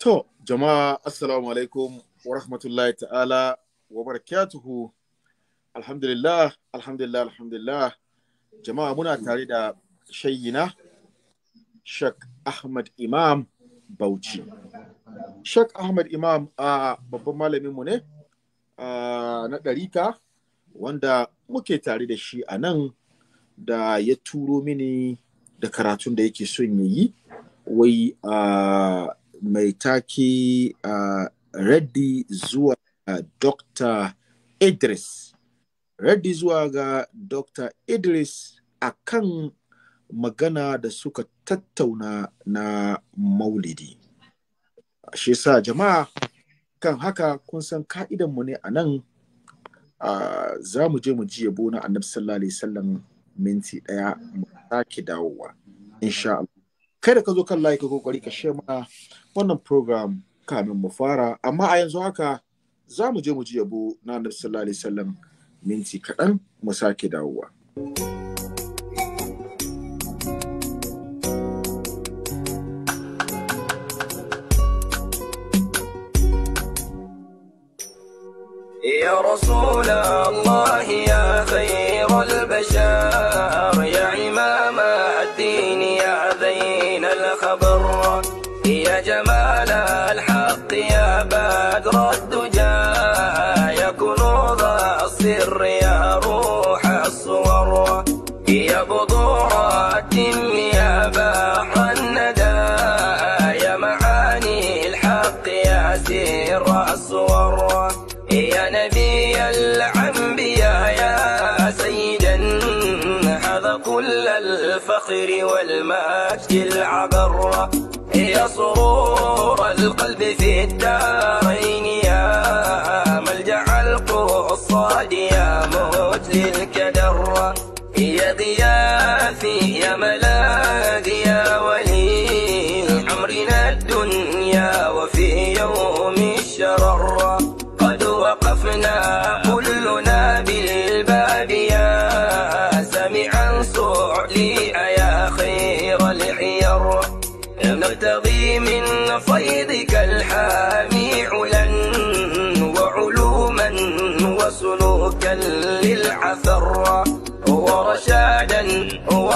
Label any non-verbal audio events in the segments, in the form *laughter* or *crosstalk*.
To, jama'a assalamu alaikum wa rahmatullahi ta'ala wa barakatuhu. Alhamdulillah, alhamdulillah, alhamdulillah. Jama'a muna tare da shayyina Shek Ahmad Imam Bauchi. Shek Ahmad Imam a babban malaminmu ne na ɗarika wanda muke tare da shi a nan da ya turo mini da karatun da yake son ya yi wai a mai taki a raddi zuwa Dr. Idris. Raddi zuwa ga Dr. Idris a kan magana da suka tattauna na maulidi. Shi sa jama'a kan haka kun san ka'idanmu ne a nan za mu je mu ji yabo na annabi sallallahu alaihi wasallam minti ɗaya mu sake dawowa. Insha Allah. Kada ka zo kan layi ka kokari ka mana wannan program kamin mu fara amma a yanzu haka za mu je mu ji yabo na annabi sallallahu alaihi wasallam minti kaɗan mu sake dawowa. يا رسول الله يا خير البشر سرور القلب في الدار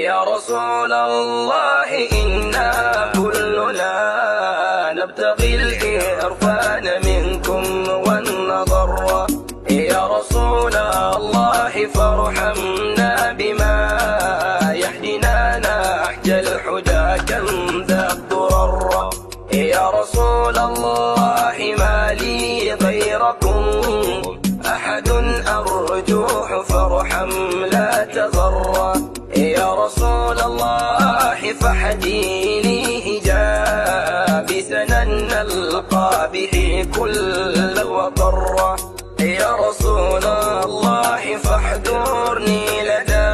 يا رسول الله إنا كلنا نبتغي الإرفان منكم والنظر يا رسول الله فارحمنا كل وضرة يا رسول الله فاحذرني لدى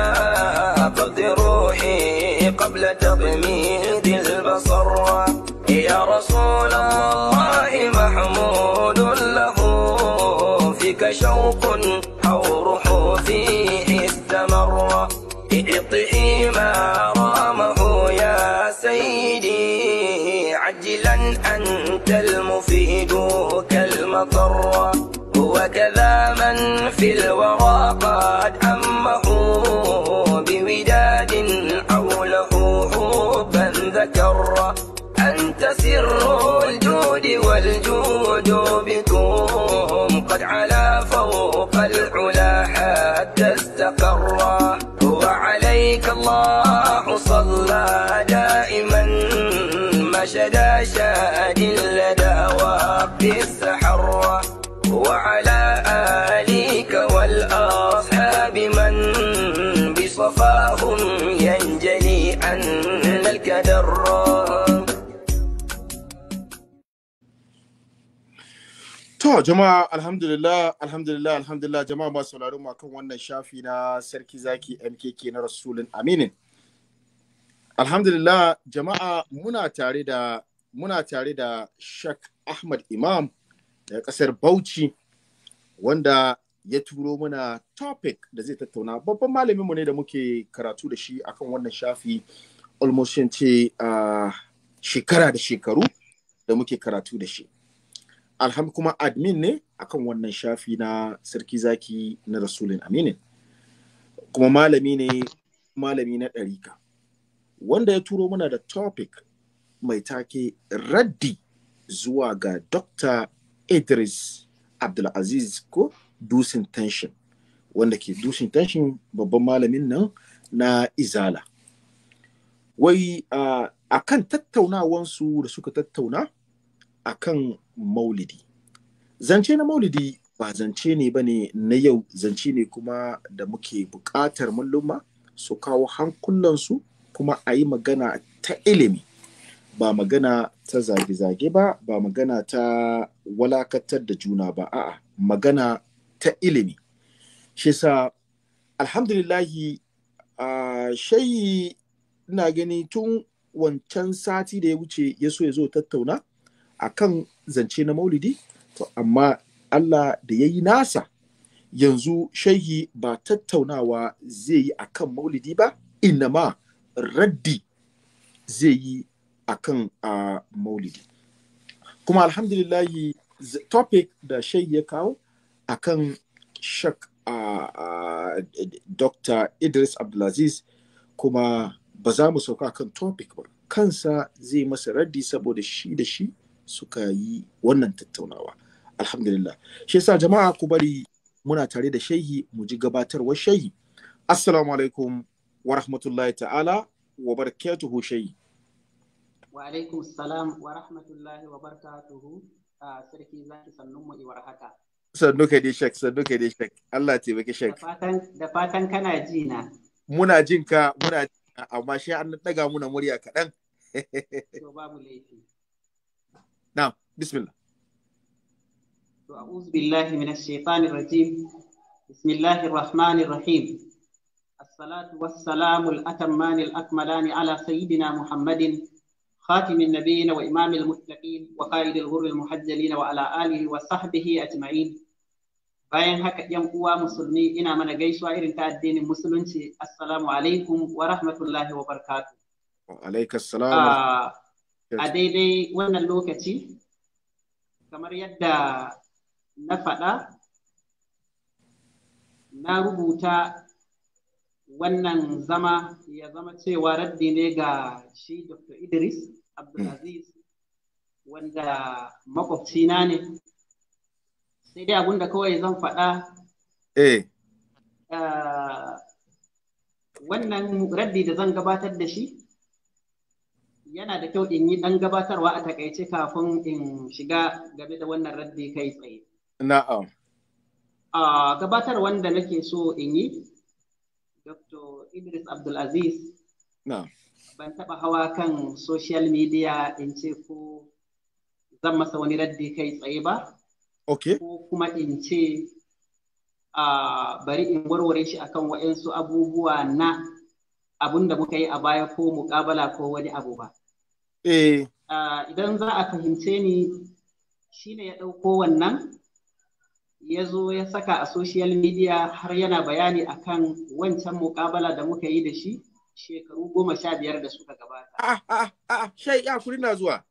قبض روحي قبل تضميد البصر يا رسول الله محمود له فيك شوق أو روح فيه استمر اطحي ما رامه ليلا أنت المفيد كالمطر وكذا من في الورى قد أمه بوداد حوله حبا ذكر أنت سر الجود والجود بكم قد على فوق العلا حتى استقر وعليك الله السحرة وعلى آليك والأصحاب من بصفاهم ينجلي عن الكدر To jama'a alhamdulillah alhamdulillah alhamdulillah jama'a masu sauraro mu kan wannan shafi na sarki zaki MKK na Rasulun Aminin. Alhamdulillah jama'a muna tare da muna tare da Shak Ahmad Imam daga ƙasar Bauchi wanda ya turo mana topic da zai tattauna babban malaminmu ne da muke karatu da shi akan wannan shafi almost ce shekara da shekaru da muke karatu da shi alham kuma admin ne akan wannan shafi na sarki zaki na rasulun aminin kuma malami ne malami na ɗarika wanda ya turo mana da topic mai take raddi zuwa ga Dr. Idris Abdulaziz ko Dusin Tension wanda ke Dusin Tension babban malamin nan na Izala. Wai uh, a kan tattaunawansu da suka tattauna a kan maulidi. Zance na maulidi ba zance ne ba ne na yau zance ne kuma da muke buƙatar malluma su kawo hankulansu kuma a yi magana ta ilimi ba magana ta zage-zage ba ba magana ta walakatar da juna ba a'a magana ta ilimi shi sa alhamdulillahi a shayi ina gani tun wancan sati da ya wuce ya so ya zo tattauna a kan zance na maulidi to amma allah da ya yi nasa yanzu shayi ba tattaunawa zai yi a kan maulidi ba inama raddi zai yi akan a maulidi kuma alhamdulillahi topic da shai ya kawo akan shak a dr idris abdulaziz kuma ba za mu sauka kan topic ba kansa zai masa raddi saboda shi da shi suka yi wannan tattaunawa alhamdulillah shi yasa jama'a ku bari muna tare da shehi mu ji gabatarwar shehi assalamu alaikum wa rahmatullahi ta'ala wa barakatuhu shehi Wa alaikum salam wa rahmatullahi wa barakatuhu. Ah, sarki zaki sannun mu iwar haka. Sannu ka dai shek, sannu ka dai shek. Allah taimaki shek. Da fatan kana ji na. Muna jin ka, muna jin ka, amma shi an daga muna murya kaɗan. *laughs* To babu laifi. Na'am, bismillah. To a'udhu billahi minash shaitanir rajim. Bismillahir rahmanir rahim. الصلاة والسلام الأتمان الأكملان على سيدنا محمد خاتم النبيين وإمام المتقين وقائد الغر المحجلين وعلى آله وصحبه أجمعين bayan haka yan uwa musulmi ina mana gaisuwa irin ta addinin musulunci assalamu alaikum wa rahmatullahi wa barakatu a daidai wannan lokaci kamar yadda na faɗa na rubuta wannan zama ya zama cewa raddi ne ga shi dr idris Abdulaziz wanda makwabcina ne sai dai abin da kawai zan faɗa eh. eh wannan raddi da zan gabatar da shi yana da kyau in yi ɗan gabatarwa a takaice kafin in shiga game da wannan raddi kai tsaye. Na'am. A gabatar wanda nake so in yi, Dr. Idris Abdulaziz. Na'am. ban taɓa hawa kan social media in ce ko zan masa wani raddi kai tsaye ba okay. ko kuma in ce uh, bari in warware shi akan waɗansu abubuwa na abun da muka yi a baya ko mukabala ko wani abu ba. Eh. idan za a fahimce ni shi ne ya ɗauko wannan ya zo ya saka a social media har yana bayani akan wancan muƙabala da muka yi da shi shekaru goma sha biyar da suka gabata. Ah, ah, ah, ah shai ya ah, kuri na zuwa.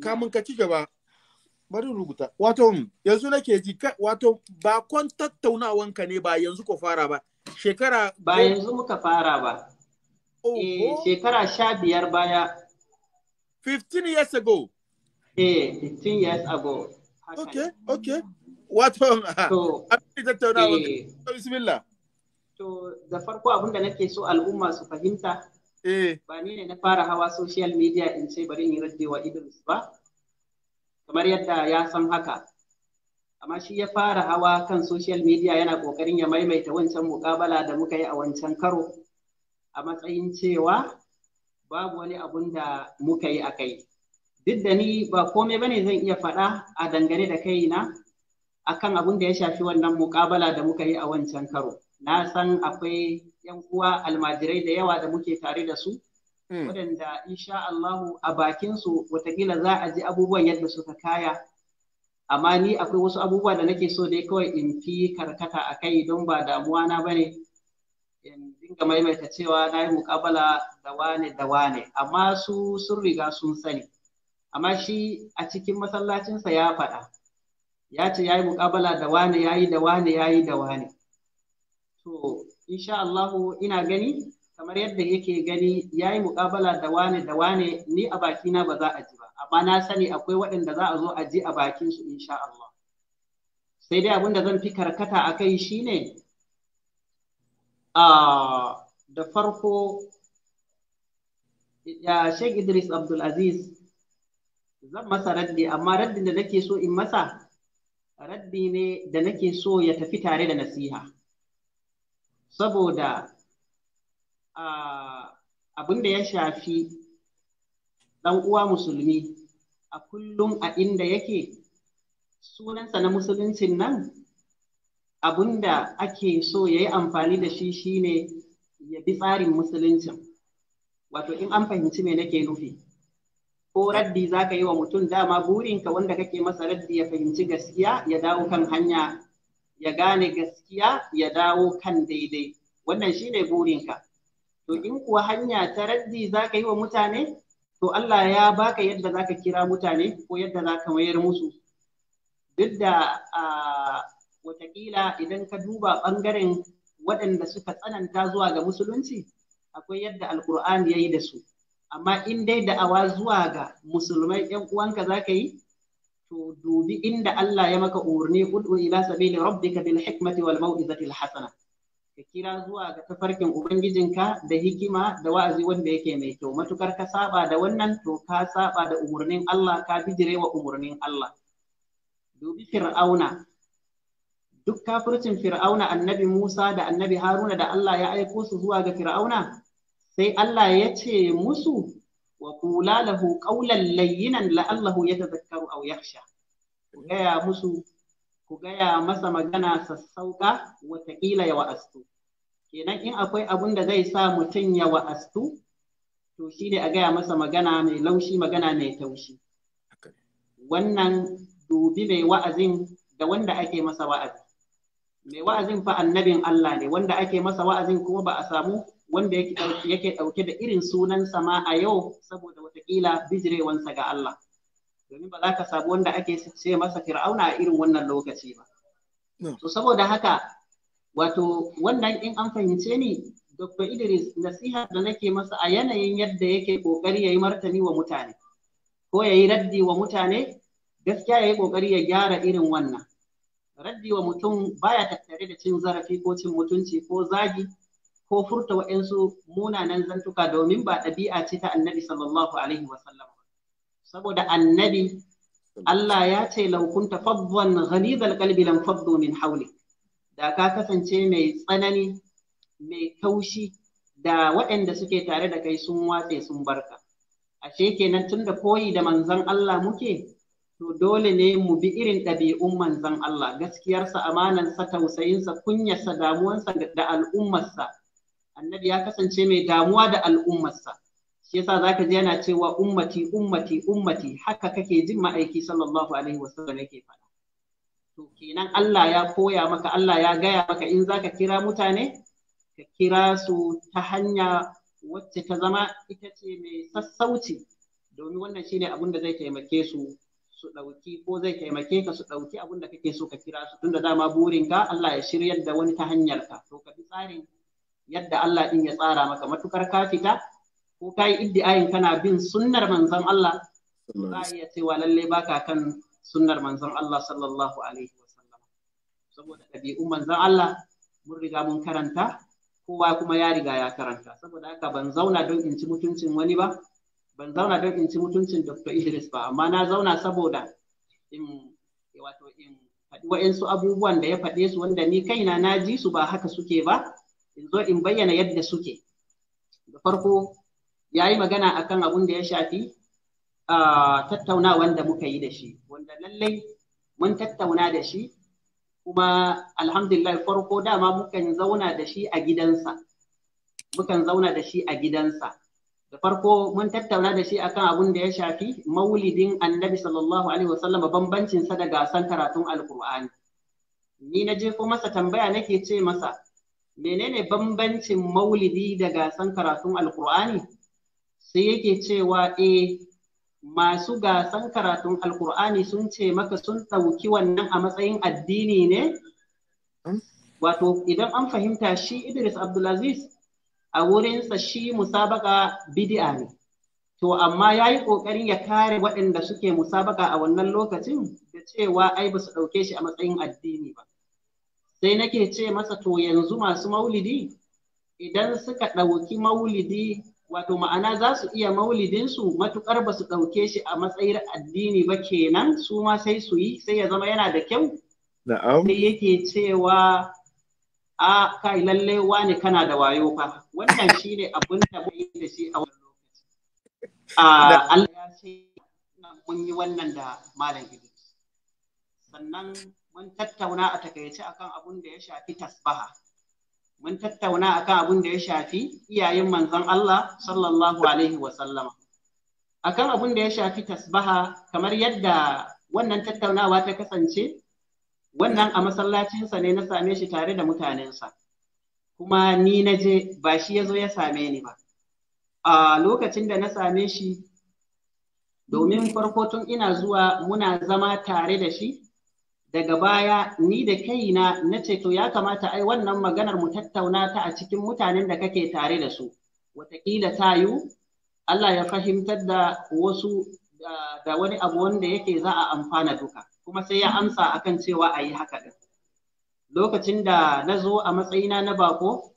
Kamun ka ci gaba. Bari rubuta. Wato, yanzu nake ji, wato, bakon tattaunawanka ne ba yanzu ko fara ba. Shekara. Ba yanzu muka fara ba. Eh, shekara sha biyar baya. 15 years ago. Eh, 15 years ago. Okay, okay. Wato, abin *laughs* tattaunawanka. Eh. Bismillah. To, da farko abin da nake so al'umma su fahimta, eh. ba ni ne na fara hawa social media in ce bari in yi wa Idris ba, kamar yadda ya san haka. Amma shi ya fara hawa kan social media yana ƙoƙarin ya maimaita wancan muƙabala da muka yi a wancan karo a matsayin cewa babu wani abun da muka yi a kai. Duk da ni ba komai bane zan iya faɗa a dangane da kaina akan abun da ya shafi wannan muƙabala da muka yi a wancan karo. na san akwai yan uwa almajirai da yawa da muke tare da su hmm. waɗanda insha Allahu a bakinsu watakila za a ji abubuwan yadda suka kaya amma ni akwai wasu abubuwa da nake so dai kawai in fi karkata a kai don ba damuwa na bane in dinga maimaita cewa na yi mukabala da wane da wane amma su sun riga sun sani amma shi a cikin masallacinsa ya faɗa ya ce ya yi mukabala da wane ya yi da wane ya yi da wane to insha Allahu ina gani kamar yadda yake gani ya yi muƙabala da wane da wane ni a bakina ba za a ji ba amma na sani akwai waɗanda za a zo a ji a bakinsu su insha Allah sai dai abinda zan fi karkata a kai shine da farko ya Sheikh Idris Abdul zan masa raddi amma raddin da nake so in masa raddi ne da nake so ya tafi tare da nasiha saboda abin da ya shafi ɗan uwa musulmi a kullum a inda yake sunansa na musuluncin nan abin da ake so ya yi amfani da shi shine ya bi tsarin musuluncin wato in an fahimci me nake nufi ko raddi za ka yi wa mutum dama burinka wanda kake masa raddi ya fahimci gaskiya ya dawo kan hanya ya gane gaskiya ya dawo kan daidai wannan shine burinka to in kuwa hanya ta raddi za ka yi wa mutane to Allah ya baka yadda za ka kira mutane ko yadda za ka mayar musu duk da watakila idan ka duba ɓangaren waɗanda suka tsananta zuwa ga musulunci akwai yadda alkur'ani ya yi da su amma in dai da'awa zuwa ga musulmai 'yan uwanka za ka yi to dubi inda Allah ya maka umarni ud'u ila sabili rabbika bil hikmati wal mau'izati al hasana ka kira zuwa ga tafarkin ubangijinka da hikima da wa'azi wanda yake mai kyau matukar ka saba da wannan to ka saba da umarnin Allah ka bijire wa umarnin Allah dubi fir'auna duk kafircin fir'auna annabi Musa da annabi Haruna da Allah ya aiko su zuwa ga fir'auna sai Allah ya ce musu وقولا له قولا لينا لعله يتذكر Ku يخشى musu, مسو gaya مسا magana سسوكا وتقيل يا wa'astu. kenan in akwai abun da zai sa mutum ya wa'astu to shi ne a gaya masa magana mai laushi magana mai taushi wannan dubi mai wa'azin da wanda ake masa wa'azi mai wa'azin fa annabin Allah ne wanda ake masa wa'azin kuma ba a samu wanda yake ɗauke da irin sunansa ma a yau saboda watakila bijirewansa ga Allah. Domin ba za ka sabu wanda ake ce masa fir'auna a irin wannan lokaci ba. To saboda haka wato wannan in an fahimce ni Dr. Idris nasiha da nake masa a yanayin yadda yake kokari ya yi martani wa mutane ko ya yi raddi wa mutane gaskiya ya yi kokari ya gyara irin wannan. Raddi wa mutum baya tattare da cin zarafi ko cin mutunci ko zagi ko furta wa'insu munanan zantuka domin ba ɗabi'a ce ta annabi sallallahu alaihi wasallam saboda annabi Allah ya ce laukunta fadwan ghalidal kalbi lam faddu min hawli da ka kasance mai tsanani mai kaushi, da waɗanda suke tare da kai sun watse sun barka ashe kenan da koyi da manzon Allah muke to dole ne mu bi irin ɗabi'un manzon Allah gaskiyarsa amanansa tausayinsa kunyarsa damuwarsa da al'ummarsa annabi ya kasance mai damuwa da al'ummarsa shi yasa zaka ji yana cewa ummati ummati ummati haka kake jin ma'aiki sallallahu alaihi wasallam yake faɗa to kenan Allah ya koya maka Allah ya gaya maka in zaka kira mutane ka kira su ta hanya wacce ta zama ita ce mai sassauci domin wannan shine abin da zai taimake su su ɗauki ko zai taimake ka su ɗauki abin da kake so ka kira su tunda dama burinka Allah ya shiryar da wani ta hanyar ka to ka bi tsarin yadda Allah ɗin ya tsara maka matukar ka fita ko ka yi iddiayin kana bin sunnar manzon Allah za a iya cewa lalle baka kan sunnar manzon Allah sallallahu alaihi wasallam saboda ɗabi'u manzon Allah mun riga mun karanta kowa kuma ya riga ya karanta saboda haka ban zauna don in ci mutuncin wani ba ban zauna don in ci mutuncin Dr. Idris ba amma na zauna saboda in wato in faɗi wa'insu abubuwan da ya faɗe su wanda ni kaina na ji su ba haka suke ba in zo in bayyana yadda suke da farko ya yi magana akan abun da ya shafi tattaunawan da muka yi da shi wanda lallai mun tattauna da shi kuma alhamdulillah farko dama mukan zauna da shi a gidansa mukan zauna da shi a gidansa da farko mun tattauna da shi akan abun da ya shafi maulidin annabi sallallahu alaihi wasallam bambancin sa da gasan karatun alkur'ani ni na jefo masa tambaya nake ce masa menene bambancin maulidi da gasan karatun alkur'ani sai yake cewa e masu gasan karatun alkur'ani sun ce maka sun ɗauki wannan a matsayin addini ne hmm? wato idan an fahimta shi idris abdulaziz a wurinsa shi musabaka bidi'a ne to amma ya yi ƙoƙarin ya kare waɗanda suke musabaka a wannan lokacin da cewa ai ba su ɗauke shi a matsayin addini ba sai nake ce masa to yanzu masu maulidi idan suka ɗauki maulidi wato ma'ana za su iya maulidinsu matuƙar ba su ɗauke shi a matsayin addini ba kenan su ma sai su yi sai ya zama yana da kyau sai yake cewa a kai lalle wani kana da wayo fa wannan shine abin da da shi a wani lokaci Allah ya ce mun yi wannan da malam Idris sannan mun tattauna a takaice akan abun da ya shafi tasbaha mun tattauna akan abun da ya shafi iyayen manzon Allah sallallahu alaihi wa sallama akan abun da ya shafi tasbaha kamar yadda wannan tattaunawa ta kasance wannan a masallacinsa ne na same shi tare da mutanensa kuma ni na je ba shi ya zo ya same ni ba a lokacin da na same shi domin farko tun ina zuwa muna zama tare da shi daga baya ni da kaina na ce to ya kamata ai wannan maganar mu tattauna ta a cikin mutanen da kake tare da su wataƙila ta yiwu Allah ya fahimtar da wasu da wani abu wanda yake za a amfana duka kuma sai ya amsa akan cewa a yi haka din lokacin da na zo a matsayina na bako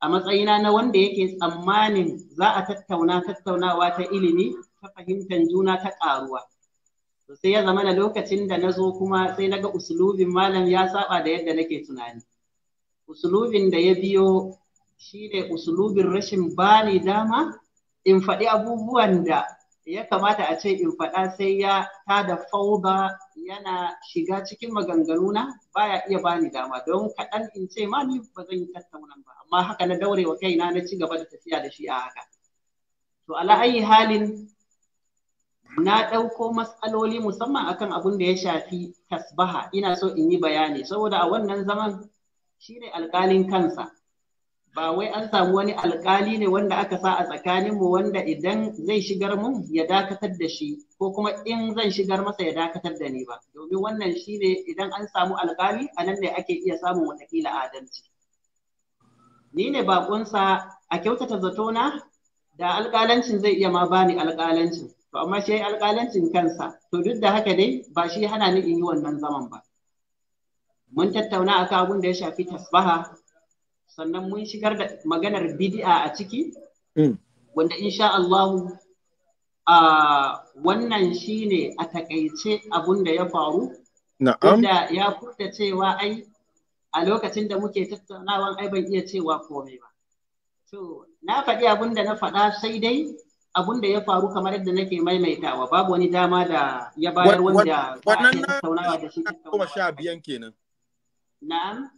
a matsayina na wanda yake tsammanin za a tattauna tattaunawa ta ilimi ta fahimtar juna ta ƙaruwa sai ya zama na lokacin da na zo kuma sai na ga usulubin malam ya saba da yadda nake tunani usulubin da ya biyo shine usulubin rashin bani dama in faɗi abubuwan da ya kamata a ce in faɗa sai ya ta tada fauba yana shiga cikin maganganuna baya iya bani dama don kaɗan in ce ma ni ba zan yi tattaunan ba amma haka na daure wa kaina na ci gaba da tafiya da shi a haka to ala halin na ɗauko matsaloli musamman akan abin da ya shafi tasbaha ina so in yi bayani saboda a wannan zaman shi ne alƙalin kansa ba wai an samu wani alƙali ne wanda aka sa a tsakaninmu wanda idan zai shigar mun ya dakatar da shi ko kuma in zan shigar masa ya dakatar da ni ba domin wannan shi ne idan an samu alƙali a nan ne ake iya samun watakila adalci ni ne baƙunsa a kyautata zatona da alƙalancin zai iya ma bani alƙalancin to amma shi alƙalancin kansa to duk da haka dai ba shi hana ni in yi wannan zaman ba mun tattauna kan abin da ya shafi tasbaha sannan mun shigar da maganar bid'a a ciki mm. wanda insha Allah wannan shine a takaice abun da ya faru na'am da ya furta cewa ai a lokacin da muke tattaunawa, ai ban iya cewa komai ba to na faɗi abun da na faɗa sai dai abun da ya faru kamar yadda nake maimaitawa babu wani dama da ya bayar wanda wannan na goma sha biyan kenan na'am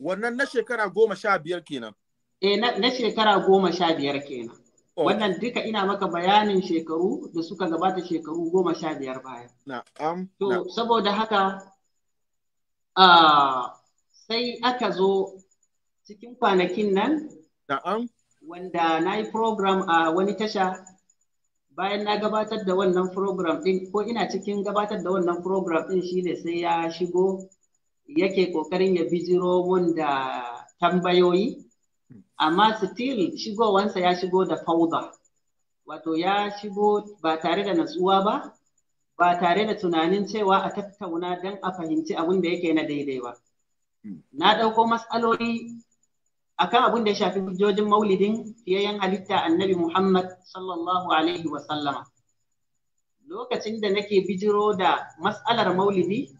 wannan na shekara goma sha biyar kenan eh na shekara goma sha biyar kenan oh. wannan duka ina maka bayanin shekaru da suka gabata shekaru goma sha biyar baya na'am to saboda haka sai aka zo cikin kwanakin nan na'am wanda na yi program a wani tasha bayan na gabatar da wannan program ɗin ko ina cikin gabatar da wannan program din shine sai ya shigo yake kokarin ya bijiro mun da tambayoyi amma still shigowansa ya shigo da fauda wato ya shigo ba tare da natsuwa ba ba tare da tunanin cewa a tattauna don a fahimci abin da yake na daidai ba hmm. na ɗauko matsaloli akan abin da ya shafi hujjojin maulidin fiyayyen halitta annabi Muhammad sallallahu alaihi wa sallama. Lokacin da nake bijiro da matsalar maulidi,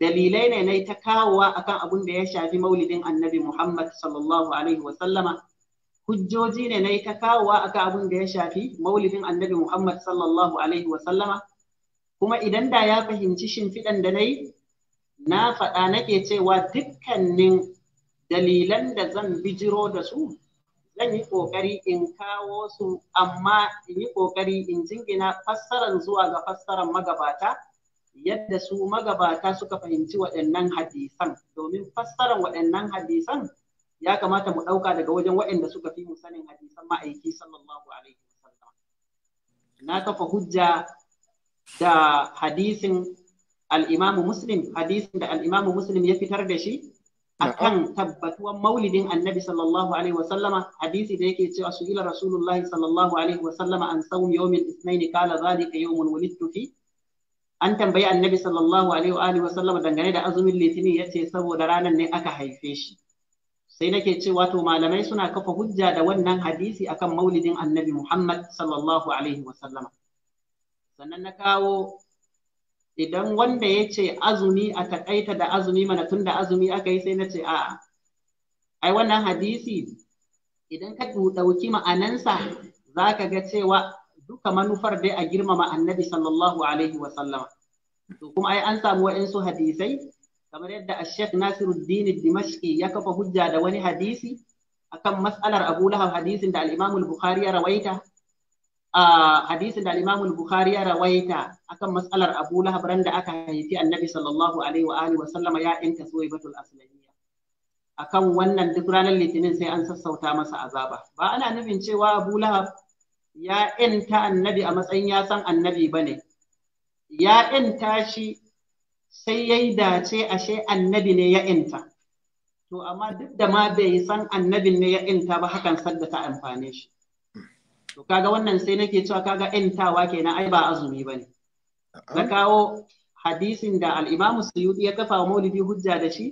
dalilai ne na ta kawowa akan abin da ya shafi maulidin annabi Muhammad sallallahu alaihi wa sallama. Hujjoji ne na ta kawowa akan abin da ya shafi maulidin annabi Muhammad sallallahu alaihi wa sallama. Kuma idan da ya fahimci shimfiɗan da na yi, na faɗa nake cewa dukkanin dalilan da zan bijiro da su zan yi ƙoƙari in kawo su amma in yi ƙoƙari in jingina fassaran zuwa ga fassaran magabata yadda su magabata suka fahimci waɗannan hadisan domin fassaran waɗannan hadisan ya kamata mu ɗauka daga wajen waɗanda suka fi mu sanin hadisan ma'aiki sallallahu alaihi wasallam na kafa hujja da hadisin al muslim hadisin da al'imamu imamu muslim ya fitar da shi akan tabbatuwar maulidin annabi sallallahu alaihi wa sallama hadisi da yake cewa su ila rasulullahi sallallahu alaihi wa sallama an sawm yawmin ithnain qala zalika yawmun wulidtu fi an tambayi annabi sallallahu alaihi wa alihi wa dangane da azumin litinin yace saboda ranar ne aka haife shi sai nake cewa to malamai suna kafa hujja da wannan hadisi akan maulidin annabi Muhammad sallallahu alaihi wa sallama sannan na kawo idan wanda ya ce azumi a takaita da azumi mana tun da azumi aka yi sai na ce a'a ai wannan hadisi idan ka ɗauki ma'anansa za ka ga cewa duka manufar dai a girmama annabi sallallahu alaihi wa sallama to kuma ai an samu waɗansu hadisai kamar yadda Sheikh Nasiruddin Dimashqi ya kafa hujja da wani hadisi akan matsalar Abu Lahab hadisin da al imamul bukhari ya rawaita A hadisin da Imam Bukhari ya rawaita akan matsalar Abu Lahab ran da aka haifi Annabi sallallahu alaihi wa alihi wa sallama ya inta Suwaibatul Aslamiyya akan wannan duk ranar Litinin sai an sassauta masa azaba ba ana nufin cewa Abu Lahab ya Annabi a matsayin ya san Annabi bane ya inta shi sai yayi dace ashe Annabi ne ya to amma duk da ma bai san annabi ne ya ba hakan sadda ta amfane shi to kaga wannan sai nake cewa kaga ‘yantawa kenan ai ba azumi bane ne. Na kawo hadisin da al'imamu Suyuti ya kafa maulidi hujja da shi,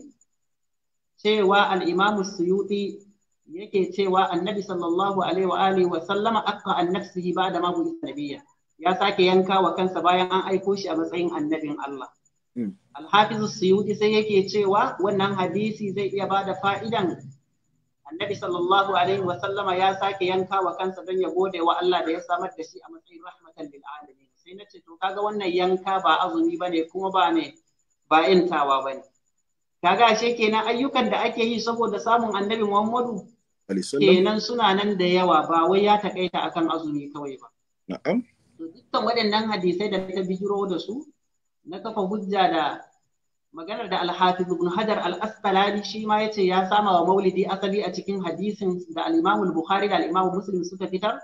cewa al'imamu Suyuti yake cewa annabi sallallahu alaihi wa alihi wa sallama akka an nafsihi ba da mabu nabiyya ya sake yanka wa kansa bayan an aiko shi a matsayin annabin Allah. Hmm. al-Hafiz Suyuti sai yake cewa wannan hadisi zai iya bada fa'idan annabi sallallahu alaihi wa sallama ya sake yanka wa kansa don ya gode wa Allah da ya samar da shi a matsayin rahmatan lil alamin sai na ce to kaga wannan yanka ba azumi bane kuma ba ne ba intawa bane kaga ashe kenan ayyukan da ake yi saboda samun annabi Muhammadu kenan suna nan da yawa ba wai ya takaita akan azumi kawai ba na'am to dukkan waɗannan hadisai da ta bijiro da su na kafa hujja da maganar da alhafiz ibn hajar al-asqalani shi ma yace ya sama wa maulidi asali a cikin hadisin da al-imam al-bukhari da al-imam muslim suka fitar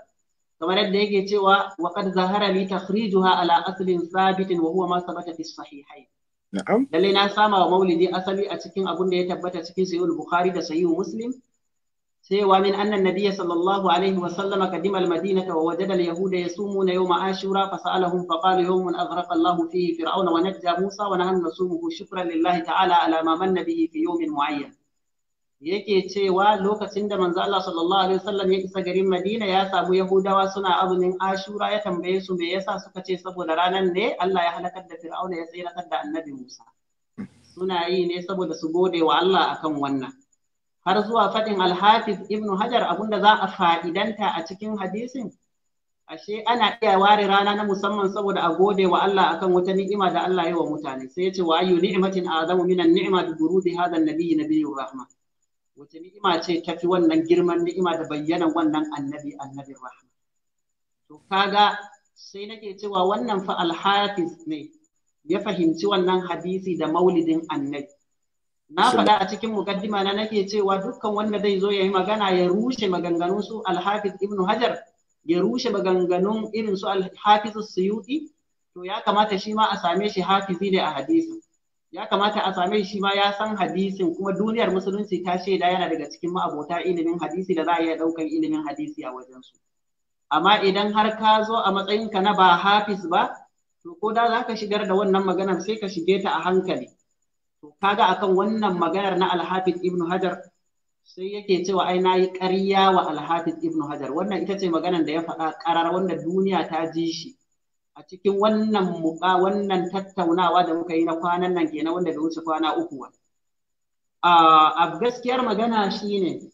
kamar yadda yake cewa wa qad zahara li takhrijuha ala aslin sabitin wa huwa ma sabata fi na'am lalle na sama wa maulidi asali a cikin abun da ya tabbata cikin sahih al-bukhari da sahih muslim cewa min annan nabiyya sallallahu alaihi wa sallam qadima madinata wa wajada al-yahuda yasumuna yawm ashura fa sa'alahum fa qalu yawmun azraqa Allah fihi fir'auna wa najja Musa wa nahnu nasumuhu shukran lillahi ta'ala ala ma manna bihi fi yawmin mu'ayyan yake cewa lokacin da manzo Allah sallallahu alaihi wasallam ya isa garin Madina ya samu Yahudawa suna azumin Ashura ya tambaye su me yasa suka ce saboda ranar ne Allah ya halakar da Fir'auna ya tsiratar da Annabi Musa suna yi ne saboda su gode wa Allah akan wannan har zuwa faɗin alhafiz ibn hajar abinda za a fa'idanta a cikin hadisin ashe ana iya ware rana na musamman saboda a gode wa Allah akan wata ni'ima da Allah ya wa mutane sai ya ce wa ayu ni'matin azamu minan ni'ma bi burudi hadha an-nabiy nabiyur rahma Wata ni'ima ce tafi wannan girman ni'ima da bayyana wannan annabi annabin rahma to kaga sai nake cewa wannan fa al-hafiz ne ya fahimci wannan hadisi da maulidin annabi na faɗa a cikin mukaddima na nake cewa dukkan wanda zai zo ya yi magana ya rushe maganganun su al Ibn Hajar ya rushe maganganun irin su al-Hafiz Suyuti to ya kamata shi ma a same shi hafizi ne a hadisi ya kamata a same shi ma ya san hadisin kuma duniyar musulunci ta shaida yana daga cikin ma'abota ilimin hadisi da za a iya ɗaukan ilimin hadisi a wajen su amma idan har ka zo a matsayinka na ba hafiz ba to ko da za ka shigar da wannan maganar sai ka shige ta a hankali kaga akan wannan maganar na alhafiz ibn hajar sai yake cewa ai na yi ƙarya wa alhafiz ibn hajar wannan ita ce maganar da ya faɗa ƙarar wanda duniya ta ji shi a cikin wannan muka wannan tattaunawa da muka yi na kwanan nan kenan wanda bai wuce kwana uku ba a gaskiyar magana shine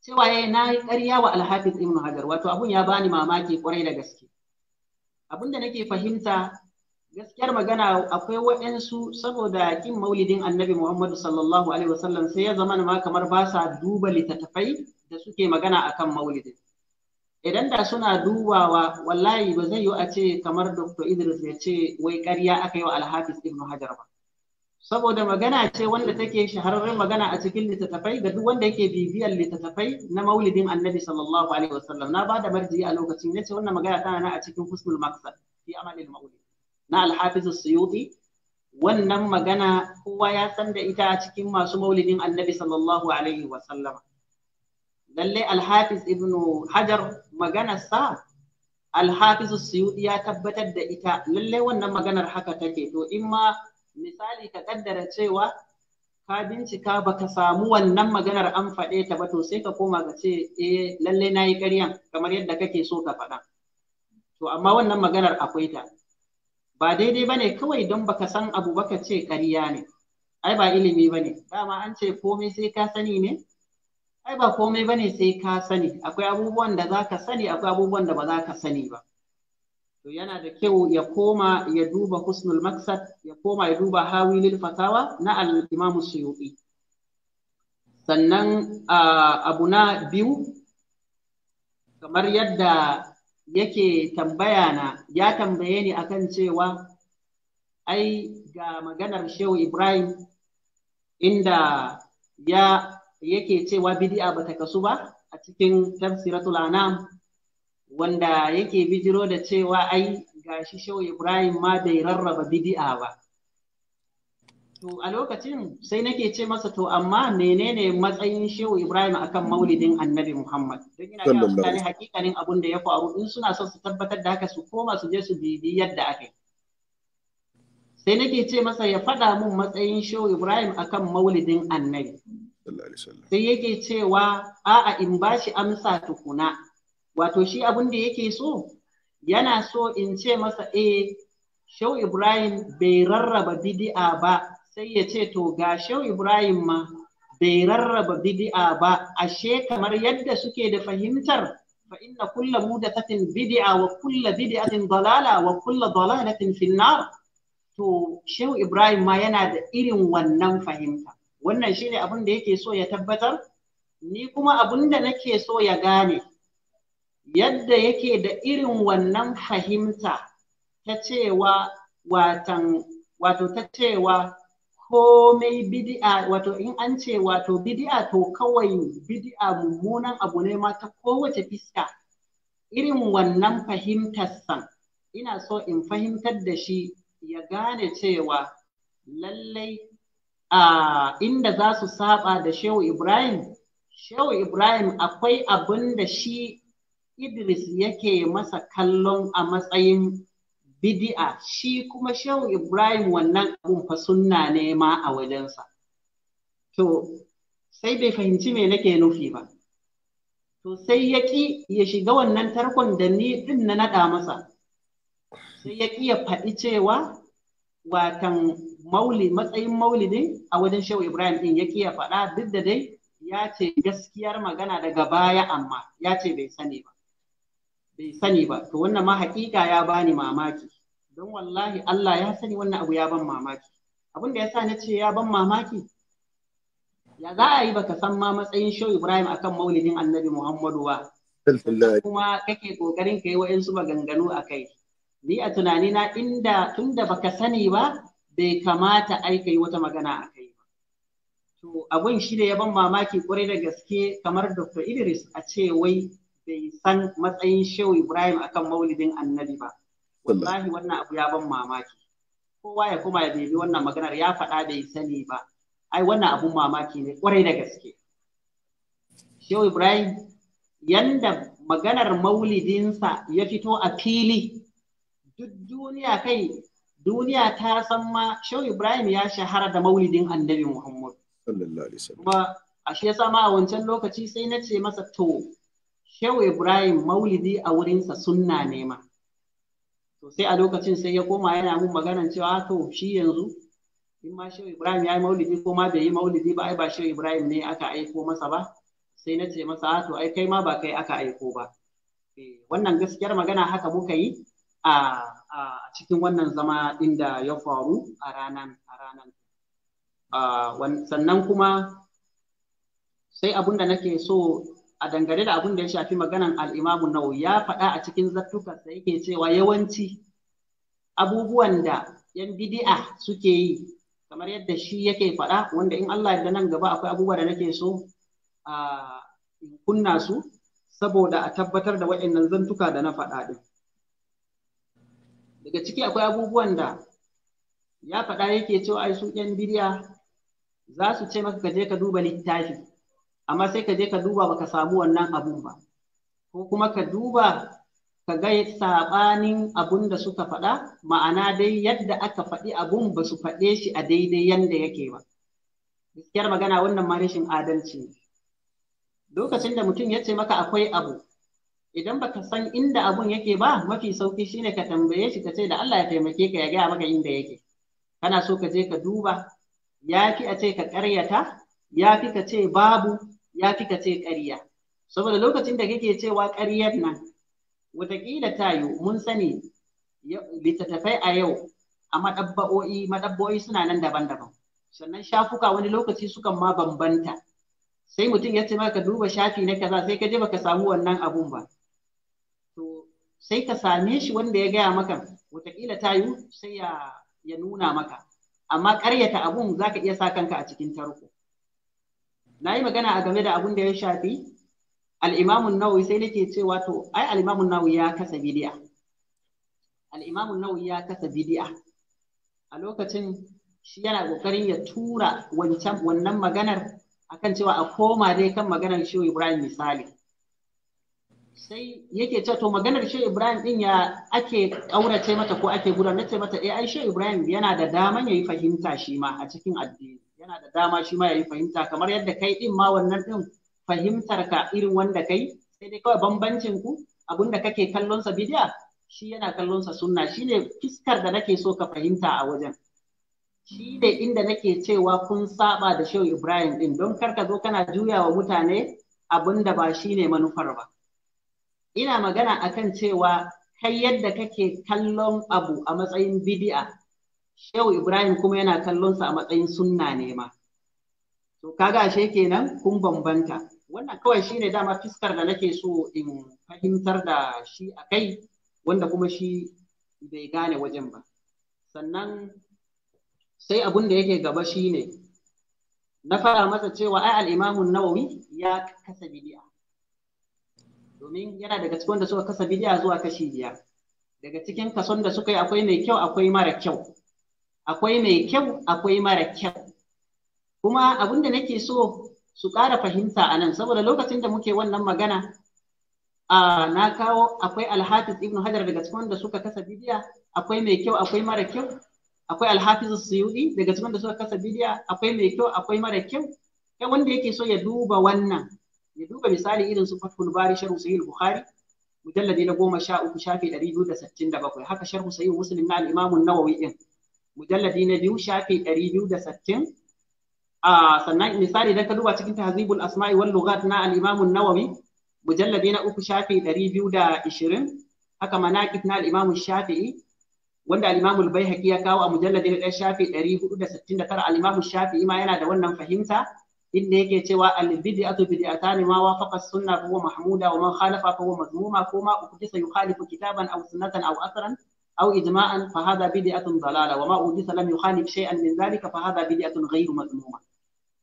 cewa yayi eh na yi ƙarya wa alhafiz ibn hajar wato abun ya bani mamaki kwarai da gaske abin da nake fahimta gaskiyar magana akwai waɗansu saboda kin maulidin annabi muhammadu sallallahu alaihi wasallam sai ya zama ma kamar ba sa duba littattafai da suke magana akan maulidin idan da suna dubawa wallahi ba zai yi a ce kamar dr idris ya ce wai ƙarya aka yi wa alhafiz ibn hajar ba saboda magana ce wanda take shahararren magana a cikin littattafai ga duk wanda yake bibiyar littattafai na maulidin annabi sallallahu alaihi wasallam na ba da marji a lokacin ce wannan magana tana na a cikin husnul maqsad fi amalil maulid na alhafiz suyuti wannan magana kowa ya san da ita a cikin masu maulidin annabi sallallahu alaihi wa sallama lalle alhafiz Ibn hajar maganar sa alhafiz suyuti ya tabbatar da ita lalle wannan maganar haka take to in ma misali ka kaddara cewa ka bincika baka samu wannan maganar an faɗe ta ba to sai ka koma ka ce eh lalle nayi ƙaryan kamar yadda kake so ka faɗa to amma wannan maganar akwai ta ba daidai bane kawai don baka san abu baka ce ƙarya ne ai ba ilimi bane dama an ce komai sai ka sani ne ai ba komai bane sai ka sani akwai abubuwan da za ka sani akwai abubuwan da ba za ka sani ba to yana da kyau ya koma ya duba husnul maksad ya koma ya duba hawilil fatawa na al imam suyuti sannan ah, abu na biyu kamar yadda yake tambaya na ya tambaye ni akan cewa ai ga maganar shehu ibrahim inda ya yake cewa bidi'a bata kasu ba a cikin tafsiratul anam wanda yake bijiro da cewa ai gashi shehu ibrahim ma bai rarraba bidi'a ba To a lokacin sai nake ce masa to amma menene matsayin Shehu Ibrahim akan maulidin Annabi Muhammad? Don ina ga mutane hakikanin abin da ya faru in suna son su tabbatar da haka su koma su je su bibi yadda aka Sai nake ce masa ya faɗa mun matsayin Shehu Ibrahim akan maulidin Annabi. Sai yake cewa a'a in ba shi amsa tukuna. Wato shi abin da yake so yana so in ce masa eh Shehu Ibrahim bai rarraba bidi'a ba sai ya ce to ga shau Ibrahim ma bai rarraba bid'a ba ashe kamar yadda suke da fahimtar fa inna kulla mudathatin bid'a wa kulla bid'atin dalala wa kulla dalalatin fi nar to shau Ibrahim ma yana da irin wannan fahimta wannan shine abin da yake so ya tabbatar ni kuma abin da nake so ya gane yadda yake da irin wannan fahimta ta cewa watan wato ta cewa komai bidi'a wato in an ce wato bidi'a to kawai bidi'a mummunan abu ne ma ta kowace fiska irin wannan fahimtar san ina so in fahimtar da shi ya gane cewa lallai a inda za su saba da shehu ibrahim shehu ibrahim akwai abin da shi idris yake masa kallon a matsayin bidi'a shi kuma shehu ibrahim wannan abun fa sunna ne ma a wajensa to sai bai fahimci me nake nufi ba to sai ya ki ya shiga wannan tarkon da ni din na naɗa masa sai ya ki ya faɗi cewa watan mauli matsayin maulidin a wajen shehu ibrahim din ya ki ya faɗa duk da dai ya ce gaskiyar magana daga baya amma ya ce bai sani ba bai sani ba to wannan ma haƙiƙa ya bani mamaki don wallahi Allah ya sani wannan abu ya ban mamaki abin da ya sa na ce ya ban mamaki ya za a yi ba ka san ma matsayin shau Ibrahim akan maulidin annabi Muhammadu ba kuma kake kokarin kai su maganganu a kai ni a tunani na inda tunda baka sani ba bai kamata ai kai wata magana a kai ba to abun shi da ya ban mamaki kwarai da gaske kamar Dr. Idris a ce wai bai san matsayin Shehu Ibrahim akan maulidin annabi ba wallahi wannan abu ya ban mamaki kowa ya kuma ya bibi wannan maganar ya faɗa bai sani ba ai wannan abun mamaki ne kwarai da gaske shehu ibrahim yanda maganar maulidinsa ya fito a fili duk duniya kai duniya ta san ma shehu ibrahim ya shahara da maulidin annabi muhammad kuma a shi yasa a wancan lokaci sai na ce masa to shehu ibrahim maulidi a wurinsa sunna ne ma to sai a lokacin sai ya koma yana min maganan cewa ah, to shi yanzu in ma shehu ibrahim ya yi maulidi ko ma bai yi maulidi ba ai ba shehu ibrahim ne aka aiko masa ba sai na ce masa ah, to ai kai ma ba kai aka aiko ba eh, wannan gaskiyar magana haka muka yi a cikin wannan zama inda ya faru a ranan a ranan ah, sannan kuma sai abin da nake so a dangane da abin da ya shafi maganan al'imamu nau ya faɗa a cikin zattukarsa yake cewa yawanci abubuwan da yan bidi'a suke yi kamar yadda shi yake faɗa wanda in Allah da nan gaba akwai abubuwa da nake so a kunna su saboda a tabbatar da waɗannan zantuka da na faɗa ɗin. Daga ciki akwai abubuwan da ya faɗa yake cewa ai su yan bidi'a za su ce maka ka je ka duba littafi amma sai ka je ka duba baka samu wannan abun ba ko kuma ka duba ka ga saɓanin abun da suka faɗa ma'ana dai yadda aka faɗi abun ba su faɗe shi a daidai yanda yake ba gaskiyar magana wannan ma rashin adalci ne lokacin da mutum ya ce maka akwai abu idan baka san inda abun yake ba mafi sauki shine ka tambaye shi ka ce da Allah ya taimake ka ya gaya maka inda yake kana so ka je ka duba ya fi a ce ka karyata ya fi ka ce babu ya fi ka ce ƙarya saboda lokacin da kake cewa ƙaryar nan wataƙila ta yi mun sani littattafai a yau a maɗaba'o'i madabba'o'i suna nan daban-daban sannan shafuka wani lokaci sukan ma bambanta sai mutum ya ce maka duba shafi na kaza sai ka je baka samu wannan abun ba to sai ka same shi wanda ya gaya maka wataƙila ta yi sai ya ya nuna maka amma ƙaryata abun za ka iya sa kanka a cikin tarko na yi magana a game da abin da ya shafi al'imamun nawawi sai nake cewa to ai al'imamun nawawi ya kasa bidiya al'imamun nawawi ya kasa bidiya a lokacin shi yana kokarin ya tura wannan maganar kan cewa a koma dai kan maganar shehu ibrahim misali sai yake cewa to maganar shehu ibrahim din ya ake aurace mata ko ake gudanar ce mata eh ai shehu ibrahim yana da daman yi fahimta shi ma a cikin addini yana da dama shi ma yi fahimta kamar yadda kai din ma wannan din fahimtar ka irin wanda kai sai dai kawai bambancin ku Abun da kake kallon sa bidiya shi yana kallon sa sunna shi ne fiskar da nake so ka fahimta a wajen shi ne inda nake cewa kun saba da shehu Ibrahim ɗin, don kar ka zo kana juya wa mutane da ba shi ne manufar ba ina magana akan cewa kai yadda kake kallon abu a matsayin bidi'a shehu ibrahim kuma yana kallon sa a matsayin sunna ne ma to kaga ashe kenan kun bambanta wannan kawai shine dama fiskar da nake so in fahimtar da shi a kai wanda kuma shi bai gane wajen ba sannan sai abun da yake gaba shine na fara masa cewa ai al-imamu nawawi ya kasa bidiya, domin yana daga cikin wanda suka kasa bidiya zuwa kashi biyar daga cikin kason da suka yi akwai mai kyau akwai mara kyau akwai mai kyau akwai mara kyau kuma abin da nake so su ƙara fahimta a nan saboda lokacin da muke wannan magana a na kawo akwai alhafiz Ibn hajar daga cikin wanda suka kasa bidiya akwai mai kyau akwai mara kyau akwai alhafiz suyudi daga cikin wanda suka kasa bidiya akwai mai kyau akwai mara kyau kai wanda yake so ya duba wannan ya duba misali irin su fathul bari sharh sahih bukhari mujalladi na goma sha uku shafi ɗari biyu da sittin da bakwai haka sharh sahih muslim na al-imam an-nawawi din mujalladi na biyu shafi ɗari biyu da sittin sannan misali idan ka duba cikin tahzibul asma'i wal lughat na al-imam an-nawawi mujalladi na uku shafi ɗari biyu da ishirin haka manaqib na al-imam shafi'i wanda al-imam al-baihaqi ya kawo a mujalladi na ɗaya shafi ɗari hudu da sittin da tara al-imam shafi'i ma yana da wannan fahimta inda yake cewa al-bid'atu bid'atani ma wafaqa as-sunnah huwa mahmuda wa man khalafa fa huwa mazmuma koma ma yukhalifu kitaban aw sunnatan aw asran أو إجماعا فهذا بدعة ضلالة وما أودث لم يخالف شيئا من ذلك فهذا بدعة غير مذمومة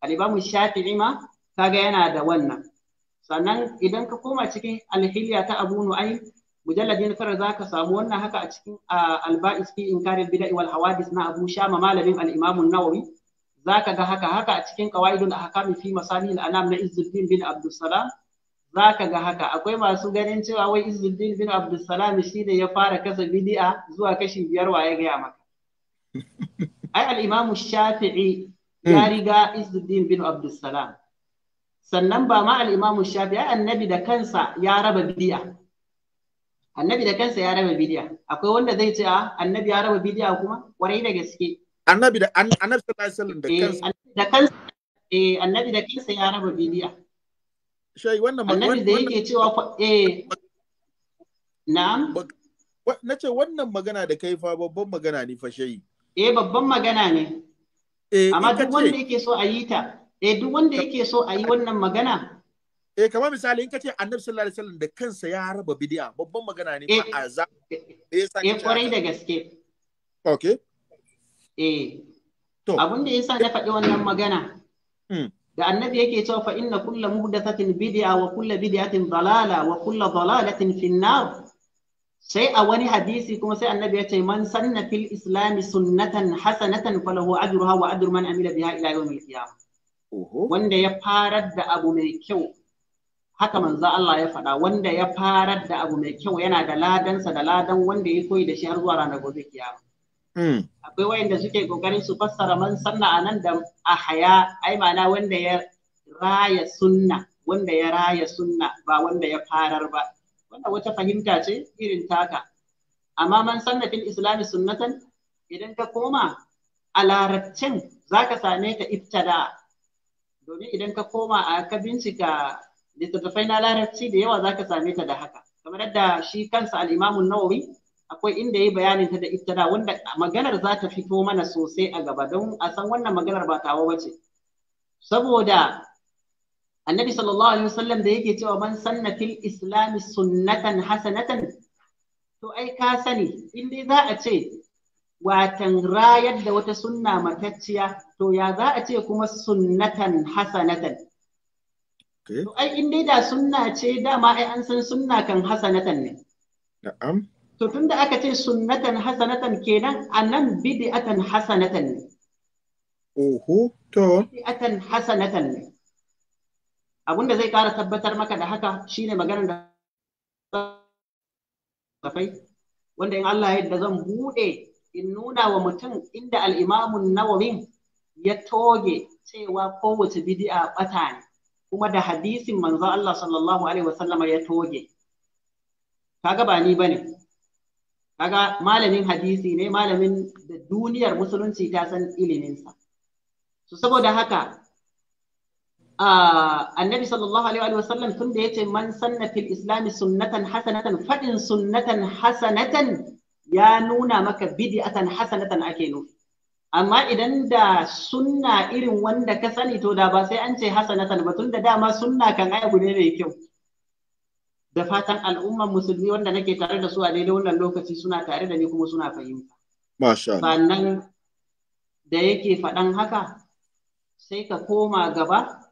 الإمام الشافعي ما كاجا yana da wannan sannan idan ka koma cikin alhiliya ta Abu Nu'aym mujalladi na tara zaka samu wannan haka a cikin alba'is fi inkaril bida'i wal hawadis na Abu Shama malamin al-Imam an-Nawawi zaka ga haka haka a cikin qawaidul ahkam fi masalih al-anam na Izzuddin bin Abdussalam za ka ga haka akwai masu ganin cewa wai izuddin bin abdulsalam shi ne ya fara kasa bidi'a zuwa kashi biyar wa ya gaya maka *laughs* ai al'imamu shafi'i ya hmm. riga izuddin bin abdulsalam sannan ba ma al'imamu shafi'i annabi da kansa ya raba bidi'a annabi da kansa ya raba bidi'a. akwai wanda zai ce a annabi ya raba bidi'a kuma kwarai da gaske annabi da annabi sallallahu alaihi wasallam da eh, kansa da kansa eh annabi da kansa ya raba bidi'a. shai wannan magana da yake cewa eh na ce wannan magana da kai fa babban magana ne fa shai eh babban magana ne eh, amma duk wanda yake so a yi ta eh duk wanda yake so a yi wannan magana eh kamar misali in ka ce annabi sallallahu alaihi wasallam da kansa ya raba bid'a babban magana ne fa eh, eh, a za eh kwarai da gaske okay eh abin da yasa na faɗi wannan magana mm. da annabi yake cewa fa inna kulla muhdathatin bid'a wa kulla bid'atin dalala wa kulla dalalatin finnar sai a wani hadisi kuma sai annabi ya ce man sanna fil islam sunnatan hasanatan falahu ajruha wa ajru man amila biha ila yawmil qiyamah wanda ya farar da abu mai kyau haka manzo Allah ya faɗa wanda ya farar da abu mai kyau yana da ladansa da ladan wanda ya koyi da shi har zuwa ranar gobe kiyama Hmm. akwai wayanda suke kokarin su fassara man sanna nan da haya, ai ma'ana wanda ya raya sunna wanda ya raya sunna ba wanda ya farar ba wannan wata fahimta ce irin taka amma man sanna fil islami sunnatan idan ka koma a larabcin zaka same ta ibtada domin idan ka koma a ka bincika littattafai na larabci da yawa zaka same ta da haka kamar yadda shi kansa al-imamu nawawi akwai inda yayi bayanin ta da iftira wanda maganar za ta fito mana sosai a gaba don a san wannan maganar ba tawa bace saboda annabi sallallahu alaihi wasallam da yake cewa man sanna fil islam sunnatan hasanatan to ai ka sani in dai za a ce watan rayar da wata sunna matacciya to ya za a ce kuma sunnatan hasanatan to ai in dai da sunna ce dama ai an san sunna kan hasanatan ne na'am to tunda aka ce sunnatan hasanatan kenan a bid'atan hasanatan ne oho to bid'atan hasanatan ne da zai kara tabbatar maka da haka shine maganar da kafai wanda in Allah yadda zan buɗe in nuna wa mutum inda al-Imam ya toge cewa kowace bid'a bata ne kuma da hadisin manzo Allah sallallahu alaihi wasallama ya toge kaga ba ni bane kaga malamin hadisi ne malamin da duniyar musulunci ta san iliminsa so saboda haka annabi sallallahu alaihi wa sallam tun da yace man sanna fil islami sunnatan hasanatan fadin sunnatan hasanatan ya nuna maka bid'atan hasanatan ake nufi amma idan da sunna irin wanda ka sani to da ba sai an ce hasanatan ba tun da dama sunna kan ai ne mai kyau da fatan al'umman musulmi wanda nake tare da su a daidai wannan lokaci suna tare da ni kuma suna fahimta. Masha. Sannan da yake faɗan haka sai ka koma gaba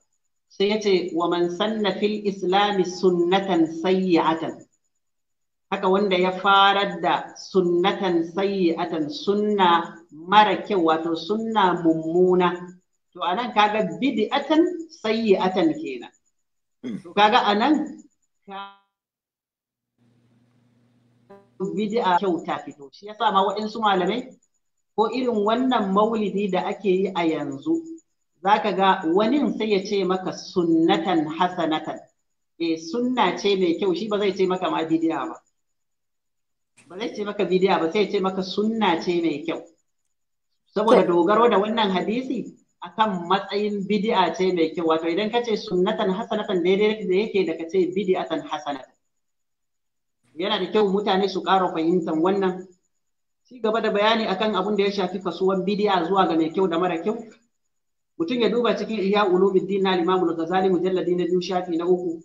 sai ya ce wa man sanna fil islami sunnatan sayyi'atan haka wanda ya farar da sunnatan sayyi'atan sunna mara kyau wato sunna mummuna to anan kaga bid'atan sayyi'atan kenan hmm. to kaga anan ka bid'a kyau ta fito shi yasa ma waɗansu malamai ko irin wannan maulidi da ake yi a yanzu zaka ga wanin sai ya ce maka sunnatan hasanatan eh sunna ce mai kyau shi ba zai ce maka ma bid'a ba ba zai ce maka bid'a ba sai ya ce maka sunna ce mai kyau saboda dogaro da wannan hadisi akan matsayin bidi'a ce mai kyau wato idan ka ce sunnatan hasanatan daidai da yake da ka ce bid'atan hasanatan yana da kyau mutane su ƙara fahimtar wannan ci gaba da bayani akan abin da ya shafi kasuwan bidiya zuwa ga mai kyau da mara kyau mutum ya duba cikin iya ulumuddin na limamu al-ghazali mujalladi na biyu shafi na uku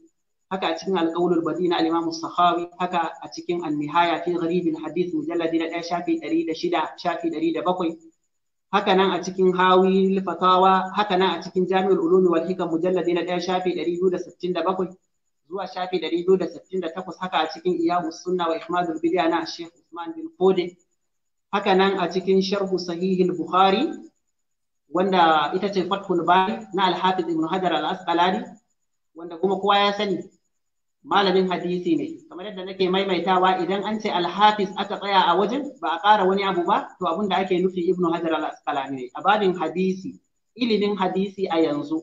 haka a cikin alƙawlul badi na limamu sahawi haka a cikin an-nihaya fi gharib al-hadith mujalladi na ɗaya shafi ɗari da shida shafi ɗari da bakwai haka nan a cikin hawi fatawa haka nan a cikin jami'ul ulumi wal hikam mujalladi na ɗaya shafi ɗari biyu da sittin da bakwai zuwa shafi 268 haka a cikin iyahu sunna wa ihmadul bid'a na Sheikh Usman bin Fode haka nan a cikin sharhu sahihil Bukhari wanda ita ce Fathul Bari na Al-Hafiz Ibn Hajar Al-Asqalani wanda kuma kowa ya sani malamin hadisi ne kamar yadda nake maimaitawa idan an ce Al-Hafiz aka tsaya a wajen ba a ƙara wani abu ba to abin da ake nufi Ibn Hajar Al-Asqalani ne a babin hadisi ilimin hadisi a yanzu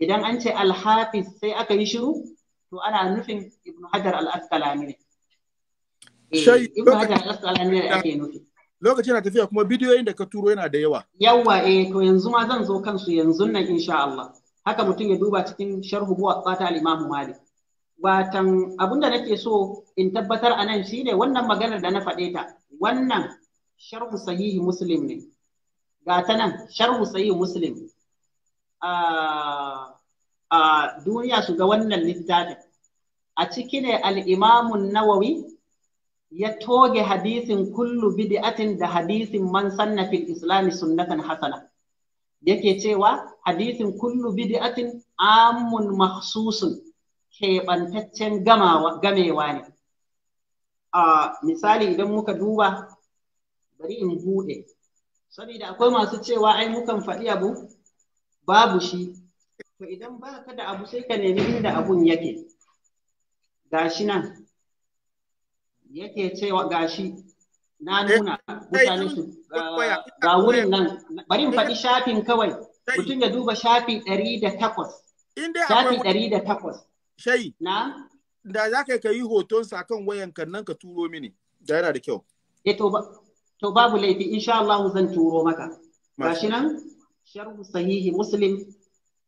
idan an ce Al-Hafiz sai aka yi shiru to ana nufin ibn hajar al-asqalani ne eh, ibn hajar al-asqalani ne ake nufi lokaci na tafiya kuma bidiyoyin da ka turo yana da yawa yawa eh to yanzu ma zan zo kansu yanzu nan insha Allah haka mutum ya duba cikin sharhu buwa tsata al-imam malik watan abinda nake so in tabbatar a nan shine wannan maganar da na faɗe ta wannan sharhu sahihi muslim ne ga ta nan sharhu sahihi muslim a ah, ah, duniya su ga wannan littafin a ciki ne al'imamun nawawi ya toge hadisin kullu bid'atin da hadisin man sanna fil islami sunnatan hasana yake cewa hadisin kullu bid'atin amun mahsusun keɓantaccen gamewa ne a misali idan muka duba bari in buɗe saboda akwai masu cewa ai mukan faɗi abu babu shi to idan ba ka da abu sai ka nemi inda abun yake gashi nan yake cewa gashi na eh, nuna eh, eh, mutane su ah, ga wurin nan bari faɗi shafin kawai mutum ya duba shafi ɗari da takwas shafi ɗari da takwas shayi na da za ka yi hoton sa kan wayan kan nan ka turo mini da yana da kyau eh to ba to babu laifi insha Allah zan turo maka gashi nan sharhu sahihi muslim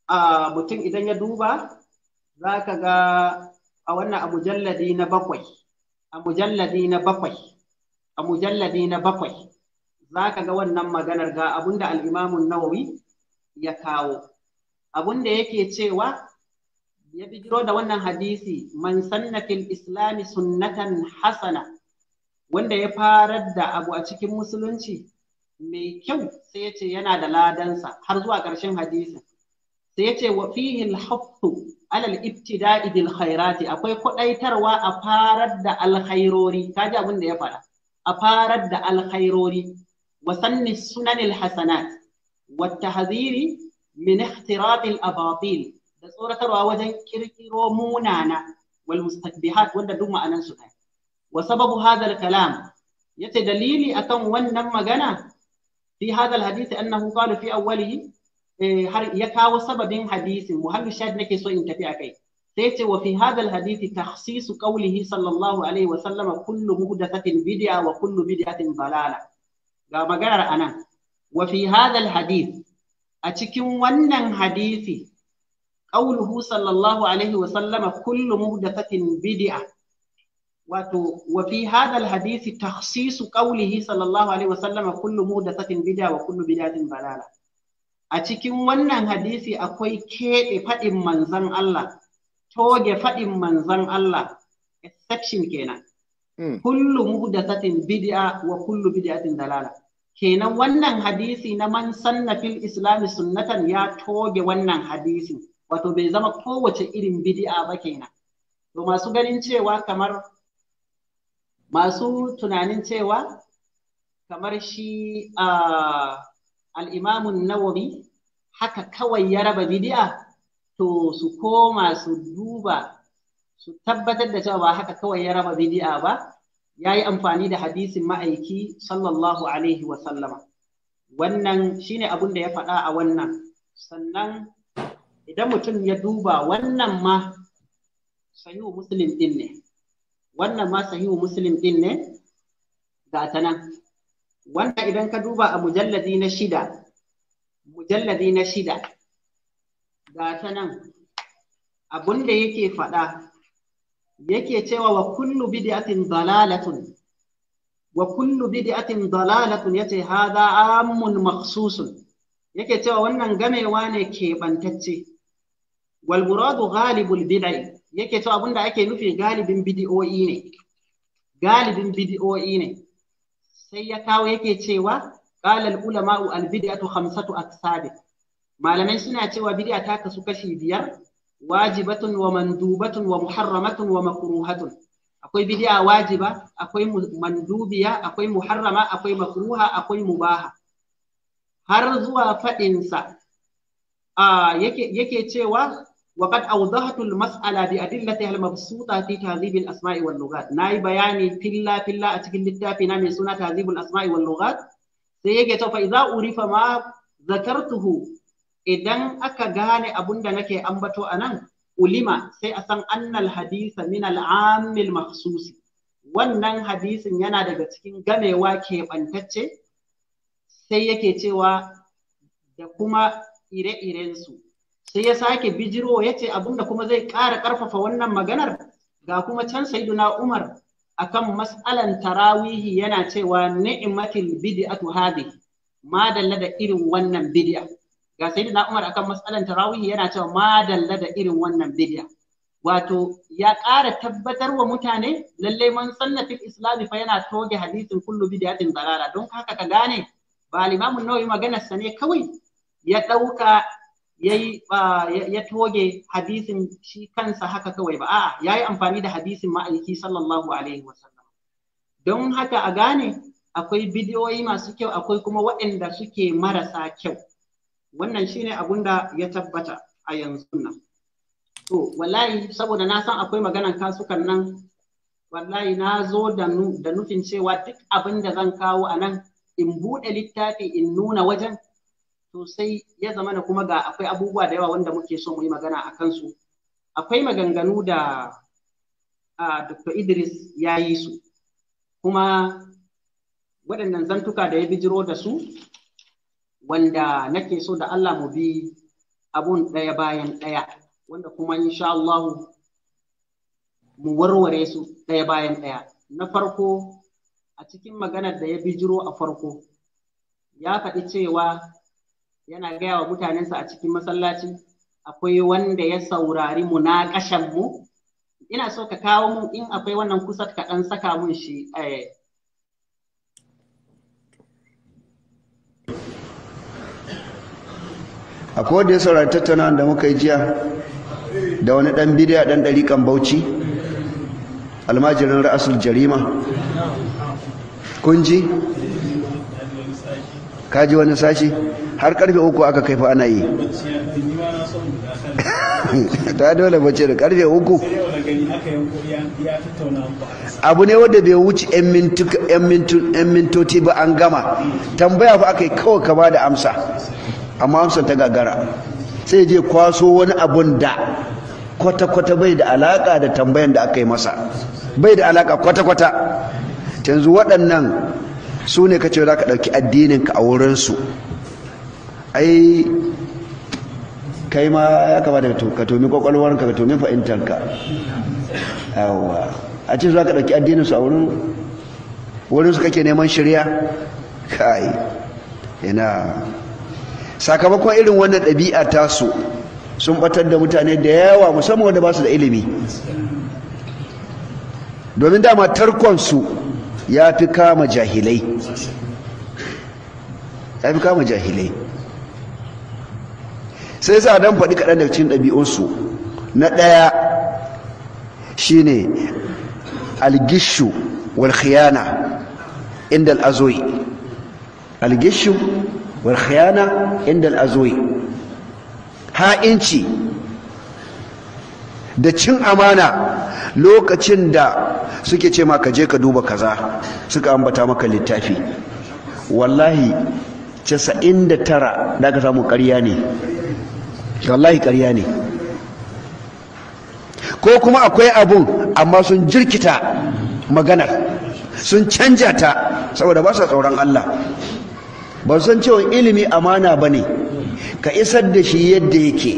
a ah, mutum idan ya duba za ka ga a wannan a mujalladi na bakwai a mujalladi na bakwai a mujalladi na bakwai za ka ga wannan maganar ga abun da al'imamun nawawi ya kawo abun da yake cewa ya bigiro da wannan hadisi man sanna fil islami sunnatan hasana wanda ya farar da abu a cikin musulunci mai kyau sai ya ce yana da ladansa har zuwa ƙarshen hadisin sai ya ce wa fihil alal ibtida'i bil khairati akwai kudaitarwa a farar da alkhairori kaji abin da ya faɗa a farar da alkhairori wa sanni sunanil hasanat wa tahziri min ihtirabil abatil da tsoratarwa wajen kirkiro munana wal mustaqbihat wanda duk ma'anan su wa sababu hadal kalam yace dalili akan wannan magana fi hadal hadisi annahu qala fi awwalihi Eh, har ya kawo sababin hadisin muhallu shahid nake so in tafi a kai. sai ce wa fi hadal hadisi takhsisu qawlihi sallallahu alaihi wa sallama kullu muhdathatin bid'a wa kullu bid'atin balala. ga maganar anan wa fi hadal hadith a cikin wannan hadisi qawluhu sallallahu alaihi wa sallama kullu muhdathatin bid'a wato wa fi hadal hadisi takhsisu qawlihi sallallahu alaihi wa sallama kullu muhdathatin bid'a wa kullu bid'atin balala. a cikin wannan hadisi akwai keɓe faɗin manzan Allah, toge faɗin manzan Allah, exception kenan. Mm. da satin bid'a wa kullu bid'atin dalala. Kenan wannan hadisi na man sanna fil islami sunnatan ya toge wannan hadisi, wato bai zama kowace irin bid'a ba kenan. To masu ganin cewa kamar masu tunanin cewa kamar shi uh, al Nawabi haka kawai ya raba bid'a to su koma su duba su tabbatar da cewa ba haka kawai ya raba bid'a ba yayi amfani da hadisin ma'aiki sallallahu alaihi wa sallama wannan ne abin da ya faɗa a wannan sannan idan mutum ya duba wannan ma sahihu muslim din ne wannan ma sahihu muslim din ne ga ta nan Wannan idan ka duba a mujalladi na shida mujalladi na shida ga ta nan abun da yake faɗa yake cewa wa kullu bid'atin dalalatun wa kullu bid'atin dalalatun yace hada ammun makhsusun yake cewa wannan gamewa ne keɓantacce wal muradu ghalibul bid'i yake cewa abun da ake nufi galibin bid'o'i ne galibin bid'o'i ne sai ya kawo yake cewa qala ulama'u al bid'atu khamsatu aqsabi malamai suna cewa bid'a ta kasu kashi biyar wajibatun wa mandubatun wa muharramatun wa makruhatun akwai bid'a wajiba akwai mandubiya akwai muharrama akwai makruha akwai mubaha har zuwa faɗinsa yake cewa وقد اوضحت المساله بادلتها المبسوطه في تهذيب الاسماء واللغات ناي بياني تلا تلا اتكن للتافي نامي سنة تهذيب الاسماء واللغات سيجي تو فاذا اريف zakar tuhu. idan aka gane abun da nake ambato a nan ulima sai a san annal hadisa min al'amil makhsusi wannan hadisin yana daga cikin gamewa keɓantacce sai yake cewa da kuma ire-irensu sai ya sake bijiro ya ce abinda kuma zai ƙara ƙarfafa wannan maganar ga kuma can sayyiduna umar akan mas'alan tarawihi yana cewa ni'matil bid'atu hadhihi ma dalla da irin wannan bid'a ga saiduna umar akan mas'alan tarawihi yana cewa ma dalla da irin wannan bid'a wato ya ƙara tabbatar wa mutane lallai man fil islami fa yana toge hadisin kullu bid'atin dalala don haka ka gane ba limamin nawawi maganar sa ne kawai ya ɗauka ya toge hadisin shi kansa haka kawai ba a'a yi amfani da hadisin ma'aiki sallallahu alaihi wasallam don haka a gane akwai bidiyoyi masu kyau akwai kuma waɗanda suke marasa kyau wannan shine abun da ya tabbata a yanzu nan to wallahi saboda na san akwai maganan kasukan nan wallahi na zo da nufin cewa duk abin da zan kawo a nan in buɗe littafi in nuna wajen Sosai ya zama na kuma ga akwai abubuwa da yawa wanda muke so mu yi magana a kansu akwai maganganu da uh, Dr. Idris ya yi su kuma waɗannan zantuka da ya bijiro da su wanda nake so da Allah mu bi abun ɗaya bayan ɗaya wanda kuma insha Allah mu warware su ɗaya bayan ɗaya na farko a cikin maganar da ya bijiro a farko ya faɗi cewa yana gaya wa mutanensa a cikin masallaci akwai wanda ya saurari mu na ƙashan mu ina so ka kawo mun in akwai wannan kusa ka dan saka mun shi eh akwai wanda ya saurari tattaunawa da muka yi jiya da wani dan bidiya dan dariƙan bauchi almajirin ra'asul jarima kunji kaji wani sashi har karfe uku aka kai fa ana yi *laughs* ta dole bace da karfe uku abu ne wanda bai wuce yan mintoti ba an gama tambaya fa aka yi kawai ka da amsa amma amsa ta gagara sai je kwaso wani abun da kwata-kwata bai da alaka da tambayan da aka yi masa bai da alaka kwata-kwata yanzu waɗannan su ne ka ce za ka ɗauki addininka a wurinsu ai kai ma ya kamata ka tomi kwakwalwarka ka tomi fahimtarka yawa a ce za ka ɗauki addininsu a wurin wurin su kake neman shirya kai ina sakamakon irin wannan ɗabi'a tasu sun batar da mutane da yawa musamman wanda ba su da ilimi domin dama tarkonsu ya fi kama jahilai ya fi kama jahilai sai sa dan faɗi kaɗan da cikin ɗabi'unsu na ɗaya Shi ne algishu walhiyana inda al'azoyi algishu walhiyana inda al'azoyi ha'inci da cin amana lokacin da suke ce maka je ka duba kaza suka ambata maka littafi wallahi 99 da ka samu ƙarya ne wallahi karya ne ko kuma akwai abun amma sun jirkita maganar sun canja ta saboda ba su tsoron Allah ba san cewa ilimi amana ba ne ka isar da shi yadda yake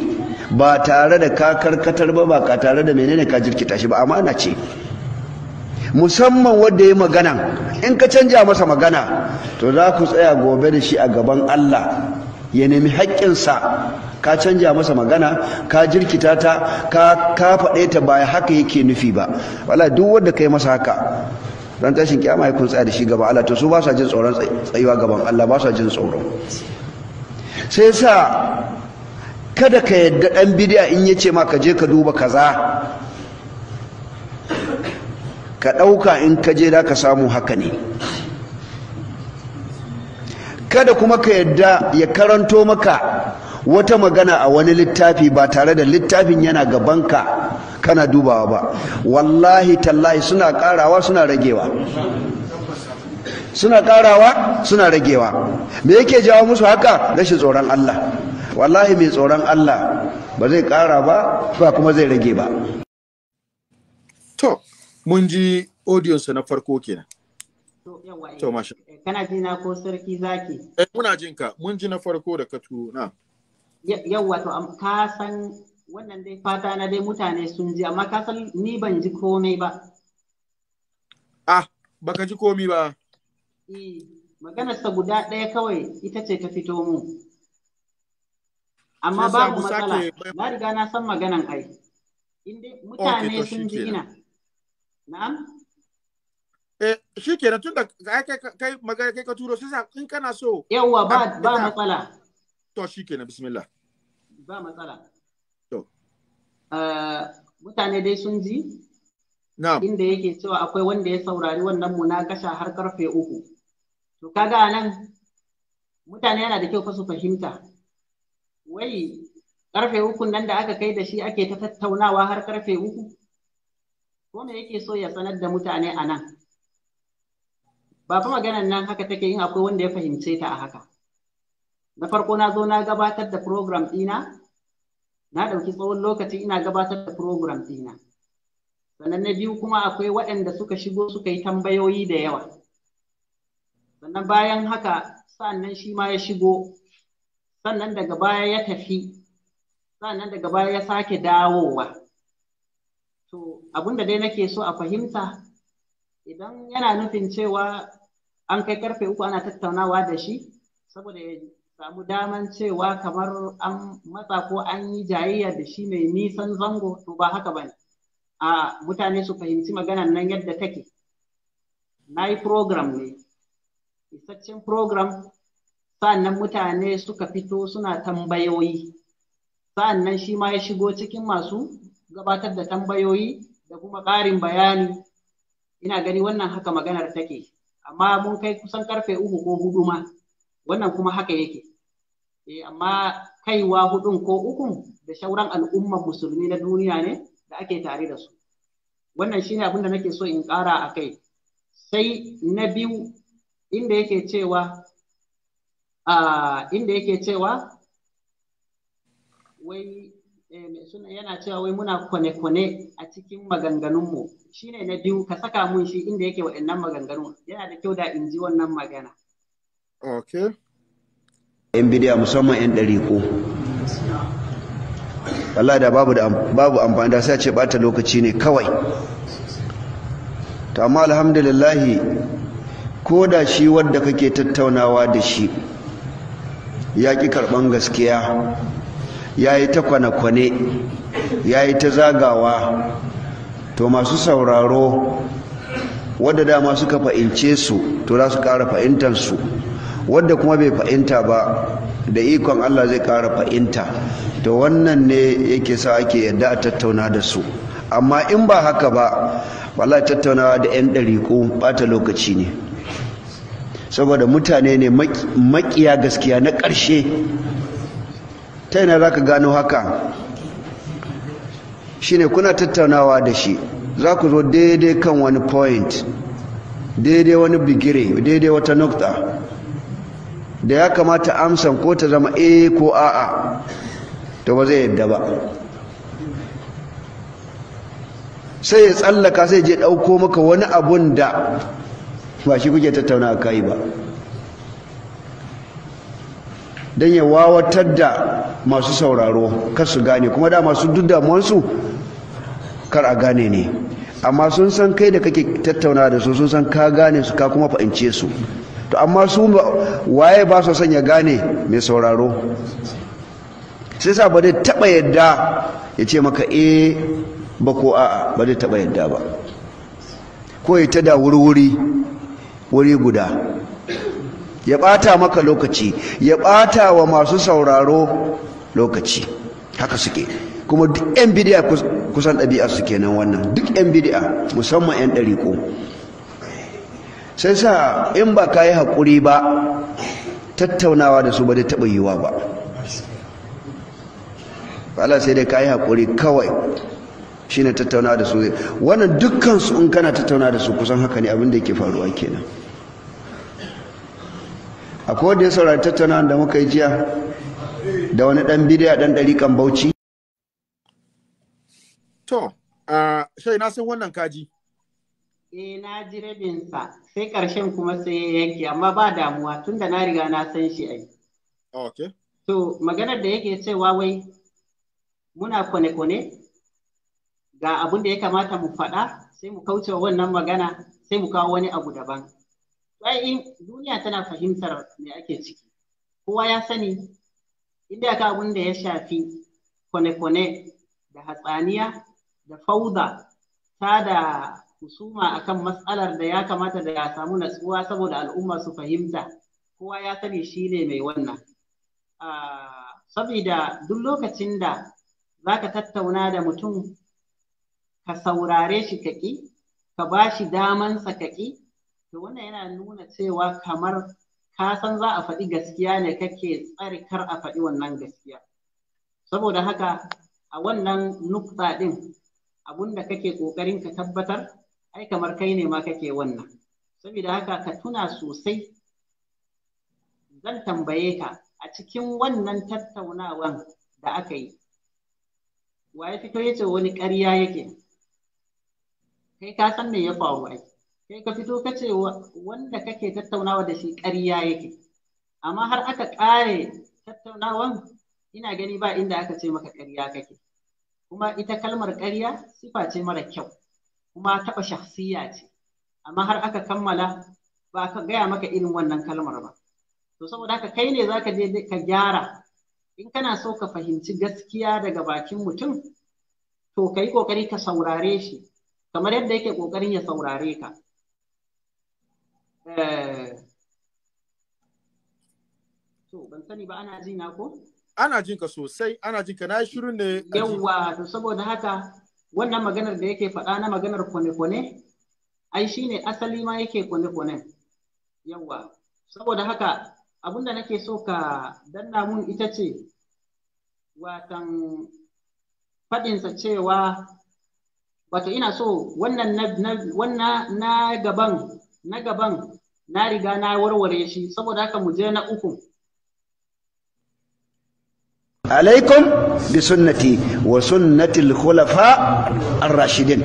ba tare da ka karkatar ba ba ka tare da menene ka jirkita shi ba amana ce musamman wanda ya magana in ka canja masa magana to za ku tsaya gobe da shi a gaban Allah ya nemi haƙƙinsa ka canja masa magana ka jirkita ta ka ka faɗe ta ba haka yake nufi ba wala duk wanda kai masa haka dan tashin kiyama ya kun tsaya da shi gaba Allah to su ba sa jin tsoron tsayuwa gaban Allah ba sa jin tsoro sai sa kada ka yadda dan bid'a in yace ma ka je ka duba kaza ka ɗauka in ka je da ka samu haka ne kada kuma ka yadda ya karanto maka wata magana a wani littafi ba tare da littafin yana gabanka kana dubawa ba wallahi tallahi suna karawa suna ragewa suna karawa suna ragewa me yake jawo musu haka rashin tsoron Allah wallahi mai tsoron Allah ba zai kara ba ba kuma zai rage ba to mun ji audiyon na farko kenan to masha eh, kana jina ko sarki zaki eh muna jinka mun ji na farko da ka na yawwa to ka san wannan dai fata na dai mutane sun ji amma ka san ni ban ji komai ba ah baka ji komai ba eh maganarsa guda ɗaya kawai ita ce ta fito mu amma mu matsala na riga na san maganan ai inda mutane sun ji ina na'am Eh, shi kenan tun da kai kai magana kai ka turo sai in kana so Yawwa, ba ba matsala to shi kenan bismillah ba matsala to eh, mutane dai sun ji na'am inda yake cewa akwai wanda ya saurari wannan munakasha har karfe uku to kaga nan mutane yana da kyau fa su fahimta wai karfe uku nan da aka kai da shi ake ta tattaunawa har karfe uku ko me yake so ya sanar da mutane a nan ba fa maganar nan haka take yin akwai wanda ya fahimce ta a haka na farko na zo na gabatar da program ɗina na ɗauki tsawon lokaci ina gabatar da program ɗina sannan na biyu kuma akwai waɗanda suka shigo suka yi tambayoyi da yawa sannan bayan haka sannan shi ma ya shigo sannan daga baya ya tafi sannan daga baya ya sake dawowa to abinda dai nake so a fahimta idan yana nufin cewa an kai karfe uku ana tattaunawa da shi saboda ya samu daman cewa kamar an matsa ko an yi jayayya da shi mai nisan zango to ba haka ba ne a mutane su fahimci maganan nan yadda take na yi program ne isaccen program sa'annan mutane suka fito suna tambayoyi sa'annan shi ma ya shigo cikin masu gabatar da tambayoyi da kuma ƙarin bayani ina gani wannan haka maganar take amma mun kai kusan karfe uku ko hudu ma wannan kuma haka yake Eh amma kaiwa hudun ko ukun da shauran al'umman musulmi na duniya ne da ake tare da su wannan shine abin da nake so in kara a kai sai na biyu inda yake cewa inda yake cewa wai eh, suna yana cewa wai muna kwane-kwane a cikin maganganunmu shine na biyu ka saka mun shi inda yake waɗannan maganganun yana da kyau da in ji wannan magana. Okay. 'yan bidiya musamman 'yan ko. Allah da babu amfani da sai ce bata lokaci ne kawai ta amma alhamdulillah, ko da shi wadda kake tattaunawa da shi ya ƙi karɓan gaskiya ya yi ta kwane-kwane ya yi ta zagawa to masu sauraro wadda dama suka fa'ince su to za su ƙara fahimtar su. wadda kuma bai fahimta ba da ikon Allah zai kara fahimta to wannan ne yake sa ake yadda a tattauna da su amma in ba haka ba wallahi tattaunawa da 'yan ɗariƙo bata lokaci ne saboda mutane ne maƙiya gaskiya na ƙarshe ta yana za ka gano haka shine kuna tattaunawa da shi za ku zo daidai kan wani point daidai wani bigire daidai wata nokta da ya kamata amsan ko ta zama e ko a'a to ba zai yadda ba sai ya tsallaka sai je ɗauko maka wani abun da ba shi kuke tattauna a kai ba don ya wawatar da masu sauraro kar su gane kuma da masu duk damuwansu kar a gane ne amma sun san kai da kake tattauna da su sun san ka gane su ka kuma fa'ince su to amma su waye ba su son ya gane mai sauraro sai sa ba zai taɓa yadda ya ce maka e ba ko a'a ba zai taɓa yadda ba ko ya ta da wuri-wuri wuri guda ya bata maka lokaci ya bata wa masu sauraro lokaci haka suke kuma duk 'yan bidiya kusan ɗabi'a suke nan wannan duk 'yan bidiya musamman 'yan ɗariko sai sa in ba ka yi haƙuri ba tattaunawa da su ba da taɓa wa ba Allah sai dai ka yi haƙuri kawai shi ne tattaunawa da su wannan dukkansu in kana tattaunawa da su kusan haka ne abin da yake faruwa kenan akwai wanda ya saurari tattaunawa da muka yi jiya da wani ɗan bidiya ɗan kan bauchi to ah, sai na san wannan kaji Eh na ji rabinsa sai ƙarshen kuma sai ya yanke amma ba damuwa tunda na riga na san shi ai. Okay. To maganar da yake cewa wai muna kone-kone ga abin da ya kamata mu faɗa sai mu kauce wa wannan magana sai mu kawo wani abu daban. in duniya tana fahimtar me ake ciki. Kowa ya sani inda ka abin da ya shafi kone-kone da hatsaniya da fauda ta da husuma akan matsalar da ya kamata da ya samu natsuwa saboda al'umma su fahimta kowa ya sani shi ne mai wannan ah, saboda duk lokacin da za ka tattauna da mutum ka saurare shi kaƙi ka ba shi damansa kaƙi to wannan yana nuna cewa kamar ka san za a faɗi gaskiya ne kake tsare kar a faɗi wannan gaskiya saboda haka a wannan nukta ɗin abun da kake ƙoƙarin ka tabbatar ai kamar kai ne ma kake wannan saboda haka ka tuna sosai zan tambaye ka a cikin wannan tattaunawan da aka yi wa ya fito ya ce wani ƙarya yake kai ka san me ya faru ai kai ka fito ka ce wanda kake tattaunawa da shi ƙarya yake amma har aka ƙare tattaunawan ina gani ba inda aka ce maka ƙarya kake kuma ita kalmar ƙarya sifa ce mara kyau kuma taɓa shahsiya ce amma har aka kammala ba ka gaya maka irin wannan kalmar ba to saboda haka kai ne zaka je ka gyara in kana so ka fahimci gaskiya daga bakin mutum to ka yi ƙoƙari ka saurare shi kamar yadda yake ƙoƙarin ya saurare ka eh, to ban sani ba ana jin ko ana jin ka sosai ana jin ka na shirin ne yawwa to saboda haka wannan maganar da yake faɗa na maganar kone-kone ai ne, asali ma yake kone-kone yawa saboda haka abin abinda nake so ka danna mun ita ce watan faɗinsa cewa wato ina so wannan na, wannan na gaban na gaban na riga na warware shi saboda haka mu je na uku alaikum bi sunnati wa sunnati al-khulafa ar-rashidin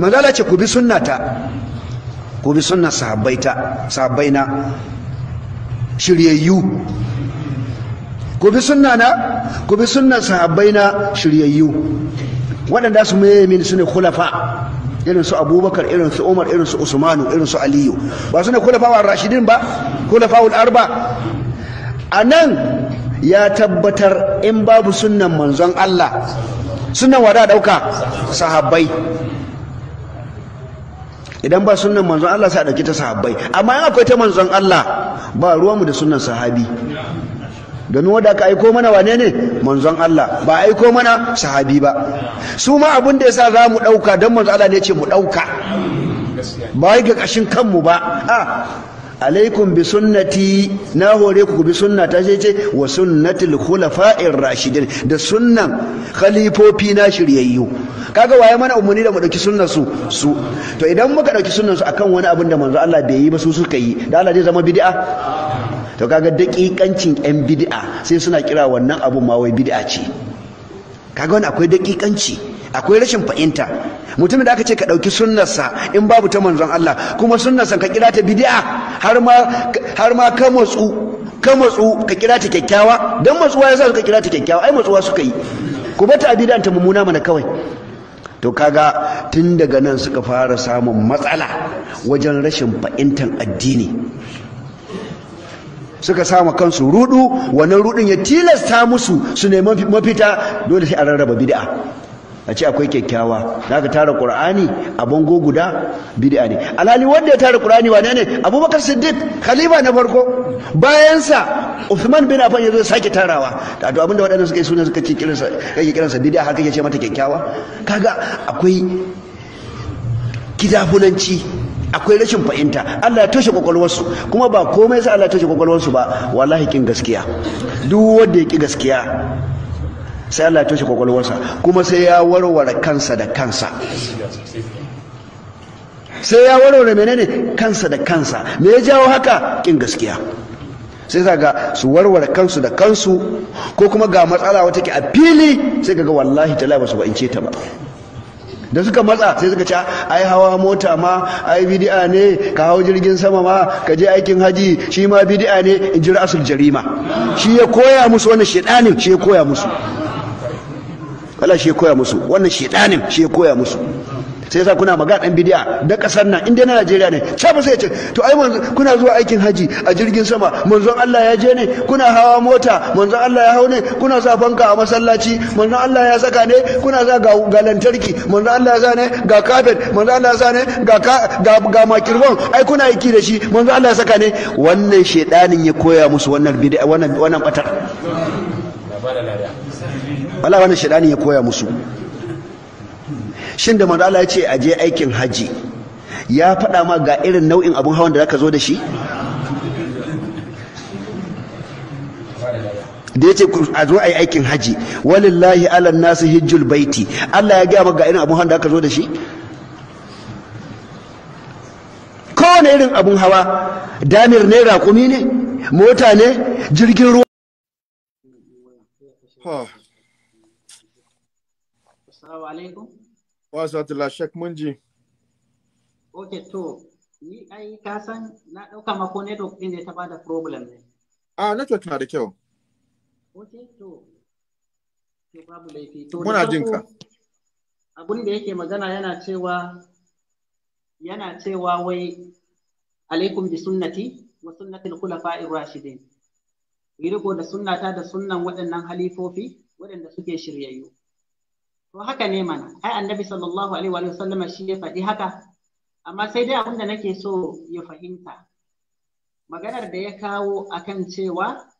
manzala ce ku bi sunnata ku bi sunnar sahabbaita shiryayyu ku bi sunnana ku bi sunnar shiryayyu waɗanda min su ne irin su abubakar irin su umar irin su usmanu irin su aliyu ba su ne khulafa rashidin ba khulafa arba a nan ya tabbatar in babu sunan manzon Allah sunan wada dauka sahabbai idan ba sunan manzon Allah sai dauki ta sahabbai amma in akwai ta manzon Allah ba ruwanmu da sunan sahabi domin wanda aka aiko mana wane ne manzon Allah ba aiko mana sahabi ba su ma abin da yasa za mu ɗauka don manzon Allah ne ce mu ɗauka ba ga ƙashin kanmu ba a ah, alaikum bi sunnati na hore ku bi sunna ta ce wa sunnatil khulafa'ir rashidin da sunnan khalifofi na shiryayyu kaga waye mana umarni da mu dauki sunnan su su to idan muka dauki sunnan su akan wani abin da manzo Allah bai yi ba su suka yi da Allah zai zama bid'a to kaga dakikancin yan bid'a sai suna kira wannan abu ma wai bid'a ce kaga wani akwai dakikanci akwai rashin fahimta mutumin da aka ce ka ɗauki sunnarsa in babu ta manzon Allah kuma sunnarsa ka kira ta bid'a har ma har ma ka matsu ka matsu ka kira ta kyakkyawa dan matsuwa yasa suka kira ta kyakkyawa ai matsuwa suka yi ku bata a ta mummuna mana kawai to kaga tun daga nan suka fara samun matsala wajen rashin fahimtar addini suka sama kansu rudu wannan rudin ya tilasta musu su nemi mafita dole sai a rarraba bid'a a ce akwai kyakkyawa za ka tara ƙur'ani a bango guda bid'a ne alhali wanda ya tara ƙur'ani wane ne abubakar siddiq khalifa na farko bayansa Usman bin affan ya sake tarawa da to abinda waɗannan suka yi suna suka ce kiransa kake kiransa bid'a har kake ce mata kyakkyawa kaga akwai kidafunanci akwai rashin fahimta Allah ya toshe kwakwalwarsu kuma ba komai sai Allah ya toshe kwakwalwarsu ba wallahi kin gaskiya duk wanda ya ki gaskiya sai Allah ya toshe kwakwalwarsa kuma sai ya warware kansa da kansa sai ya warware menene kansa da kansa me ya jawo haka kin gaskiya sai za ga su warware kansu da kansu ko kuma ga matsala wata ke a fili sai ga wallahi ta ba in ce ta ba da suka matsa sai suka ca ai hawa mota ma ai bidi'a ne ka hau jirgin sama ma ka je aikin haji shi ma bidiya ne in ji ra'asul jarima shi ya koya musu wannan shedanin shi ya koya musu Allah shi koya musu wannan shedanin shi koya musu sai yasa kuna maga dan bidiya da kasar nan inda na Najeriya ne ce ba sai ce to ai kuna zuwa aikin haji a jirgin sama manzon Allah ya je ne kuna hawa mota manzon Allah ya hau ne kuna sa fanka a masallaci manzon Allah ya saka ne kuna za ga, galantarki manzon Allah ya sa ne ga kafet manzon Allah ya sa ne ga ga, ga makirwan ai kuna aiki da shi manzon Allah ya saka ne wannan shedanin ya koya musu wannan bidiya wannan wannan batar wala wannan shaidani ya koya musu shin da manzo Allah ya ce a je aikin haji ya faɗa ma ga irin nau'in abun hawan da zaka zo da shi da ya ce a zo a yi aikin haji walillahi ala nasu hijjul baiti Allah ya gaya ma ga irin abun hawan da aka zo da shi kowane irin abun hawa damir ne rakumi ne mota ne jirgin ruwa Assalamu alaikum. Wa asatullah shak mun ji. Ok to ni ai ka san na ɗauka mako network ɗin ne ta da problem ne. Ah network na da kyau. Ok to to babu laifi. Muna jin ka. Abun da yake magana yana cewa yana cewa wai alaikum bi sunnati wa sunnati al-khulafa'ir rashidin. Yi riko da sunnata da sunnan waɗannan halifofi waɗanda suke shiryayyu. to haka ne mana ai annabi sallallahu alaihi wa sallam shi ya faɗi haka amma sai dai abin da nake so ya fahimta maganar da ya kawo akan cewa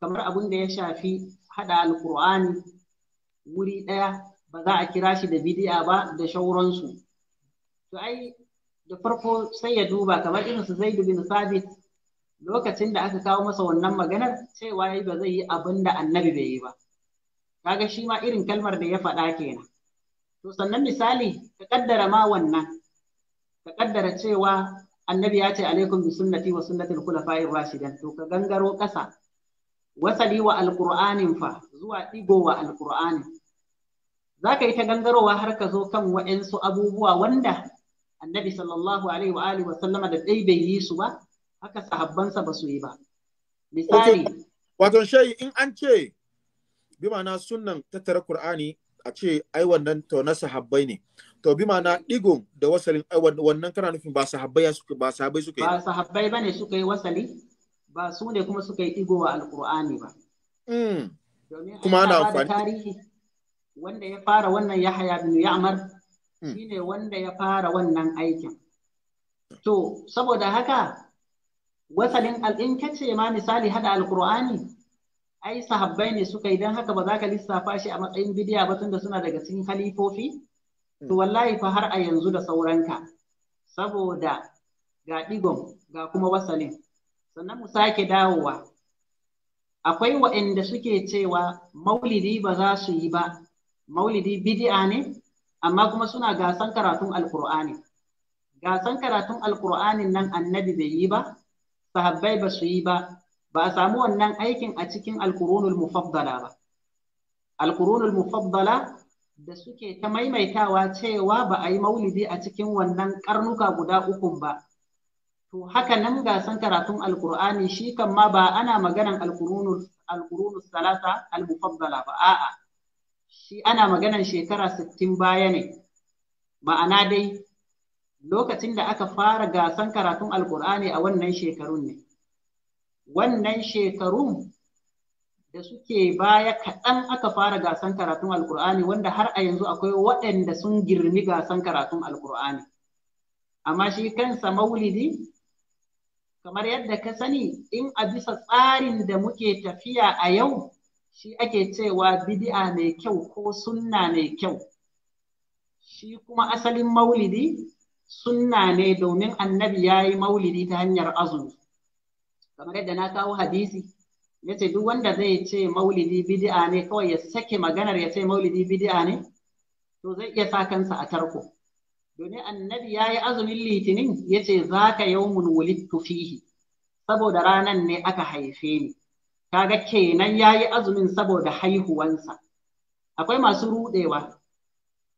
kamar abin da ya shafi haɗa alkur'ani wuri ɗaya ba za a kira shi da bidiya ba da shauransu to ai da farko sai ya duba kamar irin su zaidu bin sabit lokacin da aka kawo masa wannan maganar cewa yayi ba zai yi abin annabi bai yi ba kaga shi ma irin kalmar da ya faɗa kenan to sannan misali ka kaddara ma wannan ka kaddara cewa annabi ya ce alaikum bi sunnati wa sunnatil khulafa'ir rashidin to ka gangaro ƙasa wasali wa alqur'anin fa zuwa digo wa alqur'anin zaka yi ta gangarowa har ka zo kan waɗansu abubuwa wanda annabi sallallahu alaihi wa alihi wa sallama da dai bai yi su ba haka sahabbansa ba su yi ba misali wato shayi in an ce bi ma'ana sunan tattara Kur'ani a ce ai wannan to na sahabbai ne to bi ma'ana digon da wasalin ai wannan kana nufin ba sahabbai suka ba sahabbai yi ba sahabbai bane suka yi wasali ba su ne kuma suka yi digo wa Alƙur'ani ba mm kuma ana amfani tarihi wanda ya fara wannan Yahaya bin Ya'mar hmm. shine wanda ya fara wannan aikin to saboda haka wasalin al'in kace ma misali hada alqur'ani ai sahabbai ne suka idan haka ba za ka lissafa shi a matsayin bidiya ba tunda suna daga cikin halifofi to wallahi fa har a yanzu da sauranka saboda ga digon ga kuma wasalin sannan mu sake dawowa akwai waɗanda suke cewa maulidi ba za su yi ba maulidi bidi'a ne amma kuma suna gasan karatun alkur'ani gasan karatun alkur'anin nan annabi bai yi ba sahabbai ba su yi ba ba a samu wannan aikin a cikin alkurunul mufaddala ba alkurunul mufaddala da suke ta maimaitawa cewa ba a yi maulidi a cikin wannan karnuka guda ukun ba to haka nan gasan karatun alkur'ani shi kan ma ba ana maganan alkurunul alkurunul salasa almufaddala ba a'a shi ana maganan shekara 60 baya ne ma'ana dai lokacin da aka fara gasan karatun alkur'ani a wannan shekarun ne wannan shekarun da suke baya kaɗan aka fara gasan karatun alkur'ani wanda har a yanzu akwai waɗanda sun girmi gasan karatun alkur'ani amma shi kansa maulidi kamar yadda ka sani in a bisa tsarin da muke tafiya a yau shi ake cewa bidi'a mai kyau ko sunna mai kyau shi kuma asalin maulidi sunna ne domin annabi ya yi maulidi ta hanyar azumi kamar yadda na kawo hadisi ya ce duk wanda zai ce maulidi bidi'a ne kawai ya sake maganar ya ce maulidi bidi'a ne to zai iya sa kansa a tarko domin annabi ya yi azumin litinin ya ce za ka yawmun wulittu fihi saboda ranan ne aka haife ni kaga kenan ya yi azumin saboda haihuwansa akwai masu rudewa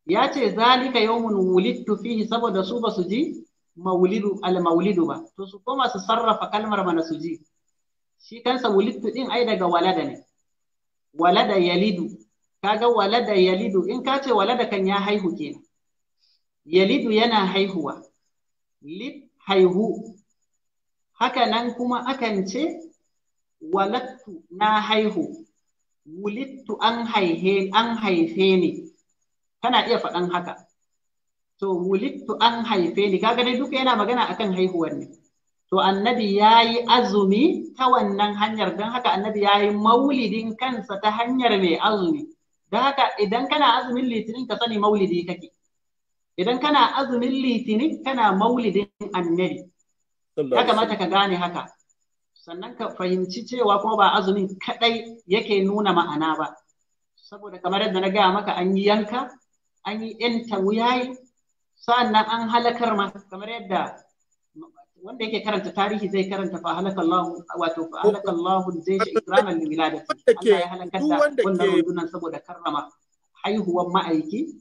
ya ce zalika yawmun wulittu fihi saboda su ba su ji maulidu al maulidu ba to su koma su sarrafa kalmar mana su ji shi kansa wulidtu din ai daga walada ne walada yalidu kaga walada yalidu in ka ce walada kan ya haihu kenan yalidu yana haihuwa lid haihu haka nan kuma akan ce walattu na haihu wulittu an haihe an haife ni kana iya faɗan haka to wulittu an haife ni kaga dai duk yana magana akan haihuwar ne to annabi ya yi azumi ta wannan hanyar don haka annabi ya yi maulidin kansa ta hanyar mai azumi don haka idan kana azumin litinin ka sani maulidi kake idan kana azumin litinin kana maulidin annabi ya kamata ka gane haka sannan ka fahimci cewa kuma ba azumin kadai yake nuna ma'ana ba saboda kamar yadda na gaya maka an yi yanka an yi yan tawuyayi nan an halakar ma kamar yadda wanda yake karanta tarihi zai karanta fa halakallahu wato fa halakallahu zai shi ikraman li wiladati Allah ya halakar da wannan rundunan saboda karrama haihuwar ma'aiki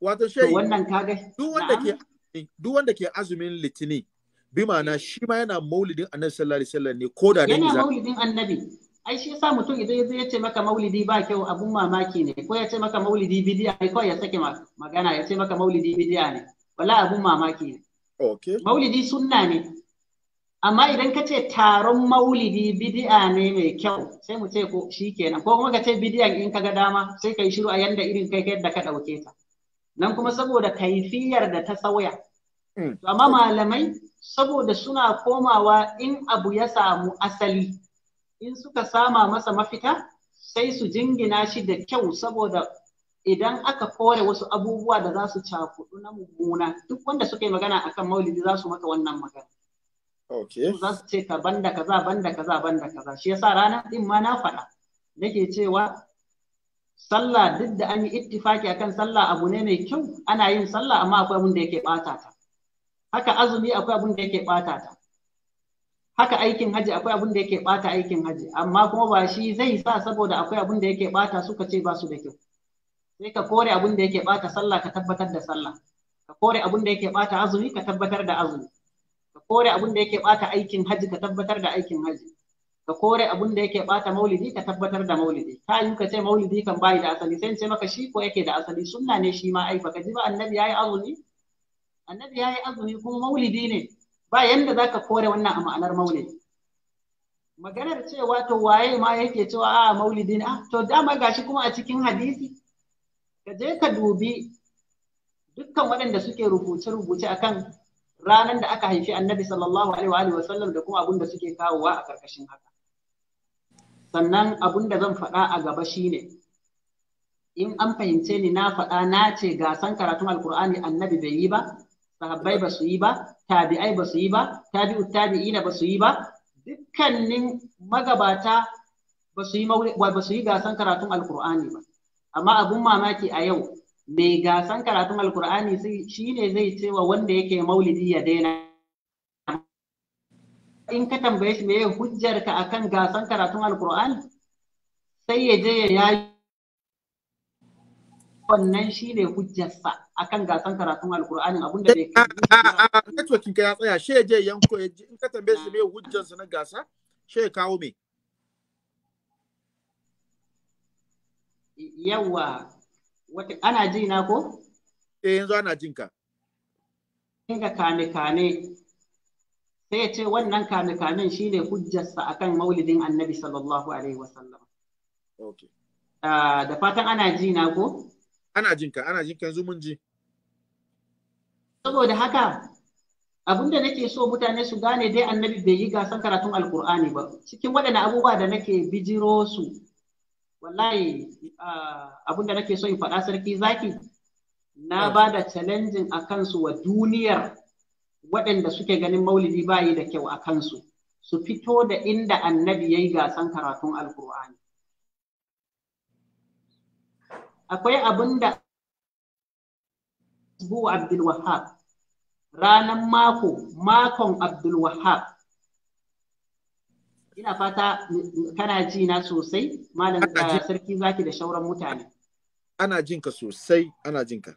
wato shi wannan kaga duk wanda ke duk wanda ke azumin litini bi ma'ana shi ma yana maulidin annabi sallallahu alaihi wasallam ne ko da ne yana maulidin annabi ai shi yasa mutum idan ya ya ce maka maulidi ba kyau abun mamaki ne ko ya ce maka maulidi bidiya ne ko ya sake magana ya ce maka maulidi bidiya ne wala abun mamaki ne okay. maulidi sunna ne amma idan ka ce taron maulidi bidi'a ne mai kyau sai mu ce ko shi kenan ko kuma ka ce bidi'an in ka ga dama sai ka yi shiru a yanda irin kai yadda ka ɗauke ta nan kuma saboda kaifiyar da ta sauya mm. amma malamai saboda suna komawa in abu ya samu asali in suka sama masa mafita sai su jingina shi da kyau saboda idan aka kore wasu abubuwa da za su cakudu na mummuna duk wanda suka yi magana akan maulidi za su maka wannan magana Okay. Za su ce ka banda kaza banda kaza banda kaza shi yasa rana din ma na faɗa nake cewa sallah duk da an yi ittifaki akan sallah abu ne mai kyau ana yin sallah amma akwai abin da yake bata ta haka azumi akwai abin da yake bata ta haka aikin haji akwai abin da yake bata aikin haji amma kuma ba shi zai sa saboda akwai abin da yake bata suka ce ba su da kyau sai ka kore abin da yake bata sallah ka tabbatar da sallah ka kore abin da yake bata azumi ka tabbatar da azumi ka kore abin da yake bata aikin haji ka tabbatar da aikin haji ka kore abin da yake bata maulidi ka tabbatar da maulidi ta yi ka ce maulidi kan bayi da asali sai ce maka shi ko yake da asali sunna ne shi ma ai baka ji ba annabi yayi azumi annabi yayi azumi kuma maulidi ne ba yanda zaka kore wannan a ma'anar maulidi maganar cewa to waye ma yake cewa a maulidi ne ah, to dama gashi kuma a cikin hadisi ka je ka dubi dukkan waɗanda suke rubuce-rubuce a kan ranar da aka haifi annabi sallallahu alaihi wa sallam da kuma abun da suke kawowa a ƙarƙashin haka sannan abun da zan faɗa a gaba shi ne. in an fahimce ni na faɗa na ce gasan karatun alkur'ani annabi bai yi ba sahabbai ba su yi ba tabi'ai ba su yi ba tabi'u tabi'ina ba su yi ba dukkanin magabata ba su yi gasan karatun alkur'ani ba amma abun mamaki a yau mai gasan karatun alkur'ani shi ne zai cewa wanda yake maulidi ya daina in ka tambaye shi meye hujjarka akan gasan karatun alkur'ani sai ya je ya yi. wannan shi ne hujjarsa akan gasan karatun alkur'ani abun bai kai a ah, ah, ah, ka ya tsaya a ya je yanko in ka a shi a hujjarsa na gasa a a kawo a yawa ana ji na ko? Eh yanzu ana jin ka. Inga kane kane sai ya ce wannan kane kanen shine hujjarsa akan maulidin Annabi sallallahu alaihi wasallam. Ok. Ah, da fatan ana ji na ko? Ana jin ka, ana jin ka yanzu mun ji. Saboda haka abin da nake so mutane su gane dai annabi bai yi gasan karatun alkur'ani ba cikin waɗanda abubuwa da nake bijiro su wallahi ah, abin da nake so in faɗa sarki zaki na ba da challenging a kansu wa duniyar waɗanda suke ganin maulidi bayi da kyau a kansu su fito da inda annabi ya yi gasan karatun alkur'ani akwai abin da bu abdul wahab ranar mako makon abdul wahab ina fata kana ji na sosai malam sarki zaki da shauran mutane ana jin ka sosai ana jin ka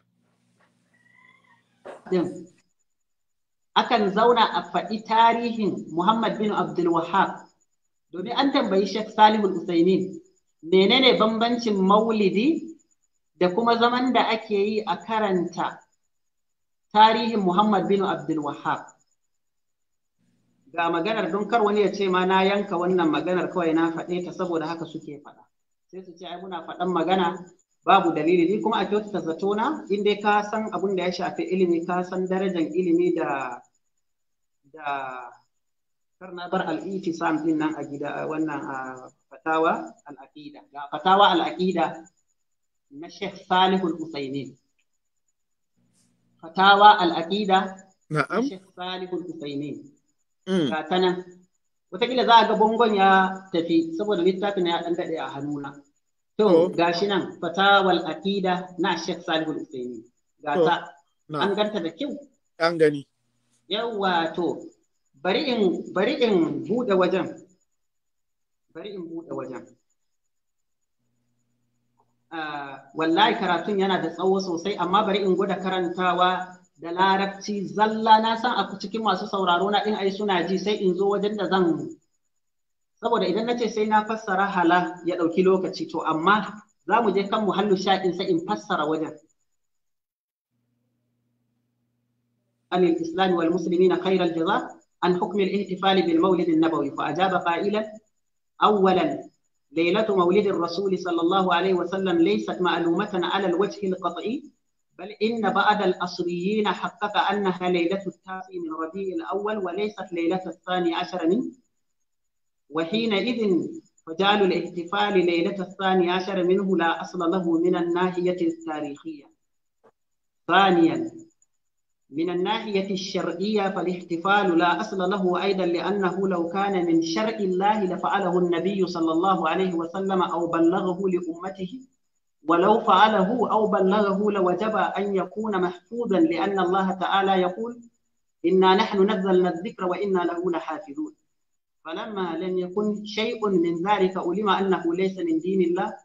akan zauna a faɗi tarihin Muhammad bin Abdul Wahab domin an tambayi Sheikh Salihu Usainin menene bambancin maulidi da kuma zaman da ake yi a karanta tarihin Muhammad bin Abdul Wahab ga maganar don kar wani ya ce ma na yanka wannan maganar kawai na faɗe ta saboda haka suke faɗa sai su ce ai muna faɗan magana babu dalili ni kuma a kyautata zatona in dai ka san abin da ya shafi ilimi ka san darajar ilimi da da karna bar al-itisam din nan a gida wannan a fatawa al ga fatawa al na Sheikh Salih al fatawa al na Sheikh Salih al Mm. ga watakila za a ga bangon ya tafi saboda littafin ya dan daɗe a hannuna to gashi nan fatawal aqida na Sheikh Salihu Usaini gata an ganta da kyau an gani yawa to bari in bari in buɗe wajen bari in bude wajen ah, wallahi karatun yana da tsawo sosai amma bari in gwada karantawa da larabci zalla na san a cikin masu sauraro na in ai suna ji sai in zo wajen da zan saboda idan na ce sai na fassara hala ya ɗauki lokaci to amma za mu je kan muhallu sha'in sai in fassara wajen عن الإسلام والمسلمين خير الجزاء عن حكم الاحتفال بالمولد النبوي فأجاب قائلا أولا ليلة مولد الرسول صلى الله عليه وسلم ليست معلومة على الوجه القطعي بل إن بعض الأصريين حقق أنها ليلة التاسع من ربيع الأول وليست ليلة الثاني عشر منه وحينئذ فجعل الاحتفال ليلة الثاني عشر منه لا أصل له من الناحية التاريخية ثانيا من الناحية الشرعية فالاحتفال لا أصل له أيضا لأنه لو كان من شرع الله لفعله النبي صلى الله عليه وسلم أو بلغه لأمته ولو فعله أو بلغه لوجب أن يكون محفوظا لأن الله تعالى يقول إنا نحن نزلنا الذكر وإنا له لحافظون فلما لم يكن شيء من ذلك علم أنه ليس من دين الله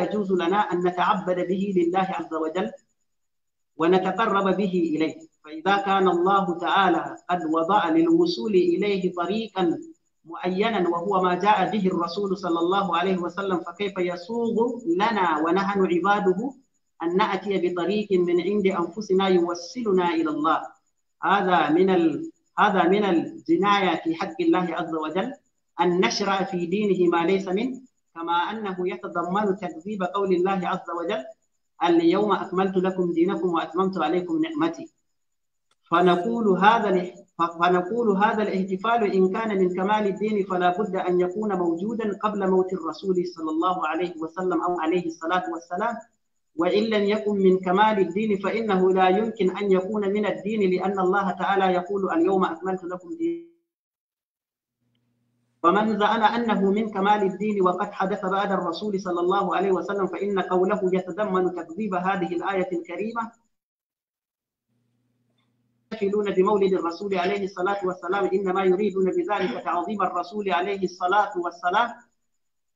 يجوز لنا أن نتعبد به لله عز وجل ونتقرب به إليه فإذا كان الله تعالى قد وضع للوصول إليه طريقا معينا وهو ما جاء به الرسول صلى الله عليه وسلم فكيف يسوغ لنا ونحن عباده أن نأتي بطريق من عند أنفسنا يوصلنا إلى الله هذا من ال... هذا من الجناية في حق الله عز وجل أن نشرع في دينه ما ليس منه كما أنه يتضمن تكذيب قول الله عز وجل اليوم أكملت لكم دينكم وأتممت عليكم نعمتي فنقول هذا فنقول هذا الاحتفال إن كان من كمال الدين فلا بد أن يكون موجودا قبل موت الرسول صلى الله عليه وسلم أو عليه الصلاة والسلام وإن لم يكن من كمال الدين فإنه لا يمكن أن يكون من الدين لأن الله تعالى يقول اليوم أكملت لكم دين ومن زعم أنه من كمال الدين وقد حدث بعد الرسول صلى الله عليه وسلم فإن قوله يتضمن تكذيب هذه الآية الكريمة يحتفلون بمولد الرسول عليه الصلاة والسلام إنما يريدون بذلك تعظيم الرسول عليه الصلاة والسلام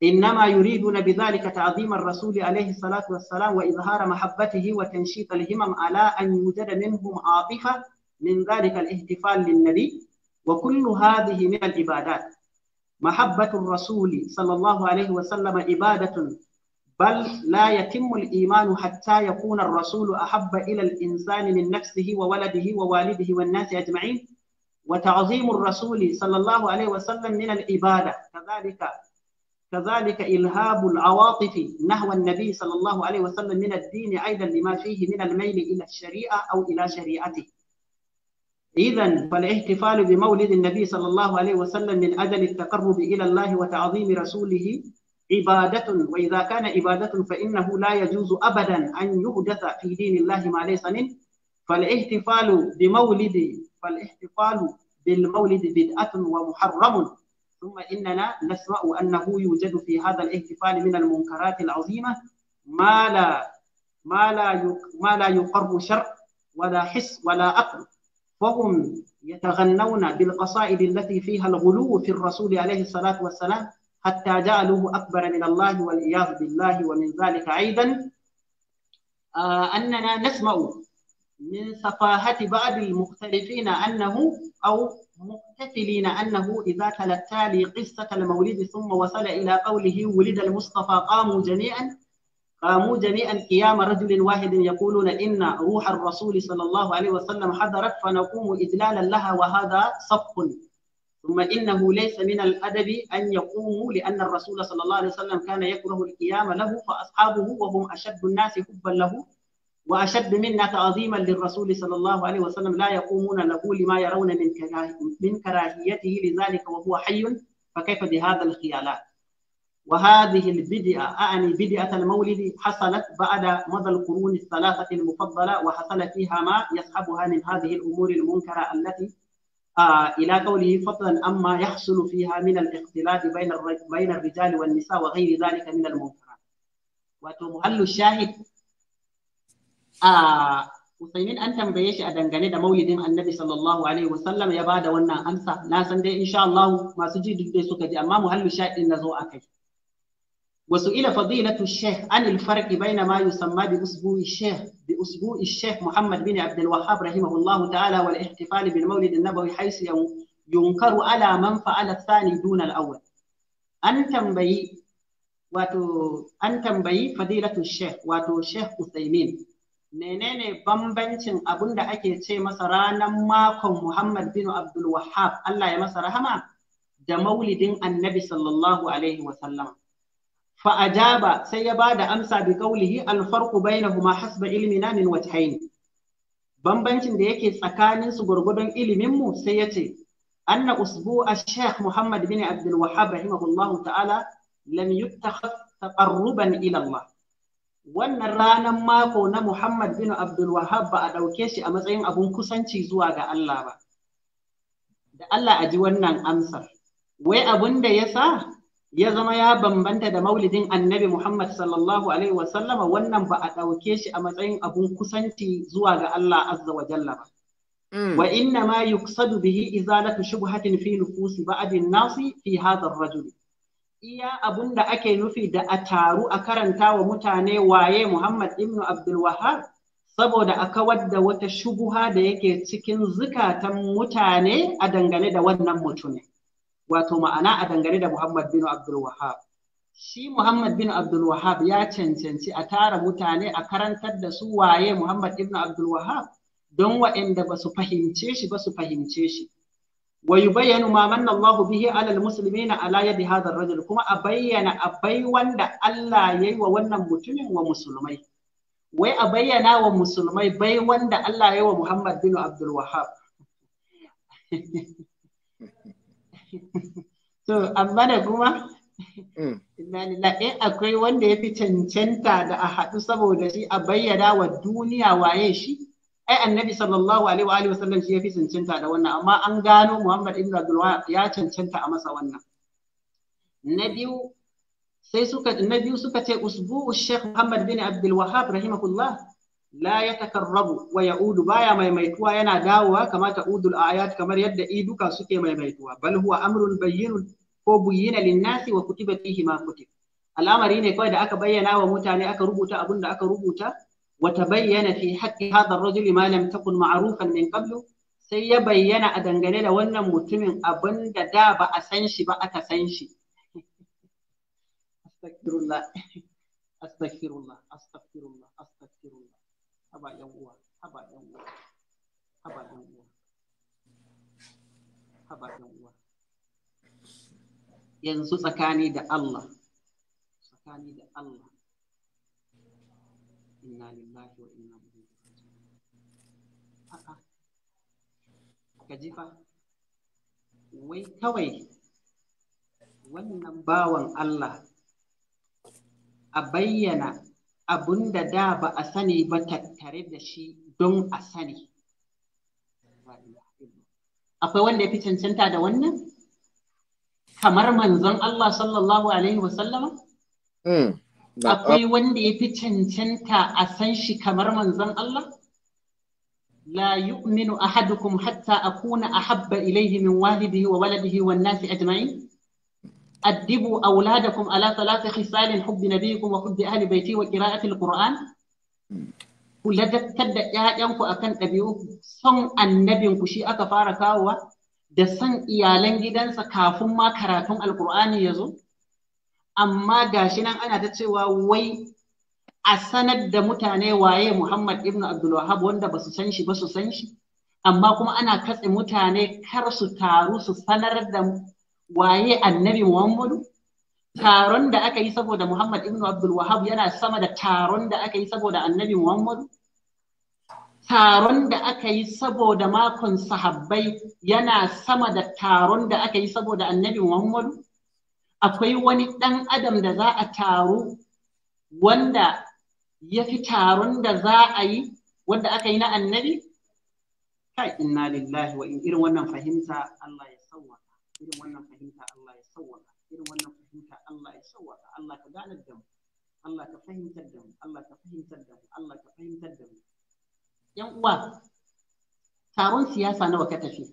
إنما يريدون بذلك تعظيم الرسول عليه الصلاة والسلام وإظهار محبته وتنشيط الهمم على أن يوجد منهم عاطفة من ذلك الاحتفال للنبي وكل هذه من العبادات محبة الرسول صلى الله عليه وسلم عبادة بل لا يتم الإيمان حتى يكون الرسول أحب إلى الإنسان من نفسه وولده ووالده والناس أجمعين وتعظيم الرسول صلى الله عليه وسلم من العبادة كذلك كذلك إلهاب العواطف نحو النبي صلى الله عليه وسلم من الدين أيضا لما فيه من الميل إلى الشريعة أو إلى شريعته إذا فالاحتفال بمولد النبي صلى الله عليه وسلم من أجل التقرب إلى الله وتعظيم رسوله عبادة وإذا كان عبادة فإنه لا يجوز أبدا أن يحدث في دين الله ما ليس منه فالاحتفال بمولد فالاحتفال بالمولد بدعة ومحرم ثم إننا نسمع أنه يوجد في هذا الاحتفال من المنكرات العظيمة ما لا ما لا ما لا يقر شرع ولا حس ولا عقل فهم يتغنون بالقصائد التي فيها الغلو في الرسول عليه الصلاة والسلام حتى جعلوه أكبر من الله والعياذ بالله ومن ذلك أيضا آه، أننا نسمع من سفاهة بعض المختلفين أنه أو مقتتلين أنه إذا تلتالي قصة المولد ثم وصل إلى قوله ولد المصطفى قاموا جميعا قاموا جميعا قيام رجل واحد يقولون إن روح الرسول صلى الله عليه وسلم حضرت فنقوم إجلالا لها وهذا صف ثم إنه ليس من الأدب أن يقوموا لأن الرسول صلى الله عليه وسلم كان يكره القيام له فأصحابه وهم أشد الناس حبا له وأشد منا تعظيما للرسول صلى الله عليه وسلم لا يقومون له لما يرون من من كراهيته لذلك وهو حي فكيف بهذا الخيالات وهذه البدعة أعني بدعة المولد حصلت بعد مضى القرون الثلاثة المفضلة وحصل فيها ما يصحبها من هذه الأمور المنكرة التي إلى قوله فضلا أما يحصل فيها من الاختلاط بين بين الرجال والنساء وغير ذلك من المنكرات وتمهل الشاهد Usaimin an tambaye shi a dangane da maulidin annabi sallallahu ya bada wannan amsa na san dai insha Allah masu ji duk dai suka ji amma muhallu shaɗin na zo a kai وسئل فضيلة الشيخ عن الفرق بين ما يسمى بأسبوع الشيخ بأسبوع الشيخ محمد بن عبد الوهاب رحمه الله تعالى والاحتفال بالمولد النبوي حيث ينكر على من فعل الثاني دون الأول أن تنبي wato an tambayi fadilatu sheikh wato sheikh Usaimin menene bambancin abun da ake ce masa ranar makon Muhammad bin Abdul Wahhab Allah ya masa rahama da maulidin annabi sallallahu alaihi wa sallam fa'ajaba sai ya ba da amsa bi qawlihi al farqu bainahuma hasba ilmina min wajhayn bambancin da yake tsakanin su gurgudun ilimin mu sai yace anna usbu'a shaykh muhammad bin abdul wahhab rahimahullahu ta'ala lam yuttakhadh taqarruban ila allah wannan ranar mako na Muhammad bin Abdulwahab ba a ɗauke shi a matsayin abun kusanci zuwa ga Allah ba. Da Allah a ji wannan amsar. Wai abunda da ya sa ya zama ya bambanta da maulidin annabi Muhammad sallallahu Alaihi wasallama wannan ba a ɗauke shi a matsayin abun kusanci zuwa ga Allah azza wa jalla ba. Mm. Wa inna ma yuksadu bihi izalatu shubhatin fi ba abin nasi fi hadha rajul Iya abun da ake nufi da a taru a karanta wa mutane waye Muhammad ibn Abdul Wahhab saboda a kawar da wata shubuha da yake cikin zukatan mutane a dangane da wannan mutumin. wato ma'ana a dangane da Muhammad bin Abdul Wahab shi Muhammad bin Abdul Wahab ya cancanci a tara mutane a karantar da su waye Muhammad ibn Abdul Wahab don waɗanda ba su fahimce shi ba su fahimce shi wa yubayyanu ma manna Allah bihi ala almuslimina ala yadi hadha rajul kuma a bayyana bai wanda Allah yi wa wannan mutumin wa musulmai wai a bayyana wa musulmai bai wanda Allah yi wa Muhammad bin Abdul Wahab *laughs* *laughs* to amma da kuma mm. *laughs* in akwai wanda ya fi cancanta da a haɗu saboda shi a bayyana wa duniya waye shi ai annabi sallallahu alaihi wa alihi wasallam shi ya fi cancanta da wannan amma an gano muhammad ibn abdul ya cancanta a masa wannan na biyu sai suka na biyu suka ce usbu'u sheikh muhammad bin abdul wahhab rahimahullah la ya takarrabu wa ya'udu baya maimaituwa yana dawowa kamata ta'udul ayat kamar yadda iduka suke maimaituwa Balhuwa huwa amrun bayyinun ko buyyina linnasi wa kutiba fihi ma kuti al'amari ne kawai da aka bayyana wa mutane aka rubuta abin da aka rubuta wa tabayyana fi haqqi hadha ar-rajul ma lam takun ma'rufan min qablu sai ya bayyana a dangane da wannan mutumin abin da da ba a san shi ba aka san *laughs* *laughs* haba yan uwa haba yan uwa haba yan uwa haba yan uwa yanzu tsakani da Allah tsakani da Allah inna lillahi wa inna ilaihi a'a ka ji wai kawai wannan bawan Allah a bayyana abin da da ba a sani ba tattare da shi don a sani. Akwai wanda ya fi cancanta da wannan? Kamar manzon Allah sallallahu Alaihi wasallama? Hmm, Akwai wanda ya fi cancanta a san shi kamar manzon Allah? La yu'minu لا يؤمن أحدكم حتى أكون أحب إليه من والده وولده والناس أجمعين أدبوا أولادكم على ثلاث خصال حب نبيكم وحب أهل بيتي وقراءة القرآن ku ladabtar da ‘ya'yanku a kan ɗabi'u son annabinku shi aka fara kawowa da son iyalan gidansa kafin ma karatun alkur'ani ya zo amma gashi nan ana ta cewa wai a sanar da mutane waye muhammad ibn abdulwahab wanda basu su san shi ba su san shi amma kuma ana katse mutane kar su taru su sanar da waye annabi Muhammadu taron da aka yi saboda Muhammad ibn Abdul Wahab yana sama da taron da aka yi saboda annabi Muhammadu taron da aka yi saboda makon sahabbai yana sama da taron da aka yi saboda annabi Muhammadu akwai wani ɗan adam da za a taru wanda ya fi taron da za a yi wanda aka yi na annabi? Kai inna lillahi wa in irin wannan fahimta Allah ya irin wannan fahimta Allah ya sawwaka irin wannan fahimta Allah ya sawwaka Allah ka gane da mu Allah ka fahimtar da mu Allah ka fahimtar da mu Allah ka fahimtar da mu yan uwa taron siyasa nawa ka tafi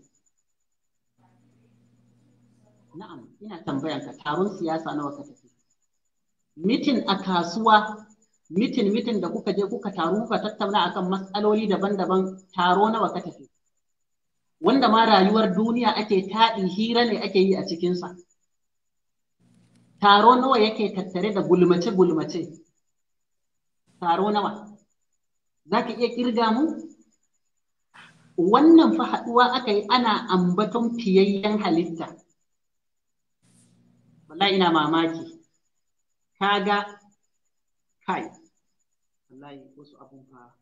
na'am ina tambayan ka taron siyasa nawa ka tafi mitin a kasuwa mitin mitin da kuka je kuka taru kuka tattauna akan matsaloli daban-daban taro nawa ka tafi wanda ma rayuwar duniya ake taɗi hira ne ake yi a cikinsa. Taro nawa yake tattare da gulmace-gulmace? Taro nawa? Za ka iya ƙirga mu? Wannan fa haɗuwa aka yi ana ambaton fiyayyen halitta. Wallahi ina mamaki. Kaga kai. Wallahi wasu abun fa.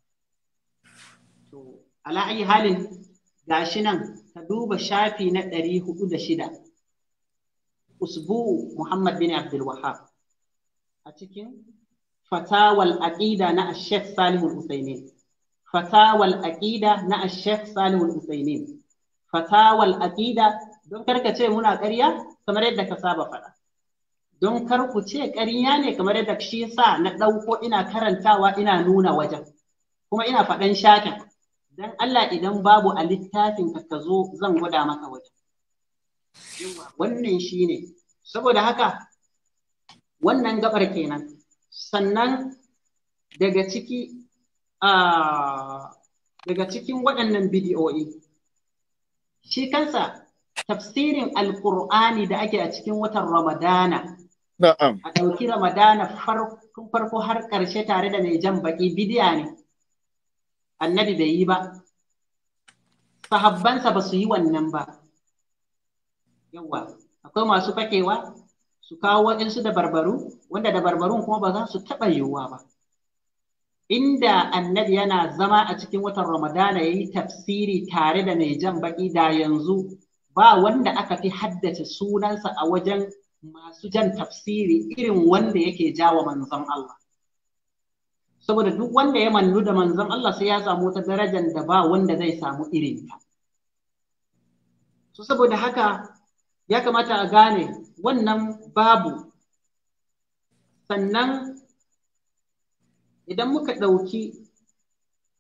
To, ala ayi halin Ga shi nan ka duba shafi na ɗari hudu da shida usbu'u muhammad bin abdul wahab a cikin fatawal aqida na ashek salihul usaini fatawal aqida na ashek salihul usaini fatawal aqida don karka ce muna ƙarya kamar yadda ka saba faɗa don kar ku ce ƙarya ne kamar yadda shi sa na ɗauko ina karantawa ina nuna wajen kuma ina faɗan shafin dan Allah idan babu a littafin ka ka zo zan gwada maka waje. wannan shine saboda haka wannan gabar kenan sannan daga ciki daga cikin waɗannan bidiyo'i, shi kansa tafsirin alkur'ani da ake a cikin watan ramadana a ɗauki ramadana farko har ƙarshe tare da mai jan baƙi bidiya ne annabi bai yi ba sahabbansa ba su yi wannan ba yawa akwai masu fakewa su kawo waɗansu da barbaru wanda da barbarun kuma ba za su taɓa yiwuwa ba inda annabi yana zama a cikin watan ramadana ya yi tafsiri tare da mai jan baƙi da yanzu ba wanda aka fi haddace sunansa a wajen masu jan tafsiri irin wanda yake jawa manzon Allah saboda duk wanda ya mannu da manzon Allah sai ya samu wata darajar da ba wanda zai samu irin ta saboda haka ya kamata a gane wannan babu sannan idan muka ɗauki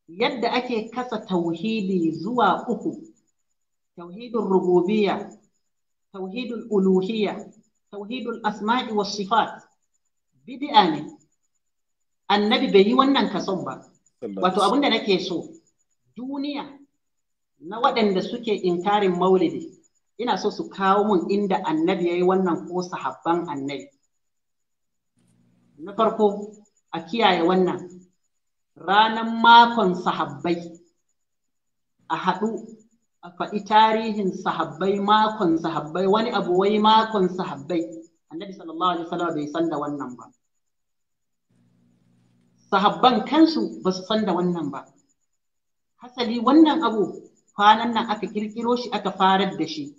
yadda ake kasa tauhidi zuwa uku Tauhidin rububiya Tauhidin Uluhiya, Tauhidin asma'i wa sifat bid'a ne annabi bai yi wannan kason ba wato abin da nake so duniya na waɗanda suke inkarin maulidi ina so su kawo mun inda annabi ya yi wannan ko sahabban annabi na farko a kiyaye wannan ranan makon sahabbai a haɗu a faɗi tarihin sahabbai makon sahabbai wani abu wai makon sahabbai annabi sallallahu alaihi wasallam bai san da wannan ba sahabban kansu ba su san da wannan ba hasali wannan abu kwanan nan aka kirkiro shi aka farar da shi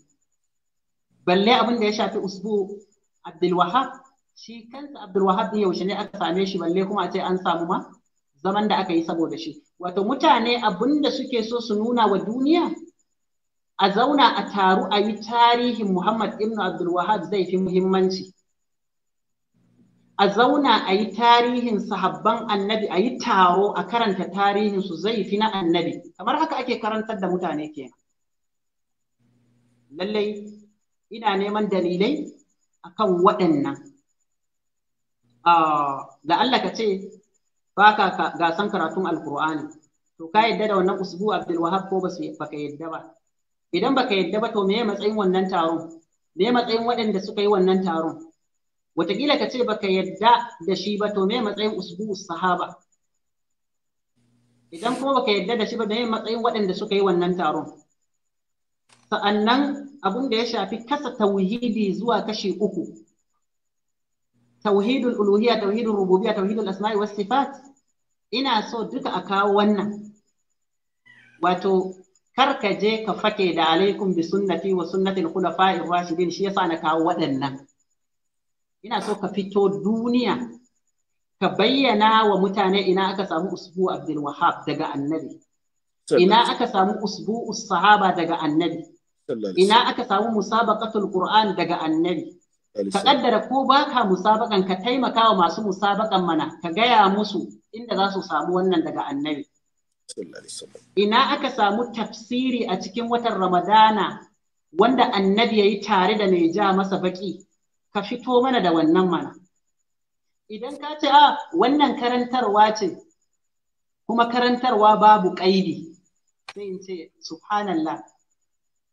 balle abin da ya shafi usbu abdulwahab shi kansa abdulwahab ne yaushe ne aka same shi balle kuma a ce an samu ma zaman da aka yi saboda shi wato mutane abin suke so su nuna wa duniya a zauna a taru a yi tarihin muhammad ibn abdulwahab zai fi muhimmanci a zauna a yi tarihin sahabban annabi a yi taro a karanta tarihin su zai fi na annabi kamar haka ake karantar da mutane ke lallai ina neman dalilai a kan waɗannan ah, da Allah ka ce ba ka gasan karatun alkur'ani to ka yadda da wannan usbu abdul wahab ko ba ka yadda ba idan baka yadda ba to me matsayin wannan taron me matsayin waɗanda suka yi wannan taron wataƙila ka ce baka yarda da shi ba to me matsayin usbu sahaba idan kuma baka yarda da shi ba me matsayin waɗanda suka yi wannan taron sa'annan abin da ya shafi kasa tauhidi zuwa kashi uku tauhidul uluhiyya tauhidul rububiyya tauhidul asma'i was sifat ina so duka a kawo wannan wato kar ka je ka fake da alaikum bi sunnati wa al khulafa'ir rashidin shi yasa na kawo waɗannan ina so ka fito duniya ka bayyana wa mutane ina aka samu usbu Abdul Wahab daga Annabi ina aka samu usbu sahaba daga Annabi ina aka samu musabaqatul Qur'an daga Annabi ka kaddara ko baka musabakan ka taimaka wa masu musabakan mana ka gaya musu inda za su samu wannan daga annabi ina aka samu tafsiri a cikin watan ramadana wanda annabi ya yi tare da mai ja masa baki ka fito mana da wannan mana idan ka ce a ah, wannan karantarwa ce kuma karantarwa babu ƙaidi sai in ce subhanallah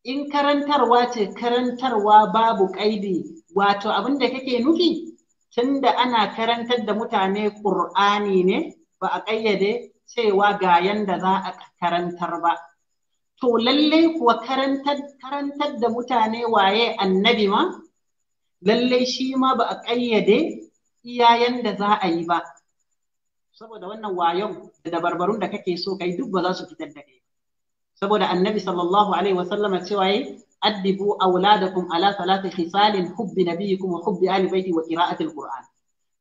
in karantarwa ce karantarwa babu ƙaidi wato abin da kake nufi tunda ana karantar da mutane ƙur'ani ne ba a ƙayyade cewa ga yanda za a karantar ba to lallai kuwa karantar da mutane waye annabi ma lallai shi ma ba a ƙayyade iyayen da za a yi ba saboda wannan wayon da dabarbarun da kake so kai duk ba za su fitar da kai saboda annabi sallallahu alaihi wasallama cewa yi addibu auladakum ala salati khisalin hubbi nabiyikum wa hubbi ali baiti wa qira'atil qur'an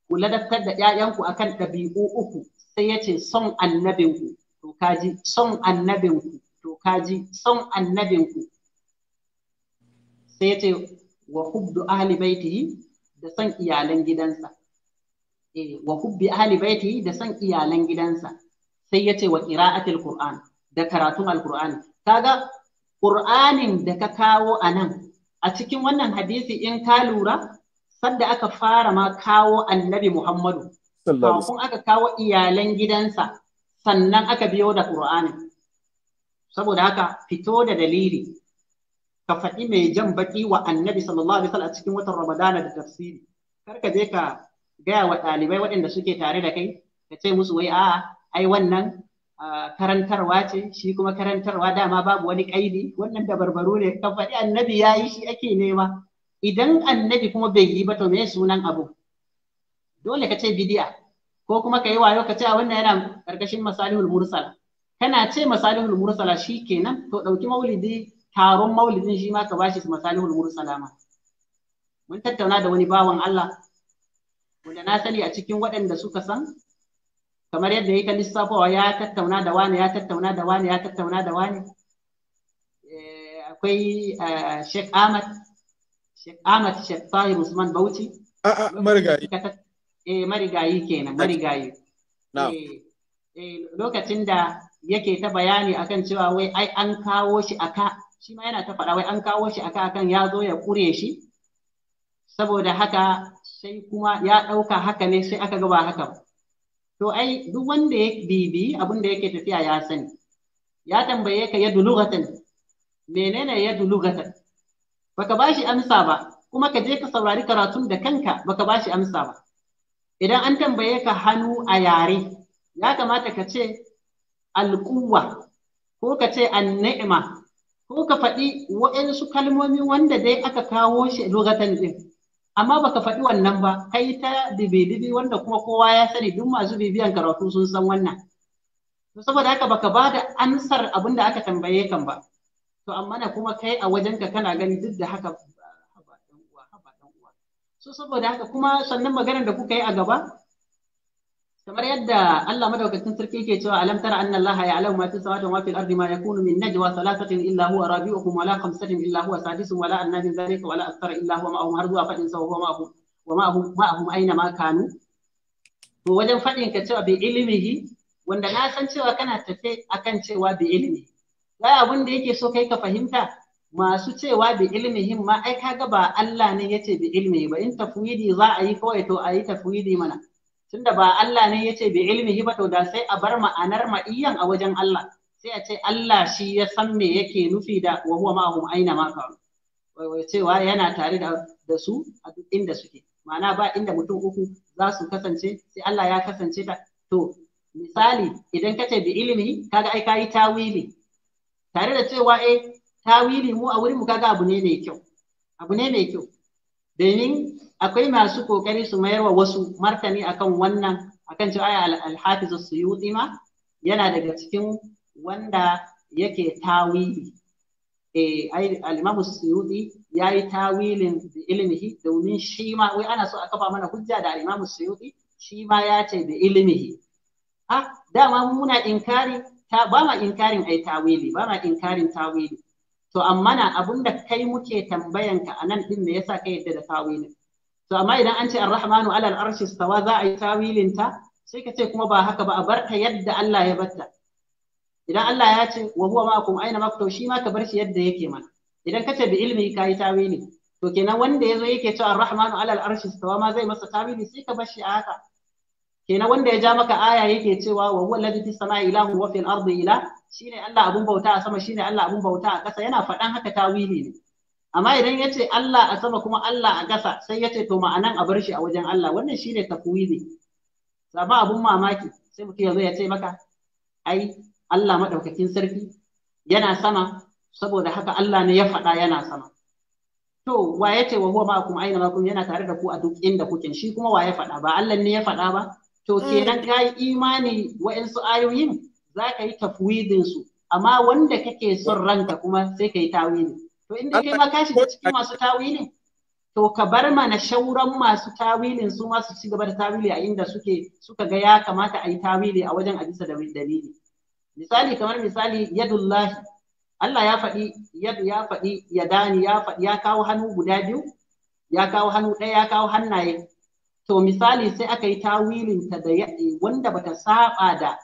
ku ladabtar da ƴaƴanku akan ɗabi'u uku sai yace son annabinku to kaji son annabinku to kaji son annabinku sai yace wa hubdu ahli baitihi da san iyalan gidansa eh wa hubbi ahli baitihi da san iyalan gidansa sai yace wa qira'atil qur'an da karatun alqur'ani kaga qur'anin da ka kawo anan a cikin wannan hadisi in ka lura sanda aka fara ma kawo annabi Muhammadu kafin aka kawo iyalan gidansa sannan aka biyo da qur'anin saboda haka fito da dalili ka faɗi mai jan baƙi wa annabi sallallahu alaihi wasallam a cikin watan ramadana da tafsiri kar ka je ka gaya wa ɗalibai waɗanda suke tare da kai ka ce musu wai a'a ai wannan karantarwa ce shi kuma karantarwa dama babu wani ƙaidi wannan dabarbaru ne ka faɗi annabi ya yi shi ake nema idan annabi kuma bai yi ba to me sunan abu dole ka ce bidiya ko kuma ka yi wayo ka ce a wannan yana karkashin masalihul mursala kana ce masalihul mursala shi kenan to ɗauki maulidi taron maulidin shi ma ka bashi masalihul mursalama mun tattauna da wani bawan Allah wanda na sani a cikin waɗanda suka san kamar yadda yake lissafawa ya tattauna da wani ya tattauna da wani ya tattauna da wani eh, akwai eh, Sheikh Ahmad Sheikh Ahmad Sheikh Tahir Usman Bauchi a a marigayi eh marigayi kenan marigayi na'am eh, eh lokacin da yake ta bayani akan cewa wai ai an kawo shi aka shi ma yana ta faɗa wai an kawo shi akan akan ya zo ya ƙure shi saboda haka sai kuma ya ɗauka haka ne sai aka gaba haka ba to ai duk wanda ya bibi abin da yake tafiya ya sani ya tambaye ka yadda lugatan menene yadda lugatan baka bashi amsa ba kuma ka je ka saurari karatun da kanka baka bashi amsa ba idan an tambaye ka hannu a yare ya kamata ka ce alquwa ko ka ce an ni'ima ko ka faɗi waɗansu kalmomi wanda dai aka kawo shi lokacin ɗin amma baka faɗi wannan ba kai ta dibi-dibi wanda kuma kowa ya sani duk masu bibiyan karatu sun san wannan saboda haka baka ba da ansar abin da aka tambaye kan ba to amma na kuma kai a wajenka kana gani duk da haka so saboda haka kuma sannan maganar da kuka yi a gaba kamar yadda Allah madaukakin sarki yake cewa alam tara anna Allah ya'lamu ma fi samawati wa fil ardi ma yakunu min najwa thalathatin illa huwa rabi'uhum wa la khamsatin illa huwa sadisuhum wala la adna min dhalika wa la akthara illa huwa ma'ahum har zuwa fadin sa huwa ma'ahum wa ma'ahum ma'ahum aina ma kanu to wajen fadin ka cewa bi ilmihi wanda na san cewa kana tafe akan cewa bi ilmi wai abin da yake so kai ka fahimta masu cewa bi ilmihim ma ai kaga ba Allah ne yace bi ilmihi ba in tafwidi za a yi kawai to a yi tafwidi mana tunda ba Allah ne yace bi ilmihi ba to da sai a bar ma'anar ma'iyan a wajen Allah sai a ce Allah shi ya san me yake nufi da wa huwa ma'ahum aina ma cewa yana tare da su a duk inda suke ma'ana ba inda mutum uku za su kasance sai Allah ya kasance ta to misali idan kace bi ilimi kaga ai kai tawili tare da cewa eh tawili mu a wurin mu kaga abu ne mai kyau abu ne mai kyau domin akwai masu kokari su mayar wa wasu martani akan wannan akan cewa ai al-hafiz as-suyuti ma yana daga cikin wanda yake tawili eh ai al-imam as-suyuti yayi tawilin da ilmihi domin shi ma wai ana so a kafa mana hujja da al-imam as-suyuti shi ma ya ce da ilmihi da dama muna inkari ta ba ma inkarin ai tawili ba ma inkarin tawili to amma na abunda kai muke tambayanka anan din me yasa ka yadda da tawilin to amma idan an ce ar-rahmanu ala al-arshi za a yi tawilin ta sai ka ce kuma ba haka ba a barta yadda Allah ya barta idan Allah ya ce wa huwa ma'akum aina ma shi ma ka bar shi yadda yake mana idan ka ce bi ilmi ka yi tawili to kenan wanda yazo yake cewa ar-rahmanu ala al-arshi istawa ma zai masa tawili sai ka bar shi a haka kenan wanda ya ja maka aya yake cewa wa huwa alladhi fis sama'i ilahun wa fil ardi ila shine Allah abun bauta a sama shine Allah abun bauta a ƙasa yana faɗan haka tawili ne amma idan ya ce Allah a sama kuma Allah a gasa, sai ya ce to ma'anan a bar shi a wajen Allah wannan shi shine ne sabon abun mamaki sai mutum ya ya ce maka ai Allah maɗaukakin sarki yana sama saboda haka Allah ne ya faɗa yana sama to wa ya ce wa huwa ma'akum aina ma yana tare da ku a duk inda kuke shi kuma wa ya faɗa ba Allah ne ya faɗa ba to mm. kenan yi imani wa'ansu ayoyin za ka yi tafwidin su amma wanda kake son ranka kuma sai ka yi tawili to inda kai ma ka da cikin masu tawilin to ka bar mana shauran masu tawilin su ma su ci gaba da tawili a inda suke suka ga ya kamata a yi tawili a wajen a bisa da dalili misali kamar misali yadullahi Allah ya faɗi yadu ya faɗi yadani ya faɗi ya kawo hannu guda biyu ya kawo hannu ɗaya ya kawo hannaye to misali sai aka yi tawilin ta da wanda bata saba da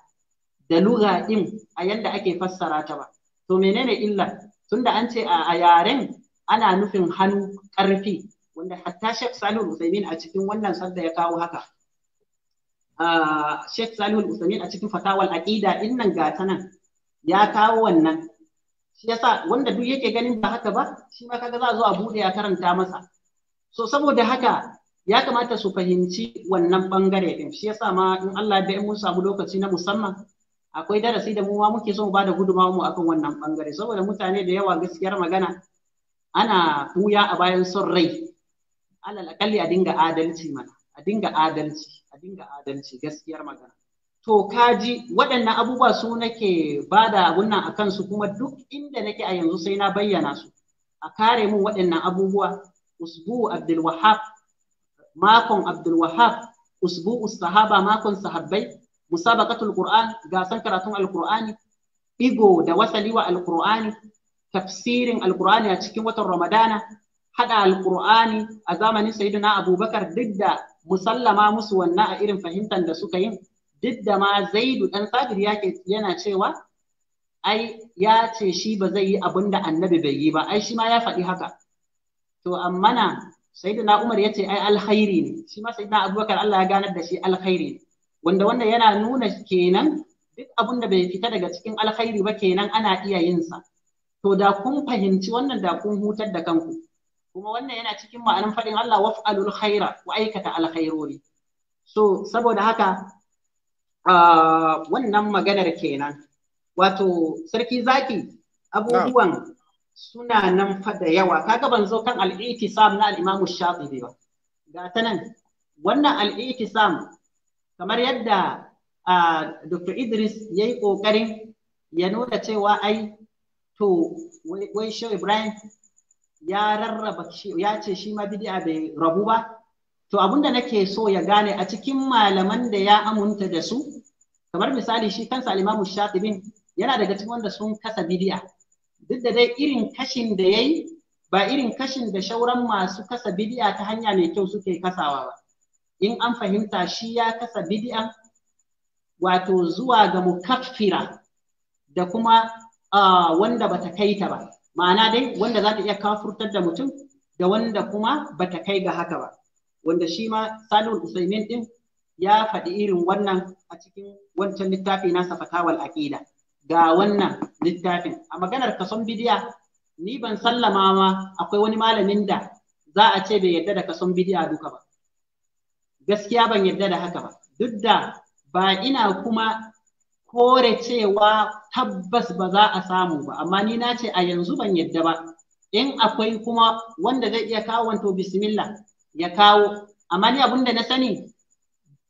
da lugha din a yanda ake fassara ta ba to menene illa tunda an ce a yaren ana nufin hannu ƙarfi wanda hatta Sheikh Salih Usaimin a cikin wannan sadda ya kawo haka Sheikh Salih Usaimin a cikin fatawal aqida din nan gata nan ya kawo wannan shi yasa wanda duk yake ganin ba haka ba shi ma kaga za a zo a bude ya karanta masa so saboda haka ya kamata su fahimci wannan bangare din shi yasa ma in Allah ya bai mun samu lokaci na musamman akwai darasi da mu ma muke so mu da gudunmawar mu akan wannan bangare saboda mutane da yawa gaskiyar magana ana buya a bayan son rai alal akalli a dinga adalci mana a dinga adalci a dinga adalci gaskiyar magana to kaji waɗannan abubuwa su nake bada wannan a kansu kuma duk inda nake a yanzu sai na bayyana su a kare mun waɗannan abubuwa usbu abdul wahab makon abdul wahab usbu sahaba makon sahabbai musabaqatul qur'an gasan karatun alqur'ani igo da wasali wa alqur'ani tafsirin alqur'ani a cikin watan ramadana hada alqur'ani a zamanin sayyidina abubakar duk da musallama musu wannan a irin fahimtar da suka yi duk da ma zaidu dan sabir yake yana cewa ai ya ce shi ba zai yi abin da annabi bai yi ba ai shi ma ya faɗi haka to amma na sayyidina umar ya ce ai alkhairi ne shi ma sayyidina abubakar Allah ya ganar da shi alkhairi ne wanda wannan yana nuna kenan duk abin da bai fita daga cikin alkhairi ba kenan ana iya yin sa to da kun fahimci wannan da kun hutar da kanku kuma wannan yana cikin ma'anin faɗin Allah waf'alul khaira ku aikata alkhairori so saboda haka wannan maganar kenan wato sarki zaki abubuwan suna nan fa da yawa kaga ban zo kan al-itisam na al-imamu shafi'i ba ga ta nan wannan al-itisam kamar yadda Dr. Idris ya yi ƙoƙarin ya nuna cewa ai to wai Shehu Ibrahim ya rarraba ya ce shi ma bidiya bai rabu ba to abinda nake so ya gane a cikin malaman da ya amunta da su kamar misali shi kansa al-Imam Shatibin yana daga cikin wanda sun kasa bidiya. duk da dai irin kashin da yayi ba irin kashin da shauran masu kasa bidiya ta hanya mai kyau suke kasawa ba in an fahimta shi ya kasa bid'a wato zuwa ga mukaffira da kuma wanda bata kai ta ba ma'ana dai wanda za ta iya kafurtar da mutum da wanda kuma bata kai ga haka ba wanda shi ma salihul usaimin din ya faɗi irin wannan a cikin wancan littafi nasa fatawal aqida ga wannan littafin a maganar kason bidiya ni ban sallama ma akwai wani malamin da za a ce bai yarda da kason bidiya duka ba gaskiya ban yarda da haka ba duk da ba ina kuma kore cewa tabbas ba za a samu ba amma ni na ce a yanzu ban yarda ba in akwai kuma wanda zai iya kawo wanto bismillah ya kawo amma ni abin da na sani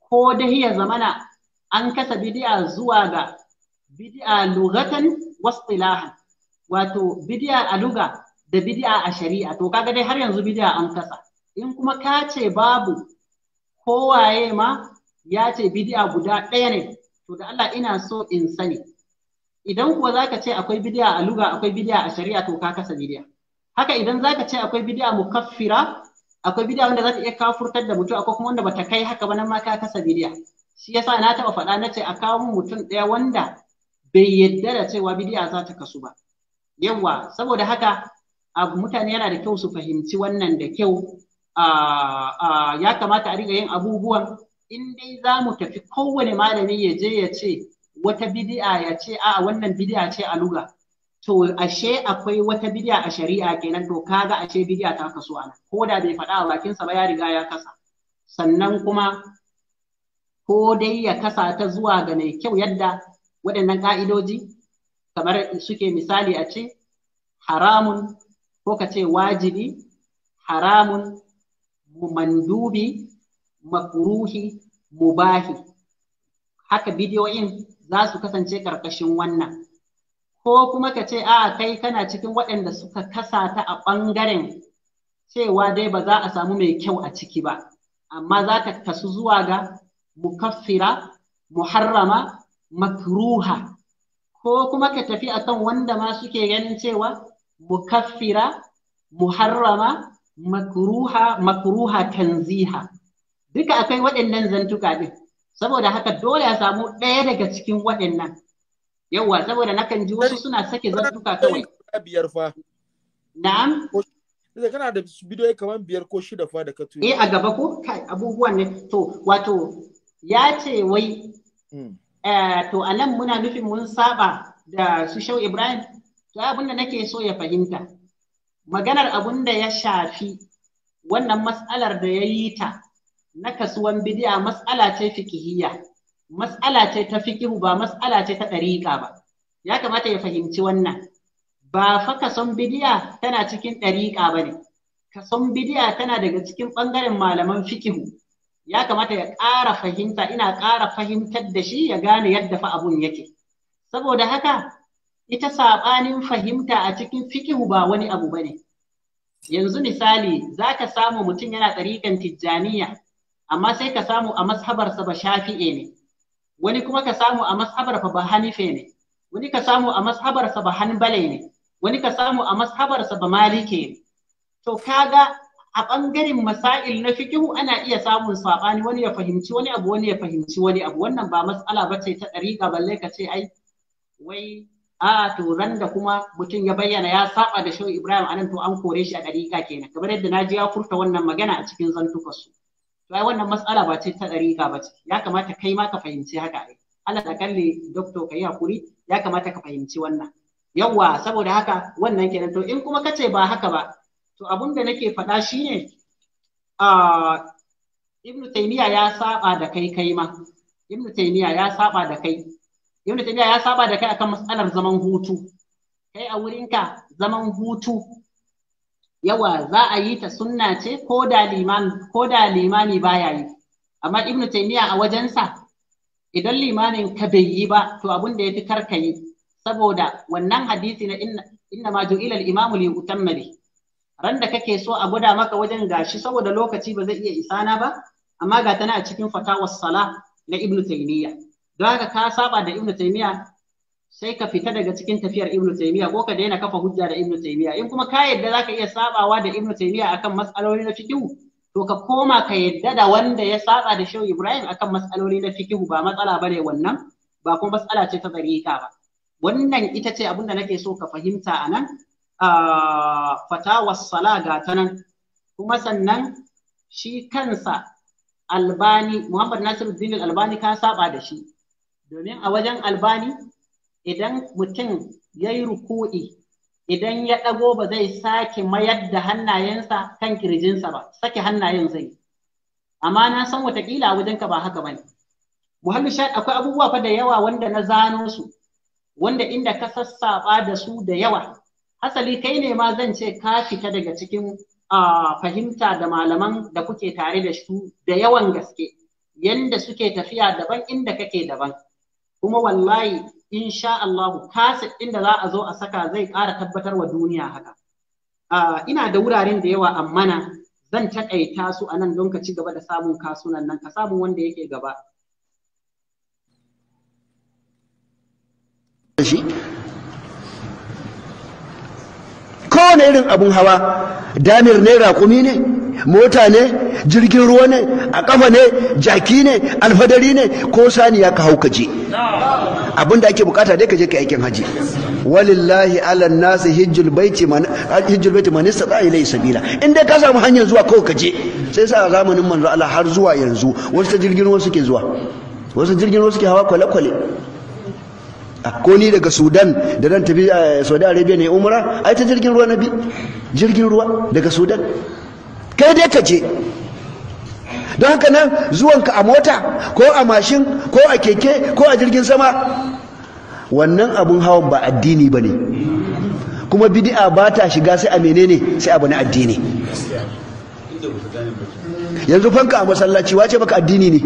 ko dai ya zamana an kasa bidi'a zuwa ga bidi'a lugatan wasilaha wato bidi'a a luga da bidi'a a shari'a to kaga dai har yanzu bidi'a an kasa in kuma ka ce babu kowaye ma ya ce bidi'a guda ɗaya ne to da Allah ina so in sani idan kuwa zaka ce akwai bidi'a a luga akwai bidi'a a shari'a to ka kasa bidi'a haka idan zaka ce akwai bidi'a mukaffira akwai bidiya wanda za ta iya kafurtar da mutum akwai kuma wanda bata kai haka ba nan ma ka kasa bidiya shi yasa na taɓa faɗa na ce a kawo mutum ɗaya wanda bai yadda da cewa bidiya za ta kasu ba yawa saboda haka abu mutane yana da kyau su fahimci wannan da kyau ya kamata a riga yin abubuwan in dai za mu tafi kowane malami ya je ya ce wata bidi'a ya ce a wannan bidi'a ce a luga to ashe akwai wata bidi'a a shari'a kenan to kaga ashe bidi'a ta kasu ana ko da bai faɗa a bakinsa ba ya riga ya kasa sannan kuma ko dai ya kasa ta zuwa ga mai kyau yadda waɗannan ƙa'idoji kamar suke misali a ce haramun ko ka ce wajibi haramun mandubi makruhi mubahi haka bidiyoyin za su kasance karkashin wannan ko kuma ka ce a kai kana cikin waɗanda suka kasa ta a ɓangaren cewa dai ba za a samu mai kyau a ciki ba amma za ka kasu zuwa ga mukaffira muharrama makruha ko kuma ka tafi akan wanda ma suke ganin cewa mukaffira muharrama makruha makruha tanziha duka akwai waɗannan zantuka din saboda haka dole a samu ɗaya daga cikin waɗannan yawa saboda kan ji wasu suna sake zantuka kawai biyar fa na'am da kana da bidiyoyi kamar biyar ko shida fa da ka eh a gaba ko kai abubuwan ne to wato ya ce wai hmm. eh, to anan muna nufin mun saba da su shau Ibrahim to abin da nake so ya fahimta maganar abun da ya shafi wannan mas'alar da ya yi ta na kasuwan bidiya mas'ala ce fikihiya, mas'ala ce ta fikihu ba mas'ala ce ta ɗariƙa ba ya kamata ya fahimci wannan ba fa kason bidiya tana cikin ɗariƙa ba ne kason bidiya tana daga cikin ɓangaren malaman fikihu ya kamata ya ƙara fahimta ina ƙara fahimtar da shi ya gane yadda fa abun yake saboda haka ita saɓanin fahimta a cikin fikihu ba wani abu bane Yanzu misali zaka samu mutum yana tsarikan tijjaniya, amma sai ka samu a mashabarsa ba shafi'e ne, wani kuma ka samu a mashabar ba hanife ne, wani ka samu a mashabarsa ba hanbale ne, wani ka samu a mashabarsa ba malike ne. To kaga a ɓangaren masail na fikihu ana iya samun saɓani wani ya fahimci wani abu wani ya fahimci wani abu wannan ba matsala ba ce ta ɗariƙa balle ka ce ai wai a to ran da kuma mutum ya bayyana ya saba da shehu ibrahim anan to an kore shi a dariƙa kenan kamar yadda na ji ya furta wannan magana a cikin zantukarsu to ai wannan matsala ba ce ta dariƙa ba ce ya kamata kai ma ka fahimci haka ai Allah da kalli doctor kai hakuri ya kamata ka fahimci wannan yawa saboda haka wannan kenan to in kuma kace ba haka ba to abun da nake faɗa shine a Ibn Taymiyyah ya saba da kai kai ma Ibn Taymiyyah ya saba da kai Ibn taymiya ya saba da kai akan matsalar zaman hutu kai a wurin ka zaman hutu yawa za a yi ta sunna ce ko da limami ko da limami baya yi amma Ibn taymiya a wajensa idan limamin ka bai yi ba to abin da yafi karka yi saboda wannan hadisi na inna inna ma ju'ila al-imamu li yutamma Randa ran da kake so a gwada maka wajen gashi saboda lokaci ba zai iya isana ba amma ga tana cikin fatawar sala na ibnu taymiya don haka ka saba da ibnu taymiya sai ka fita daga cikin tafiyar ibnu taymiya ko ka daina kafa hujja da ibnu taymiya in kuma ka yadda ka iya sabawa da ibnu taymiya akan matsaloli na fikihu to ka koma ka yadda da wanda ya saba da shehu ibrahim akan matsaloli na fikihu ba matsala bane wannan ba kuma matsala ce ta tsarika ba wannan ita ce abin nake so ka fahimta a nan ah, fatawar sala ga ta nan kuma sannan shi kansa albani muhammad Nasiru albani ka saba da shi domin a wajen albani idan mutum ya yi ruku'i idan ya ɗago ba zai sake mayar da hannayensa kan kirjinsa ba sake hannayen zai amma na san watakila wajen ka ba haka bane muhallu sha akwai abubuwa fa da yawa wanda na zano su wanda inda ka sassaba da su da yawa hasali kai ne ma zan ce ka fita daga cikin fahimta da malaman da kuke tare da su da yawan gaske yanda suke tafiya daban inda kake daban kuma wallahi insha Allah kasa inda za a zo a saka zai ƙara tabbatar wa duniya haka ina da wuraren da yawa amma na zan taƙaita su a nan don ka ci gaba da samun kasunan nan ka samun wanda yake gaba kowane irin abun hawa damir ne rakumi ne mota ne jirgin ruwa ne a kafa ne jaki ne alfadari ne ko saniya ka je. abin da ake bukata dai ka je ka aikin haji walillahi ala nasi hijjul baiti man hijjul baiti man istata ilai sabila in dai ka samu hanyar zuwa ko ka je sai sa zamanin manzo Allah har zuwa yanzu wasu jirgin ruwa suke zuwa wasu jirgin ruwa suke hawa kwale-kwale a ni daga sudan da zan tafi a eh, saudi arabia ne umra ai ta jirgin ruwa na bi jirgin ruwa daga sudan kai dai ka je don haka nan zuwanka a mota ko a mashin ko a keke ko a jirgin sama wannan abun hawan ba addini ba ne kuma bidi'a ba ta shiga sai a menene sai abu na addini yanzu fanka a masallaci wace baka addini ne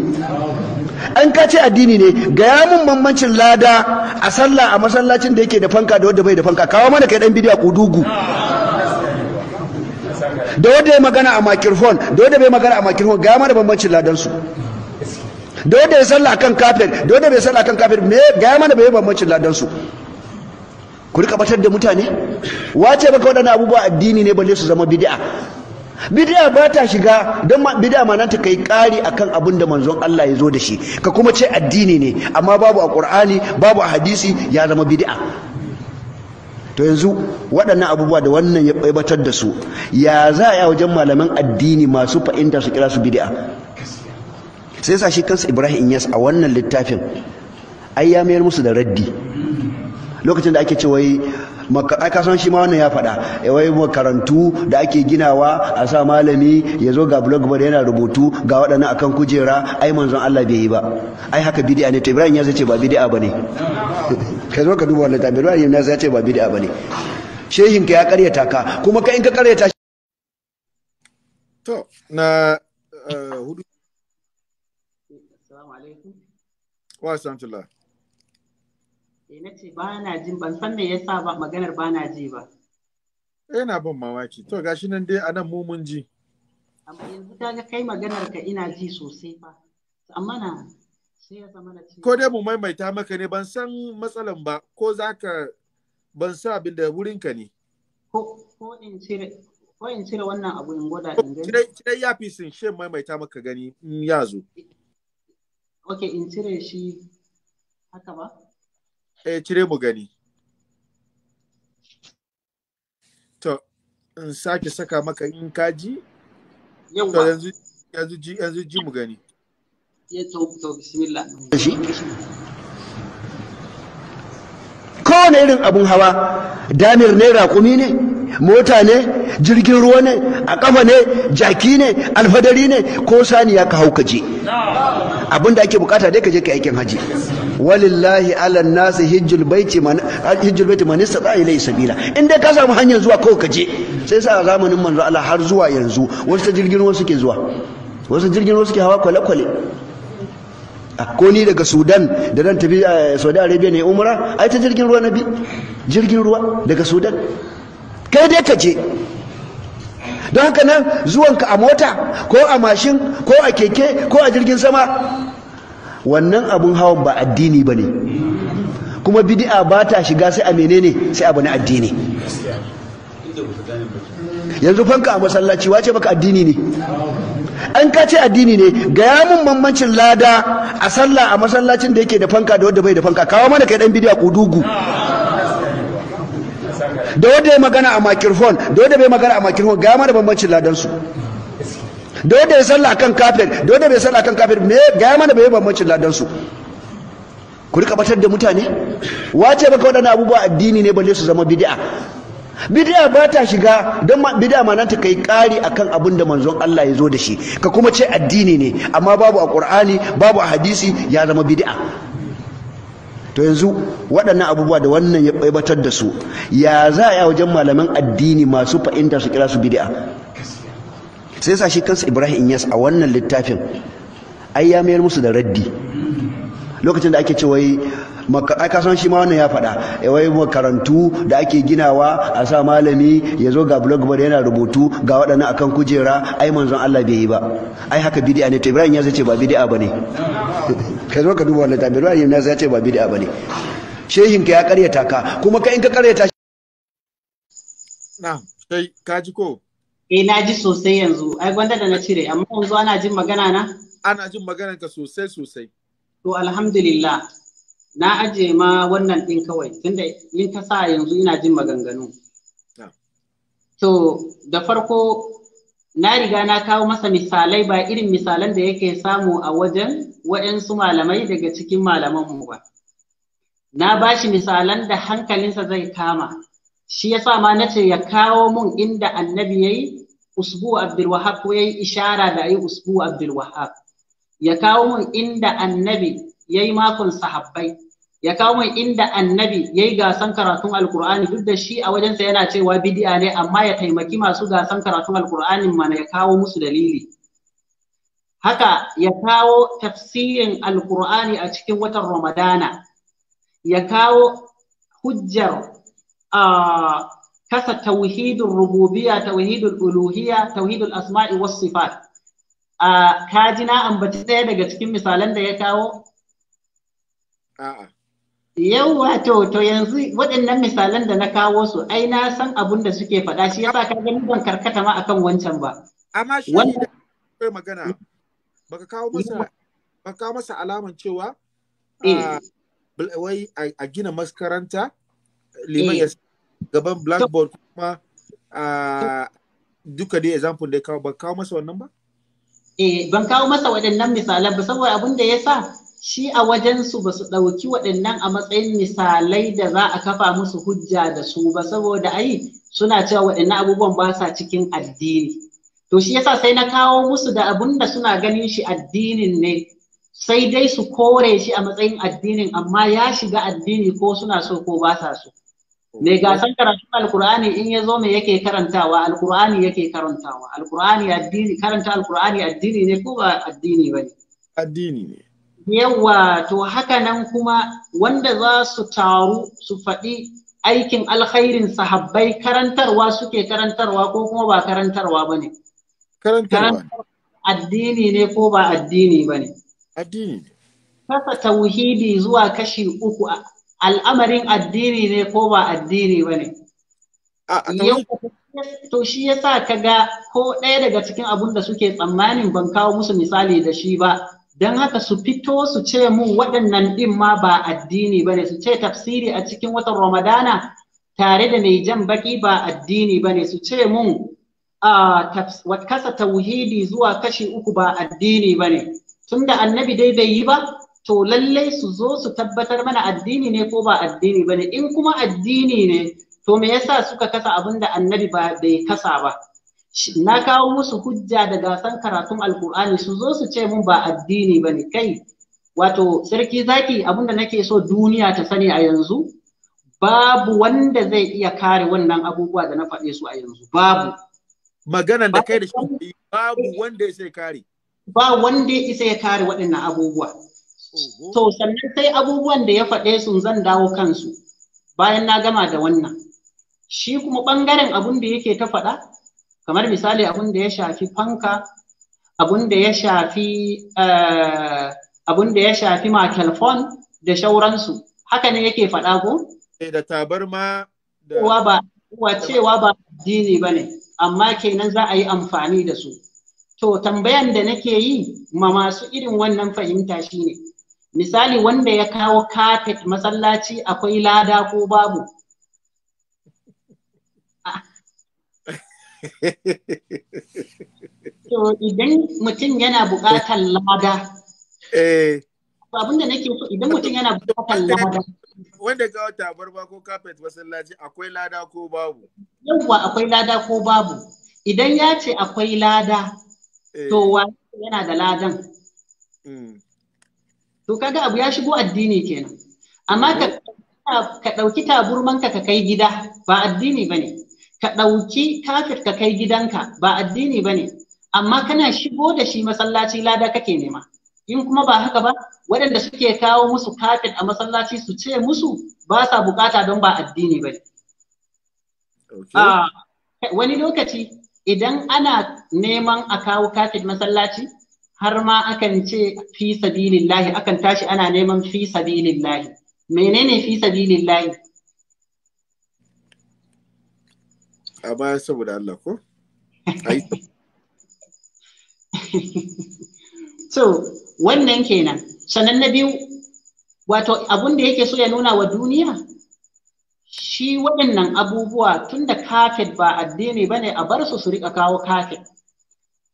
an ka ce addini ne ga ya mun bambancin lada a sallah a masallacin da yake da fanka da wanda bai da fanka kawo mana kai dan a kudugu da wanda ya magana a microphone da wanda bai magana a microphone ga mana bambancin ladan su da wanda ya sallah kan kafir da wanda bai sallah kan kafir me ga mana bai bambancin ladan su ku rika batar da mutane wace baka waɗannan abubuwa addini ne balle su zama bid'a bid'a ba ta shiga don bid'a ma nan ta kai kari akan abin da manzon Allah ya zo da shi ka kuma ce addini ne amma babu a ƙur'ani babu a hadisi ya zama bid'a to yanzu waɗannan abubuwa da wannan ya batar da su ya za a wajen malaman addini masu fa'inta su kira su bid'a sai sa shi kansa Ibrahim Inyas a wannan littafin ai ya mayar musu da raddi lokacin da ake ce wai ai ka san shi ma wannan ya faɗa eh, wai makarantu da ake ginawa a sa malami ya zo ga blogboard yana rubutu ga waɗannan akan kujera ai manzon Allah bai yi ba ai haka bid'a ne to Ibrahim ya ce ba ba bane *laughs* ka zo ka duba wannan tabi Ibrahim ya ce ba ba bane shehin ka ya karyata ka kuma ka in ka karyata to na eh, hudu wa na ce ba na jin ban san me yasa ba maganar ba na ji ba yana ban mamaki to gashi nan dai anan mu mun ji amma yanzu ga kai maganar ka ina ji sosai fa amma na sai ya zama na ce ko dai mu maimaita maka ne ban san matsalan ba ko za ka ban sa abin da wurin ka ne ko ko in cire ko in cire wannan abu in gwada, in gani cire ya fi sun she maimaita maka gani in ya zo okay in cire shi haka ba ɗaya eh, cire mu gani to in sake saka maka in kaji yawa yanzu yanzu ji yanzu ji mu gani ya eh, to to bismillah kowane irin abun hawa damir ne raƙumi ne mota ne jirgin ruwa ne a ƙafa ne jaki ne alfadari ne ko saniya ka hau kaje abinda da ake bukata dai ka je ka aikin haji walillahi ala nasi hijjul baiti man istata ilai sabila in dai ka samu hanyar zuwa ko kaje sai sa zamanin manzo Allah har zuwa yanzu wasu jirgin ruwa suke zuwa wasu jirgin ruwa suke hawa kwale-kwale ko ni daga sudan da zan tafi a eh, saudi arabia ne a ai ta jirgin ruwa na bi jirgin ruwa daga sudan kai dai ka je don haka nan zuwanka a mota ko a mashin ko a keke ko a jirgin sama wannan abun hawan ba addini ba ne kuma bidi'a ba ta shiga sai a menene sai abu na addini yanzu fanka a masallaci wace baka addini ne an ka ce addini ne ga ya mun bambancin lada a sallah a masallacin da yake da fanka da wanda bai da fanka kawo mana kai dan bidiya kudugu da wanda ya magana a microphone da wanda bai magana a microphone ga mana bambancin ladan su da wanda ya sallah kan kafir da wanda bai sallah kan kafir me ga mana bai bambancin ladan su ku rika batar da mutane wace baka waɗannan abubuwa addini ne balle su zama bid'a bid'a ba ta shiga don bid'a ma ta kai a akan abin da manzon Allah ya zo da shi ka kuma ce addini ne amma babu a Kur'ani, babu a hadisi ya zama bid'a to yanzu waɗannan abubuwa da wannan ya baibatar da su ya za a wajen malaman addini masu fa'inta su kira su bid'a sai sa shi kansa Ibrahim Inyas a wannan littafin ai ya mayar musu da raddi lokacin da ake ce wai ai kasan shi ma wannan ya faɗa eh, wai makarantu da ake ginawa a sa malami ya zo ga bar yana rubutu ga waɗannan akan kujera ai manzon Allah bai yi ba ai haka bid'a ne to Ibrahim ya ce ba bid'a bane *laughs* ka zo ka duba wannan tabi Ibrahim ya ce ba bid'a bane shehin ka ya karyata ka kuma ka in ka karyata na kai ka ji ko eh na ji sosai yanzu ai gwanda da na cire amma yanzu ana jin magana na ana jin maganar ka sosai sosai to alhamdulillah na ajiye ma wannan ɗin kawai tunda in ta sa yanzu ina jin maganganu to da farko na riga na kawo masa misalai ba irin misalan da yake samu a wajen waɗansu malamai daga cikin malaman mu ba na bashi misalan da hankalinsa zai kama shi yasa ma na ce ya kawo mun inda annabi ya yi usbu abdulwahab ko ya yi ishara da ya usbu abdulwahab ya kawo mun inda annabi ya yi makon sahabbai ya kawo mai inda annabi ya yi gasan karatun alkur'ani duk da shi a wajensa yana cewa bidi'a ne amma ya taimaki masu gasan karatun alkur'ani mana ya kawo musu dalili haka ya kawo tafsirin alkur'ani a cikin watan ramadana ya kawo hujjar a kasa tauhidul rububiyya tauhidul uluhiya tauhidul asma'i was sifat a kaji na ambaci ɗaya daga cikin misalan da ya kawo a'a Yawwa to to yanzu waɗannan misalan da na kawo su ai na san abun da suke faɗa shi yasa ka gani ban karkata ma akan wancan ba. Amma shi wanda kai magana baka kawo masa baka kawo masa alaman cewa eh. ah, wai a gina maskaranta liman ya eh. gaban blackboard kuma ah, duka dai example da kawo baka kawo masa wannan ba? Eh ban kawo masa waɗannan misalan ba saboda abun da ya sa shi a wajensu ba su ɗauki waɗannan a matsayin misalai da za a kafa musu hujja da su ba saboda ai suna cewa waɗannan abubuwan ba sa cikin addini to shi yasa sai na kawo musu da abun da suna ganin shi addinin ne sai dai su kore shi a matsayin addinin amma ya shiga addini ko suna so ko ba sa so mai gasan karatun alkur'ani in ya zo me yake karantawa alkur'ani yake karantawa alkur'ani addini karanta alkur'ani addini ne ko ba addini ba addini ne yawa to haka nan kuma wanda za su taru su faɗi aikin alkhairin sahabbai karantarwa suke karantarwa ko kuma ba karantarwa ba ne karantarwa addini ne ko ba addini ba ne addini kasa tauhidi zuwa kashi uku al'amarin addini ne ko ba addini ba ne to shi ka ga ko ɗaya daga cikin abun da suke tsammanin ban kawo musu misali da shi ba don haka su fito su ce mu waɗannan ɗin ma ba addini ba ne su ce tafsiri a cikin watan ramadana tare da mai jan baki ba addini ba ne su ce mun kasa tauhidi zuwa kashi uku ba addini ba ne tunda annabi dai bai yi ba to lallai su zo su tabbatar mana addini ne ko ba addini ba ne in kuma addini ne to me yasa suka kasa abin da annabi ba bai kasa ba na kawo musu hujja da gasan karatun alkur'ani su zo su ce mun ba addini ba ne kai wato sarki zaki abinda nake so duniya ta sani a yanzu babu wanda zai iya kare wannan abubuwa da na faɗe su a yanzu babu maganan da kai da shi babu wanda ya kare ba wanda ya isa ya kare waɗannan abubuwa to sannan sai abubuwan da ya faɗe su zan dawo kansu bayan na gama da wannan shi kuma ɓangaren abun da yake ta faɗa kamar misali abun da ya shafi fanka abun da ya shafi eh, abun da ya shafi ma telefon da shauransu haka ne yake faɗa ko eh, da tabarma da ba uwa cewa ba addini bane amma kenan za a yi amfani da su to tambayan da nake yi ma masu irin wannan fahimta shine misali wanda ya kawo kafet masallaci akwai lada ko babu To idan mutum yana buƙatar lada. Eh. Abin da nake so idan mutum yana buƙatar lada. Wanda ka wata barba ko kafet masallaci akwai lada ko babu? Yawwa akwai lada ko babu. Idan ya ce akwai lada, eh. to wa yana da ladan. Hmm. To kaga abu ya shigo addini kenan. Amma ka ɗauki taburmanka ka kai gida ba addini ba ne. ka ɗauki kafir ka kai gidanka ba addini ba ne amma kana shigo da shi masallaci lada kake nema in kuma ba haka ba waɗanda suke kawo musu kafir a masallaci su ce musu ba sa bukata don ba addini ba ne ah, wani lokaci idan ana neman a kawo kafir masallaci har ma akan ce fi sabilillahi akan tashi ana neman fi sabilillahi menene fi sabilillahi a baya saboda Allah ko? *laughs* so wannan kenan sannan na biyu wato abun da yake so ya nuna wa duniya shi waɗannan abubuwa tunda kafet ba addini bane a bar su su rika kawo kafet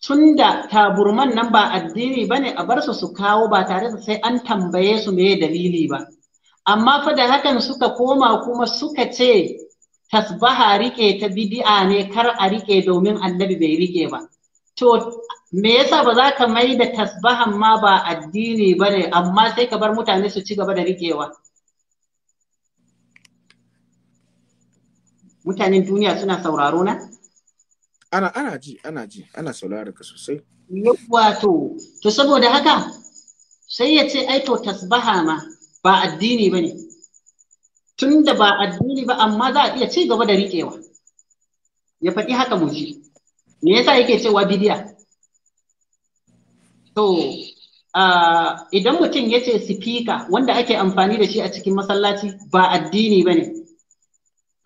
tunda taburman nan ba addini bane a bar su su kawo ba tare da sai an tambaye su me dalili ba amma fa da hakan suka koma kuma suka ce tasbaha rike ta bid'a ne kar a rike domin annabi bai rike ba to me yasa ba za ka mai da tasbahan ma ba addini ba ne amma sai ka bar mutane su ci gaba da rikewa mutanen duniya suna sauraro na ana ana ji ana ji ana sauraro ka sosai yawa to to saboda haka sai ya ce ai to tasbaha ma ba addini ba ne tun da ba addini ba amma za a iya ci gaba da riƙewa ya faɗi haka mu ji me yasa yake cewa bidiya to idan mutum ya ce sifika wanda ake amfani da shi a cikin masallaci ba addini ba ne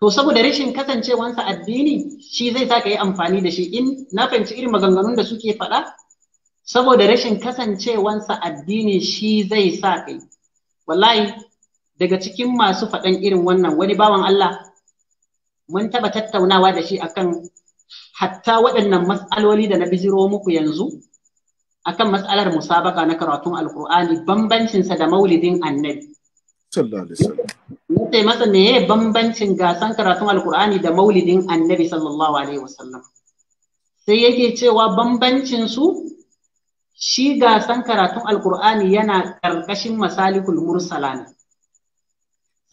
to saboda rashin kasancewansa addini shi zai sa ka yi amfani da shi in na fahimci irin maganganun da suke faɗa saboda rashin kasancewansa addini shi zai sa ka yi wallahi daga cikin masu faɗan irin wannan wani bawan Allah mun taɓa tattaunawa da shi akan hatta waɗannan matsaloli da na bijiro muku yanzu akan matsalar musabaka na karatun alkur'ani bambancinsa da maulidin annabi Mutai masa me bambancin gasan karatun alkur'ani da maulidin annabi sallallahu alaihi wasallam sai yake cewa bambancin su shi gasan karatun alkur'ani yana karkashin masalikul mursala ne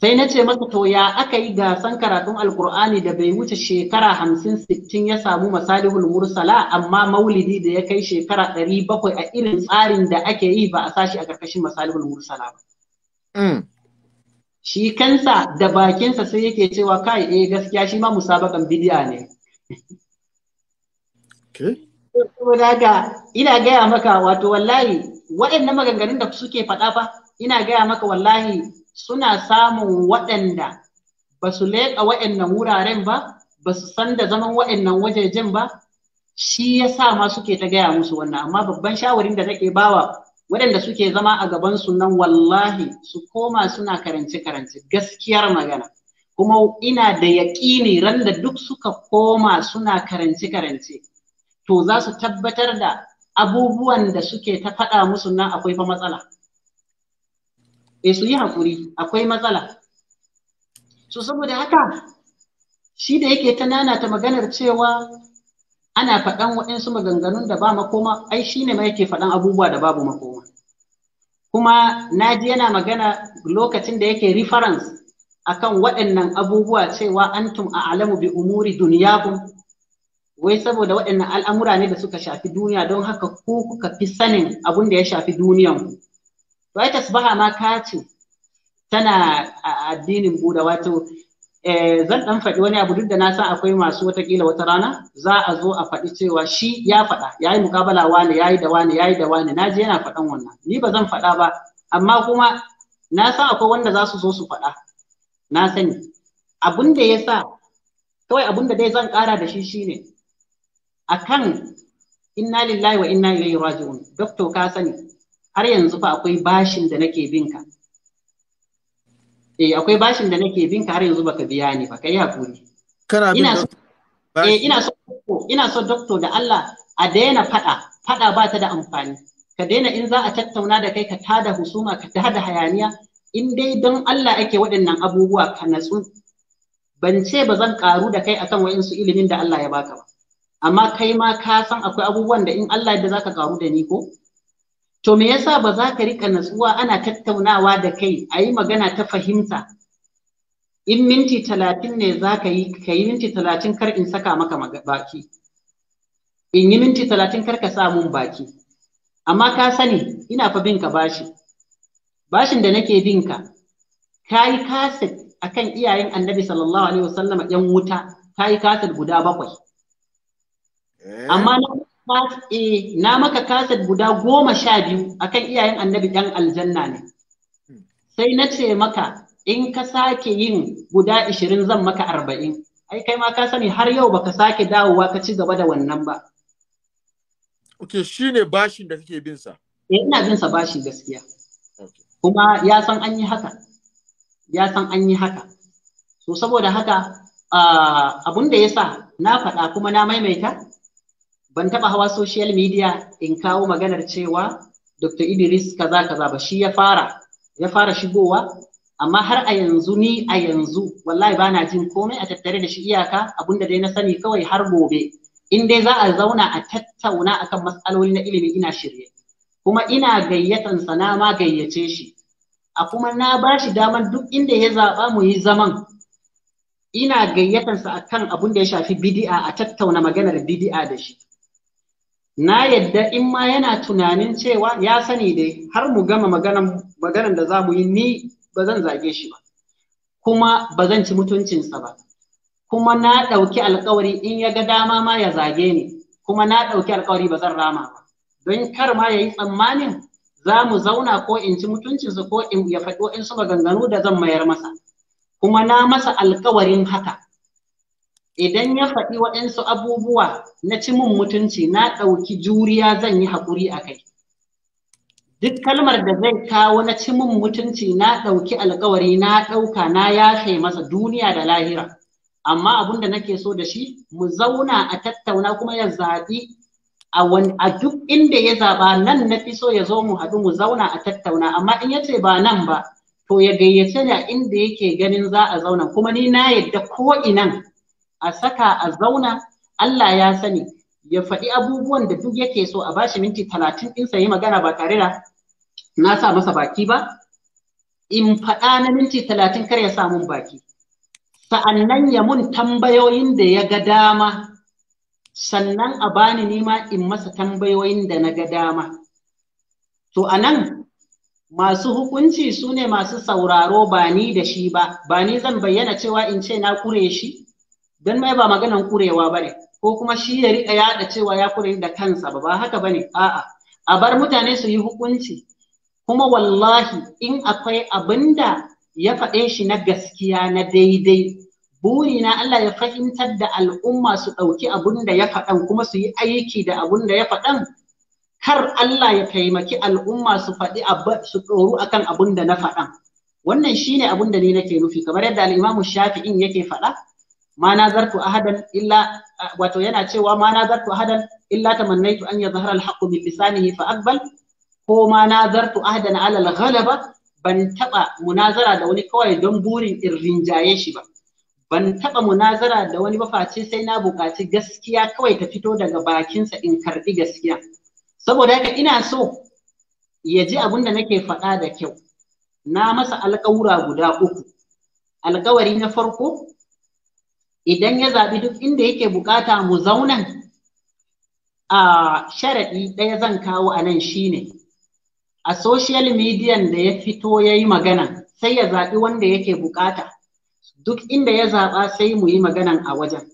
sai na ce masa to ya aka yi gasan karatun alkur'ani da bai wuce shekara hamsin sittin ya samu masalihul mursala amma maulidi da ya kai shekara ɗari bakwai a irin tsarin da ake yi ba a sashi a ƙarƙashin masalihul mursala ba. Mm. Shi kansa da bakinsa sai yake cewa kai eh gaskiya shi ma musabakan bidiya ne. Saboda haka ina gaya maka wato wallahi waɗannan maganganun da suke faɗa fa ina gaya maka wallahi suna samun waɗanda ba su leƙa waɗannan wuraren ba ba su san da zaman waɗannan wajejen ba shi ya sa ma suke ta gaya musu wannan amma babban shawarin da nake bawa waɗanda suke zama a gaban su nan wallahi su koma suna karance karance gaskiyar magana kuma ina da yaƙini ran da duk suka koma suna karance karance to za su tabbatar da abubuwan da suke ta faɗa musu nan akwai fa matsala eh su yi hakuri akwai matsala so saboda haka shi da yake ta nanata maganar cewa ana faɗan waɗansu maganganun da ba makoma ai shi ne ma yake faɗan abubuwa da babu makoma kuma naji yana magana lokacin da yake reference akan waɗannan abubuwa cewa antum a alamu bi umuri duniyakun wai saboda waɗannan al'amura ne da suka shafi duniya don haka ku kuka fi sanin abun da ya shafi duniyanku Wata subaha ma ka ce tana a addinin buda wato eh, zan dan faɗi wani abu duk da na san akwai masu watakila wata rana za a zo a faɗi cewa shi ya faɗa ya yi mukabala wani ya yi da wani ya yi da wani na je yana faɗan wannan ni ba zan faɗa ba amma kuma na san akwai wanda za su zo su faɗa na sani abun da ya sa kawai abun da dai zan ƙara da shi shine akan inna lillahi wa inna ilaihi raji'un doctor ka sani har yanzu fa akwai bashin da nake ka eh akwai bashin da nake ka har yanzu baka biya ni ba kai hakuri kana bin eh ina so ina so doctor da Allah a daina fada fada ba ta da amfani ka daina in za a tattauna da kai ka tada husuma ka tada hayaniya in dai don Allah ake waɗannan abubuwa ka natsu ban ce ba zan karu da kai akan wa'insu ilimin da Allah ya baka ba amma kai ma ka san akwai abubuwan da in Allah yadda zaka karu da ni ko to me yasa ba za ka rika natsuwa ana tattaunawa da kai a yi magana ta fahimta in minti talatin ne za ka yi ka yi minti talatin kar in saka maka baki in yi minti talatin kar ka sa mun baki amma ka sani ina fa bin ka bashi bashin da nake bin ka ka yi kaset kan iyayen annabi sallallahu alaihi wasallama yan wuta ka yi kaset guda bakwai eh. amma na Eh, na maka kaset guda goma sha biyu akan iyayen annabi ɗan aljanna ne. Sai na ce maka in ka sake yin guda ishirin zan maka arba'in. Ai kai ma ka sani har yau baka sake dawowa ka ci gaba da wannan ba. Ok, shi ne bashin da kake bin sa. Eh, ina bin sa bashi gaskiya. Kuma ya san an yi haka. Ya san an yi haka. So saboda haka ah, abun da ya sa na faɗa kuma na maimaita ban taba hawa social media in kawo maganar cewa Dr. Idris kaza kaza ba shi ya fara ya fara shigowa amma har a yanzu ni a yanzu wallahi ba na jin komai a tattare da shi iyaka abinda dai na sani kawai har gobe in dai za a zauna a tattauna akan matsaloli na ilimi ina shirye kuma ina gayyatan sa na ma gayyace shi a kuma na ba shi daman duk inda ya zaba mu yi zaman ina gayyatan sa akan abin da ya shafi bidi'a a tattauna maganar bidi'a da shi na yadda in ma yana tunanin cewa ya sani dai har mu gama maganan da za mu yi ni ba zan zage shi ba kuma ba zan ci mutuncinsa ba kuma na ɗauki alkawari in ya ga dama ma ya zage ni kuma na ɗauki alkawari ba zan rama ba don kar ma ya yi tsammanin za mu zauna ko in ci mutuncinsa ko in ya faɗo in su maganganu da zan mayar masa kuma na masa alkawarin haka idan ya faɗi waɗansu abubuwa na cimin mutunci na ɗauki juriya zan yi haƙuri a kai duk kalmar da zai kawo na cimin mutunci na ɗauki alkawari na ɗauka na yafe masa duniya da lahira amma abin da nake so da shi mu zauna a tattauna kuma ya zaɓi a duk inda ya zaɓa nan na fi so ya zo mu haɗu mu zauna a tattauna amma in ya ce ba nan ba to ya gayyace ni a inda yake ganin za a zauna kuma ni na yadda ko inan a saka a zauna Allah ya sani ya faɗi abubuwan da duk yake so a bashi minti talatin in sayi magana ba tare da na sa masa baki ba in faɗa na minti talatin kar ya samu baki sa'annan ya mun tambayoyin da ya ga dama sannan a bani nima in masa tambayoyin da na ga dama to a nan masu hukunci su ne masu sauraro ba ni da shi ba ba ni zan bayyana cewa in ce na kure shi don mai ba maganan kurewa bane ko kuma shi ya rika yaɗa cewa ya kure da kansa ba ba haka bane a'a a bar mutane su yi hukunci kuma wallahi in akwai abinda ya faɗe shi na gaskiya na daidai na Allah ya fahimtar da al'umma su ɗauki abin da ya faɗan kuma su yi aiki da abin da ya faɗan kar Allah ya taimaki al'umma su faɗi su tsoro akan abin da na faɗan wannan shine abin da ni nake nufi kamar yadda al-Imam Shafi'in yake faɗa ma nazartu ahadan illa wato yana cewa ma nazartu ahadan illa tamannaitu an yadhhara al-haqqu min lisanihi fa aqbal ko ma nazartu ahadan ala al-ghalaba ban taba munazara da wani kawai don burin in rinjaye shi ba ban taba munazara da wani face sai na bukaci gaskiya kawai ta fito daga bakinsa in karbi gaskiya saboda haka ina so ya ji abin da nake faɗa da kyau na masa alƙawura guda uku alƙawari na farko idan ya zaɓi duk inda yake buƙata mu zauna. a sharaɗi ɗaya zan kawo a nan shine a social media da ya fito ya yi magana sai ya zaɓi wanda yake buƙata, duk inda ya zaɓa sai mu yi maganan a wajen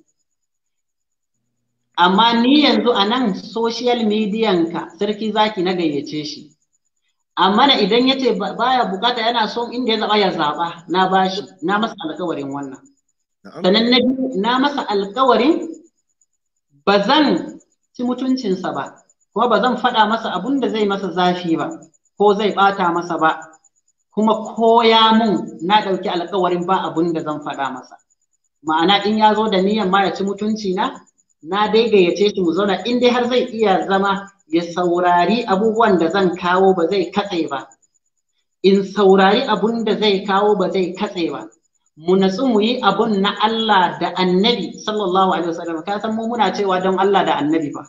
amma ni yanzu a nan social media ka sarki zaki na gayyace shi amma na idan ya ce baya buƙata yana son inda ya zaɓa ya zaɓa na bashi na masa alkawarin wannan sannan na biyu na masa alkawarin ba zan ci mutuncinsa ba kuma ba zan faɗa masa abun da zai masa zafi ba ko zai ɓata masa ba kuma koya mun na ɗauki alkawarin ba abun da zan faɗa masa ma'ana in ya zo da niyan ma ya ci mutunci na na dai gayyace shi mu zauna in dai har zai iya zama ya saurari abubuwan da zan kawo ba zai katse ba in saurari abun da zai kawo ba zai katse ba mu natsu mu yi abun na Allah da annabi sallallahu alaihi wasallam ka san mu muna cewa don Allah da annabi fa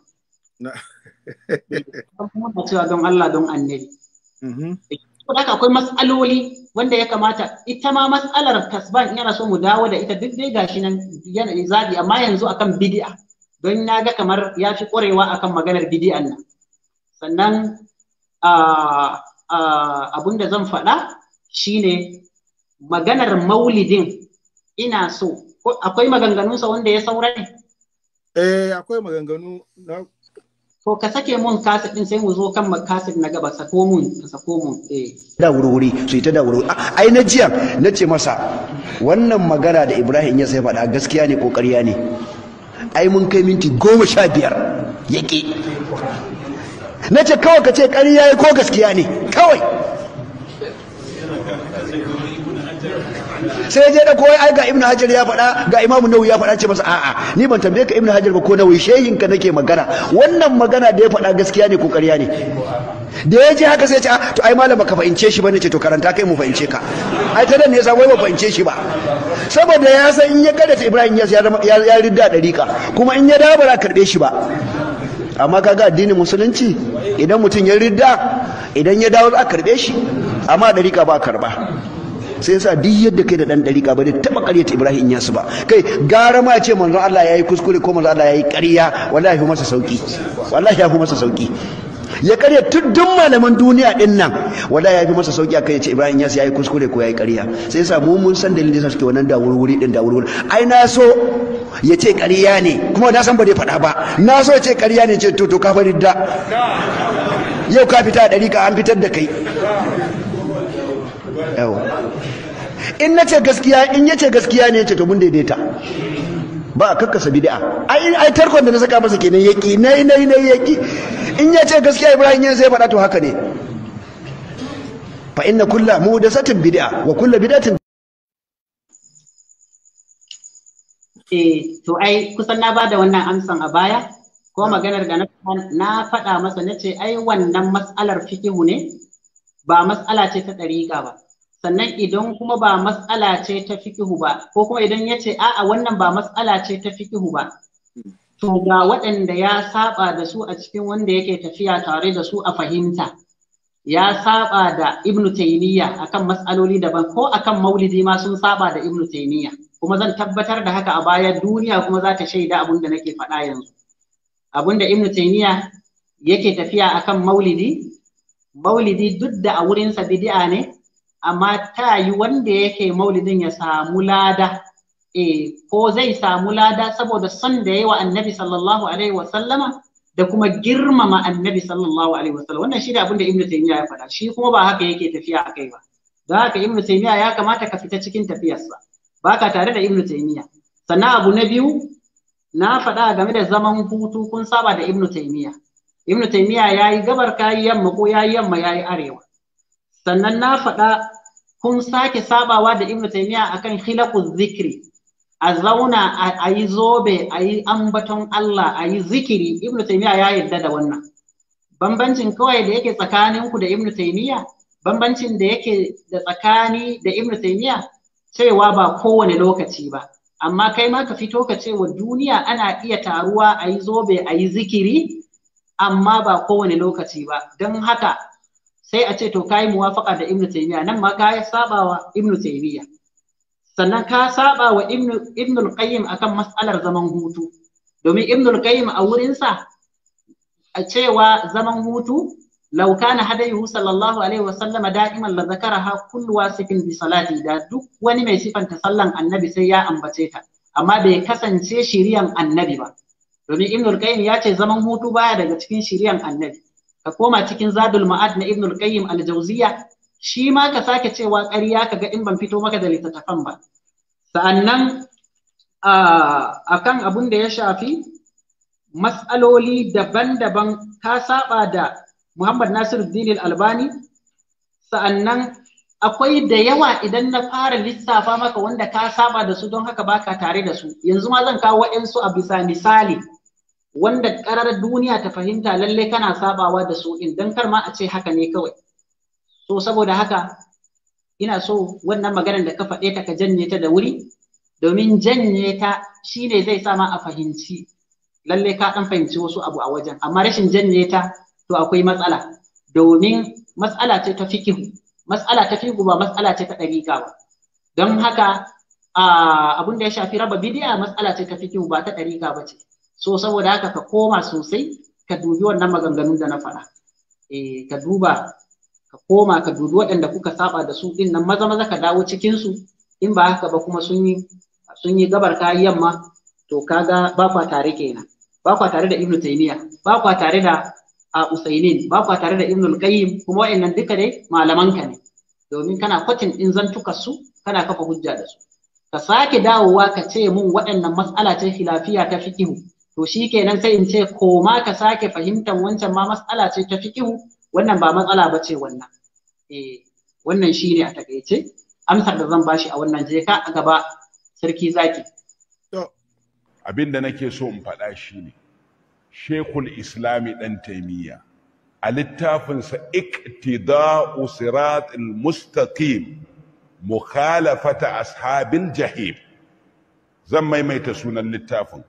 *laughs* muna cewa don Allah don annabi mm-hmm. haka akwai matsaloli wanda ya kamata ita ma matsalar kasban yana so mu dawo da ita duk dai gashi nan yana zabi amma yanzu akan bid'a don na ga kamar ya fi ƙwarewa akan maganar bid'an nan sannan ah, ah, abun da zan faɗa shine maganar maulidin ina so akwai maganganu sa wanda ya saura ne? Eh akwai maganganu na Ko ka sake mun kasir din sai mu zo kan makasir na gaba sako mun sako mun eh da wuri su ita da wuri ai na jiya na ce masa wannan magana da Ibrahim ya sai faɗa gaskiya ne ko ƙarya ne ai mun kai minti goma sha biyar yaƙi na ce kawai ka ce ƙarya ko gaskiya ne kawai sai ya je da koyi ai ga ibnu hajar ya faɗa ga imamu nawawi ya faɗa ce masa a'a ni ban tambaye ka ibnu hajar ba ko nawawi shehin ka nake magana wannan magana da ya faɗa gaskiya ne ko ƙarya ne da ya je haka sai ya ce ah, to ai malama ka fahimce shi bane ce to karanta kai mu fahimce ka ai ta dan ne yasa wai ba fahimce shi ba saboda ya san in ya ta ibrahim ya ya ridda dariƙa kuma in ya dawo ba karɓe shi ba amma kaga addinin musulunci idan mutum ya ridda idan ya dawo za a karɓe shi amma dariƙa ba karba. sai yasa duk yadda kai da dan dariƙa ba zai taba ƙaryata Ibrahim Yasu ba kai gara ma ce manzon Allah yayi kuskure ko manzon Allah yayi ƙarya wallahi masa sauki wallahi ya fi masa sauki ya karya tuddun malaman duniya din nan wallahi ya fi masa sauki a kai ce Ibrahim Yas yayi kuskure ko yayi ƙarya sai yasa mu mun san dalilin da suke wannan da wurwuri din da wurwuri ai na so ya ce ƙarya ne kuma na san ba zai faɗa ba na so ya ce ƙarya ne ce to to ka faɗi da yau ka fita a ɗari ka an fitar da kai in na ce gaskiya in ya ce gaskiya ne ya ce to mun daidaita ba a kakkasa bid'a ai ai tarkon da na saka masa kenan yaki nai nai nai yaki in ya ce gaskiya Ibrahim yanzu ya faɗa to haka ne fa inna kulla muhdathatin bid'a wa kulla bid'atin eh to ai kusan na bada wannan amsan a baya ko maganar da na faɗa masa nace ai wannan mas'alar fikihu ne ba mas'ala ce ta ɗariƙa ba sannan idan kuma ba matsala ce ta fikihu ba ko kuma idan ya ce a'a wannan ba matsala ce ta fikihu ba to ga waɗanda ya saba da su a cikin wanda yake tafiya tare da su a fahimta ya saba da ibn taymiya akan matsaloli daban ko akan maulidi ma sun saba da ibn taymiya kuma zan tabbatar da haka a baya duniya kuma za ta shaida abin da nake faɗa yanzu abin da ibn taymiya yake tafiya akan maulidi maulidi duk da a wurinsa bid'a ne amma ta yi wanda yake maulidin ya samu lada e ko zai samu lada saboda son da yayi wa annabi sallallahu alaihi wa da kuma girmama annabi sallallahu alaihi wa wannan shi da abinda ibnu taymiya ya faɗa shi kuma ba haka yake tafiya akai ba don haka ibnu taymiya ya kamata ka fita cikin tafiyarsa baka tare da ibnu taymiya sannan abu na biyu na faɗa game da zaman hutu kun saba da ibnu taymiya ibnu taymiya yayi gabar kayi yamma ko yayi yamma yayi arewa sannan na faɗa kun sake sabawa da ibnu taymiya akan khilaqu zikri a zauna a yi zobe a yi ambaton Allah a yi zikiri ibnu taymiya ya yarda da wannan bambancin kawai da yake tsakaninku da ibnu taymiya bambancin da yake da tsakani da ibnu taymiya cewa ba kowane lokaci ba amma kai ma ka fito ka ce wa duniya ana iya taruwa a yi zobe a yi zikiri amma ba kowane lokaci ba don haka sai a ce to kai muwafaka da ibnu taymiya nan ma ka sabawa ibnu taymiya sannan ka saba wa ibnu ibnu al akan mas'alar zaman hutu domin ibnu al a wurin sa a cewa zaman hutu law kana hadayuhu sallallahu alaihi wa sallam da'iman la zakaraha kullu wasifin bi salati da duk wani mai sifanta sallan annabi sai ya ambace ta amma bai kasance shiriyan annabi ba domin ibnu al ya ce zaman hutu baya daga cikin shiriyan annabi ka koma cikin zadul ma'ad na ibnul qayyim al jawziya shi ma ka sake cewa ƙarya kaga in ban fito maka da littattafan ba sa'annan akan abun da ya shafi matsaloli daban-daban ka saba da Muhammad Nasir Dini Albani sa'annan akwai da yawa idan na fara lissafa maka wanda ka saba da su don haka baka tare da su yanzu ma zan kawo waɗansu a bisa misali wanda ƙarar duniya ta fahimta lalle kana sabawa da su in don kar ma a ce haka ne kawai so saboda haka ina so wannan maganar da ka faɗe ta ka janye ta da wuri domin janye ta shine zai sa ma a fahimci lalle ka ɗan fahimci wasu abu a wajen amma rashin janye ta to akwai matsala domin matsala ce ta fikihu matsala ta fikihu ba matsala ce ta ɗariƙa ba don haka abin da ya shafi raba bidiya matsala ce ta fikihu ba ta ɗariƙa ba ce so saboda haka ka koma sosai ka dubi wannan maganganun da na faɗa eh ka duba ka koma ka dubi waɗanda kuka saba da su din nan maza maza ka dawo cikin su in ba haka ba kuma sun yi sun yi gabar ka yamma to kaga ba kwa tare kenan ba kwa tare da ibnu taymiya ba kwa tare da a usainin ba kwa tare da ibnu qayyim kuma waɗannan duka ne malaman ka ne domin kana kwatin din zantuka su kana kafa hujja da su ka sake dawowa ka ce mun waɗannan mas'ala ce khilafiya ta ihu. to shi kenan sai in ce koma ka sake fahimtar wancan ma matsala ce ta fiƙihu wannan ba matsala ba ce wannan eh, wannan shi ne a takaice amsar da zan bashi a wannan jeka a gaba sarki zaki abin da nake so in faɗa shi ne shekul islami ɗan taimiyya a littafinsa iktida'u siratul mustaqim mukhalafata ashabil jahim zan maimaita sunan littafin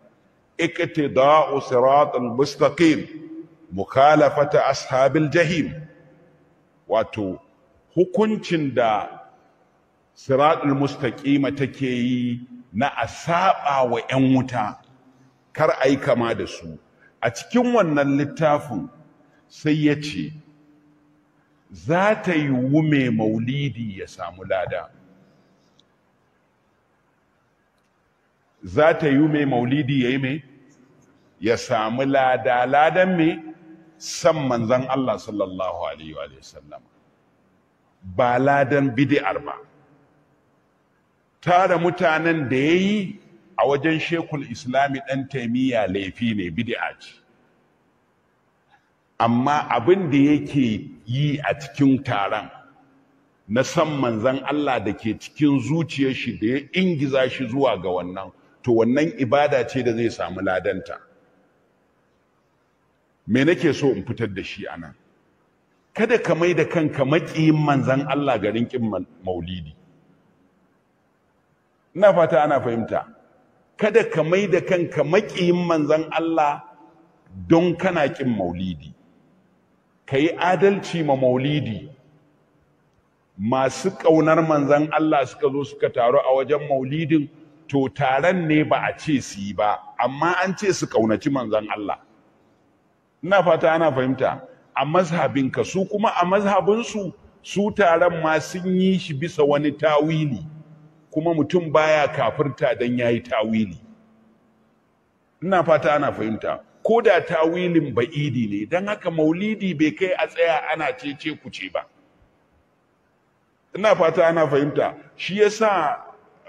اقتداء صراط المستقيم مخالفة أصحاب الجحيم واتو hukuncin da siratul mustaqima take yi na a saba wa 'yan wuta kar a yi kama da su a cikin wannan littafin sai ya ce za ta yi wume maulidi ya samu lada za ta yi wume maulidi ya yi mai ya samu lada ladan me san manzon Allah sallallahu alaihi wa sallam ba ladan bid'ar ba Tare mutanen da yayi a wajen shekul islami ɗan taimiyya laifi ne bid'a ce amma abin da yake yi a cikin taron na san manzan Allah da ke cikin zuciyar shi da ya ingiza shi zuwa ga wannan to wannan ibada ce da zai samu ladanta me nake so in fitar da shi anan kada ka mai da kanka maƙiyin manzan Allah garin ƙin maulidi ina fata ana fahimta kada ka mai da kanka maƙiyin manzan Allah don kana ƙin maulidi ka yi adalci ma maulidi masu ƙaunar manzan Allah suka zo suka taru a wajen maulidin to taron ne ba a ce su yi ba amma an ce su ƙaunaci manzan Allah ina fata ana fahimta a mazhabinka su kuma a mazhabinsu su taron ma sun yi shi bisa wani tawili kuma mutum baya kafirta don ya yi tawili ina fata ana fahimta ko da tawilin ba'idi ne don haka maulidi bai kai a tsaya ana cece kuce ba ina fata ana fahimta shi ya sa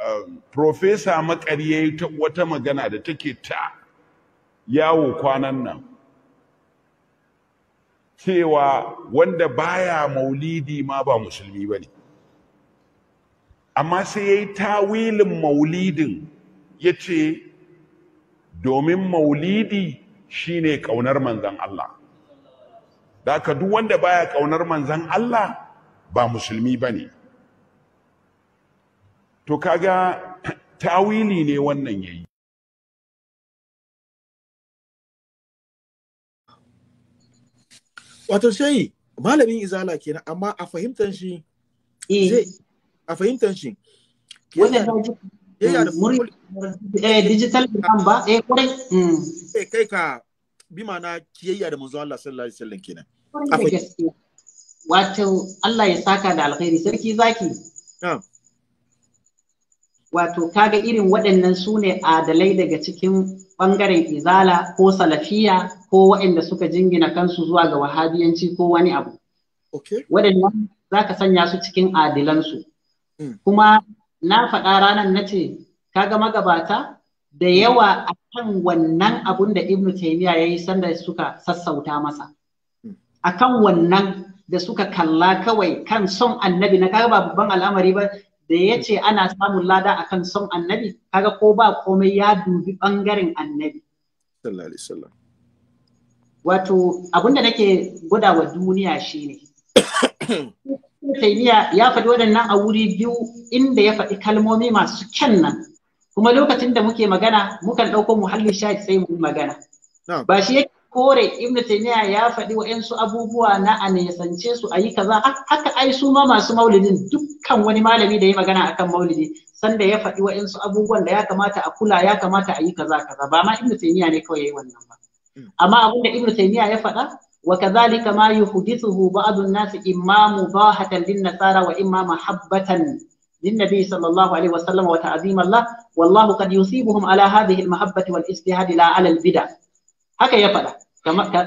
um, profesa makari wata magana da take ta yawo kwanan nan cewa wanda baya maulidi ma ba musulmi ba ne amma sai ya yi tawilin maulidin ya ce domin maulidi shine ƙaunar manzan Allah da ka duk wanda baya ƙaunar manzan Allah ba musulmi ba ne to kaga tawili ne wannan yayi wato shayi malamin izala kenan amma a fahimtar shi eh. a fahimtar shi yana da mm, eh, digital kan ba eh kwarai mm. eh kai ka bi mana kiyayya da manzo Allah sallallahu alaihi wasallam kenan wato Allah ya saka da alkhairi sarki zaki wato kaga irin waɗannan su ne adalai daga cikin ɓangaren izala ko salafiya ko waɗanda suka jingina kansu zuwa ga wahabiyanci ko wani abu waɗannan za ka sanya su cikin adilansu hmm. kuma na faɗa ranar na ce kaga magabata da hmm. yawa a kan wannan abun da ibnu taimiya ya yi sanda suka sassauta masa hmm. a kan wannan da suka kalla kawai kan son annabi na kaga ba babban al'amari ba da ya ce ana samun lada akan son annabi kaga ko ba komai ya dubi bangaren annabi wato abinda nake gwada wa duniya shine taimiya ya faɗi waɗannan a wuri biyu inda ya faɗi kalmomi masu kyan nan kuma lokacin da muke magana mukan ɗauko muhallin sha sai mu magana ba shi yake kore ibn taymiya ya faɗi wa'ansu abubuwa na a nesance su a yi kaza haka ai su ma masu maulidin dukkan wani malami da ya magana akan maulidi sanda ya faɗi wa'ansu abubuwan da ya kamata a kula ya kamata a yi kaza kaza ba ma ibn taymiya ne kawai yi wannan ba mm. amma abin da ibn taymiya ya faɗa wa kadhalika ma yuhdithuhu ba'du an-nas imma mubahatan lin-nasara wa imma mahabbatan للنبي صلى الله عليه وسلم وتعظيما له والله قد يصيبهم على هذه المحبة والاجتهاد لا على البدع هكا يفعل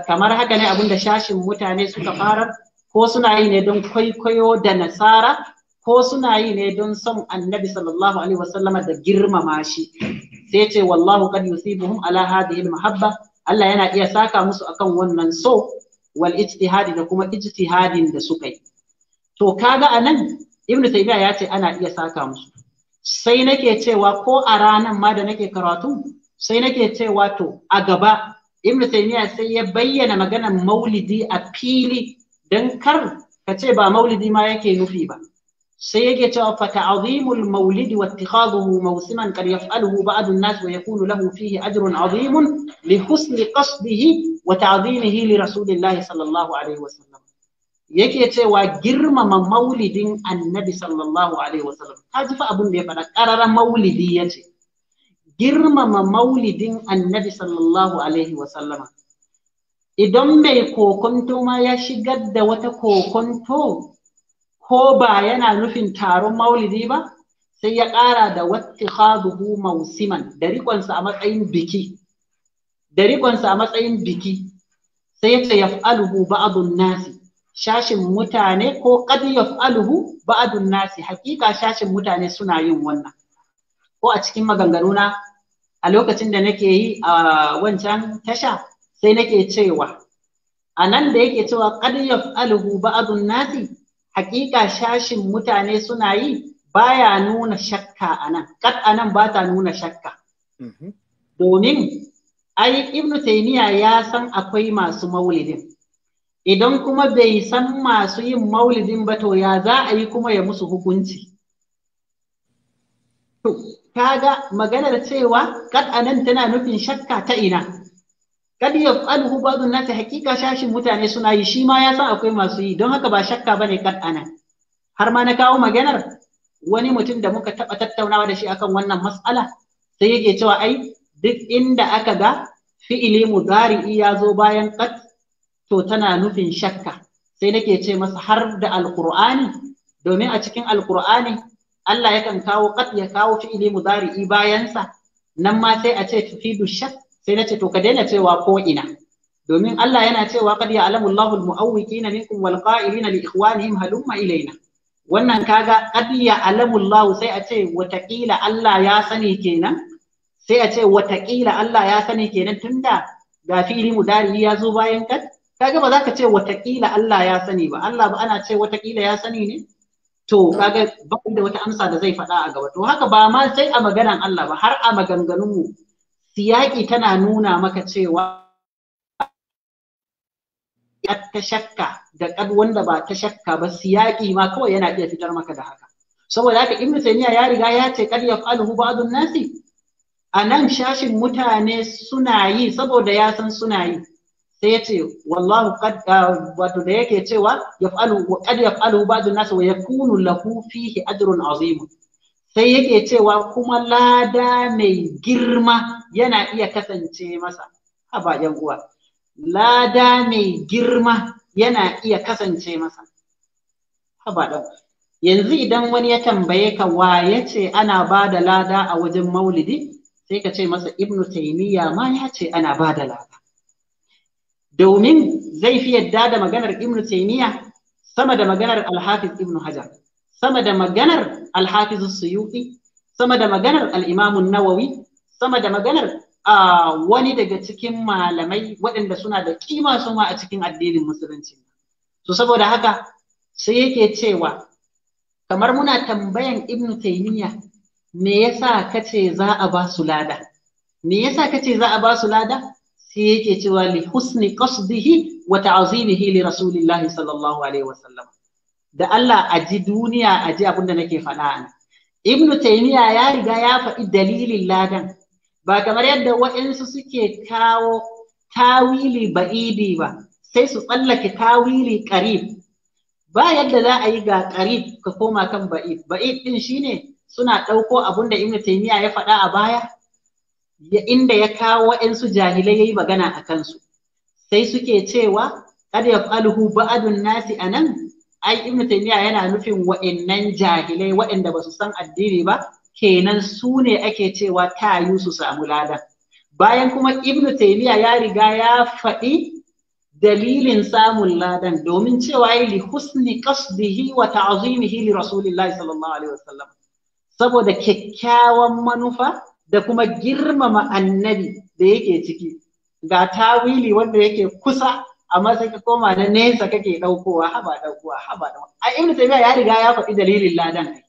kamar haka ne abinda shashin mutane suka fara ko suna yi ne don kwaikwayo da nasara ko suna yi ne don son annabi sallallahu alaihi wasallama da girmama shi sai ce wallahu qad yusibuhum ala hadhihi almahabba Allah yana iya saka musu akan wannan so wal ijtihadi da kuma ijtihadin da suka yi to kaga anan ibnu taymiya ya ce ana iya saka musu sai nake cewa ko a ranan ma da nake karatu sai nake cewa to a gaba ibn taymiya sai ya bayyana maganar maulidi a fili dan kar ka ce ba maulidi ma yake nufi ba sai yake cewa fa ta'zimul maulid wa ittikhadhuhu mawsiman qad yaf'aluhu ba'd an-nas wa yakunu lahu fihi ajrun 'azimun li husni qasdihi wa ta'dhimihi li rasulillahi sallallahu alaihi wasallam yake cewa girmama maulidin annabi sallallahu alaihi sallam. ta ji fa abun da ya faɗa ƙararan maulidi ya ce girmama maulidin annabi sallallahu alaihi sallama, idan mai kokonto ma ya shigar da wata kokonto ko ba yana nufin taron maulidi ba sai ya ƙara da wattihaduhu mausiman da riƙonsa a matsayin biki da riƙonsa a matsayin biki sai ya ce yaf'aluhu ba'adun nasi shashin mutane ko qad yaf'aluhu ba'adun nasi hakika shashin mutane suna yin wannan ko a cikin maganganuna a lokacin da nake yi a wancan tasha sai nake cewa a nan da yake cewa qad yaf'aluhu ba'dun nasi haƙiƙa shashin mutane suna yi baya nuna shakka anan kad anan ba ta nuna shakka mm-hmm. domin ai ibnu taymiya ya san akwai masu maulidin idan kuma bai san masu yin maulidin ba to ya za a yi kuma ya musu hukunci kaga maganar cewa kad anan tana nufin shakka ta ina kad yaf'aluhu ba'dun nas hakika shashin mutane suna yi shi ma ya san akwai masu yi don haka ba shakka bane kad anan har ma na kawo maganar wani mutum da muka taba tattaunawa da shi akan wannan mas'ala sai yake cewa ai duk inda aka ga fi'ili mudari'i ya zo bayan qad to tana nufin shakka sai nake ce masa har da alqur'ani domin a cikin alqur'ani Allah yakan kawo kat ya kawo fi'ili mudari'i bayansa nan ma sai a ce tufidu shak sai na ce to ka daina cewa ko ina domin Allah yana cewa kad ya alamu Allahul muawwiqina minkum wal qa'ilina li ikhwanihim halumma ilaina wannan kaga ya alamu Allah sai a ce watakila Allah ya sani kenan sai a ce watakila Allah ya sani kenan tunda ga fili mudari ya zo bayan kad kaga ba za ka ce watakila Allah ya sani ba Allah ba ana ce watakila ya sani ne to kaga ba da wata amsa da zai faɗa a gaba to haka ba ma sai a maganan Allah ba har a maganganun mu siyaki tana nuna maka cewa ya ta shakka da kad wanda ba ta shakka ba siyaki ma kawai yana iya fitar maka da haka saboda haka ibnu taymiya ya riga ya ce kad yaf'aluhu ba'dun nasi anan nan shashin mutane suna yi saboda ya san suna yi sai ya ce wallahu ah, wato da yake cewa yaf'alu wa falu ba da nas wa kunu lahu fihi ajrun azim sai yake cewa kuma lada mai girma yana iya kasance masa yan uwa lada mai girma yana iya kasance masa haba yanzu idan wani ya tambaye ka wa ya ce ana ba da lada a wajen maulidi sai ka ce masa ibnu taymiya ma ya ce ana ba da lada domin zai fi yadda da maganar ibnu taymiya sama da maganar al-hafiz ibnu hajar sama da maganar al-hafiz suyuti sama da maganar al-imam nawawi sama da maganar wani daga cikin malamai waɗanda suna da kima su a cikin addinin musulunci to saboda haka sai yake cewa kamar muna tambayan ibnu taymiya me yasa kace za a ba su lada me yasa kace za a ba su lada sai yake cewa li husni qasdihi wa ta'zimihi li rasulillahi da Allah a ji duniya a ji abin da nake faɗa Ibn Taymiya ya riga ya faɗi dalilin ladan ba kamar yadda waɗansu suke kawo tawili ba'idi ba sai su tsallake tawili qarib ba yadda za a yi ga qarib ka koma kan ba'id ba'id ɗin shine suna ɗauko abin da Ibn Taymiya ya faɗa a baya inda ya kawo waɗansu jahilai yayi magana a kansu sai suke cewa kad yaf'aluhu ba'adun nasi anan ai ibn taymiya yana nufin waɗannan jahilai waɗanda ba su san addini ba kenan su ne ake cewa ta yi su samu ladan bayan kuma ibn taymiya ya riga ya faɗi dalilin samun ladan domin cewa yi li husni qasdihi wa ta'zimihi li rasulillahi sallallahu alaihi wasallam saboda kyakkyawan manufa da kuma girmama annabi da yake ciki ga tawili wanda yake kusa a sai koma na nesa kake daukowa haba daukowa haba da a Ibn taymiya ya riga ya faɗi dalilin ladan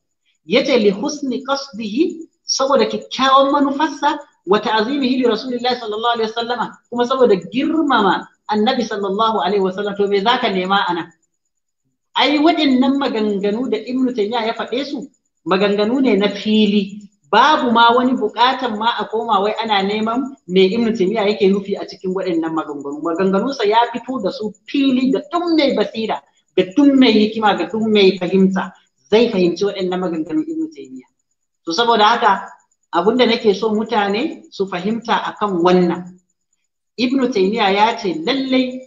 yace li husni qasdihi saboda kyakkyawan manufarsa wa ta'zimihi li rasulillahi sallallahu alaihi wasallam kuma saboda girmama annabi sallallahu alaihi wasallam to me zaka nema ana ai waɗannan maganganu da ibnu taymiya ya faɗe su maganganu ne na fili babu ma wani bukatan ma a koma wai ana neman me ibnu timiya yake nufi a cikin waɗannan maganganu maganganunsa ya fito da su fili da tun mai basira da tun mai hikima da tun mai fahimta zai fahimci waɗannan maganganun ibnu timiya to saboda haka abun da nake so mutane su fahimta akan wannan ibnu timiya ya ce lallai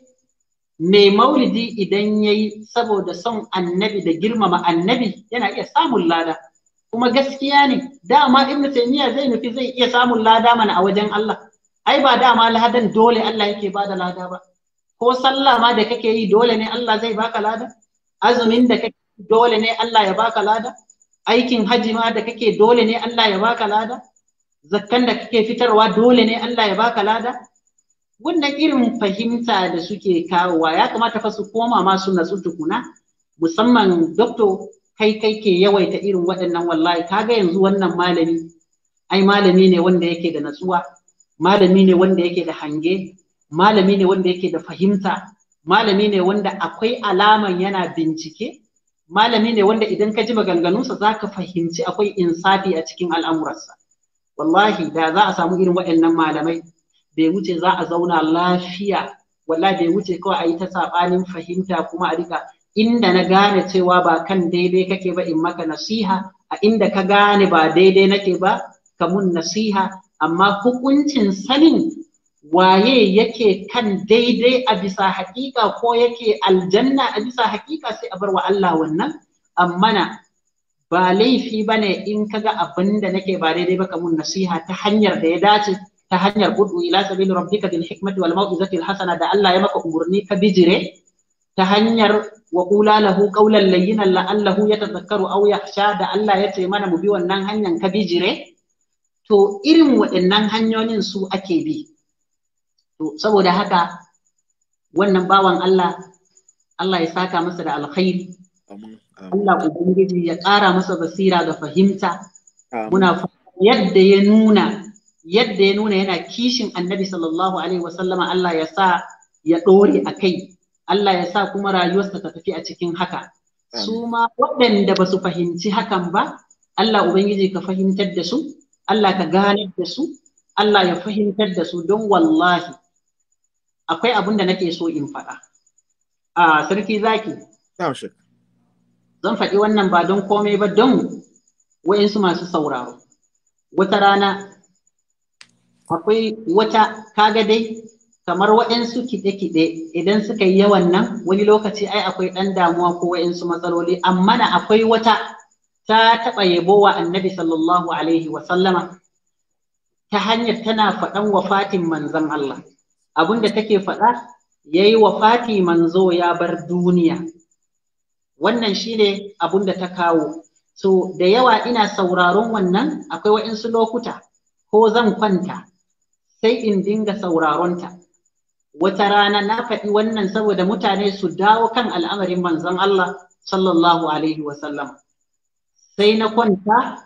mai maulidi idan yayi saboda son annabi da girmama annabi yana iya samun lada kuma gaskiya ne dama ibn taymiya zai nufi zai iya samun lada mana a wajen Allah ai ba dama lahadan dole Allah yake bada lada ba ko sallah ma da kake yi dole ne Allah zai baka lada azumin da kake dole ne Allah ya baka lada aikin haji ma da kake dole ne Allah ya baka lada zakkan da kake fitarwa dole ne Allah ya baka lada wannan irin fahimta da suke kawowa ya kamata fa su koma ma su natsu tukuna musamman doctor kai kai ke yawaita irin waɗannan wallahi kaga yanzu wannan malami ai malami ne wanda yake da natsuwa malami ne wanda yake da hange malami ne wanda yake da fahimta malami ne wanda akwai alaman yana bincike malami ne wanda idan ka ji maganganunsa za ka fahimci akwai insafi a cikin al'amuransa wallahi da za a samu irin waɗannan malamai bai wuce za a zauna lafiya wallahi bai wuce kawai a yi ta saɓanin fahimta kuma a rika inda na gane cewa ba kan daidai kake ba in maka nasiha a inda ka gane ba daidai nake ba ka mun nasiha amma hukuncin sanin waye yake kan daidai a bisa hakika ko yake aljanna a bisa hakika sai a bar wa Allah wannan na, ba laifi ba ne in kaga abin da nake ba daidai ba ka mun nasiha ta hanyar da ya dace ta hanyar gudu, ila sabili rabbika bil hikmati wal mau'izati al hasana da Allah ya maka umurni ka bijire ta hanyar wa kula lahu qawlan layyinan la'allahu yatadhakkaru aw yakhsha da Allah ya ce mana mu bi wannan hanyar ka bijire to irin waɗannan hanyoyin su ake bi to saboda haka wannan bawan Allah Allah ya saka masa da alkhairi Allah ubangiji ya ƙara masa basira da fahimta muna yadda ya nuna yadda ya nuna yana kishin annabi sallallahu alaihi wasallama Allah ya sa ya ɗore a kai Allah ya sa kuma rayuwarsa ta tafi a cikin haka su ma waɗanda ba su fahimci hakan ba Allah ubangiji ka fahimtar da su Allah ka gane da su Allah ya fahimtar da su don wallahi akwai abin da nake so in faɗa a sarki zaki zan faɗi wannan ba don komai ba don wa'insu masu sauraro wata rana akwai wata kaga dai kamar waɗansu kiɗe-kiɗe idan suka yi yawan nan wani lokaci ai akwai ɗan damuwa ko waɗansu matsaloli amma na akwai wata ta taɓa yabo annabi sallallahu alaihi wa sallama ta hanyar tana faɗan wafatin manzon Allah abinda take faɗa yayi wafati manzo ya bar duniya wannan shine abinda ta kawo so da yawa ina sauraron wannan akwai waɗansu lokuta ko zan kwanta sai in dinga sauraronta wata rana na faɗi wannan saboda mutane su dawo kan al'amarin manzon Allah sallallahu alaihi sallam sai na kwanta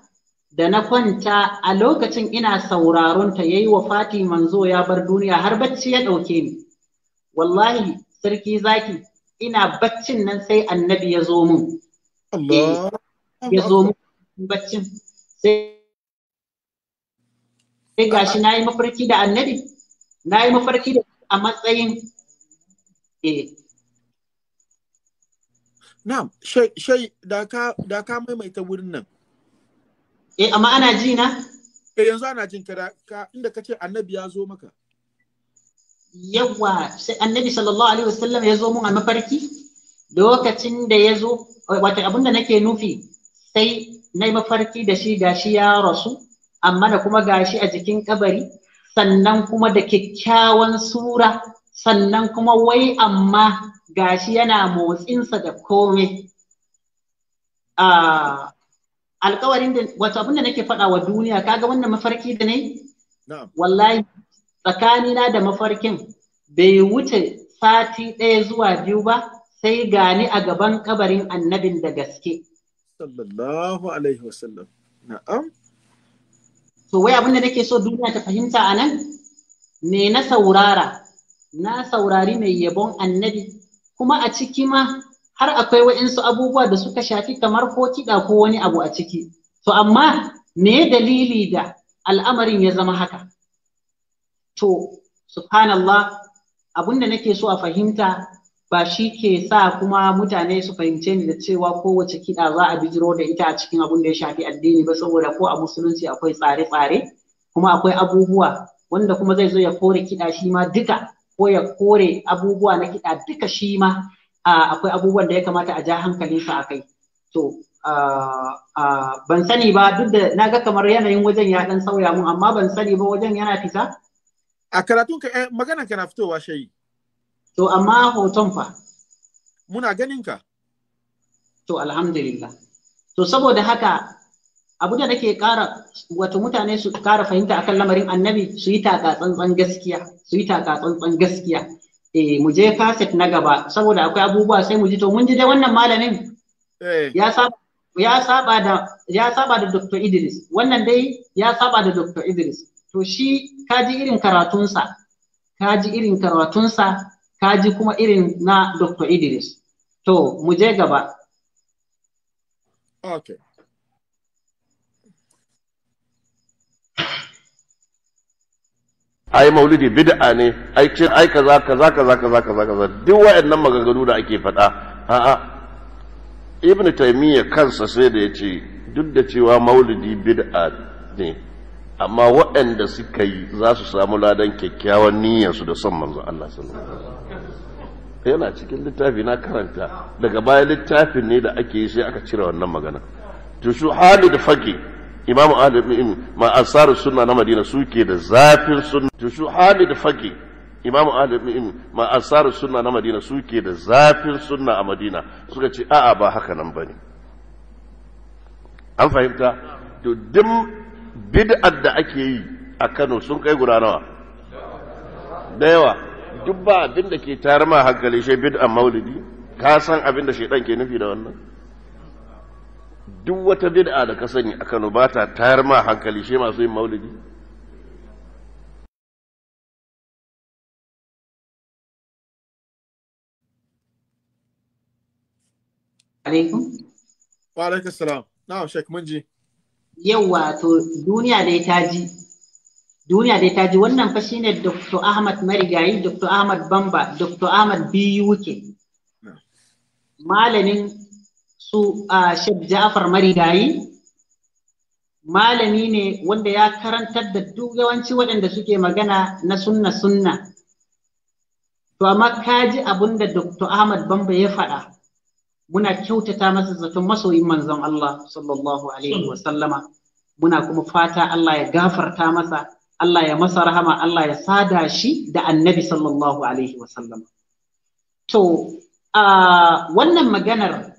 da na kwanta a lokacin ina sauraron ta yayi wa fati manzo ya bar duniya har bacci ya ɗauke ni wallahi sarki zaki ina baccin nan sai annabi ya zo mun eh, ya zo mun baccin sai sai gashi na yi mafarki da annabi na yi mafarki da a matsayin eh na shai da ka da ka maimaita wurin nan eh amma ana ji na eh yanzu ana jin ka inda ka ce annabi ya zo maka yawa sai annabi sallallahu alaihi wasallam ya zo mun a mafarki lokacin da ya zo wata abinda nake nufi sai na mafarki da shi gashi ya rasu amma da kuma gashi a jikin kabari sannan kuma da kyakkyawan sura sannan kuma wai amma gashi yana motsinsa da komai alkawarin da wato abin da nake faɗa wa duniya kaga wannan mafarki da ne wallahi tsakanina da mafarkin bai wuce sati ɗaya zuwa biyu ba sai gani a gaban kabarin annabin da gaske sallallahu alaihi wasallam na'am to wai abin da nake so duniya ta fahimta a nan me na saurara na saurari mai yabon annabi kuma a ciki ma har akwai waɗansu abubuwa da suka shafi kamar ko kiɗa ko wani abu a ciki to amma me dalili da al'amarin ya zama haka to subhanallah abin da nake so a fahimta ba shi ke sa kuma mutane su fahimce ni da cewa kowace kiɗa za a bijiro da ita a cikin abin da ya shafi addini ba saboda ko a musulunci akwai tsare-tsare kuma akwai abubuwa wanda kuma zai zo ya kore kiɗa shi ma duka ko ya kore abubuwa na kiɗa duka shi ma akwai abubuwan da ya kamata a ja hankalinsa a kai to ban sani ba duk da na ga kamar yanayin wajen ya dan sauya mun amma ban sani ba wajen yana fita a karatun ka eh, magana ka na fitowa shayi To amma hoton fa? Muna ganin ka. To alhamdulillah. To saboda haka abu da nake ƙara wato mutane su ƙara fahimta akan lamarin annabi su yi taka tsantsan gaskiya su yi taka tsantsan gaskiya eh mu je kaset na gaba saboda akwai abubuwa sai mu ji to mun ji dai wannan malamin eh. ya saba ya saba da ya saba da Dr. Idris wannan dai ya saba da Dr. Idris to shi kaji irin karatunsa kaji irin karatunsa kaji kuma irin na Dr. Idris. To, mu je gaba. Okay. ai maulidi bid'a ne ai ce ai kaza kaza kaza kaza kaza kaza duk waɗannan maganganu da ake faɗa a'a ibn ya kansa sai da yace duk da cewa maulidi bid'a ne amma waɗanda suka yi za su samu ladan kyakkyawan niyyarsu da son manzu. Allah sallallahu alaihi wasallam yana cikin littafi na karanta daga baya littafin ne da ake yi sai aka cire wannan magana to su da faki imamu ahli ma asar sunna na madina suke da zafin sunna to su da faki imamu ahli ma asar sunna na madina suke da zafin sunna a madina suka ce a'a ba haka nan bane an fahimta to duk bid'ar da ake yi a Kano sun kai guda nawa da yawa duk ba abin da ke tayar ma hankali shi bid'a maulidi ka san abin da shaidan ke nufi da wannan duk wata bid'a da ka sani a Kano ba ta tayar ma hankali shi masu yin maulidi alaikum wa alaikun salam na'am shek mun ji yawa to duniya dai ta ji duniya dai ta ji wannan fa shine Dr. Ahmad Marigayi, Dr. Ahmad Bamba, Dr. Ahmad BUK. Malamin su a Sheikh Ja'far Marigayi malami ne wanda ya karantar da duk yawanci waɗanda suke magana na sunna sunna. To amma ka ji abin da Dr. Ahmad Bamba ya faɗa. Muna kyautata masa zaton masoyin manzon Allah sallallahu alaihi wa sallama. Muna kuma fata Allah ya gafarta masa Allah ya masa rahama Allah ya sada shi da annabi sallallahu alaihi wasallam to a wannan maganar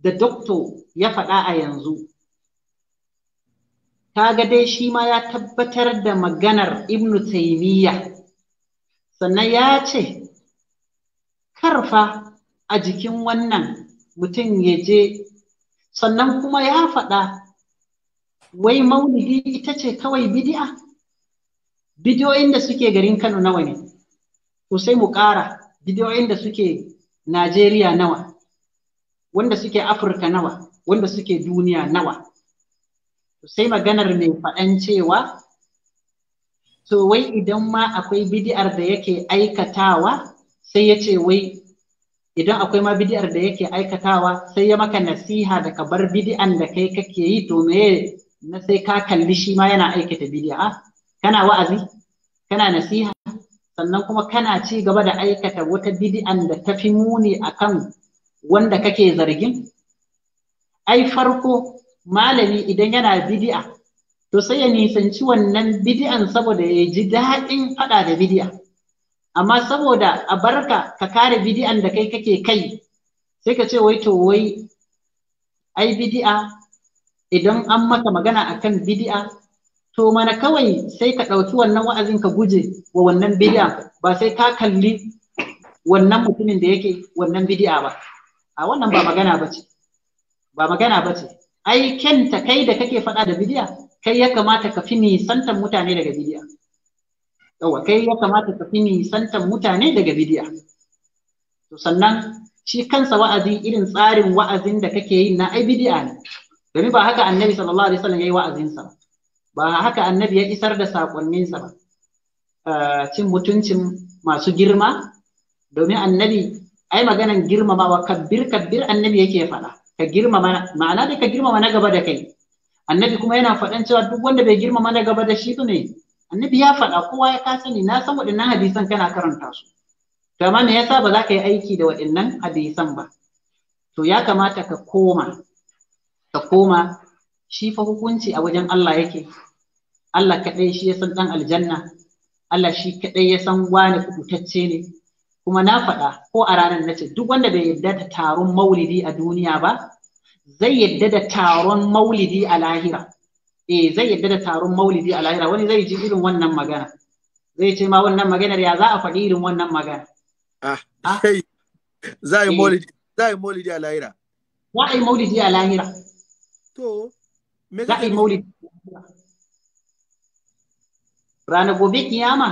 da dokto ya faɗa a yanzu ta ga dai shi ma ya tabbatar da maganar ibnu taimiyya sannan ya ce karfa a jikin wannan mutum ya je sannan kuma ya faɗa wai maulidi ita ce kawai bidi'a bidiyoyin da suke garin Kano nawa ne to sai mu ƙara bidiyoyin da suke Najeriya nawa wanda suke Afirka nawa wanda suke duniya nawa to sai maganar mai faɗan cewa to wai idan ma akwai bidiyar da yake aikatawa sai ya ce wai idan akwai ma bidiyar da yake aikatawa sai ya maka nasiha da ka bar bidiyan da kai kake yi to me na sai ka kalli shi ma yana aikata bidi'a kana wa'azi kana nasiha sannan kuma kana ci gaba da aikata wata bid'an da ta fi muni akan wanda kake zargin ai farko malami idan yana bid'a to sai ya nisanci wannan bid'an saboda ya ji daɗin faɗa da bid'a amma saboda a barka ka kare bid'an da kai kake kai sai ka ce wai to wai ai bid'a idan an maka magana akan bid'a to mana kawai sai ka ɗauki wannan wa'azin ka guje wa wannan bidiya ba sai ka kalli wannan mutumin da yake wannan bidiya ba a wannan ba magana ba ce ba magana ba ce ai kenta kai da kake faɗa da bidiya kai ya kamata ka fi nisantar mutane daga bidiya yawa kai ya kamata ka fi nisantar mutane daga bidiya to sannan shi kansa wa'azi irin tsarin wa'azin da kake yi na ai bidiya ne domin ba haka annabi sallallahu alaihi wasallam yayi wa'azinsa ba ba haka annabi ya isar da saƙonninsa ba ah, cin mutuncin masu girma domin annabi ai maganan girmamawa kabbir kabbir annabi yake faɗa ka girmama ma'ana da ka girmama na gaba da kai annabi kuma yana faɗan cewa duk wanda bai girmama na gaba da shi ba ne annabi ya faɗa kowa ya ka sani na san waɗannan hadisan kana karanta su to amma me yasa ba za ka yi aiki da waɗannan hadisan ba to ya kamata ka koma ka koma shi fa hukunci a wajen Allah yake Allah kaɗai shi ya san ɗan aljanna Allah shi kaɗai ya san wane kututacce ne kuma na faɗa ko a ranar na ce duk wanda bai yarda da taron maulidi a duniya ba zai yarda da taron maulidi a lahira eh zai yarda da taron maulidi a lahira wani zai ji irin wannan magana zai ce ma wannan maganar ya za a faɗi irin wannan magana ah, ah? Eh. za a yi maulidi a lahira za a yi maulidi a lahira to za a yi maulidi ranar gobe kiyama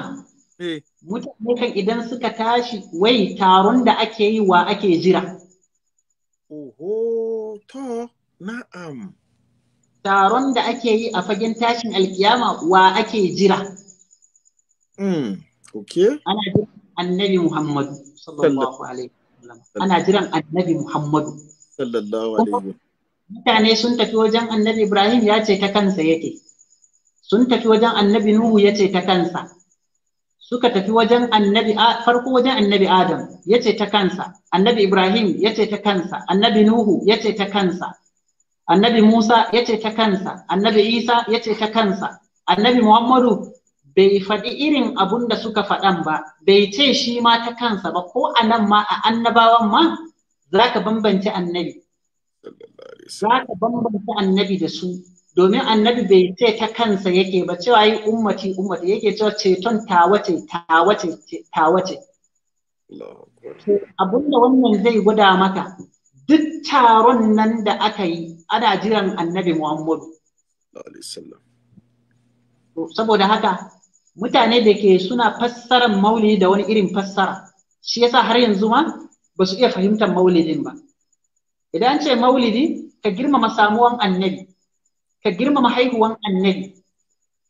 eh. mutane kan idan suka tashi wai taron da ake yi wa ake jira oho to na'am taron da ake yi a fagen tashin alkiyama wa ake jira hmm, ana jiran annabi muhammadu sallallahu alaihi wasallam ana jiran annabi muhammadu sallallahu alaihi wasallam mutane sun tafi wajen annabi Ibrahim ya ce ta kansa yake sun tafi wajen annabi Nuhu ya ce ta kansa suka tafi wajen annabi farko wajen annabi Adam ya ce ta kansa annabi Ibrahim ya ce ta kansa annabi Nuhu ya ce ta kansa annabi Musa ya ce ta kansa annabi Isa ya ce ta kansa annabi Muhammadu bai faɗi irin abun da suka faɗan ba bai ce shi ma ta kansa ba ko a nan ma a annabawan ma za ka bambance annabi za ka bambanta annabi da su domin annabi bai ce ta kansa yake ba cewa yi ummati ummati yake cewa ceton tawace tawace tawace abinda wannan zai guda maka duk taron nan da aka yi ana jiran annabi muhammadu saboda haka mutane da ke suna fassarar maulidi da wani irin fassara shi yasa har yanzu ma ba su iya fahimtar maulidin ba idan ce maulidi ka girmama samuwan annabi ka girmama haihuwan annabi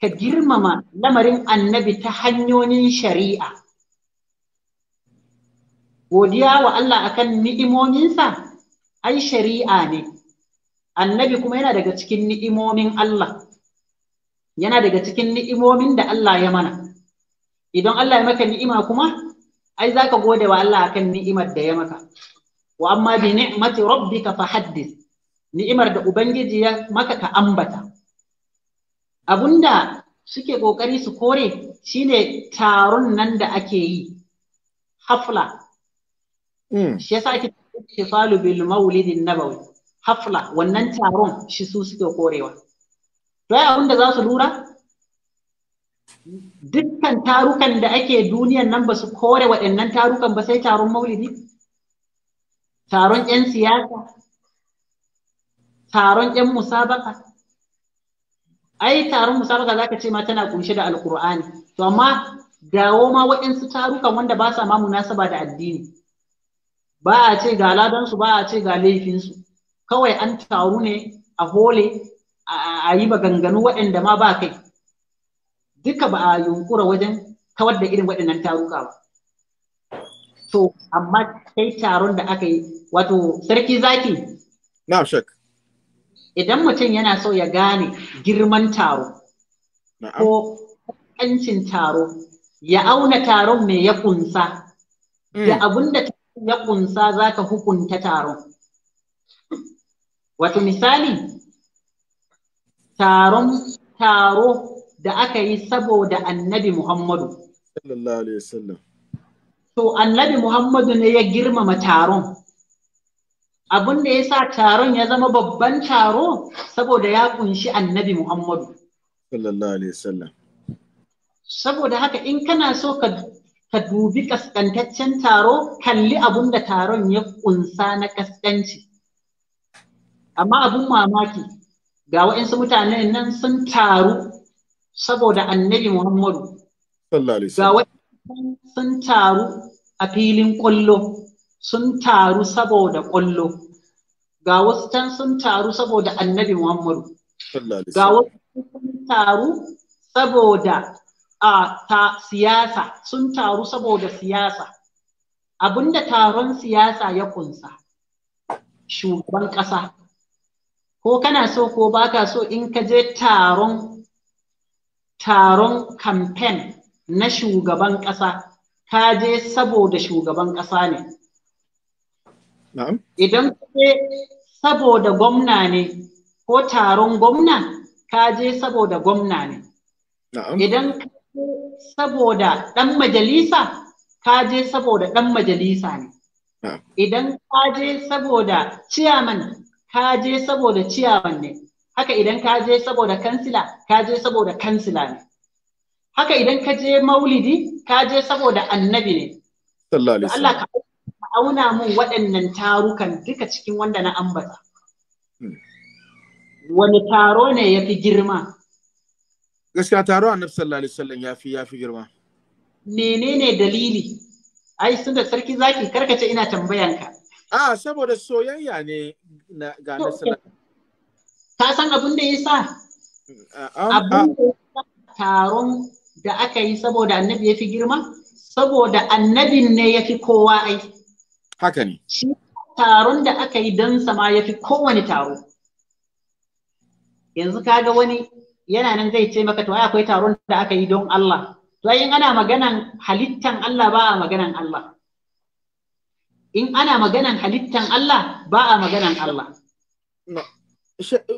ka girmama lamarin annabi ta hanyoyin shari'a godiya wa Allah akan ni'imominsa ai shari'a ne annabi kuma yana daga cikin ni'imomin Allah yana daga cikin ni'imomin da Allah ya mana idan Allah ya maka ni'ima kuma ai zaka gode wa Allah akan ni'imar da ya maka wa amma bi ni'mati rabbika fahaddith ni'imar da ubangiji ya maka ka ambata abunda suke kokari su kore shine taron nan da ake yi hafla hmm. shi yasa ake ittifalu bil maulidin nabawi hafla wannan taron shi su suke korewa to ai da za su lura dukkan tarukan da ake duniyan nan ba su kore waɗannan tarukan ba sai taron maulidi taron 'yan siyasa taron ƴan musabaka ai taron musabaka zaka ce ma tana kunshe da alqur'ani to amma dawo ma waɗansu tarukan wanda ba sa ma munasaba da addini ba a ce ga su ba a ce ga laifinsu kawai an taru ne a hole a yi maganganu waɗanda ma ba kai duka ba a yunkura wajen kawar da irin waɗannan taruka ba to amma kai taron da aka yi wato sarki zaki na shak idan mutum yana so ya gane girman taro ko ƙancin taro ya auna taron mai ya ƙunsa, mm. da abin da ya kunsa za ka hukunta taron wato misali taron taro da aka yi saboda annabi muhammadu to annabi muhammadu ne ya girmama taron abin da ya sa taron ya zama babban taro saboda ya kunshi annabi Muhammadu. Sallallahu Alaihi Wasallam. Saboda haka in kana so ka, dubi kaskantaccen taro, kalli abin da taron ya kunsa na kaskanci. Amma abin mamaki ga waɗansu mutane nan sun taru saboda annabi Muhammadu. Sallallahu Alaihi Wasallam. Ga sun taru a filin ƙwallo. sun taru saboda ƙwallo ga wasu can sun taru saboda annabi Muhammad ga wasu sun taru saboda a ta siyasa sun taru saboda siyasa abinda taron siyasa ya kunsa shugaban ƙasa ko kana so ko baka so in ka je taron taron kamfen na shugaban ƙasa ka je saboda shugaban ƙasa ne Idan saboda gwamna ne ko taron gwamna ka je saboda gwamna ne. Idan ka saboda ɗan majalisa ka je saboda ɗan majalisa ne. Idan ka je saboda ciyaman ka je saboda ciyaman ne. Haka idan ka je saboda kansila ka je saboda kansila ne. Haka idan ka je maulidi ka je saboda annabi ne. Allah ka auna mun waɗannan tarukan duka cikin wanda na ambata. Hmm. Wani taro ne ya fi girma? Gaskiya taro a Nafi sallallahu ya fi ya fi girma. Menene dalili? Ai, sun da sarki zaki karkace ina tambayanka. A, saboda soyayya ne ga Nafi Ka san abin da ya sa? Hmm, abin da ya taron da aka yi saboda annabi ya fi girma? Saboda annabin ne ya fi kowa ai. haka ne shi taron da aka yi don sama ya fi kowane taro yanzu kaga wani yana nan zai ce maka to ai akwai taron da aka yi don Allah to ai in ana maganan halittan Allah ba a maganan Allah in ana maganan halittan Allah ba a maganan Allah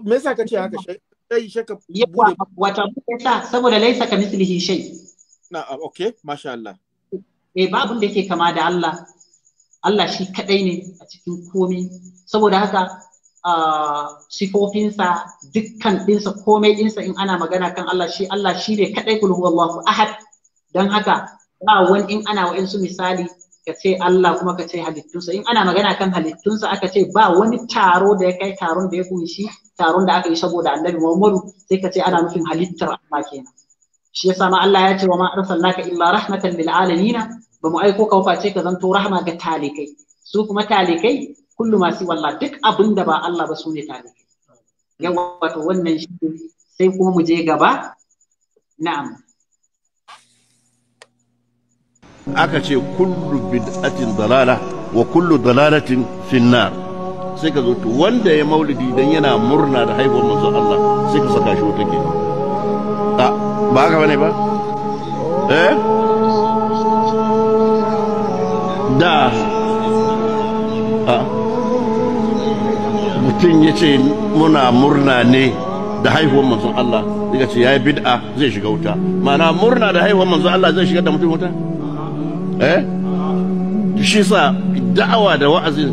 me yasa ka ce haka sai shaka yawa wata yasa saboda laisa ka mislihi shay na okay masha Allah eh babu da yake kama da Allah Allah shi kaɗai ne a cikin komai saboda haka sifofinsa dukkan ɗinsa komai ɗinsa in ana magana kan Allah shi Allah shi ne kaɗai kul huwallahu ahad don haka ba wani in ana su misali ka ce Allah kuma ka ce halittunsa in ana magana kan halittunsa aka ce ba wani taro da ya kai taron da ya kunshi taron da aka yi saboda annabi Muhammadu sai ka ce ana nufin halittar amma kenan shi yasa ma Allah ya ce wa ma arsalnaka illa rahmatan lil alamin ba mu aiko ka ce ka zanto rahama ga talikai su kuma talikai kullu masu walla duk abin da ba Allah ba su ne talikai yawa wato wannan shi sai kuma mu je gaba na'am aka ce kullu bid'atin dalala wa kullu dalalatin finnar sai ka zo to wanda ya maulidi dan yana murna da haihuwar manzo Allah sai ka saka shi wata ke ba haka bane ba eh da mutum ya ce muna murna ne da haihuwar manzon Allah daga ce ya yi bid'a zai shiga wuta ma'ana murna da haihuwar manzon Allah zai shiga da mutum wuta eh shi sa da'awa da wa'azin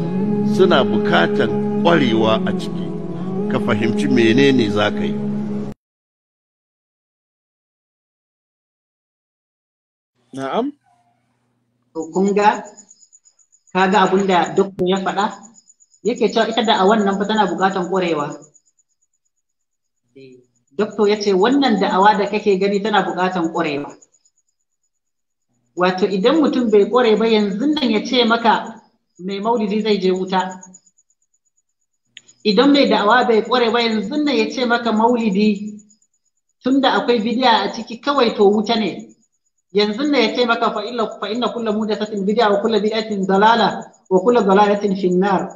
suna bukatan kwarewa a ciki ka fahimci menene za ka yi na'am kun ga kaga abin da doktor ya faɗa yake cewa ita da a wannan fa tana buƙatar ƙwarewa doktor ya ce wannan da'awa da kake gani tana buƙatar ƙwarewa wato idan mutum bai ƙware ba yanzu nan ya ce maka mai maulidi zai je wuta idan mai da'awa bai ƙware ba yanzu nan ya ce maka maulidi tunda akwai bidiya a ciki kawai to wuta ne yanzu ne yace maka fa illa fa inna kullu muhdathatin bid'a wa kullu bid'atin dalala wa kullu dalalatin fi nar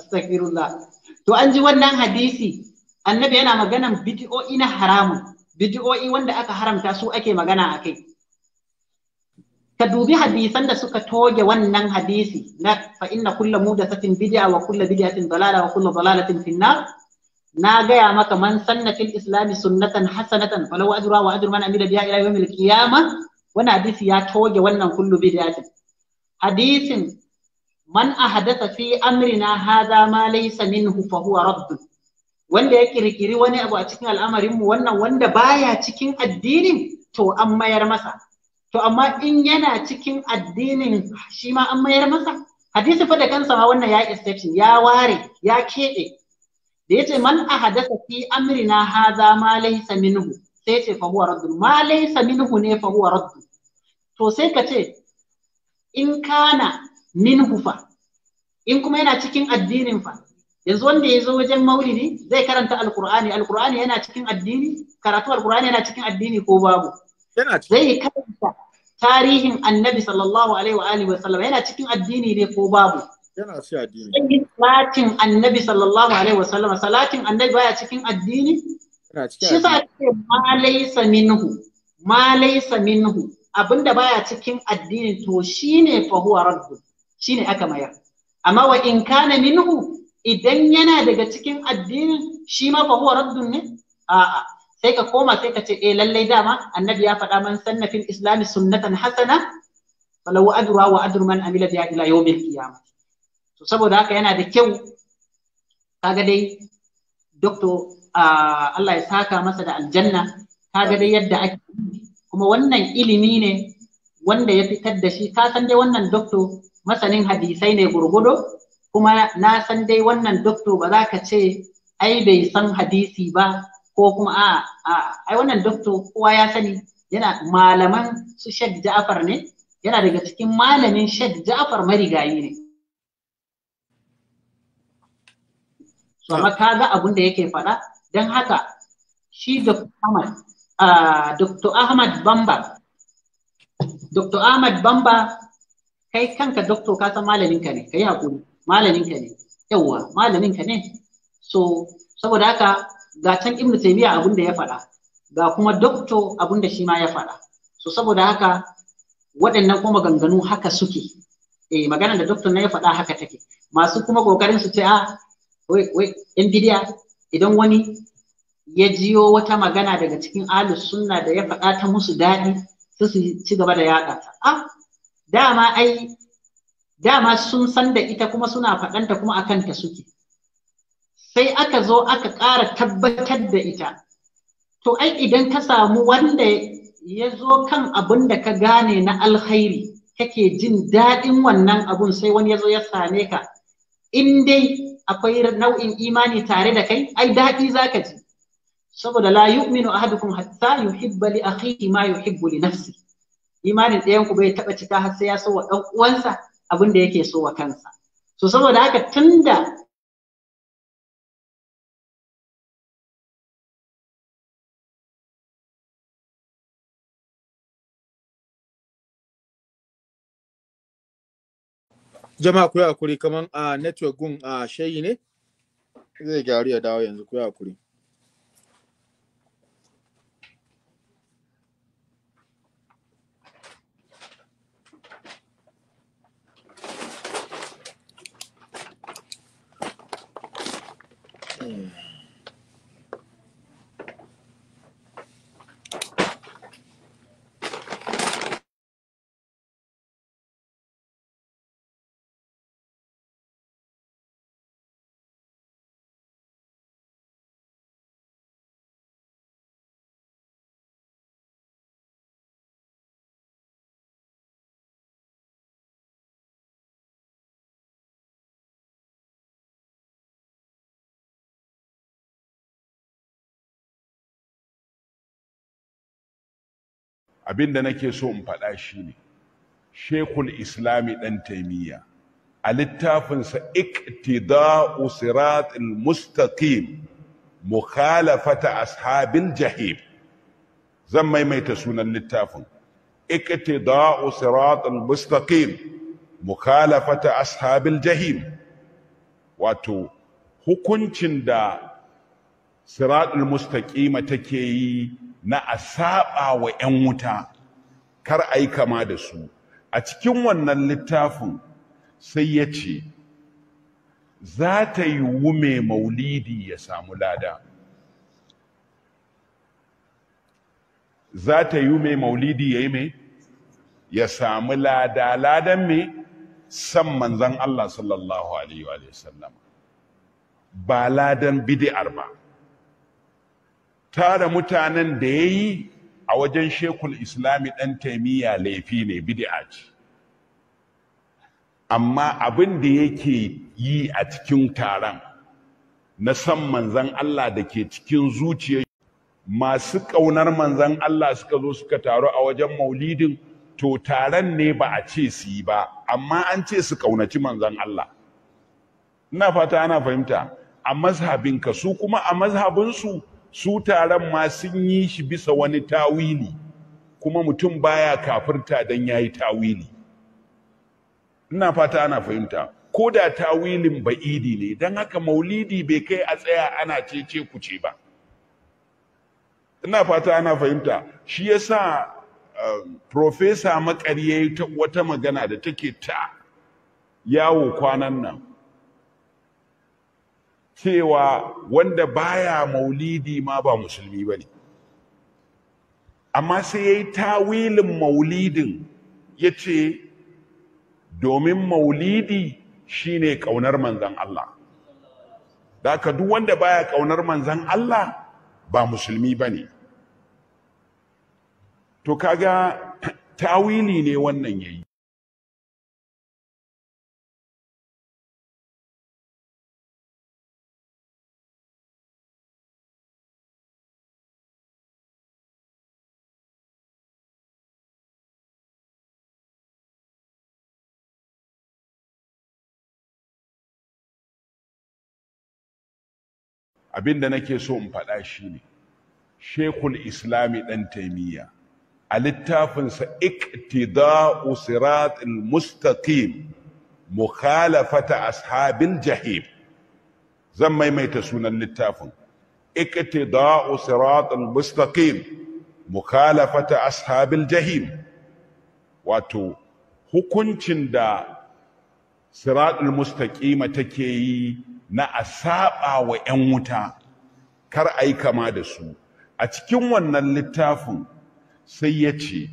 astaghfirullah to an ji wannan hadisi annabi yana maganan bid'o'i na haramun bid'o'i wanda aka haramta su ake magana akai ka dubi hadisan da suka toge wannan hadisi na fa inna kullu muhdathatin bid'a wa kullu bid'atin dalala wa kullu dalalatin fi nar na gaya maka man sanna fil islami sunnatan hasanatan falahu ajruha wa ajru man amila biha ila yawmil qiyamah wannan hadisi ya toge wannan kullu bid'atin hadisin man ahadatha fi amrina hadha ma laysa minhu fa huwa radd wanda ya kirkiri wani abu a cikin al'amarin mu wannan wanda baya cikin addinin to an mayar masa to amma in yana cikin addinin shi ma an mayar masa hadisi fa da kansa ma wannan ya exception ya ware ya kebe da ce man ahadatha fi amrina hadha ma laysa minhu sai ce fa huwa raddu ma laysa minhu ne fa huwa raddu to sai ka ce in kana minhu fa in kuma yana cikin addinin fa yanzu wanda ya zo wajen maulidi zai karanta alqur'ani alqur'ani yana cikin addini karatu alqur'ani yana cikin addini ko babu yana cikin zai karanta tarihin annabi sallallahu alaihi wa alihi wa sallam yana cikin addini ne ko babu yana ci addini salatin annabi sallallahu alaihi salatin annabi baya cikin addini shi sa ce ma minhu ma minhu abinda baya cikin addini to shine fahuwa huwa shine aka mayar amma wa in kana minhu idan yana daga cikin addini, shi ma fa ne a'a sai ka koma sai ka ce eh lallai dama annabi ya faɗa man sanna fil islami sunnatan hasana falahu ajruha wa ajru man amila biha ila yawmil qiyamah to saboda haka yana da kyau kaga dai doctor Allah ya saka masa da aljanna kaga dai yadda ake kuma wannan ilimi ne wanda ya fitar da shi ka san dai wannan doctor masanin hadisai ne gurgudo kuma na san dai wannan doctor ba za ka ce ai bai san hadisi ba ko kuma a ai wannan doctor kowa ya sani yana malaman su Sheikh Ja'far ne yana daga cikin malamin Sheikh Ja'far marigayi ne to amma ka ga abin da yake faɗa don haka shi Dr. Ahmad Dr. Ahmad Bamba Dr. Ahmad Bamba kai kanka doctor ka san malamin ka ne kai hakuri malaminka ne yawa malaminka ne so saboda haka ga can Ibn Taymiyyah abin da ya faɗa ga kuma doctor abin da shi ma ya faɗa so saboda haka waɗannan kuma maganganu haka suke eh magana da doctor na ya faɗa haka take masu kuma kokarin su ce a ah, 'yan gidiya, idan wani ya jiyo wata magana daga cikin alus sunna da ya faɗa ta musu daɗi su su ci gaba da yaɗa ta ah dama ai dama sun san da ita kuma suna faɗanta kuma akan ta suke sai aka zo aka ƙara tabbatar da ita to ai idan ka samu wanda ya zo kan abin da ka gane na alkhairi kake jin daɗin wannan abun sai wani ya zo ya same ka in dai akwai nau'in imani tare da kai ai daɗi zaka ji saboda la yu'minu ahadukum hatta yuhibba li akhihi ma yuhibbu li nafsi imanin ɗayan ku bai taɓa cika har sai ya so wa ɗan uwansa abin da yake so wa kansa so saboda haka tunda jama'a ku yi hakuri kaman a ah, network gun a ah, shayi ne zai gyaru ya dawo yanzu ku yi hakuri Abin da nake so in faɗa shine shekul islami ɗan taimiyya a littafinsa iktida'u siratul mustaqim mukhalafata Ashabin jahim zan maimaita sunan littafin iktida'u siratul mustaqim mukhalafata Ashabin jahim wato hukuncin da siratul mustaqima take yi na a saba wa 'yan wuta kar a yi kama da su a cikin wannan littafin sai ya ce za ta yi wume maulidi ya samu lada za ta yi wume maulidi ya yi mai ya samu lada ladan mai san manzan Allah sallallahu Alaihi Wa sallama. ba ladan bid'ar ba tara mutanen da ya yi a wajen shekul islami ɗan taimiyya laifi ne bid'a ce amma abin da yake yi a cikin taron na san manzan Allah da ke cikin zuciya masu ƙaunar manzan Allah suka zo suka taru a wajen maulidin to taron ne ba a ce su yi ba amma an ce su ƙaunaci manzan Allah ina fata ana fahimta a mazhabinka su kuma a mazhabinsu su taron ma sun yi shi bisa wani tawili kuma mutum baya kafirta don ya yi tawili ina fata ana fahimta ko da tawilin ba'idi ne don haka maulidi bai kai a tsaya ana cece kuce ba ina fata ana fahimta shi yasa eh, profesa makari ya yi wata magana da take ta yawo kwanan nan cewa wanda baya maulidi ma ba musulmi ba ne amma sai ya yi tawilin maulidin ya ce domin maulidi shine ƙaunar manzan Allah da ka duk wanda baya ƙaunar manzan Allah ba musulmi ba ne to kaga tawili ne wannan yayi abinda nake so in faɗa shine shekul islami ɗan taimiyya a littafinsa iktida'u siratul mustaqim mukhalafata Ashabin jahim zan maimaita sunan littafin iktida'u siratul mustaqim mukhalafata Ashabin jahim wato hukuncin da siratul mustaqima take yi na a saba wa 'yan wuta kar a yi kama da su a cikin wannan littafin sai ya ce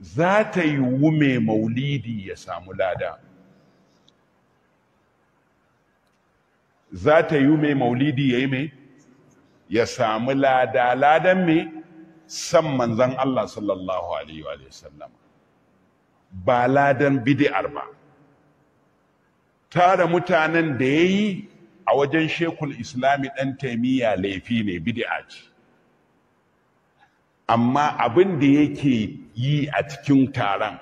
za ta yi wume maulidi ya samu lada za ta yi mai maulidi ya yi mai ya samu lada ladan mai san manzan Allah sallallahu Alaihi wasallama ba ladan bid'ar ba tara mutanen da ya yi a wajen shekul islami ɗan taimiyya laifi ne bid'a ce amma abin da yake yi a cikin taron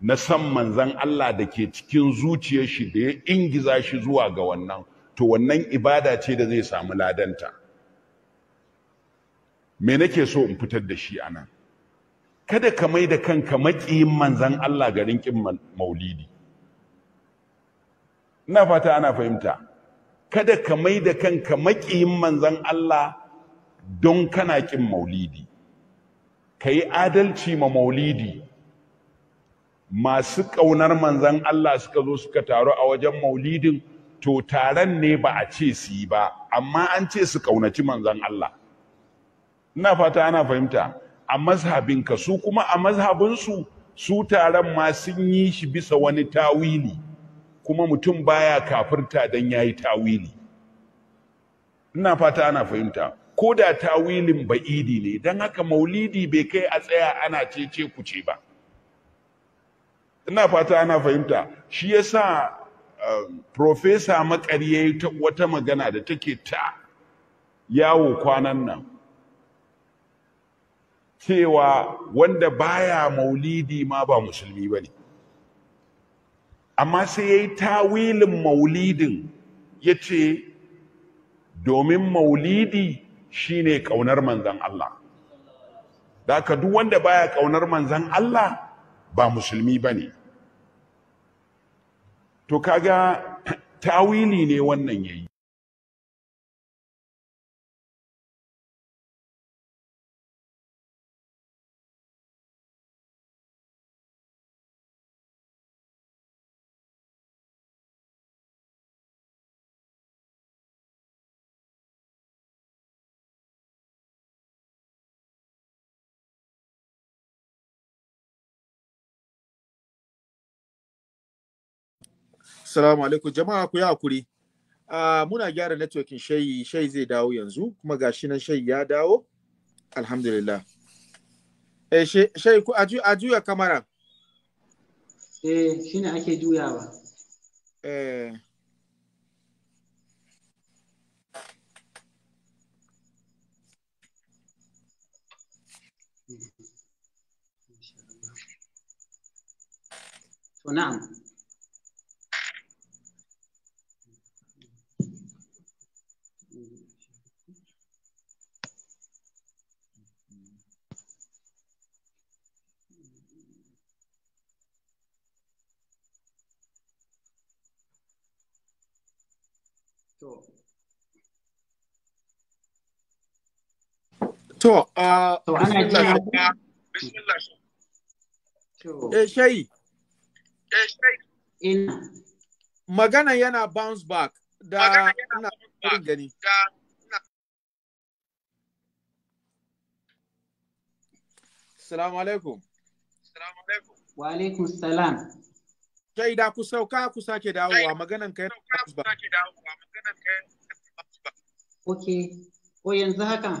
na san manzan Allah da ke cikin zuciyar shi da ya ingiza shi zuwa ga wannan to wannan ibada ce da zai samu ladanta me nake so in fitar da shi anan kada ka mai da kanka maƙiyin manzan Allah garin ƙin maulidi ina fata ana fahimta kada ka mai da kanka maƙiyin manzan Allah don kana ƙin maulidi ka yi adalci ma maulidi masu ƙaunar manzan Allah suka zo suka taru a wajen maulidin to taron ne ba a ce su yi ba amma an ce su ƙaunaci manzan Allah ina fata ana fahimta a mazhabinka su kuma a mazhabinsu su taron ma sun yi shi bisa wani tawili kuma mutum baya kafirta dan yayi tawili ina fata ana fahimta ko da tawilin ba'idi ne dan haka maulidi bai kai a tsaya ana cece kuce ba ina fata ana fahimta shi yasa um, profesa makari yayi wata magana da take ta yawo kwanan nan cewa wanda baya maulidi ma ba musulmi bane amma sai ya yi tawilin maulidin ya ce domin maulidi shine kaunar manzan Allah da ka duk wanda baya kaunar manzan Allah ba musulmi ba ne to kaga *clears throat* tawili ne wannan yayi Assalamu alaikum jama'a ku yi hakuri. Uh, muna gyara networking shayi shayi zai dawo yanzu kuma gashi nan shayi ya dawo. Alhamdulillah. Eh shayi ku a juya kamara. Eh ne ake juyawa. Eh To na'am. Uh, to, eh, shayi. Eh, Magana yana bounce back da ina gani. Salamu alaikum. Salamu alaikum. Wa alaikum salam. Kai da ku sauka ku sake dawowa maganan kai ku sake dawowa maganan kai. Okay. ko yanzu haka.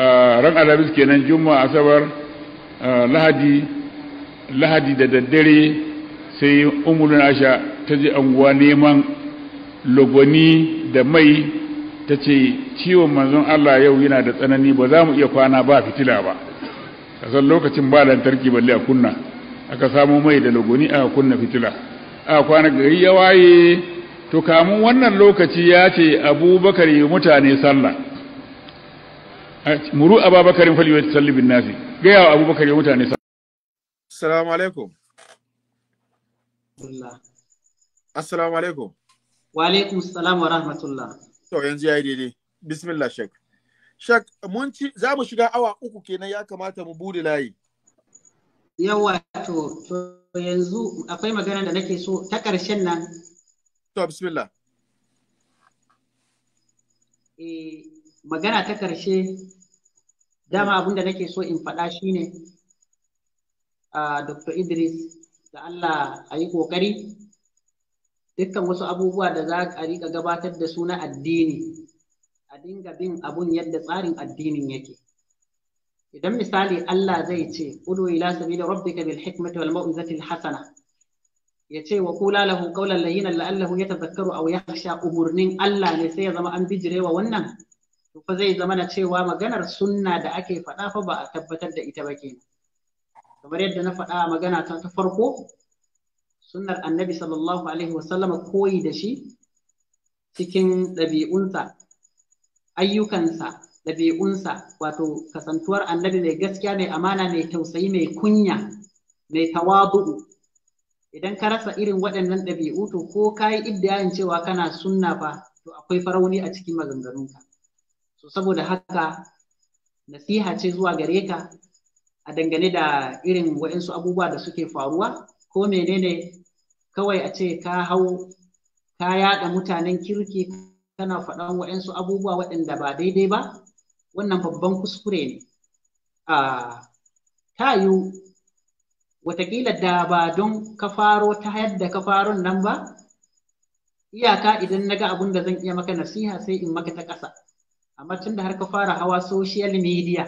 Eh, ran alhamis kenan juma'a asabar eh, lahadi lahadi da daddare sai umulun asha ta ji anguwa neman logoni da mai ta ce ciwon manzon Allah yau yana da tsanani ba za mu iya kwana ba fitila ba kasan lokacin ba lantarki balle a kunna aka samu mai da logoni aka kunna fitila A kwana gari ya waye to kamun wannan lokaci ya ce abubakar yi mutane sallah muru ababakarin fali wa sallibin nafi gaya wa abubakar ya mutane assalamu alaikum assalamu alaikum wa alaikum salam wa rahmatullah to yanzu yayi daidai bismillah shek shek mun ci za mu shiga awa uku kenan ya kamata mu bude layi yawa to to yanzu akwai magana da nake so ta ƙarshen nan to bismillah eh magana ta ƙarshe dama abin da nake so in faɗa shine Dr. Idris da Allah a yi ƙoƙari dukkan wasu abubuwa da za a riƙa gabatar da su na addini a dinga bin abun yadda tsarin addinin yake idan misali Allah zai ce udu ila sabila rabbika bil hikmati wal mau'izati al hasana ya ce wa kula lahu qawlan layyinan la'allahu yatadhakkaru aw yakhsha umurnin Allah ne sai ya zama an bijirewa wannan fa zai zama na cewa maganar sunna da ake faɗa fa ba a tabbatar da ita ba kenan kamar yadda na faɗa magana ta ta farko sunnar annabi sallallahu alaihi wasallam koyi da shi cikin ɗabi'unsa ayyukansa ɗabi'unsa wato kasantuwar annabi mai gaskiya mai amana mai tausayi mai kunya mai tawadu'u idan ka rasa irin waɗannan ɗabi'u to ko ka yi iddiyayin cewa kana sunna fa to akwai farauni a cikin maganganunka so saboda haka nasiha ce zuwa gare ka a dangane da irin waɗansu abubuwa da suke faruwa ko menene kawai a ce ka hau ka yaɗa mutanen kirki kana faɗan waɗansu abubuwa waɗanda ba daidai ba wannan babban kuskure ne ta yiwu watakila da ba don ka faro ta yadda ka faron nan ba iyaka idan na ga abin da zan iya maka nasiha sai in maka ta ƙasa amma tun da har ka fara hawa social media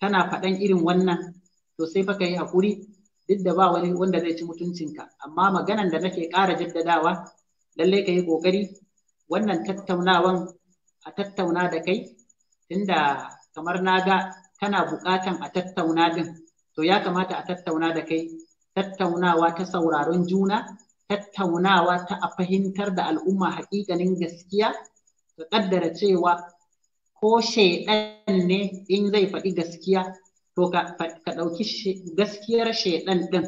tana faɗan irin wannan to sai fa ka yi haƙuri duk da ba wani wanda zai ci mutuncinka amma maganan da nake ƙara jaddadawa lallai ka yi ƙoƙari wannan tattaunawan a tattauna da kai tunda kamar na ga tana buƙatan a tattauna din to ya kamata a tattauna da kai tattaunawa ta sauraron juna tattaunawa ta a fahimtar da al'umma haƙiƙanin gaskiya ka ƙaddara cewa ko shaiɗan ne in zai faɗi gaskiya to ka ɗauki gaskiyar shaiɗan ɗin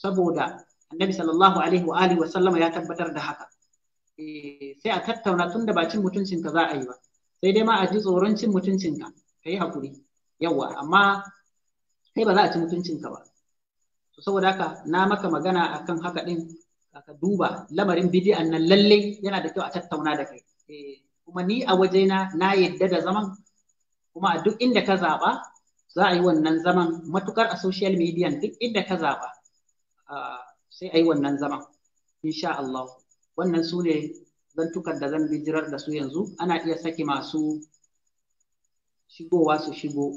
saboda annabi sallallahu alaihi wa alihi wa sallama ya tabbatar da haka eh, sai a tattauna tun da ba cin mutuncinka za a yi ba sai dai ma a ji tsoron cin mutuncinka ka yi yau yawa amma sai ba za a ci mutuncinka ba to saboda haka na maka magana akan haka ɗin ka duba lamarin bidi'an nan lalle yana da kyau a tattauna da kai eh, kuma ni a wajena na yadda da zaman kuma a duk inda ka zaba za a yi wannan zaman matukar a social media duk inda ka zaba sai a yi wannan zaman insha Allah wannan su ne zantukan da zan bijirar da su yanzu ana iya saki masu shigowa su shigo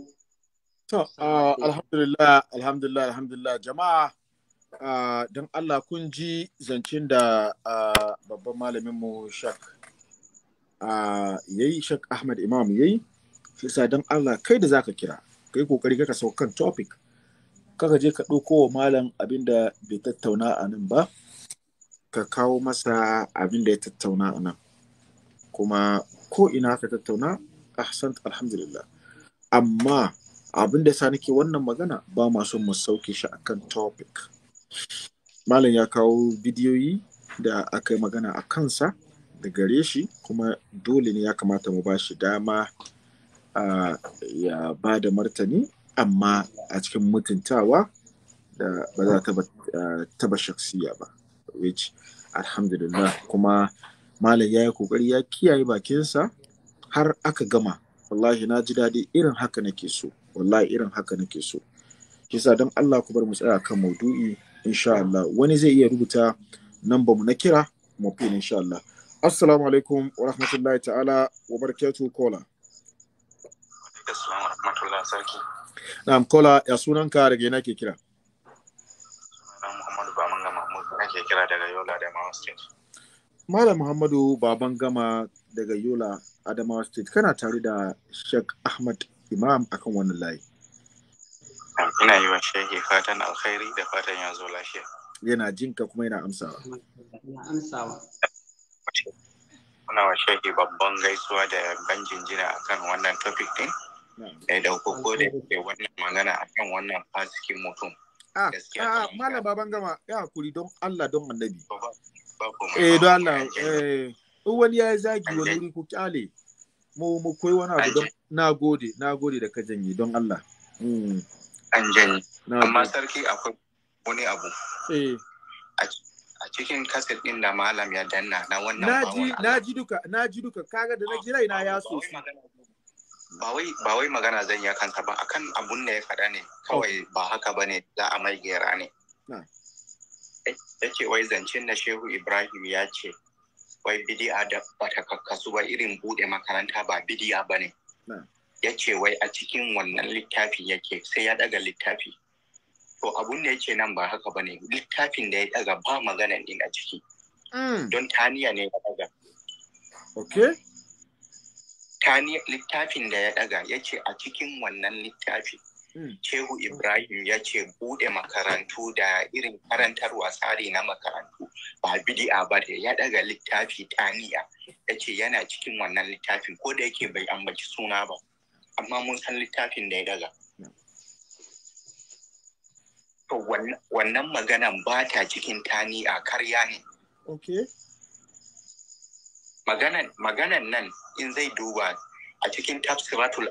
alhamdulillah alhamdulillah alhamdulillah jama'a don Allah kun ji zancen da babban mu shak yayi shek Ahmad Imam yayi shi sa don Allah kai da za ka kira kai kokari ka saukan topic kaka je ka ɗauko wa malam abin da bai tattauna a nan ba ka kawo masa abin da ya tattauna a nan kuma ko ina ka tattauna ahsan alhamdulillah amma abin da sa nake wannan magana ba ma son mu sauke shi akan topic malam ya kawo bidiyoyi da aka yi magana a kansa da gare shi kuma dole ne ya kamata mu ba shi dama ya ba da martani amma a cikin mutuntawa da ba za ta taba shaksiya ba which alhamdulillah kuma malam ya yi kokari ya kiyaye bakinsa har aka gama wallahi na ji daɗi irin haka nake so wallahi irin haka nake so kisa don Allah ku bar mu tsaya kan maudu'i insha Allah wani zai iya rubuta nan mu na kira mafi insha Allah Assalamu alaikum wa rahmatullahi ta'ala wa barakatuhu kola. Na'am kola ya ka daga yana ke kira. Sunan Muhammadu Baban Gama ake kira daga Yola Adamawa State. Malam Muhammadu Baban Gama daga Yola Adamawa State kana tare da Sheikh Ahmad Imam akan wannan layi. Ina yi wa Sheikh fatan alkhairi da fatan ya zo lafiya. Yana jinka kuma yana amsawa. Yana amsawa. muna wa shehi babban gaisuwa da ban jinjina akan wannan topic din da ya dauko ko da yake wannan magana a kan wannan fasikin mutum ah, ah mala baban gama ya hakuri don Allah don annabi eh don Allah eh wani ya zagi wani wuri ku kyale mu mu koyi wani abu don Na gode da ka janye don Allah hmm. an janye amma sarki akwai wani abu eh a cikin kaset din da malam ya danna na wannan naji naji duka naji duka kaga da na ji raina ya so ba wai ba wai magana zan ya kanta ba akan abun da ya faɗa ne kawai ba haka bane za a mai gera ne yace wai zancen na Shehu Ibrahim ya ce wai bidi'a da bata kakkasu ba irin bude makaranta ba bidi'a bane yace wai a cikin wannan littafi yake sai ya daga littafi to abun da yake nan ba haka bane littafin da ya daga ba magana din a ciki mm. don taniya ne ya daga okay littafin da ya daga ya a cikin wannan littafi mm. Shehu Ibrahim ya ce bude makarantu da irin karantarwa tsari na makarantu ba bidi'a ba da ya daga littafi taniya ya ce yana cikin wannan littafin ko da yake bai ambaci suna ba amma mun san littafin da ya daga wannan maganan ba ta cikin tani a karya ne. Maganan nan in zai duba a cikin tafsiratul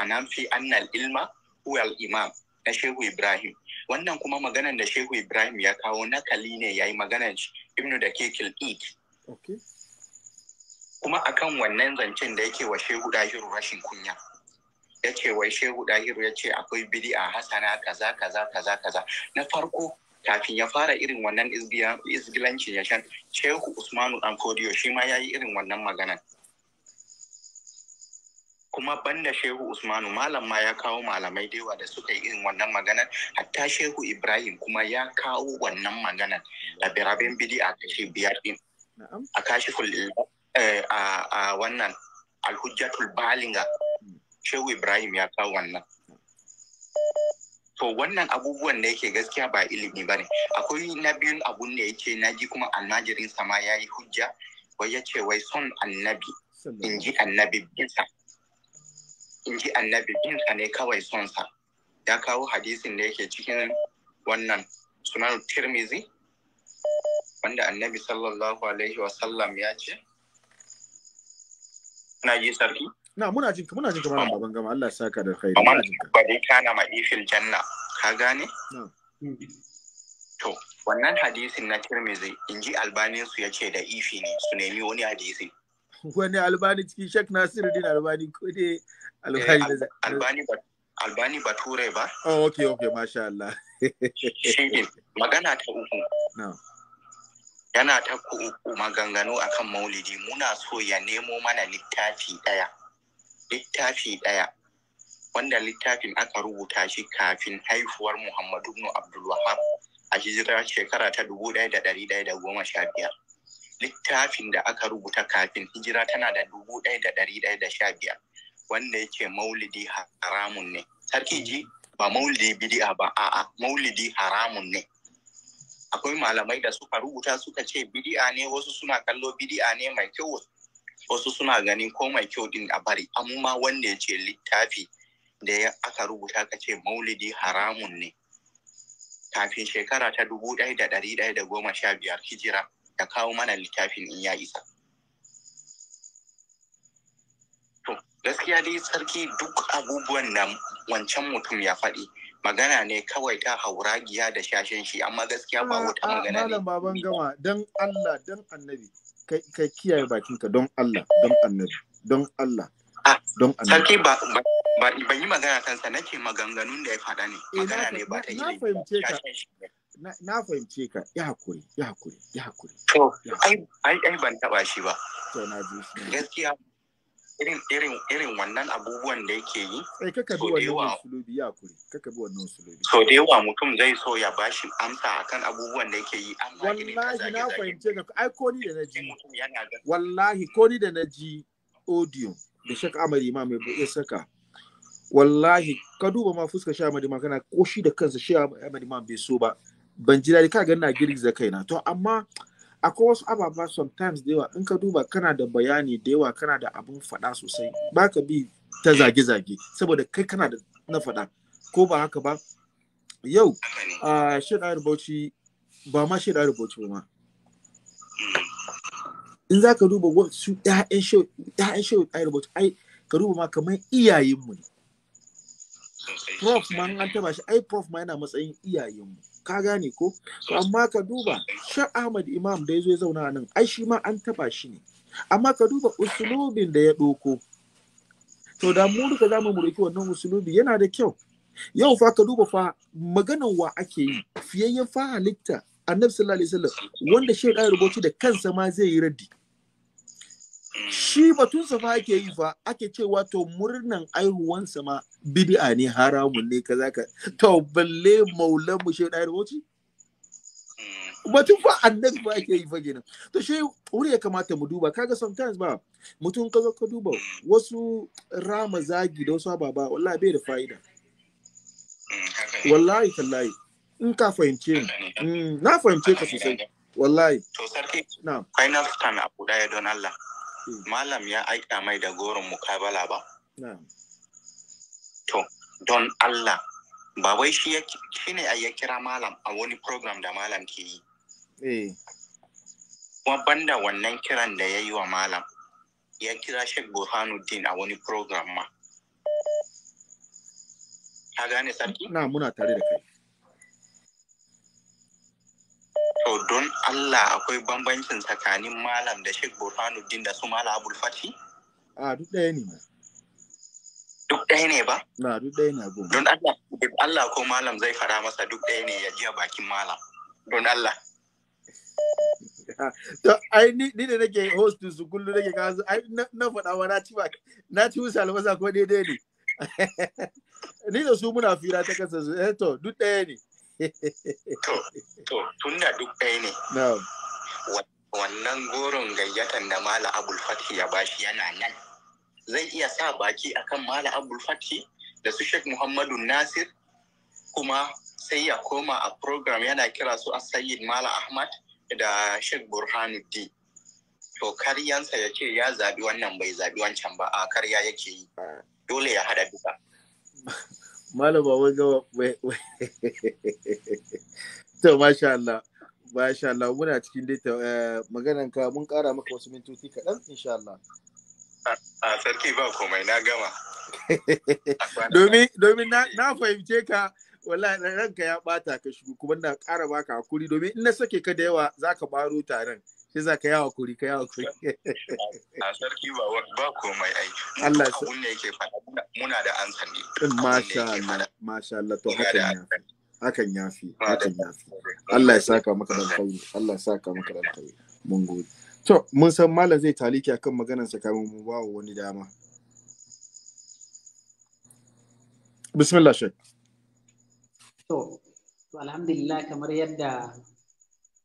anam fi annal ilma huwal imam na Shehu Ibrahim. Wannan kuma maganan da Shehu Ibrahim ya kawo nakali ne ya yi maganan Ibnu da Kekil Eid. Kuma akan wannan zancen da yake wa Shehu Dahiru rashin kunya. ya ce wai shehu dahiru ya ce akwai bidi'a hasana kaza kaza kaza kaza na farko kafin ya fara irin wannan izgilancin ya shan shehu usmanu dan kodiyo shi ma ya yi irin wannan maganan kuma banda shehu usmanu malam ma ya kawo malamai da yawa da suka yi irin wannan magana, hatta shehu ibrahim kuma ya kawo wannan maganar a birabin bidi a kashi biyar din a kashi eh, a wannan alhujjatul balinga shehu ibrahim ya kawo wannan to wannan abubuwan da yake gaskiya ba ilimi ba ne akwai na biyun abun da yake na ji kuma almajirin sama ya yi hujja wai ya ce wai son annabi in ji annabi binsa in ji annabi binsa ne kawai sonsa ya kawo hadisin da yake cikin wannan sunan tirmizi wanda annabi sallallahu alaihi wasallam ya ce na ji sarki na muna jinka muna jinka malam baban gama Allah ya saka da khairi muna jinka ba dai kana ma ifil janna ka gane hmm. to wannan hadisin na Tirmidhi inji albanin su yace da ifi ne su nemi wani hadisi *laughs* wani albani ciki Sheikh Nasiruddin Albani ko dai albani eh, albani ba albani ba turai ba oh okay okay masha Allah *laughs* shi magana ta uku na yana ta maganganu akan maulidi muna so ya nemo mana littafi ɗaya littafi ɗaya wanda littafin aka rubuta shi kafin haifuwar Muhammadu ibn Abdul Wahab a hijirar shekara ta dubu ɗaya da ɗari ɗaya da goma sha biyar. Littafin da aka rubuta kafin hijira tana da dubu ɗaya da ɗari ɗaya da sha biyar wanda yake maulidi haramun ne. Sarki ji ba maulidi bidi'a ba a'a maulidi haramun ne. Akwai malamai da suka rubuta suka ce bidi'a ne wasu suna kallo bidi'a ne mai kyau wasu wasu suna ganin ko mai kyau din a bari amma wanda ya ce littafi da ya aka rubuta ka ce maulidi haramun ne kafin shekara ta dubu ɗaya da ɗari ɗaya da goma sha biyar hijira da kawo mana littafin in ya isa. To, gaskiya dai tsarki duk abubuwan da wancan mutum ya faɗi magana ne kawai ta hauragiya da shashen shi amma gaskiya ba ah, wata magana ah, ne. don annabi ka kiyaye bakinka don Allah don annabi don Allah don annabi sarki ba ban yi magana kansa nake maganganun da ya faɗa ne eh, magana ne ba ta yi na fahimce ka na fahimce ka ya hakuri ya hakuri ya hakuri to ai ai ban taba shi ba to na ji gaskiya irin irin irin wannan abubuwan da yake yi eh kaka bi so da yawa mutum zai so ya bashi amsa akan abubuwan da yake yi amma wallahi na fahimce ka ai ko ni da naji wallahi ko ni da na ji audio da shak ma imam ya saka wallahi ka duba ma fuska sha amar imam kana koshi da kansa sha amar imam bai so ba ban ji dadi ka ganna girgiza kaina to amma akwai wasu ababa sometimes da yawa in ka duba kana da bayani da yawa kana da abun faɗa sosai baka bi ta zage-zage saboda kai kana da na faɗa ko ba haka ba yau a ah, shaida rubuci ba ma shaida rubuci ba ma mm. in za ka duba wasu ‘ya'yan shau ‘ya'yan shau rubuci ai ka duba ma kamar iyayenmu ne prof ma an taba shi ai prof ma yana matsayin iyayenmu ka gane ko amma ka duba sha ahmad imam da ya zo zauna nan ai shi ma an taba shi ne amma ka duba usulubin da ya ɗauko to da mu duka zamu mu wannan usulubi yana da kyau yau fa ka duba fa maganan wa ake yi fiyayyen fa halitta annabi sallallahu alaihi wasallam wanda shi rubuci da kansa ma zai yi raddi shi batunsa fa ake yi fa ake cewa to murnan aihuwansa ma bid'a ne haramun ne kaza ka to balle maulan mu shehu dai roci mm. batun fa annabi fa ake yi fa kenan to shi wuri ya kamata mu duba kaga sometimes ba mutum ka zo ka duba wasu rama zagi da wasu baba wallahi bai da fa'ida mm, wallahi tallahi in ka fahimce ni mm, na fahimce ka sosai wallahi to sarki na final time abu daya don Allah malam ya aika mai da goron mukabala ba to don Allah ba wai shi ne ya kira malam a wani program da malam ke yi eh. kuma banda wannan kiran da ya yi wa malam ya kira Sheikh Burhanuddin a wani program ma. Ka gane sarki? Na muna tare da kai. To don Allah akwai bambancin tsakanin malam da Sheikh Burhanuddin da su Malam Abul Fati? A duk ɗaya ne. ba. Duk ɗaya ne ba? Na duk ɗaya ne abun. Don Allah, Allah ko malam zai fara masa duk ɗaya ne ya jiya bakin malam. Don Allah. *laughs* To ai ni da nake host su kullu nake kawo ai na faɗa wa na ci ba na ci musu albasa ko daidai ne. *laughs* Ni da su muna fira ta kasa su eh to duk ɗaya ne. to tun tunda duk ɗaya ne wannan goron gayyatan da mala abul fathi ya bashi yana nan zai iya sa baki akan mala abul fathi da su Sheik muhammadu nasir kuma sai ya koma a program yana kira su a sayyid mala ahmad da Burhanu burhanuddin to karyansa ya ce ya zabi wannan bai zabi wancan ba a karya yake yi dole ya hada duka *laughs* malama mun ga to masha Allah masha Allah muna cikin ta eh, maganan ka mun kara maka wasu mintoci kaɗan insha Allah a sarki ba komai na gama *laughs* domin domin na fahimce ka wallahi ranka ya bata ka shigo kuma na ƙara baka hakuri domin in na sake ka da yawa zaka baro taron shi za ka yi hakuri ka yi hakuri a sarki ba ba komai ai Allah sa abun ne yake faɗa muna da an sani masha Allah masha Allah to hakan ya hakan ya fi hakan ya fi Allah ya saka maka da kai Allah ya saka maka da kai mun gode to mun san malam zai taliki akan maganar sa kamar mu ba wani dama bismillah shek to alhamdulillah kamar yadda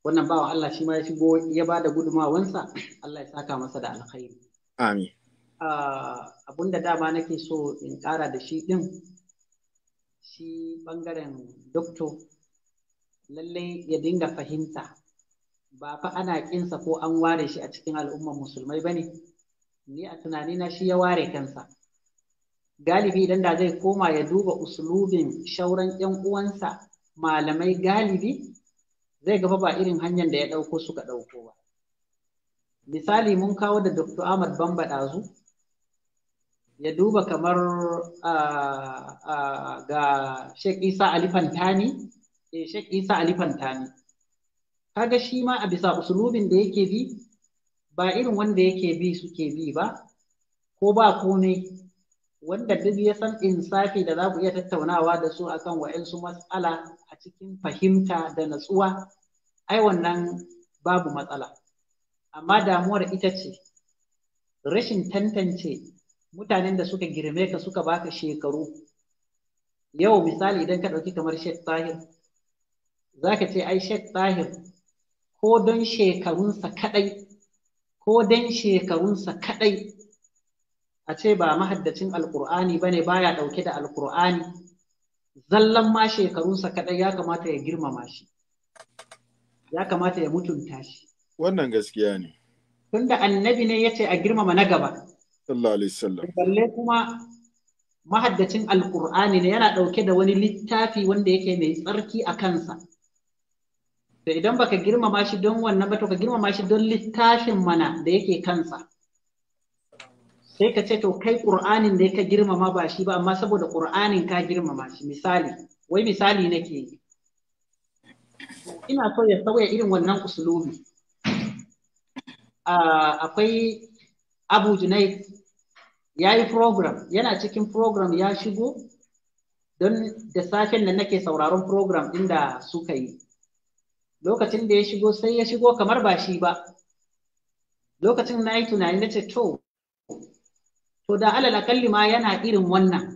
wannan bawa Allah shi ma ya shigo ya ba da gudumawansa Allah ya saka masa da alkhairi. Amin. Ah, abun da dama nake so in ƙara da shi ɗin shi ɓangaren dokto lallai ya dinga fahimta ba fa ana ƙinsa ko an ware shi a cikin al'ummar musulmai ba ne ni a tunanina shi ya ware kansa. galibi idan da zai koma ya duba usulubin shauran 'yan uwansa malamai galibi zai gafa ba irin hanyar da ya ɗauko suka ɗauko ba misali mun kawo da dr ahmad bamba ɗazu ya duba kamar ga Sheikh Isa Ali Fantani eh, Sheikh Isa Ali Fantani kaga shi ma a bisa usulubin da yake bi ba irin wanda yake bi suke bi ba ko ba komai wanda duk ya san insafi da za ku iya tattaunawa da su akan su matsala? a cikin fahimta da natsuwa ai wannan babu matsala amma damuwar ita ce rashin tantance mutanen da suka girme ka suka baka shekaru yau misali idan ka ɗauki kamar Sheikh Tahir za ka ce ai Sheikh Tahir ko don shekarunsa kaɗai ko don shekarunsa kaɗai a ce ba mahaddacin alkur'ani ba ne baya ɗauke da alkur'ani zallan ma shekarunsa kaɗai ya kamata ya girmama shi ya kamata ya mutunta shi wannan gaskiya ne tunda annabi ne ya ce a girmama na gaba sallallahu balle kuma mahaddacin alkur'ani ne yana ɗauke da wani littafi wanda yake mai tsarki a kansa Da idan baka girmama shi don wannan ba to ka girmama shi don littafin mana da yake kansa sai ka ce to kai qur'anin ya ka girmama ba shi ba amma saboda ƙur'anin ka girmama shi misali wai misali nake yi ina so ya sauya irin wannan usulubi ah, akwai abu junaid ya yi program yana cikin program ya shigo don da safen da nake sauraron program ɗin da suka yi lokacin da ya shigo sai ya shigo kamar ba shi ba lokacin na yi tunani na ce to to da alal akalli ma yana irin wannan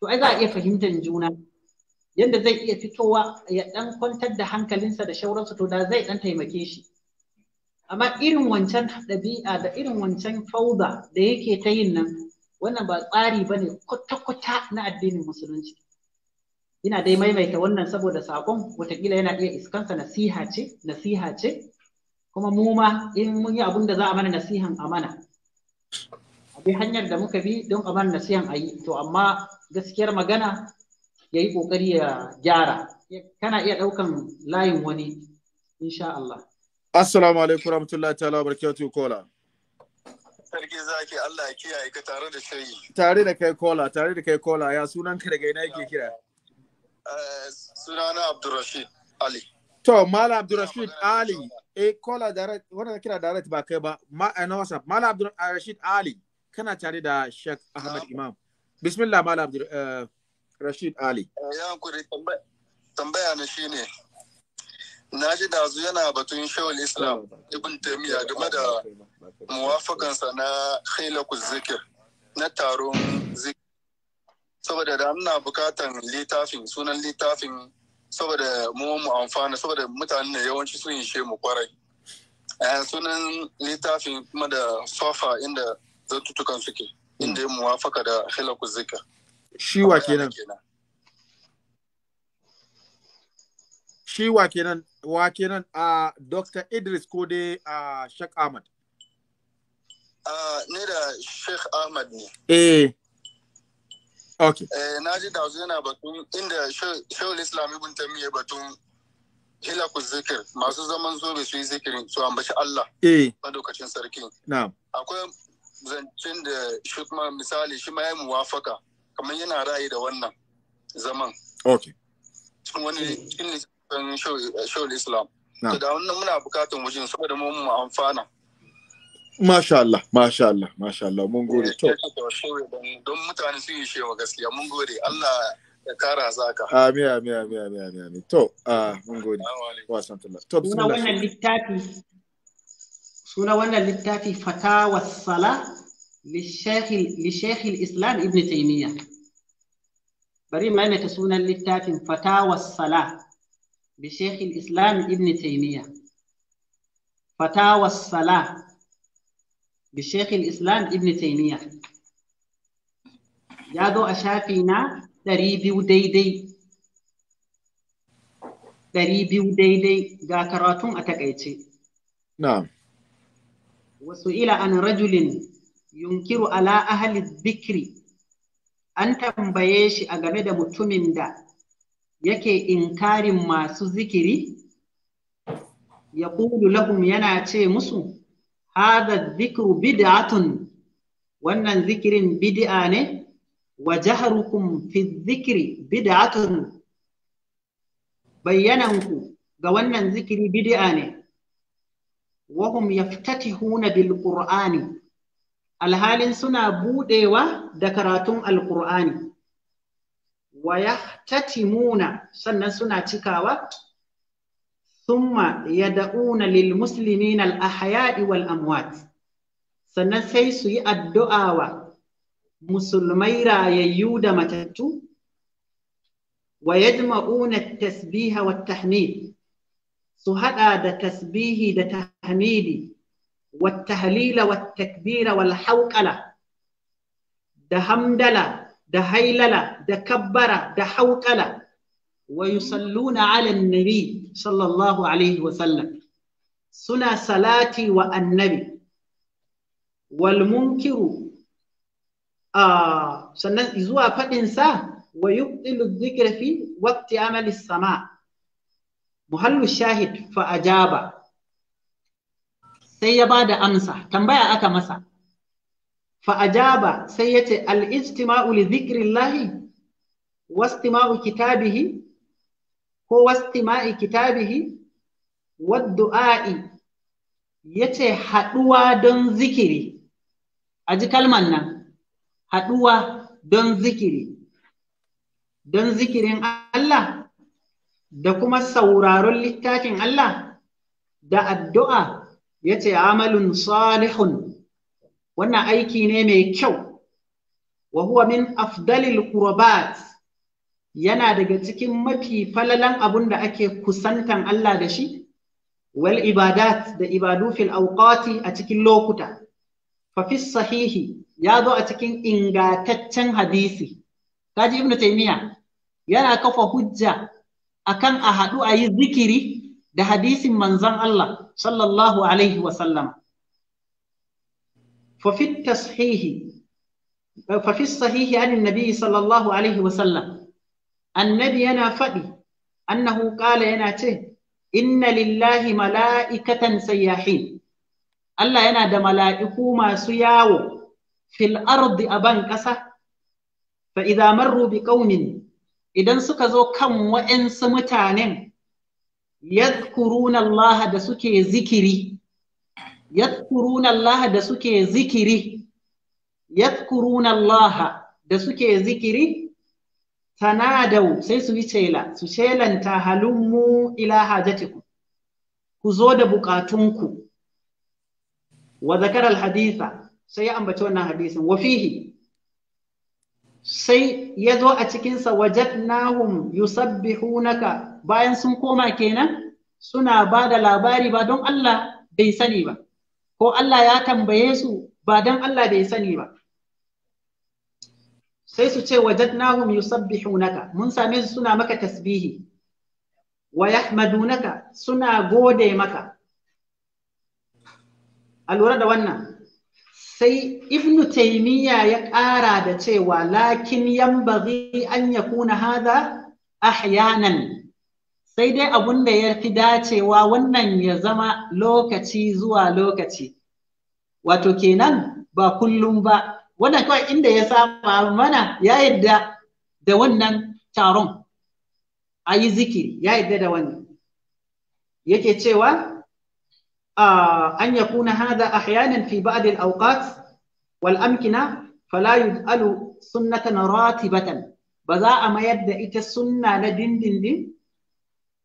to ai za a iya fahimtar juna yadda zai iya fitowa ya dan kwantar da hankalinsa da shauransa to da zai dan taimake shi amma irin wancan ɗabi'a da irin wancan fauda da yake ta yin nan wannan ba tsari bane kwata-kwata na addinin musulunci ina dai maimaita wannan saboda sakon watakila yana iya iskansa nasiha ce nasiha ce kuma mu ma in mun yi abin da za a mana nasihan amana bi hanyar da muka bi don a man nasiyan a yi to amma gaskiyar magana ya yi ƙoƙari ya gyara kana iya ɗaukan layin wani insha Allah. Assalamu alaikum warahmatullahi ta'ala wa barakatuhu kola. Sarki zaki Allah ya kiyaye ka tare da shayi. Tare da kai kola, tare da kai kola ya sunan ka daga ina yake kira. Eh, sunana Abdurrashid Ali. To, Mala Abdurrashid Ali, eh kola direct, wannan kira direct ba kai ba, ma eh, na WhatsApp, Mala Abdurrashid eh, Ali. kana tare da Sheikh Ahmad Imam. Bismillah Malam Abdul eh, Rashid Ali. Eh, ya kuri tambaya na shine na ji dazu yana batun shawul Islam Ibn Taymiyyah game da muwafakansa na khilaqu zikir na taron zikir. Saboda da ana bukatan littafin sunan littafin saboda mu mu amfana saboda mutane yawanci sun yi mu kwarai. Eh, sunan littafin kuma da sofa inda zantutukan suke hmm. inda ya muwafaka da hilaku zika shi wa kenan shi wa kenan wa kenan a dr idris ko dai a shek ahmad ne da sheikh ahmad ne eh okay eh, na ji da yana batun inda shehu islam ibn tamiya batun hilaku zikir masu zaman zobe su yi zikirin su ambaci allah a eh. madaukakin sarki akwai zancen da shi kuma misali shi ma ya muwafaka kamar yana ra'ayi da wannan zaman. Ok. Cikin wani ilimin shawar Islam. Na. da wannan muna bukatan wajen saboda mu mu amfana. Masha Allah, masha Allah, masha Allah, mun gode. Eh, to. Don mutane su yi shewa gaskiya, mun gode. Allah ya kara zaka. Amin, amin, amin, amin, amin. To, ah, mun gode. Wa Allah. To, bismillah. Wannan littafi suna wannan littafi fatawa sala lishekhil islam ibn taimiyya bari maimaita sunan littafin fatawa sala lishekhil islam ibn taimiyya fatawa sala lishekhil islam ibn taimiyya ya zo a shafi na ɗari biyu daidai ɗari biyu daidai ga karatun a takaice. Na'am. وسئل عن رجل yunkiru ala ahli dhikri an tambaye shi a game da mutumin da yake inkarin masu zikiri ya kulu lahum yana ce musu hada zikru bid'atun wannan zikirin bid'a ne wa jaharukum fi zikri bid'atun bayyananku ga wannan zikiri bid'a ne wahum yaftatihuna bil qur'ani alhalin suna budewa da karatun Alƙur'ani. wa yahtatimuna sannan suna cikawa thumma yad'una lil muslimina al ahya'i wal amwat sannan sai su yi addu'a wa musulmai rayayyu da matattu wa yajma'una at-tasbiha wat tahmid su haɗa da tasbihi da tahmidi wa tahlila wa takbira wal hauƙala da hamdala da hailala da kabbara da hauƙala wa yusalluna ala nabi sallallahu alaihi wa sallam suna salati wa annabi walmunkiru, a sannan zuwa faɗinsa wa yubdilu zikirfi fi waqti amali sama' muhallu shahid fa ajaba sai ya bada amsa tambaya aka masa fa ajaba sai yace al ijtima'u li zikirillahi wastima'u kitabihi ko wastima'i kitabihi wad du'a'i yace haɗuwa don zikiri a ji kalman nan haɗuwa don zikiri don zikirin Allah da kuma sauraron littafin Allah da addu'a ya ce amalun salihun wannan aiki ne mai kyau wa huwa min afdalil qurbat yana daga cikin mafi falalan abun da ake kusantan Allah da shi wal ibadat da ibadu fil awqati a cikin lokuta fa fi sahihi ya zo a cikin ingataccen hadisi kaji ibnu taymiya yana kafa hujja akan a haɗu a yi zikiri da hadisin manzan Allah sallallahu alaihi wa sallam. Fafis sahihi an nabi sallallahu alaihi wa sallam, annabi yana faɗi, annahu ƙala yana ce, inna lillahi mala’ikatan sayyahin. Allah yana da mala’iku masu yawo fil ardi a ban ƙasa, fa’iza marru bi ƙaunin idan suka zo kan wa'insu mutanen yadkuruna Allah da suke zikiri yadkuruna Allah da suke zikiri yadkuruna da suke zikiri tanadau sai su yi cela su celanta halummu ila hajatikum ku zo da bukatunku wa zakara al haditha sai ya ambaci wannan hadisin wa fihi sai ya zo a cikinsa wajadnahum naka bayan sun koma kenan suna ba da labari ba don Allah bai sani ba ko Allah ya tambaye su ba don Allah bai sani ba sai su ce wajadnahum yusabbihunaka mun same su suna maka tasbihi wa yahmadunaka suna gode maka a lura da wannan sai ibn taymiya ya ƙara da cewa lakin 'yan yambaghi an ya kuna hada ahyanan sai dai abun da ya fi dacewa wannan ya zama lokaci zuwa lokaci wato kenan ba kullum ba wannan kawai inda ya saba mana ya yadda da wannan taron a yi zikiri ya yadda da wannan yake cewa أن يكون هذا أحيانا في بعض الأوقات والأمكنة فلا يجعل سنة راتبة بزاء ما يبدأ إت السنة لدين دين دين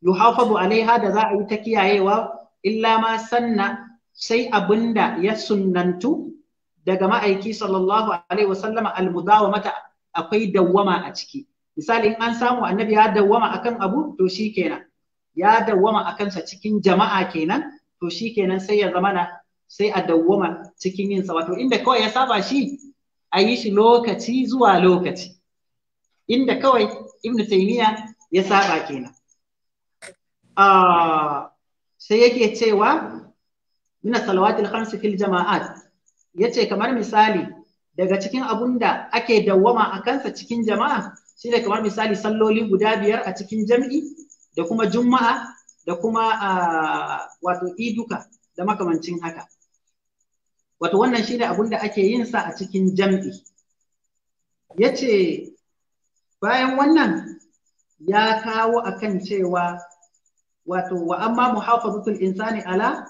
يحافظ عليها دزاء يتكي عيوة إلا ما سنة شيء ya يسننتو daga ma'aiki sallallahu alaihi wasallam almudawamata akwai dawwama a ciki misali in an samu annabi ya dawwama akan abu to shi kenan ya dawwama a kansa cikin jama'a kenan to shi kenan sai ya zamana sai a dawwama cikin yinsa wato inda kawai ya saba shi a yi shi lokaci zuwa lokaci inda kawai ibn taymiya ya saba kenan ah, sai yake cewa min salawatil khams fil jama'at yace kamar misali daga cikin abun da ake dawwama a kansa cikin jama'a shine kamar misali salloli guda biyar a cikin jam'i da kuma juma'a da kuma wato iduka da makamancin haka wato wannan shi ne abin da ake yin sa a cikin jam'i ya ce bayan wannan ya kawo akan cewa wato wa amma muhafazatul insani ala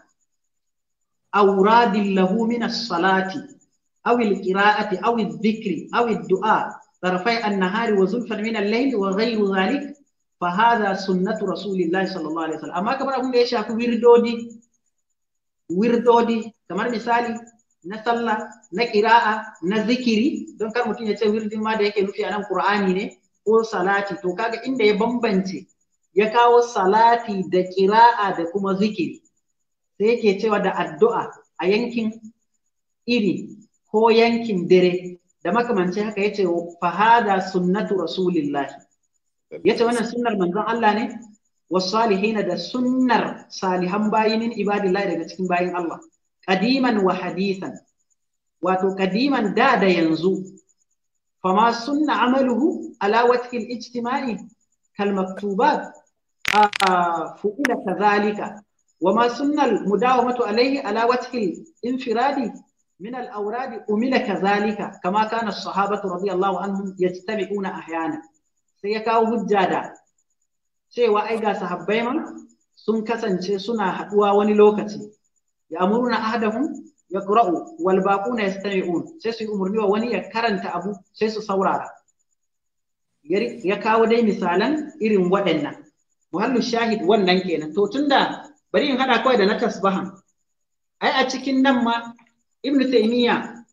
awradin lahu min salati aw al-qira'ati aw awi dhikri aw dua tarafai an-nahari wa zulfan min al-layl wa ghayru dhalik fa sunnatu rasulillahi sallallahu alaihi wasallam amma kamar abin da ya shafi wirdodi wirdodi kamar misali na sallah na ƙira'a na zikiri don kar mutum ya ce wirdin ma da yake nufi anan nan qur'ani ne ko salati to kaga inda ya bambance ya kawo salati da ƙira'a da kuma zikiri sai yake cewa da addu'a a yankin iri ko yankin dare da makamanci haka yace fahada sunnatu rasulillahi yace wannan sunnar manzon Allah ne wasalihina da sunnar salihan bayi min ibadillahi daga cikin bayin Allah qadiman wa hadithan wato qadiman da da yanzu fama sunna amaluhu ala wajhi al-ijtima'i kal maktubat fu'ila kadhalika وما سن المداومة Minal على وجه kazalika. من الأوراد أمل كذلك كما كان الصحابة رضي الله عنهم يجتمعون أحيانا sai ya kawo hujja da cewa ai ga sahabbai ma sun kasance suna haɗuwa wani lokaci ya murna ahadahum ya qra'u wal baquna yastami'un sai su yi umarni wa wani ya karanta abu sai su saurara ya kawo dai misalan irin waɗannan muhallu shahid wannan kenan to tunda bari in haɗa kawai da na tasbahan ai a cikin nan ma ibnu taymiya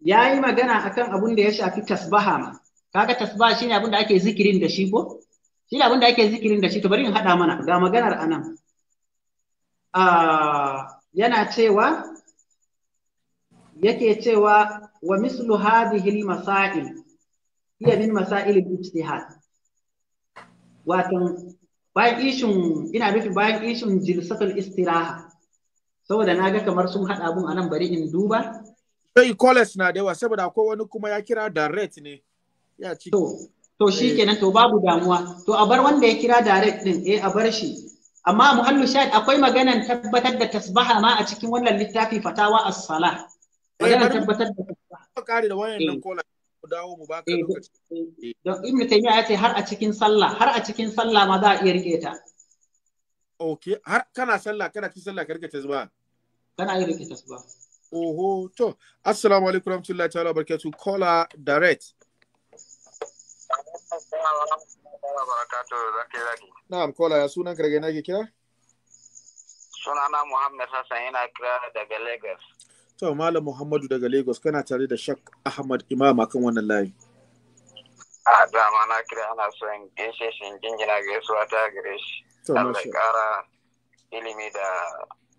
ya yi magana akan abun da ya shafi tasbaha kaga tasbih shine abin da ake zikirin da shi ko shine abin da ake zikirin da shi to bari in hada mana ga maganar anan ah, yana cewa yake cewa wa mislu hadhihi al masail hiya min masail al ijtihad wato bayan ishin ina nufin bayan ishin jilsatul istiraha saboda na ga kamar sun hada abun anan bari in duba sai college na da yawa saboda akwai wani kuma ya kira direct ne ya To, to shi eh. kenan to babu damuwa. To a bar wanda ya kira direct din eh a bar shi. Amma muhallu shahid akwai maganan tabbatar da tasbaha ma a cikin wannan littafi fatawa as-sala. Eh, maganan tabbatar da tasbaha. Kare da wannan nan eh. kola ku dawo mu baka lokaci. Don Ibn Taymiyyah ya ce har a cikin sallah, har a cikin sallah ma za a iya rike ta. Okay, har kana sallah, kana cikin sallah ka rike tasbaha. Kana iya rike tasbaha. Oho, to, assalamu alaikum warahmatullahi ta'ala barakatuh. Caller direct. Na'am kola ya sunan karge na ke kira? Sunana Muhammad Hassan yana kira daga Lagos. To Malam Muhammadu daga Lagos kana tare da Shak Ahmad Imam akan wannan layi. A dama na kira ana so in gaishe shi in jingina gaisuwa ta gare shi. Allah ya kara ilimi da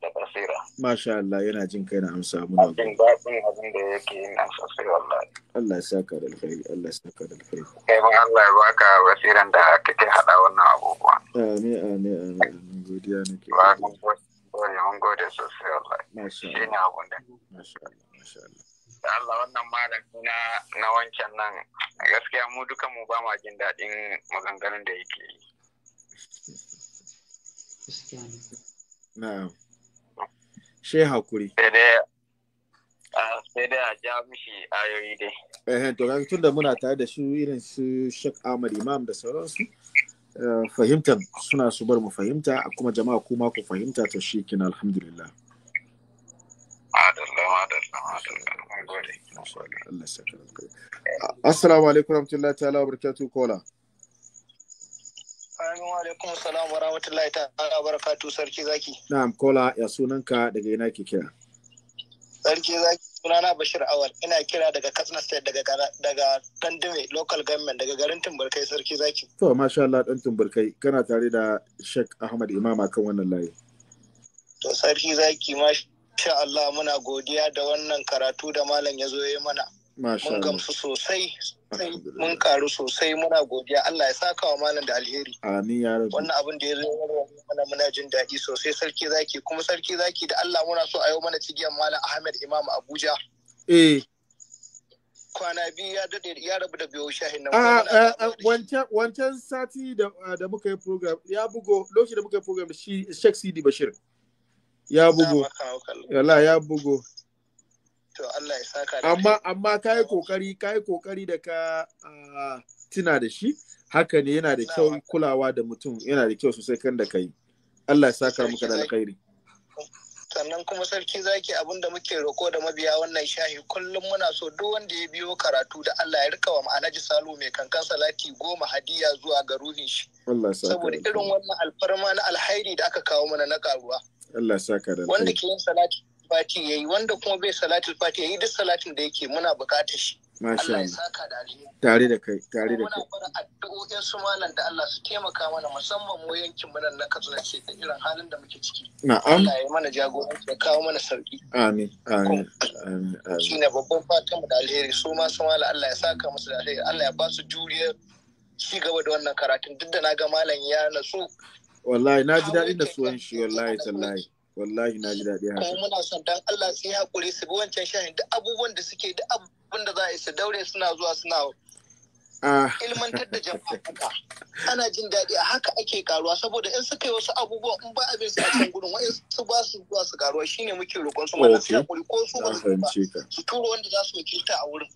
da basira. Masha Allah yana jin kai na amsa muna. Abin daɗin abin da yake yin amsa sosai wallahi. Allah ya saka da alkhairi, Allah ya saka da alkhairi. Kai ban Allah ya baka basiran da kake haɗa wannan abubuwa. Amin amin amin godiya nake. Ba mun gode mun gode sosai wallahi. Masha Allah. Shine abun da. Masha Allah masha Allah. Allah wannan malami na na wancan nan gaskiya mu duka mu ba ma jin daɗin maganganun da yake yi. Na'am. She hakuri. Sai dai a ja mishi ayoyi dai. Eh, to ga tun da muna tare da su irin su Sheikh Ahmad Imam da sauransu. Eh, fahimtar suna su bar mu fahimta kuma jama'a kuma ku fahimta to shi kin alhamdulillah. Assalamu alaikum warahmatullahi ta'ala wa barakatuh kola. Amin alaikum salam wa rahmatullahi ta'ala barakatu sarki zaki. Na'am kola ya sunanka daga ina ke kira. Sarki zaki sunana Bashir Awal ina kira daga Katsina State daga daga Tandime local government daga garin Tumburkai sarki zaki. To masha Allah dan Tumburkai kana tare da Sheikh Ahmad Imam akan wannan layi. To sarki zaki masha Allah muna godiya da wannan karatu da malam ya zo ya mana. mun gamsu sosai mun karu sosai muna godiya Allah ya saka wa malam da alheri amin ya rabu. wannan abin da ya zo mana muna jin daɗi sosai sarki zaki kuma sarki zaki da Allah muna so a yau mana cigiyar malam Ahmed Imam Abuja eh kwana biyu ya dade ya rabu da biyo shahin nan ah, ah, ah, wancan wancan sati da da muka yi program ya bugo lokacin da muka yi program shi Sheikh Sidi Bashir ya bugo wallahi ya bugo to Allah ya saka da amma amma kai kokari kai kokari da ka tuna da shi haka ne yana da kyau kulawa da mutum yana da kyau sosai kan da kai Allah ya saka muka da alkhairi sannan kuma sarki zaki abin da muke roko da mabiya wannan shahi kullum muna so duk wanda ya biyo karatu da Allah ya rika wa ma'anaji salu mai kankan salati goma hadiya zuwa ga ruhin shi saboda irin wannan alfarma na alhairi da aka kawo mana na karuwa Allah ya saka da wanda ke yin salati fati yi wanda kuma bai salatul fati yi duk salatin da yake muna bukatar shi Allah ya saka da alheri tare da kai tare da kai muna fara addu'o'in su malam da Allah su taimaka mana musamman mu yankin mu nan na Katsina ce da irin halin da muke ciki na'am Allah ya mana jagoranci ya kawo mana sauki amin amin amin shine babban fatan mu da alheri su ma su malam Allah ya saka musu da alheri Allah ya ba su juriya ci gaba da wannan karatun duk da na ga malam ya natsu wallahi na ji daɗin da suwan shi wallahi tallahi wallahi na ji daɗi haka kuma muna son dan Allah sai hakuri su bi wancan shahin da abubuwan da suke da abubuwan da za a yi su daure suna zuwa suna ah. ilmantar da jama'a ana jin daɗi a haka ake karuwa saboda in suka yi wasu abubuwa in ba abin su a can gurin su ba su zuwa su karuwa shine muke roƙon su mana su hakuri ko su ba su turo wanda za su wakilta a wurin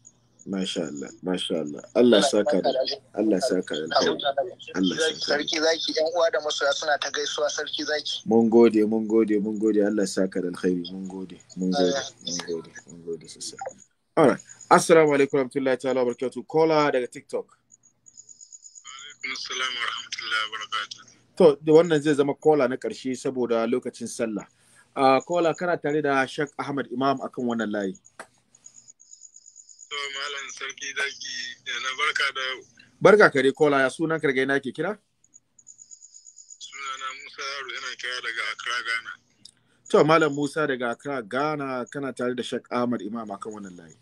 Masha Allah, Masha Allah. Allah saka da Allah saka da Allah saka. Sarki zaki yan uwa da masoya suna ta gaisuwa sarki zaki. Mun gode, mun gode, mun gode. Allah saka da alkhairi. Mun gode, mun gode, mun gode, mun gode sosai. Alright. Assalamu alaikum warahmatullahi ta'ala barakatuh. Kola daga TikTok. Alaikum assalam warahmatullahi wabarakatuh. To, da wannan zai zama kola na ƙarshe saboda lokacin sallah. kola ah, kana tare da Shak Ahmad Imam akan wannan layi. malam sarki barka da Barka kare kola ya sunan kargai na ke kira? Sunana Musa Yaro yana kira daga Accra Ghana. To malam Musa daga Accra Ghana kana tare da Sheikh Ahmad Imam akan wannan layi.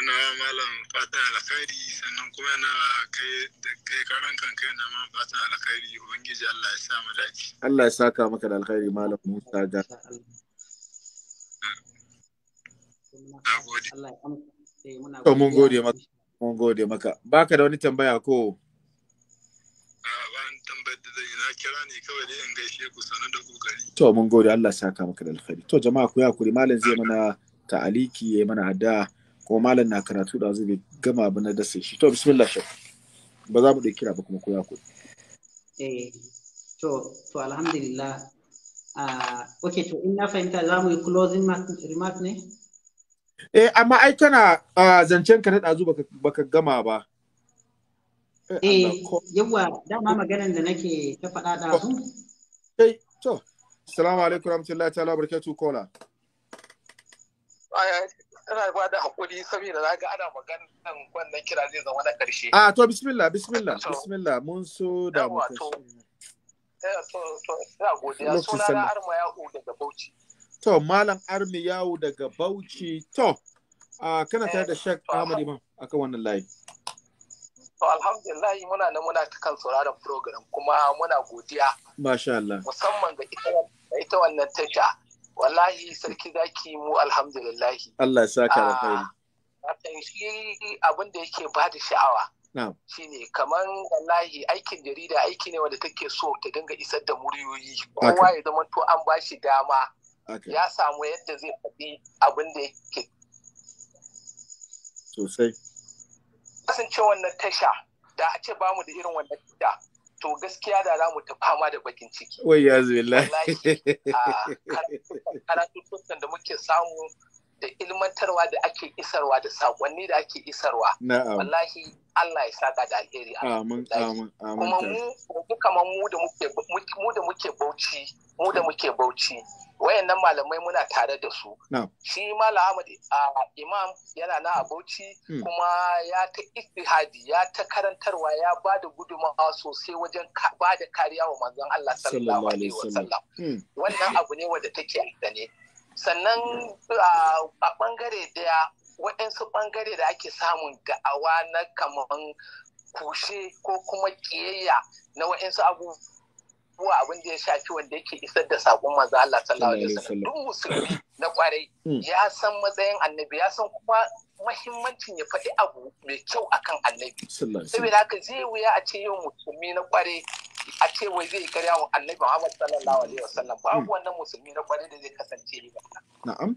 Ina malam fatan alkhairi sannan kuma na kai da kai karan kan kai na ma fatan alkhairi ubangiji Allah ya sa mu dace. Allah ya saka maka da alkhairi malam Musa Ghana. Allah eh, mun gode maka. Mun gode maka. Baka da wani tambaya ko? tambayar da zai na kira ne kawai dai in gaishe ku sanar da kokari. To mun gode Allah saka maka da alkhairi. To jama'a ku ya kuri malam zai mana ta'aliki ya mana hadda, ko malam na karatu da zai gama ba na dasa shi. To bismillah shek. Ba za mu da kira ba kuma ku ya kuri. Eh to to alhamdulillah. ah okay to in na fahimta za mu yi closing remark ne? Eh, amma ai kana uh, zancen ka na ɗazu baka, baka gama ba. Eh, eh yawa dama maganar da nake ta faɗa ɗazu. Eh, to, salamu alaikum rahmatullahi ta'ala barkatu kola. Ina ba da haƙuri saboda na ga ana nan wannan kira zai zama na ƙarshe. Ah, to bismillah, bismillah, bismillah, mun so da mu. Yawa, eh, to, ina godiya sunana Arma Yahu daga Bauchi. To, Malam Armi Yawo daga Bauchi. To, uh, kana tare da Shek eh, Ahmad Imam a kan wannan layi. To, alhamdulillah muna nan muna ta kan sauraron program kuma muna godiya. Masha Allah. Musamman ga ita wannan tasha. Wallahi sarki zaki mu alhamdulillah. Allah ya saka da ah, kai. Watan shi abin da yake ba da sha'awa. Shi ne kamar wallahi aikin jarida aiki ne wanda take so ta dinga isar da muryoyi. Kowa ya zama to an ba shi dama. ya samu yadda zai faɗi abin da yake sosai kasance wannan tasha da a ce bamu da irin wannan tasha to gaskiya da za mu ta fama da bakin ciki wai ya zuwa karatuttukan da muke samu da ilmantarwa da ake isarwa da sakonni da ake isarwa wallahi Allah ya saka da alheri amin amin amin kuma mu kamar mu da muke mu da muke bauchi mu da muke bauchi wayannan malamai muna tare da su shi malam Ahmad imam yana na a bauchi hmm. kuma ya ta istihadi ya ta karantarwa ya ba da gudunmawa sosai wajen ba da kariya wa manzon Allah sallallahu alaihi wasallam hmm. wannan abu ne wanda take a sannan a bangare daya waɗansu ɓangare da ake samun da'awa na kaman kushe ko kuma ƙiyayya na waɗansu abubuwa abin da ya shafi wanda yake isar da saƙon maza Allah sallallahu alaihi wasallam duk musulmi na ƙwarai hmm. ya san matsayin annabi ya san kuma mahimmancin ya faɗi abu mai kyau akan annabi saboda haka zai wuya a ce yau musulmi na ƙwarai a ce wai zai karya wa annabi Muhammad sallallahu alaihi wasallam babu hmm. wannan musulmi na ƙwarai da zai kasance ba na'am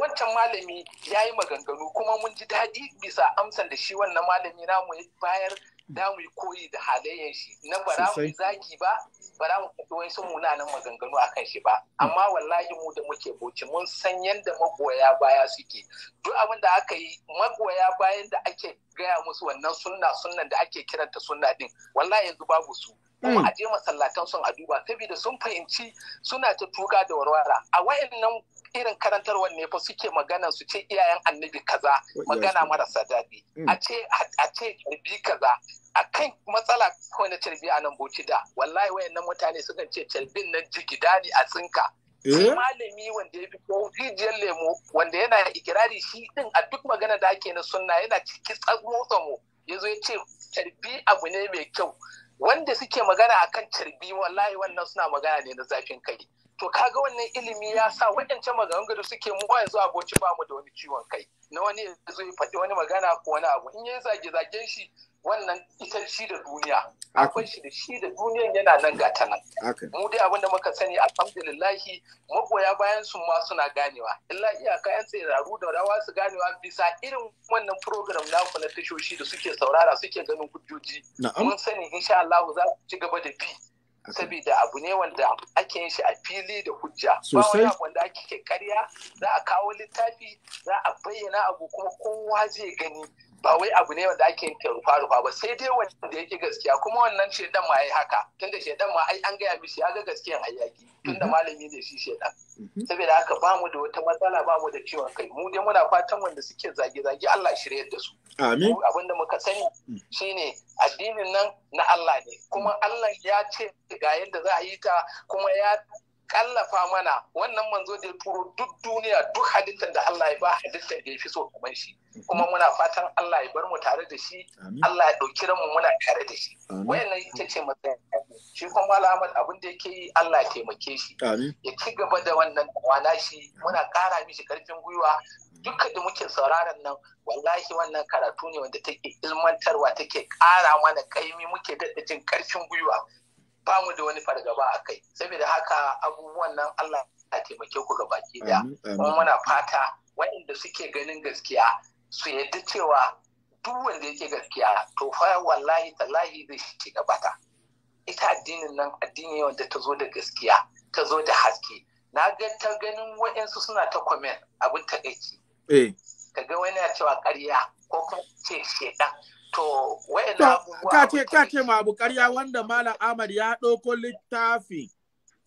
wancan malami ya yi maganganu kuma mun ji daɗi bisa amsan da shi wannan malami namu ya bayar da mu koyi da halayen shi na ba zagi ba ba za mu faɗi wasu munanan maganganu a kan shi ba amma wallahi mu da muke boci mun san yadda magoya baya suke duk abin da aka yi magoya bayan da ake gaya musu wannan sunna sunnan da ake kiranta sunna din wallahi yanzu babu su kuma hmm. a je masallatan sun a duba saboda sun fahimci suna ta tuka da warwara a wayannan irin karantarwar ne fa suke magana su ce iyayen annabi kaza magana marasa daɗi hmm. a ce a ce karbi kaza a kan matsala ko na carbi a nan boci da wallahi wayannan mutane sukan ce tarbin nan jigida ne a tsinka eh? malami wanda ya fi ko rijiyar lemo wanda yana ikirari shi din a duk magana da ake na sunna yana ciki tsamo tsamo ya zo ya ce tarbi abu ne mai kyau wanda suke magana akan carbi wallahi wannan suna magana ne na zafin kai to kaga wannan ilimi ya sa waɗancan maganganu suke mu yanzu aboci ba mu da wani ciwon kai na wani zai ya faɗi wani magana ko wani abu in ya zage zagen shi wannan ita shi da duniya akwai shi da shi da duniya. yana nan ga ta nan mu dai abin da muka sani alhamdulillahi magoya bayan su ma suna ganewa illa iyaka yan tsiraru da rawa su ganewa bisa irin wannan program naku na tashoshi da suke saurara suke ganin hujjoji mun sani insha Allah za su ci gaba da bi saboda abu ne wanda ake yin shi a fili da hujja ba wani abu wanda ake karya za a kawo littafi za a bayyana abu kuma kowa zai gani ba wai abu ne wanda ake yin rufa rufa ba sai dai wanda yake gaskiya kuma wannan shedan ma yi haka tunda shedan ma ai an gaya mishi ya ga gaskiyan ayyaki tunda mhm. malami zai shi shedan mhm. saboda haka ba mu da wata matsala ba mu da ciwon kai mu dai muna fatan wanda suke zage zage Allah shirye da su amin abin da muka sani mm. shine addinin nan na Allah ne kuma Allah ya ce ga yadda za a yi ta kuma ya kallafa mana wannan manzo da ya turo duk duniya duk halittar da Allah ya ba halittar da ya fi so kamar shi kuma muna fatan Allah ya bar mu tare da shi Allah ya ɗauki ranmu muna tare da shi wayannan ita ce matsayin shi kuma Malam Ahmad abin da yake yi Allah ya taimake shi ya ci gaba da wannan kwana shi muna kara mishi karfin gwiwa duka da muke sauraron nan wallahi wannan karatu ne wanda take ilmantarwa take kara mana kaimi muke daɗa jin karfin gwiwa ba mu da wani fargaba a kai saboda haka abubuwan nan Allah ya taimake ku gabaki daya kuma muna fata waɗanda suke ganin gaskiya su yadda cewa duk wanda yake gaskiya to fa wallahi tallahi zai ci ta ita addinin nan addini wanda ta zo da gaskiya ta zo da haske na ga ta ganin waɗansu suna ta kwamen abin ta takaici eh. ka ga wani ya cewa ƙarya ko kuma ce shedan To, wa'ina Ka ce, ma abu karya wanda Malam Ahmad ya ɗauko littafi,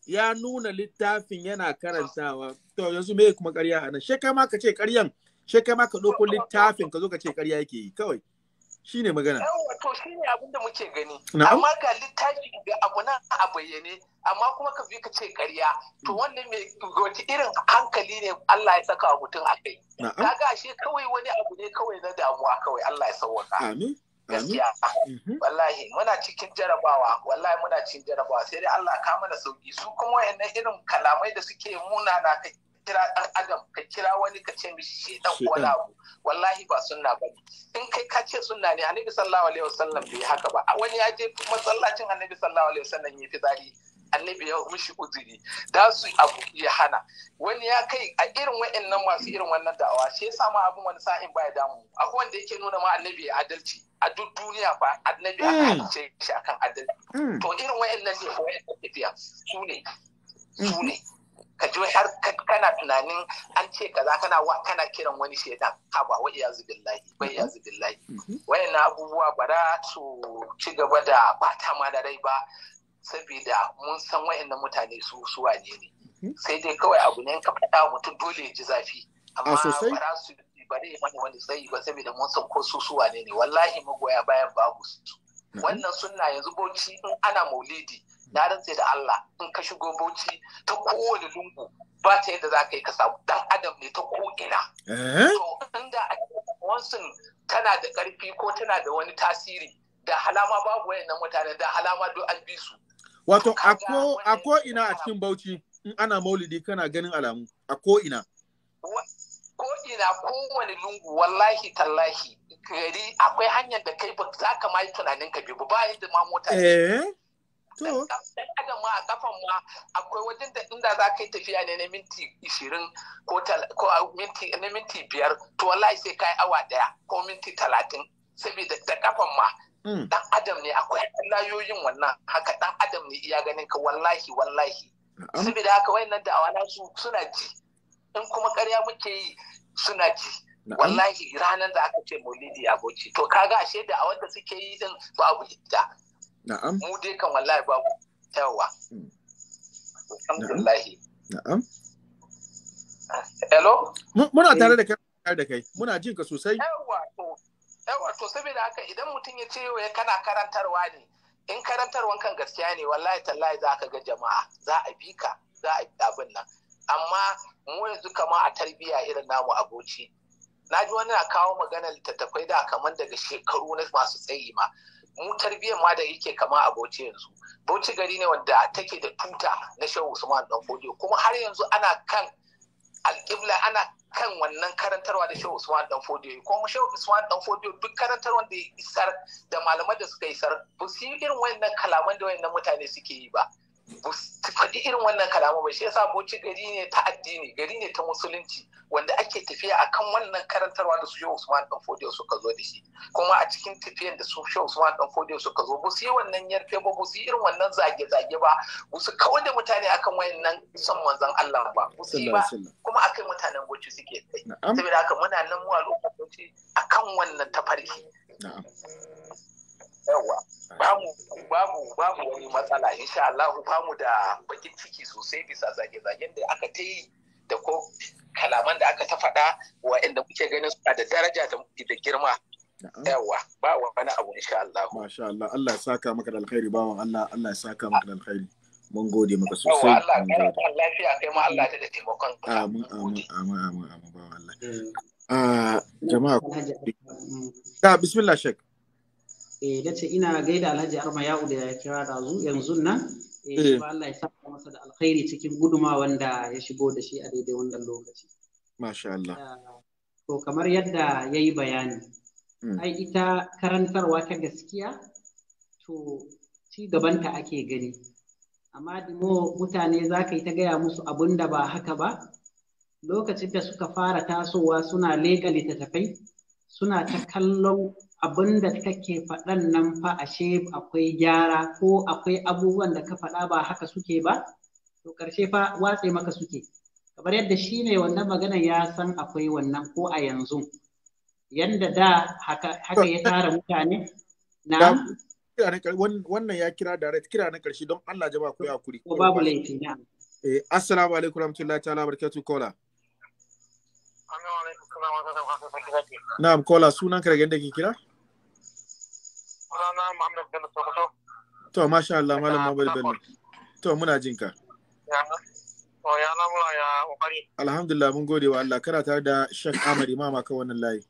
ya nuna littafin yana karantawa. To, yanzu me kuma karya a Shekai ma ka ce karyan, shekai ma ka ɗauko littafin ka zo ka ce karya yake yi kawai. shi ne magana. to shi ne abin da muke gani. Amma ga littafi ga abu nan a bayyane amma kuma ka bi ka ce karya to wannan mai wata irin hankali ne Allah ya saka wa mutum a kai. Kaga ashe kawai wani abu ne kawai na damuwa kawai Allah ya sauwaka. Amin. Gaskiya. Mhm. Wallahi muna cikin jarabawa wallahi muna cikin jarabawa sai dai Allah ka mana sauki su kuma wayannan irin kalamai da suke muna na kai kira ɗan adam ka kira wani ka ce mishi shi ɗan wani abu wallahi ba sunna ba in kai ka ce sunna ne annabi sallallahu alaihi wasallam bai haka ba wani ya je masallacin annabi sallallahu alaihi wasallam ya fi zari annabi ya mishi uzuri da su abu ya hana wani ya kai a irin wa'annan masu irin wannan da'awa shi yasa ma abin wani sa'in ba ya damu akwai wanda yake nuna ma annabi ya adalci a duk duniya fa annabi ya adalce mm. shi akan adalci mm. to irin wa'annan ne ko wa'annan tafiya su ne su mm. ne ka ji har kana tunanin an ce kaza kana kana kiran wani shaidan ka ba wa iyazu billahi ba layi na abubuwa ba za su ci gaba da bata ma da rai ba saboda mun san da mutane su suwa ne ne mhm. sai dai kawai abu ne ka faɗa mutum dole ya ji zafi amma ba za su bare mana wani tsayi ba saboda mun san ko su suwa ne ne wallahi magoya bayan babu su mhm. wannan sunna yanzu bauchi in ana maulidi na rantse da Allah in ka shigo bauchi ta kowane lungu ba ta yadda za ka yi ka samu dan adam ne ta ko'ina. Eh? To inda a wansun tana da ƙarfi ko tana da wani tasiri da halama babu wayannan mutane da halama duk an bi su. Wato a ko ina a cikin bauchi in ana maulidi kana ganin alamu a ko ina. Ko ina kowane lungu wallahi tallahi gari akwai hanyar da kai ba za ka ma yi tunanin ka bi ba ba yadda ma mota. dan adam ma a kafan ma akwai wajen da inda za ka yi tafiya ne na minti ishirin ko minti na minti biyar to wallahi sai ka awa daya ko minti talatin saboda da kafan ma mm. dan adam ne akwai layoyin wannan haka dan adam ne iya ganin ka wallahi wallahi saboda haka wayannan da awana su suna ji in kuma karya muke yi suna ji wallahi ranar da aka ce maulidi aboki to kaga ashe da a wanda suke yi din ba abu na'am mu dai kan wallahi babu yawa hmm. alhamdulillah na'am hello muna eh. tare da kai da kai muna jin ka sosai yawa to yawa to saboda haka idan mutum ya ce ya kana karantarwa ne in karantarwan kan gaskiya ne wallahi tallahi za ka ga jama'a za a bi ka za a bi abin nan amma mu yanzu kama a tarbiya irin namu aboci na ji wani na kawo magana littattafai da kamar daga shekaru na masu tsayi ma mu tarbiyyar ma da yake kama a Bauchi yanzu Bauchi gari ne wanda take da tuta na Shehu Usman dan Fodio kuma har yanzu ana kan alƙibla ana kan wannan karantarwa da Shehu Usman dan Ko kuma Shehu Usman dan Fodio duk karantarwa da isar da malaman da suka isar ba su yi irin wannan kalaman da wayannan mutane suke yi ba su faɗi irin wannan kalaman ba shi yasa Bauchi gari ne ta addini gari ne ta musulunci wanda ake tafiya akan wannan karantarwa da su shehu usman dan fodiyo suka zo da shi kuma a cikin tafiyan da su shehu usman dan fodiyo suka zo ba su yi wannan yarfe ba ba su yi irin wannan zage-zage ba ba su kawar da mutane akan wannan son manzan Allah ba ba su yi ba kuma kai mutanen goci suke kai saboda haka muna nan mu al'umma akan wannan tafarki yawa bamu bamu bamu wani matsala insha Allah bamu da bakin ciki sosai bisa zage-zagen da aka ta yi da ko kalaman da aka ta faɗa inda muke ganin suna da daraja da girma yawa ba wani abu insha Allah masha Allah Allah ya saka maka da alkhairi wa Allah Allah ya saka maka da alkhairi mun gode maka sosai yawa Allah ya saka lafiya kai ma Allah da taimakon amin amin amin amin amin wa Allah mm. ah jama'a ta mm. bismillah shek eh dace ina gaida Alhaji Arma Ya'u da ya kira da yanzu nan Eh, eh Allah ya saka masa da alkhairi cikin guduma wanda ya shigo da shi a daidai wannan lokaci masha Allah ah, to kamar yadda yayi bayani hmm. ai ita karantarwa ta gaskiya to ci gabanta ake gani amma dimo mutane za ka yi ta gaya musu abun da ba haka ba lokacin da suka fara tasowa suna leƙa littattafai suna ta kallon abin da take faɗan nan fa ashe akwai gyara ko akwai abubuwan da ka faɗa ba haka suke ba to ƙarshe fa watse maka suke kamar yadda shi ne wannan magana ya san akwai wannan ko a yanzu yanda da haka ya tara mutane na wannan ya kira direct kira na ƙarshe don Allah jama'a ku ya kuri. ko babu laifi na eh assalamu alaikum warahmatullahi ta'ala barakatuh kola Na'am, kola sunan ka daga inda ke kira? Sunana Muhammad Bello Sokoto. To masha Allah Malam Muhammad Bello. To muna jin ka. To ya lamura ya kokari. Alhamdulillah mun gode wa Allah kana tare da Sheikh Ahmad Imam akan wannan layi.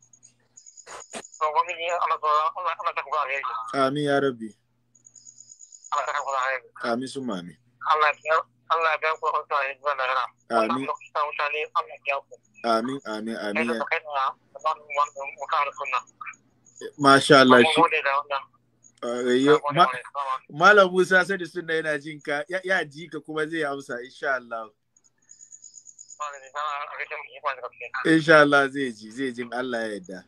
To gwamnati Allah ta Allah ta kuma gari. Amin ya Rabbi. Allah ta kuma gari. Amin summa amin. Allah ya Allah ya ga ku ta yi wannan rana. Amin. Amin amin amin. Amin. Masha Allah. Malam Musa sai suna yana jin ka ya ji ka kuma zai amsa insha Allah. Insha Allah zai ji zai jin Allah ya yadda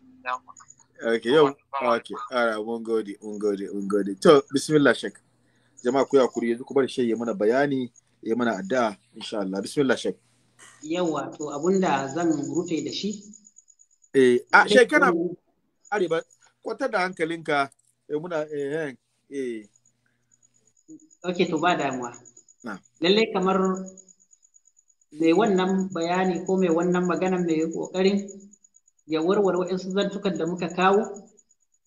Okay yau okay ara mun gode mun gode mun gode to bismillah shek. Jama'a ku kuri yanzu ku bari shi ya mana bayani ya mana addu'a insha Allah bismillah shek. Yawa to abunda zan rufe da shi. Eh a shekara arewa kwata da hankalinka eh, muna eh, eh. eh. ok to ba damuwa lallai kamar mai wannan bayani ko mai wannan magana mai kokarin ya warware waɗansu zantukan da muka kawo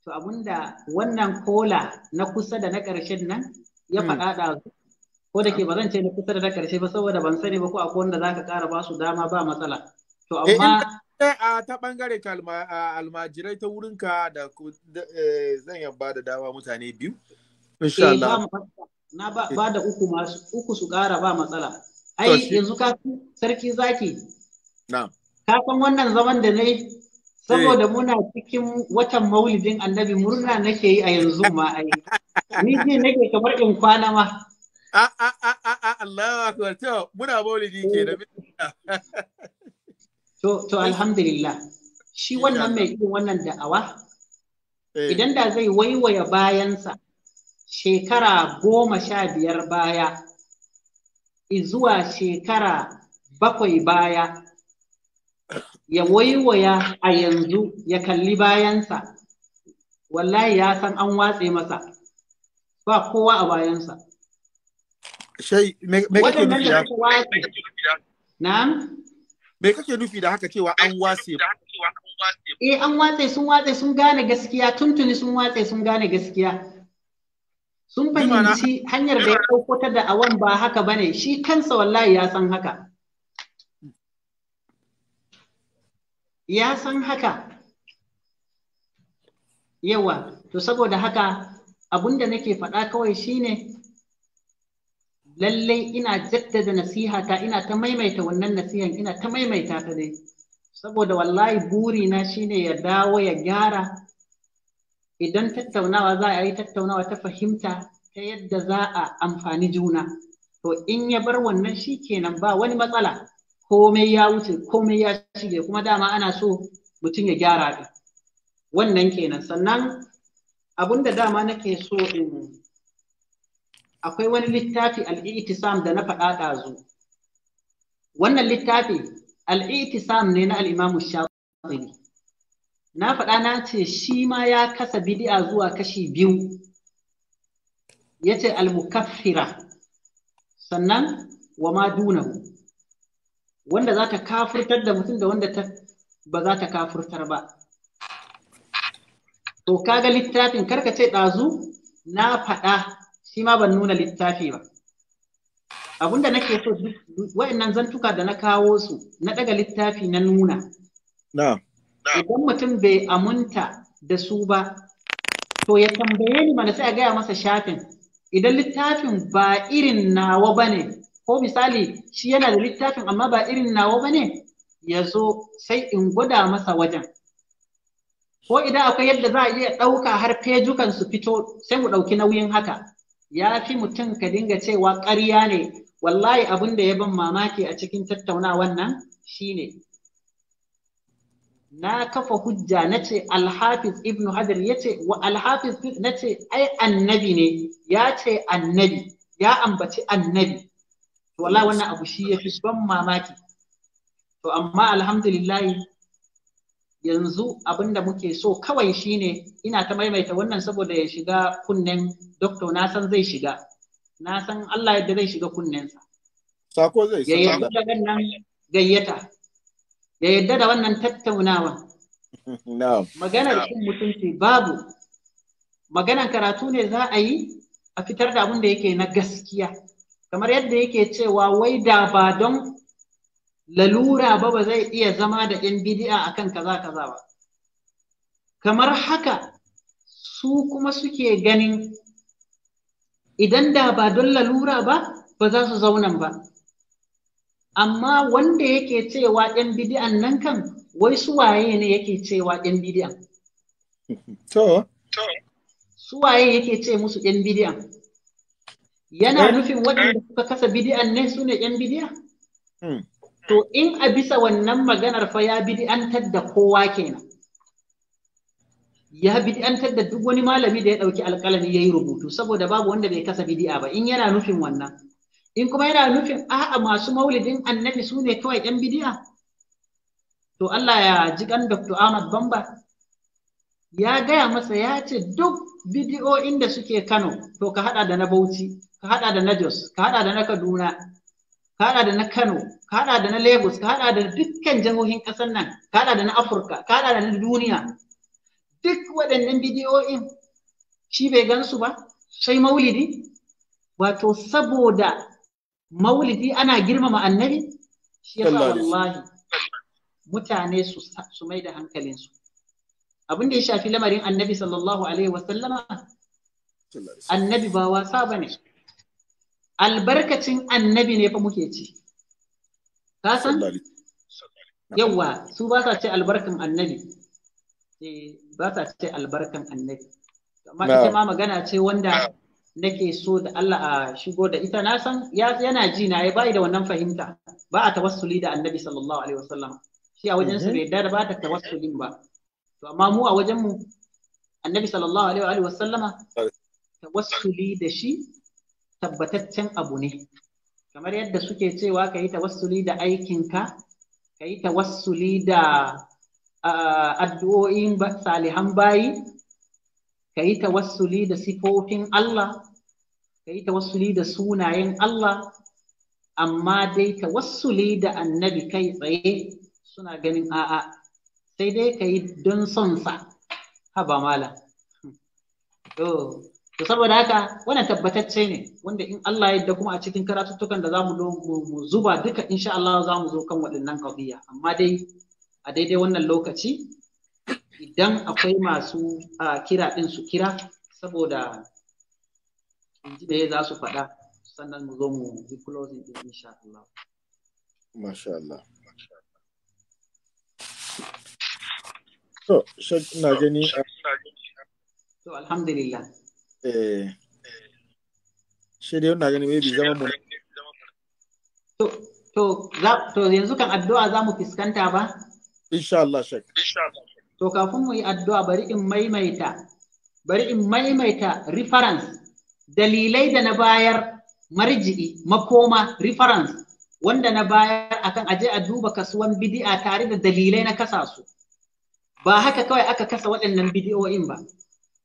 to abinda wannan kola na kusa da na ƙarshen nan ya hmm. faɗa da ko da ke ah. ba zan ce na kusa da na ƙarshe ba saboda ban sani ba ko akwai wanda ka ƙara ba su dama ba matsala to eh, amma a ta bangare almajirai ta wurinka da eh, zan ba da dama mutane biyu insha eh, Allah na ba da uku masu uku su ƙara ba matsala ai yanzu ka sarki zaki na'am ka san wannan zaman da nayi eh. saboda muna cikin watan maulidin annabi murna nake yi a yanzu ma ai ni ji nake kamar in kwana ma a a a a Allah akbar to muna maulidi ke da *laughs* To, to eh. alhamdulillah. Shi wannan mai irin wannan da'awa, eh. idan da zai waiwaya bayansa shekara goma sha biyar baya, zuwa shekara bakwai baya, ya waiwaya a yanzu ya kalli bayansa, wallahi ya san an watse masa, ba kowa a bayansa. Shai, me kake nufi da? Na? me kake nufi da haka cewa an wase eh an watse sun watse sun gane gaskiya tuntuni sun watse sun gane gaskiya sun fahimci hanyar da ya ɗauko da awan ba haka bane shi kansa wallahi ya san haka ya san haka yawa to saboda haka abun da nake faɗa kawai shine lallai ina jaddada nasihata ina ta maimaita wannan nasihan ina ta maimaita ta dai saboda wallahi buri na shine ya dawo ya gyara idan tattaunawa za a yi tattaunawa ta fahimta ta yadda za a amfani juna to in ya bar wannan shi kenan ba wani matsala komai ya wuce komai ya shige kuma dama ana so mutum ya gyara ɗin wannan kenan sannan abinda dama nake so in akwai wani littafi al'itisam da na faɗa ɗazu wannan littafi al'itisam ne na al'imamu shafi na faɗa na ce shi ma ya kasa bidi'a zuwa kashi biyu Yace ce al-mukaffira sannan wa ma dunahu wanda za ta kafurtar da mutum da wanda ba za ta kafurtar ba to kaga littafin karka ce ɗazu na faɗa shi ma ban nuna littafi ba da nake so duk wa'annan zantuka da na kawo su na ɗaga littafi na nuna idan mutum bai amunta da su ba to ya tambaye ni mana sai a gaya masa shafin idan littafin ba irin nawa ba ne ko misali shi yana da littafin amma ba irin nawa ba ne ya zo sai in gwada masa wajen ko idan akwai yadda za a iya ɗauka har fejukan su fito sai mu ɗauki nauyin haka ya fi mutum ka dinga cewa ƙarya ne wallahi abin da ya ban mamaki a cikin tattaunawan nan shine na kafa hujja na ce alhafiz ibnu hajar ya ce wa alhafiz na ce ai annabi ne ya ce annabi ya ambaci annabi to wallahi wannan abu shi ya fi ban mamaki to amma alhamdulillahi yanzu abin da muke so kawai shine ina ta maimaita wannan saboda ya shiga kunnen doctor na san zai shiga na san Allah yadda zai shiga kunnensa sako zai ya yarda da wannan gayyata ya yarda da wannan tattaunawa *laughs* na'am maganar cin mutunci babu maganar karatu ne za a yi a fitar da abin da yake na gaskiya kamar yadda yake cewa wai da ba don lalura ba ba zai iya zama da yan bidi'a akan kaza kaza ba kamar haka su kuma suke ganin idan da ba don lalura ba ba za su zauna ba amma wanda yake cewa ɗan bidi'an nan kan wai su waye ne yake cewa ɗan bidi'an to su waye yake ce musu ɗan bidiyan yana eh. nufin waɗanda suka kasa bidi'an ne su ne ɗan hmm. to in a bisa wannan maganar fa ya bidi'antar da kowa kenan ya bid'antar da duk wani malami da ya ɗauki alƙalami ya yi rubutu saboda babu wanda bai kasa bid'a ba in yana nufin wannan in kuma yana nufin a'a masu maulidin annabi su ne kawai ɗan bid'a to Allah ya ji kan Dr. Ahmad Bamba ya gaya masa ya ce duk bid'o inda suke Kano to ka hada da na Bauchi ka hada da na Jos ka hada da na Kaduna ka hada da na Kano ka hada da na Lagos ka hada da dukkan jihohin ƙasar nan ka hada da na Afirka ka hada da na duniya duk waɗannan bidiyoyin shi bai gan su ba sai maulidi wato saboda maulidi ana girmama annabi shi yasa wallahi mutane su su mai da hankalinsu abin da ya shafi lamarin annabi sallallahu alaihi wa sallama, annabi ba wasa ba ne albarkacin annabi ne fa muke ci ka san yawa su ba sa ce albarkan annabi eh, ba ta ce albarkan annabi amma ita ma magana ce wanda nake so da Allah a shigo da ita na san yana ji na ya bai da wannan fahimta ba a tawassuli da annabi sallallahu alaihi wasallam shi a wajen su mhm. da ba ta tawassulin ba to amma mu a wajen mu annabi sallallahu alaihi wasallam tawassuli da shi tabbataccen abu ne kamar yadda suke cewa ka yi tawassuli da aikinka ka yi tawassuli da addu'o'in salihan bayi ka yi tawassuli da sifofin Allah ka yi tawassuli da sunayen Allah amma dai tawassuli da annabi kai tsaye suna ganin a'a sai dai ka yi don son sa haba mala to saboda haka wannan tabbatacce ne wanda in Allah ya kuma a cikin karatuttukan da za mu zuba duka insha Allah mu zo kan waɗannan kafiya amma dai a daidai wannan lokaci idan akwai masu kira ɗin su kira saboda ji ya za su faɗa sannan mu zo mu yi closing din insha Allah. Masha Allah. So, shak ina gani. a... So, alhamdulillah. Eh. Shi yau na gani maybe zama mu. To, to, to yanzu kan addu'a za mu fuskanta ba? Insha Allah shek. To kafin mu yi addu'a bari in maimaita bari in maimaita reference dalilai da na bayar marji'i makoma reference wanda na bayar akan aje a duba kasuwan bidi'a tare da dalilai na kasa su ba haka kawai aka kasa waɗannan bidiyoyin ba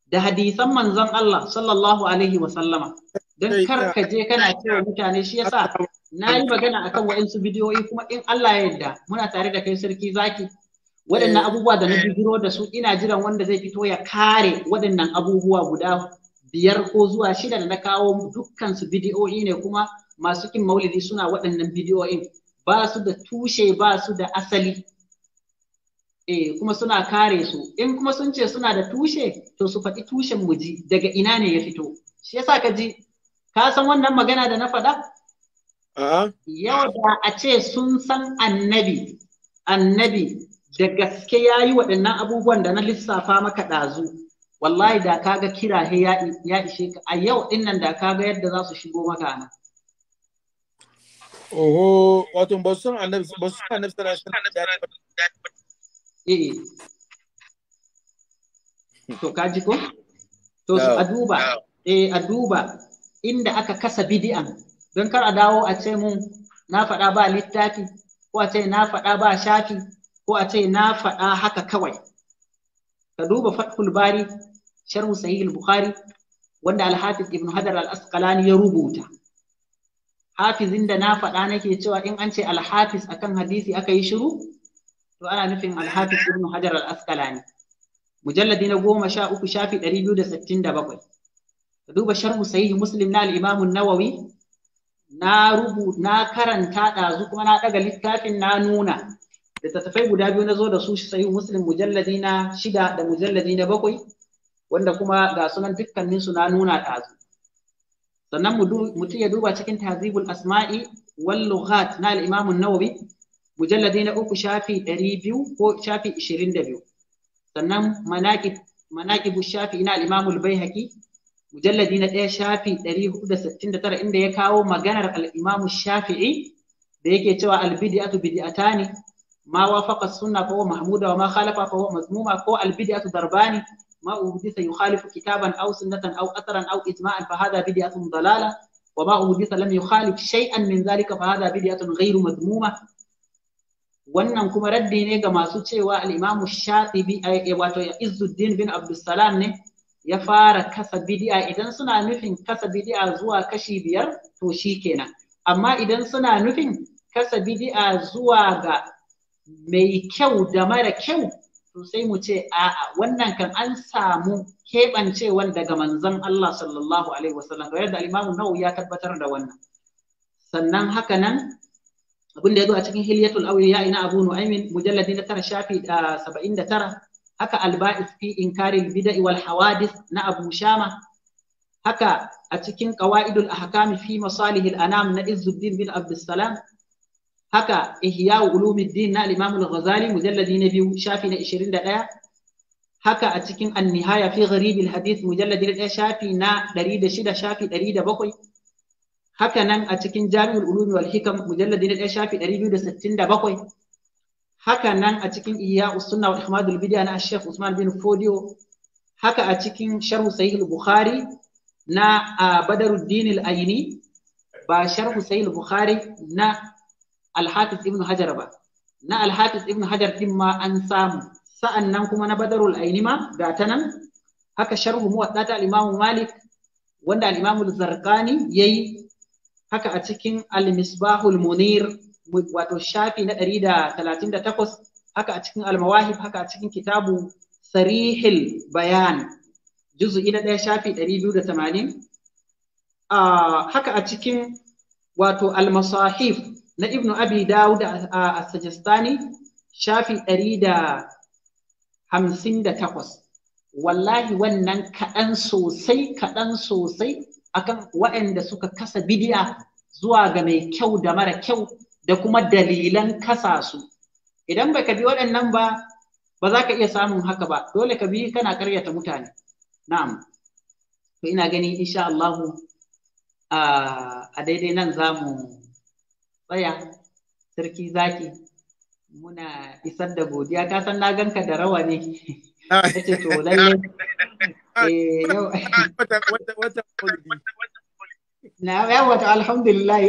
da hadisan manzon Allah sallallahu alaihi wa sallama don kar ka je kana cewa mutane shi yasa na yi magana akan waɗansu bidiyoyi kuma in Allah ya yarda muna tare da kai sarki zaki waɗannan eh, abubuwa da na bijiro eh. da su ina jiran wanda zai fito ya kare waɗannan abubuwa guda biyar ko zuwa shida da na kawo dukkan su bidiyoyi ne kuma masu kin maulidi suna waɗannan bidiyoyin ba su da tushe ba su da asali eh kuma suna kare su in kuma sun ce suna da tushe to su faɗi tushen muji daga ina ne ya fito shi yasa ka ji ka san wannan magana da na faɗa Yau da a ce sun san annabi, annabi da gaske ya yi waɗannan abubuwan da na lissafa maka ɗazu. Wallahi da kaga kira he ya ishe ka a yau nan da kaga yadda za su shigo maka nan. Oho, wato ba su san annabi ba su annabi eh, eh. To ko? To a duba, eh a duba inda aka kasa bidi'an don kar a dawo a ce mun na faɗa ba littafi ko a ce na faɗa ba shafi ko a ce na faɗa haka kawai ka duba fathul bari sharhu sahih al-bukhari wanda al-hafiz ibn Hadar al-asqalani ya rubuta hafizin da na faɗa nake cewa in an ce al-hafiz akan hadisi aka yi shiru to ana nufin al-hafiz ibn Hadar al-asqalani mujalladi na goma sha uku shafi ɗari biyu da sittin da bakwai ka duba sharhu sahih muslim na al-imam an-nawawi na rubu na karanta ɗazu kuma na ɗaga littafin na nuna littattafai guda biyu na zo da su sahih muslim mujalladi na shida da mujalladi na bakwai wanda kuma ga sunan dukkanin su na nuna ɗazu sannan mutum ya duba cikin tazibul asma'i wal lughat na al-imam an-nawawi mujalladi na uku shafi 200 ko shafi 22 sannan manaqib manaqib shafi na al-imam al-baihaqi mujalladi na ɗaya shafi tara, inda ya kawo maganar alimamu Shafi'i da yake cewa al-bid'atu ne ma wafaqa sunna fa mahmuda wa ma khalafa fa mazmuma ko al darbani ma uhdisa yukhalifu kitaban aw sunnatan aw atharan aw ijma'an fa hadha bid'atun dalala wa ma uhdisa lam yukhalif shay'an min zalika, fa hadha bid'atun ghayru mazmuma wannan kuma raddi ne ga masu cewa alimamu imam Shatibi wato Izzuddin bin Abdussalam ne ya fara kasa bidi'a idan suna nufin kasa bidi'a zuwa kashi biyar to shi kenan amma idan suna nufin kasa bidi'a zuwa ga mai kyau da mara kyau to sai mu ce a'a wannan kan an samu keɓancewan daga manzon Allah sallallahu alaihi wasallam kamar yadda al imamu Nawawi ya tabbatar da wannan sannan haka nan abin da ya zo a cikin hilyatul awliya ina abu nu'aymin mujalladi na tara shafi 79 ah, haka alba'is fi inkaril bida'i wal hawadith na Abu Shama haka a cikin qawaidul ahkam fi masalihil anam na Izzuddin bin Abdussalam haka ihya ulumuddin na Imam al-Ghazali mujalladi na biyu shafi na 21 haka a cikin an-nihaya fi gharibil hadith mujalladi na shafi na 106 shafi 107 haka nan a cikin jami'ul ulumi wal hikam mujalladi na shafi 267 haka nan a cikin iya sunna wa ihmadul bid'a na Sheikh Usman bin Fodio haka a cikin sharh sahih al-Bukhari na Badaruddin al-Aini ba sharh sahih al-Bukhari na Al-Hafiz Ibn Hajar ba na Al-Hafiz Ibn Hajar din ma an samu sa'annan kuma na Badarul Aini ma ga ta nan haka sharh muwatta ta Imam Malik wanda al-Imam al-Zarqani yayi haka a cikin al-Misbahul Munir wato shafi na ɗari da talatin da takwas haka a cikin almawahib haka a cikin kitabu sarihil bayan juzu'i na ɗaya shafi ɗari biyu da tamanin haka a cikin wato almasahif na ibnu abi dawud a sajistani shafi ɗari da hamsin da takwas wallahi wannan kaɗan sosai kaɗan sosai akan waɗanda suka kasa bidiya zuwa ga mai kyau da mara kyau da kuma dalilan kasa su idan baka bi waɗannan ba ba za ka iya samun haka ba dole ka bi kana karyata mutane na'am to ina gani insha Allah a daidai nan za mu tsaya sarki zaki muna isar da godiya ka san na ganka da rawa *laughs* ne ce to lalle *laughs* eh yau wata wata na yawa to alhamdulillah *laughs*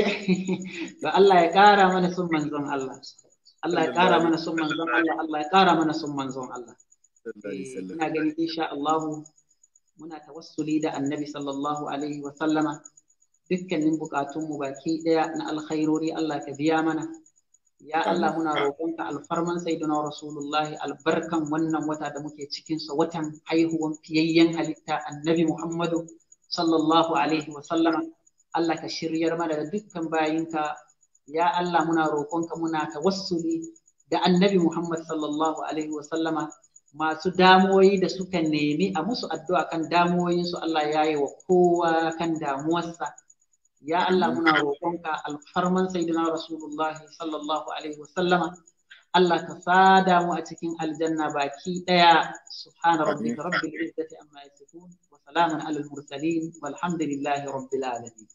to Allah ya kara mana sun manzon Allah Allah ya kara mana sun manzon Allah Allah ya kara eh, mana sun manzon Allah ina gani insha Allah muna tawassuli da annabi sallallahu alaihi wa sallama dukkanin bukatunmu baki daya na alkhairori Allah ka biya mana ya Allah muna roƙonka alfarman sayyidina rasulullah albarkan wannan wata da muke cikin sa watan haihuwan fiyayyen halitta annabi Muhammadu sallallahu alaihi wa sallama Allah ka shiryar mana da dukkan bayinka ya Allah muna roƙonka muna tawassuli da annabi Muhammad sallallahu alaihi wasallama masu damuwoyi da suka nemi a musu addu'a kan damuwoyinsu Allah ya yi wa kowa kan damuwarsa ya Allah muna roƙonka alfarman sayyidina Rasulullah sallallahu alaihi wasallama Allah ka sada mu a cikin aljanna baki daya subhana rabbika rabbil izzati amma yasifun wa salamun alal mursalin walhamdulillahi rabbil alamin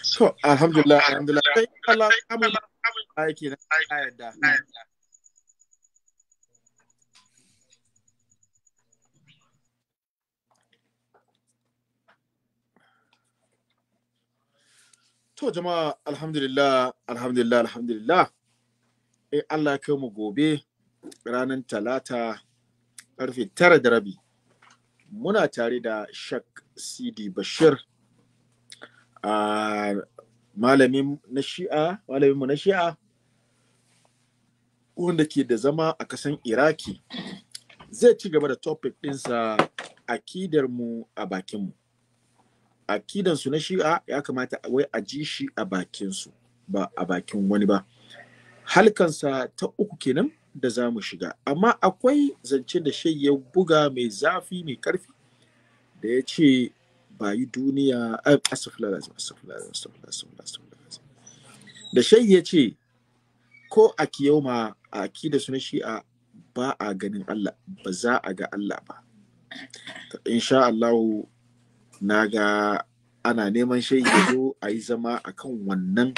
So alhamdulillah, alhamdulillah. Sai Allah samun aiki na ayyada To jama'a alhamdulillah alhamdulillah alhamdulillah in Allah kai mu gobe ranar talata karfe tara da rabi muna tare da Shak Sidi Bashir malamin na shi'a na shi'a wanda ke da zama a kasan iraki zai ci gaba da topic ɗinsa mu a bakinmu akidansu na shi'a ya kamata wai a ji shi a bakinsu ba a bakin wani ba halkansa ta uku kenan da za mu shiga amma akwai zance da shai ya buga mai zafi mai karfi da ya ce bayi duniya eh, da shai ya ce ko a ma a ki suna suna shi'a ba a ganin Allah ba za a ga Allah ba insha Allah na ga ana neman shai ya zo a yi zama akan wannan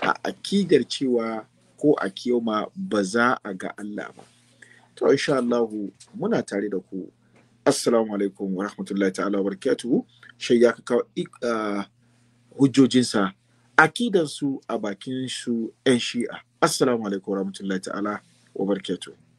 a akidar cewa ko a ma ba za a ga Allah ba to insha Allah muna tare da ku assalamu alaikum wa rahmatullahi ta'ala wa barakatuhu shayya ya kawo hujjojinsa akidansu a bakin su 'yan shi'a assalamu alaikum warahmatullahi ta'ala wa barakatuh